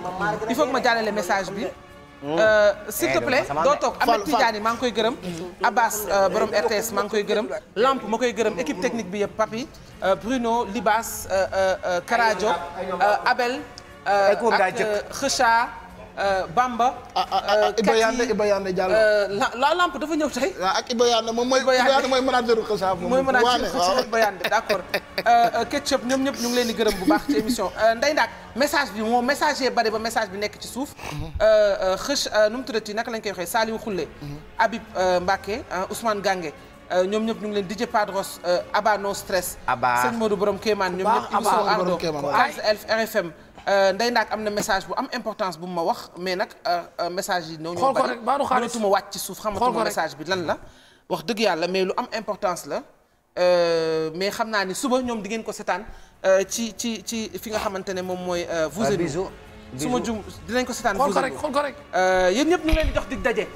il faut ma jàllale message bi Euh, s'il te eh, plaît doo toog Ahmed Tidiane maa ngi koy gërëm Abbas euh, borom RTS maa ngi koy gërëm Lamp ma koy gërëm équipe technique bi yëpp Papi euh, Bruno Libas Karadio Abel ak Euh, Bamba. Ah, ah, ah, euh, Iba Yande Iba Yande Diallo euh, la la lampe dafa ñëw tey. waaw ak Iba Yande moom mooy. Iba Yande mooy manager xasaab moom mooy manager xasaab Iba Yande d'accord. Ketchup ñoom ñëpp ñu ngi leen di gërëm bu baax ci émission Ndeye Ndack message bi moo message bari ba message bi nekk ci suuf. Mhm. xës nu mu tuddati naka lañ koy waxee Saliou Khoule. Mhm. Habib Mbacké Ousmane gànge ñoom ñëpp ñu ngi leen DJ Padros Aba No Stress. Aba sëñ Modou Borom Kéemaan ñoom ñëpp. Aba Aba Borom Kéemaan Euh, Ndeye Ndack am na message bu am importance bu mu ma wax mais nag euh, euh, message yi. ñoo ñoo bari mënatuma wàcc ci suuf xamatuma message bi lan la. wax dëgg yàlla mais lu am importance la mais xam naa ni suba ñoom di ngeen ko setaan ci ci ci fi nga xamante ne moom mooy. vous su ma jum dinañ ko setaan. xool ko rek xool ko rek. yéen ñëpp ñu leen di jox dig daje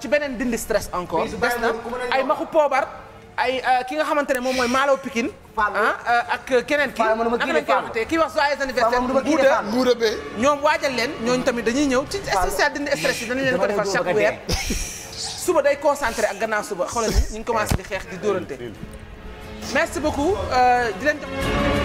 ci beneen dindi stress encore. des na ay poobar. ay euh, ki nga xamante ne moom mooy Malo Pikine. Ah, euh, ak keneen ki naka lañ koy waxatee kii wax joyeux anniversaire nguuda nguuda be ñoom waajal leen ñooñu tamit dañuy ñëw ci spécial dindi stress yi dañu leen ko defal chaque weer suba day concentré ak gannaaw suba xoolal ñu ngi commencé di xeex di dóorante merci euh,